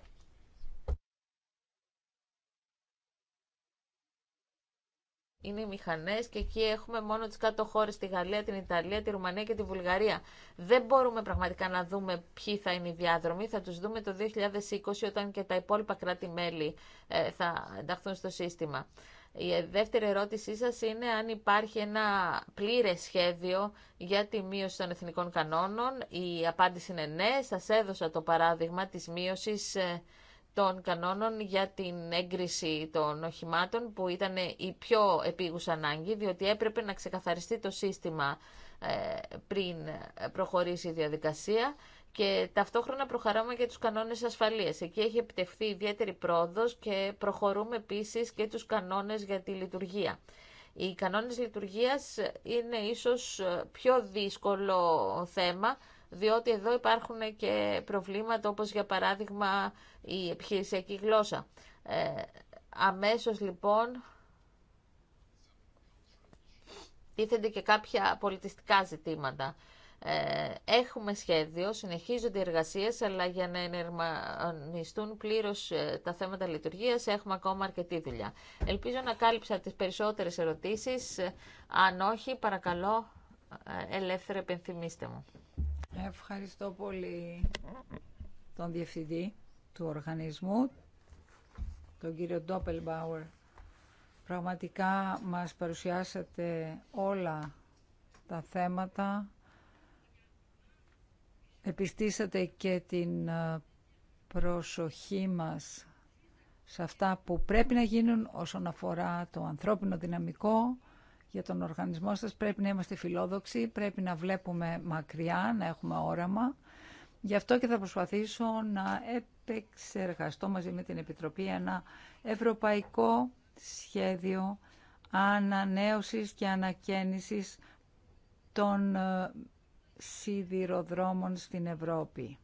είναι οι μηχανέ και εκεί έχουμε μόνο τι κάτω χώρες, τη Γαλλία, την Ιταλία, τη Ρουμανία και τη Βουλγαρία. Δεν μπορούμε πραγματικά να δούμε ποιοι θα είναι οι διάδρομοι, θα τους δούμε το 2020 όταν και τα υπόλοιπα κράτη-μέλη ε, θα ενταχθούν στο σύστημα. Η δεύτερη ερώτησή σας είναι αν υπάρχει ένα πλήρες σχέδιο για τη μείωση των εθνικών κανόνων. Η απάντηση είναι ναι. Σας έδωσα το παράδειγμα της μείωσης ε, των κανόνων για την έγκριση των οχημάτων που ήταν η πιο επίγουσα ανάγκη διότι έπρεπε να ξεκαθαριστεί το σύστημα ε, πριν προχωρήσει η διαδικασία και ταυτόχρονα προχωράμε και τους κανόνες ασφαλείας. Εκεί έχει επιτευχθεί ιδιαίτερη πρόοδος και προχωρούμε επίσης και τους κανόνες για τη λειτουργία. Οι κανόνες λειτουργίας είναι ίσως πιο δύσκολο θέμα διότι εδώ υπάρχουν και προβλήματα όπως για παράδειγμα η επιχειρησιακή γλώσσα. Ε, αμέσως λοιπόν τίθενται και κάποια πολιτιστικά ζητήματα. Ε, έχουμε σχέδιο, συνεχίζονται οι εργασίες, αλλά για να ενερμανιστούν πλήρως ε, τα θέματα λειτουργίας έχουμε ακόμα αρκετή δουλειά. Ελπίζω να κάλυψα τις περισσότερες ερωτήσεις. Ε, αν όχι, παρακαλώ, ελεύθερο επενθυμίστε μου. Ευχαριστώ πολύ τον Διευθυντή του οργανισμού, τον κύριο Ντόπελμπάουερ. Πραγματικά μας παρουσιάσατε όλα τα θέματα. Επιστήσατε και την ε, προσοχή μας σε αυτά που πρέπει να γίνουν όσον αφορά το ανθρώπινο δυναμικό για τον οργανισμό σας. Πρέπει να είμαστε φιλόδοξοι, πρέπει να βλέπουμε μακριά, να έχουμε όραμα. Γι' αυτό και θα προσπαθήσω να επεξεργαστώ μαζί με την Επιτροπή ένα ευρωπαϊκό σχέδιο ανανέωσης και ανακαίνησης των ε, σιδηροδρόμων στην Ευρώπη.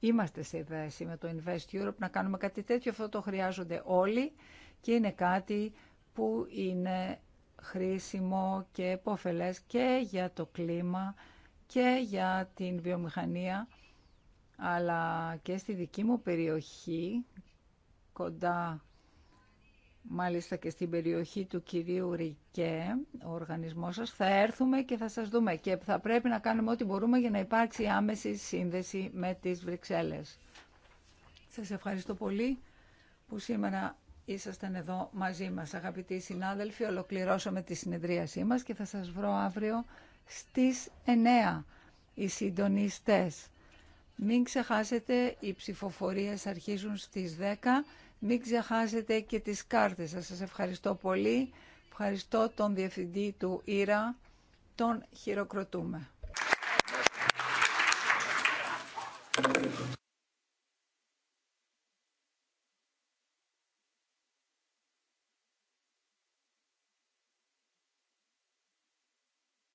Είμαστε σε θέση με το Invest Europe να κάνουμε κάτι τέτοιο. Αυτό το χρειάζονται όλοι και είναι κάτι που είναι χρήσιμο και επωφελές και για το κλίμα και για την βιομηχανία αλλά και στη δική μου περιοχή, κοντά μάλιστα και στην περιοχή του κυρίου Ρικέ, ο οργανισμός σας, θα έρθουμε και θα σας δούμε και θα πρέπει να κάνουμε ό,τι μπορούμε για να υπάρξει άμεση σύνδεση με τις Βρυξέλλες. Σας ευχαριστώ πολύ που σήμερα ήσασταν εδώ μαζί μας, αγαπητοί συνάδελφοι. Ολοκληρώσαμε τη συνεδρίασή μας και θα σας βρω αύριο στις 9 οι συντονιστές. Μην ξεχάσετε, οι ψηφοφορίες αρχίζουν στις 10. Μην ξεχάσετε και τις κάρτες σας. Σας ευχαριστώ πολύ. Ευχαριστώ τον Διευθυντή του Ήρα. Τον χειροκροτούμε.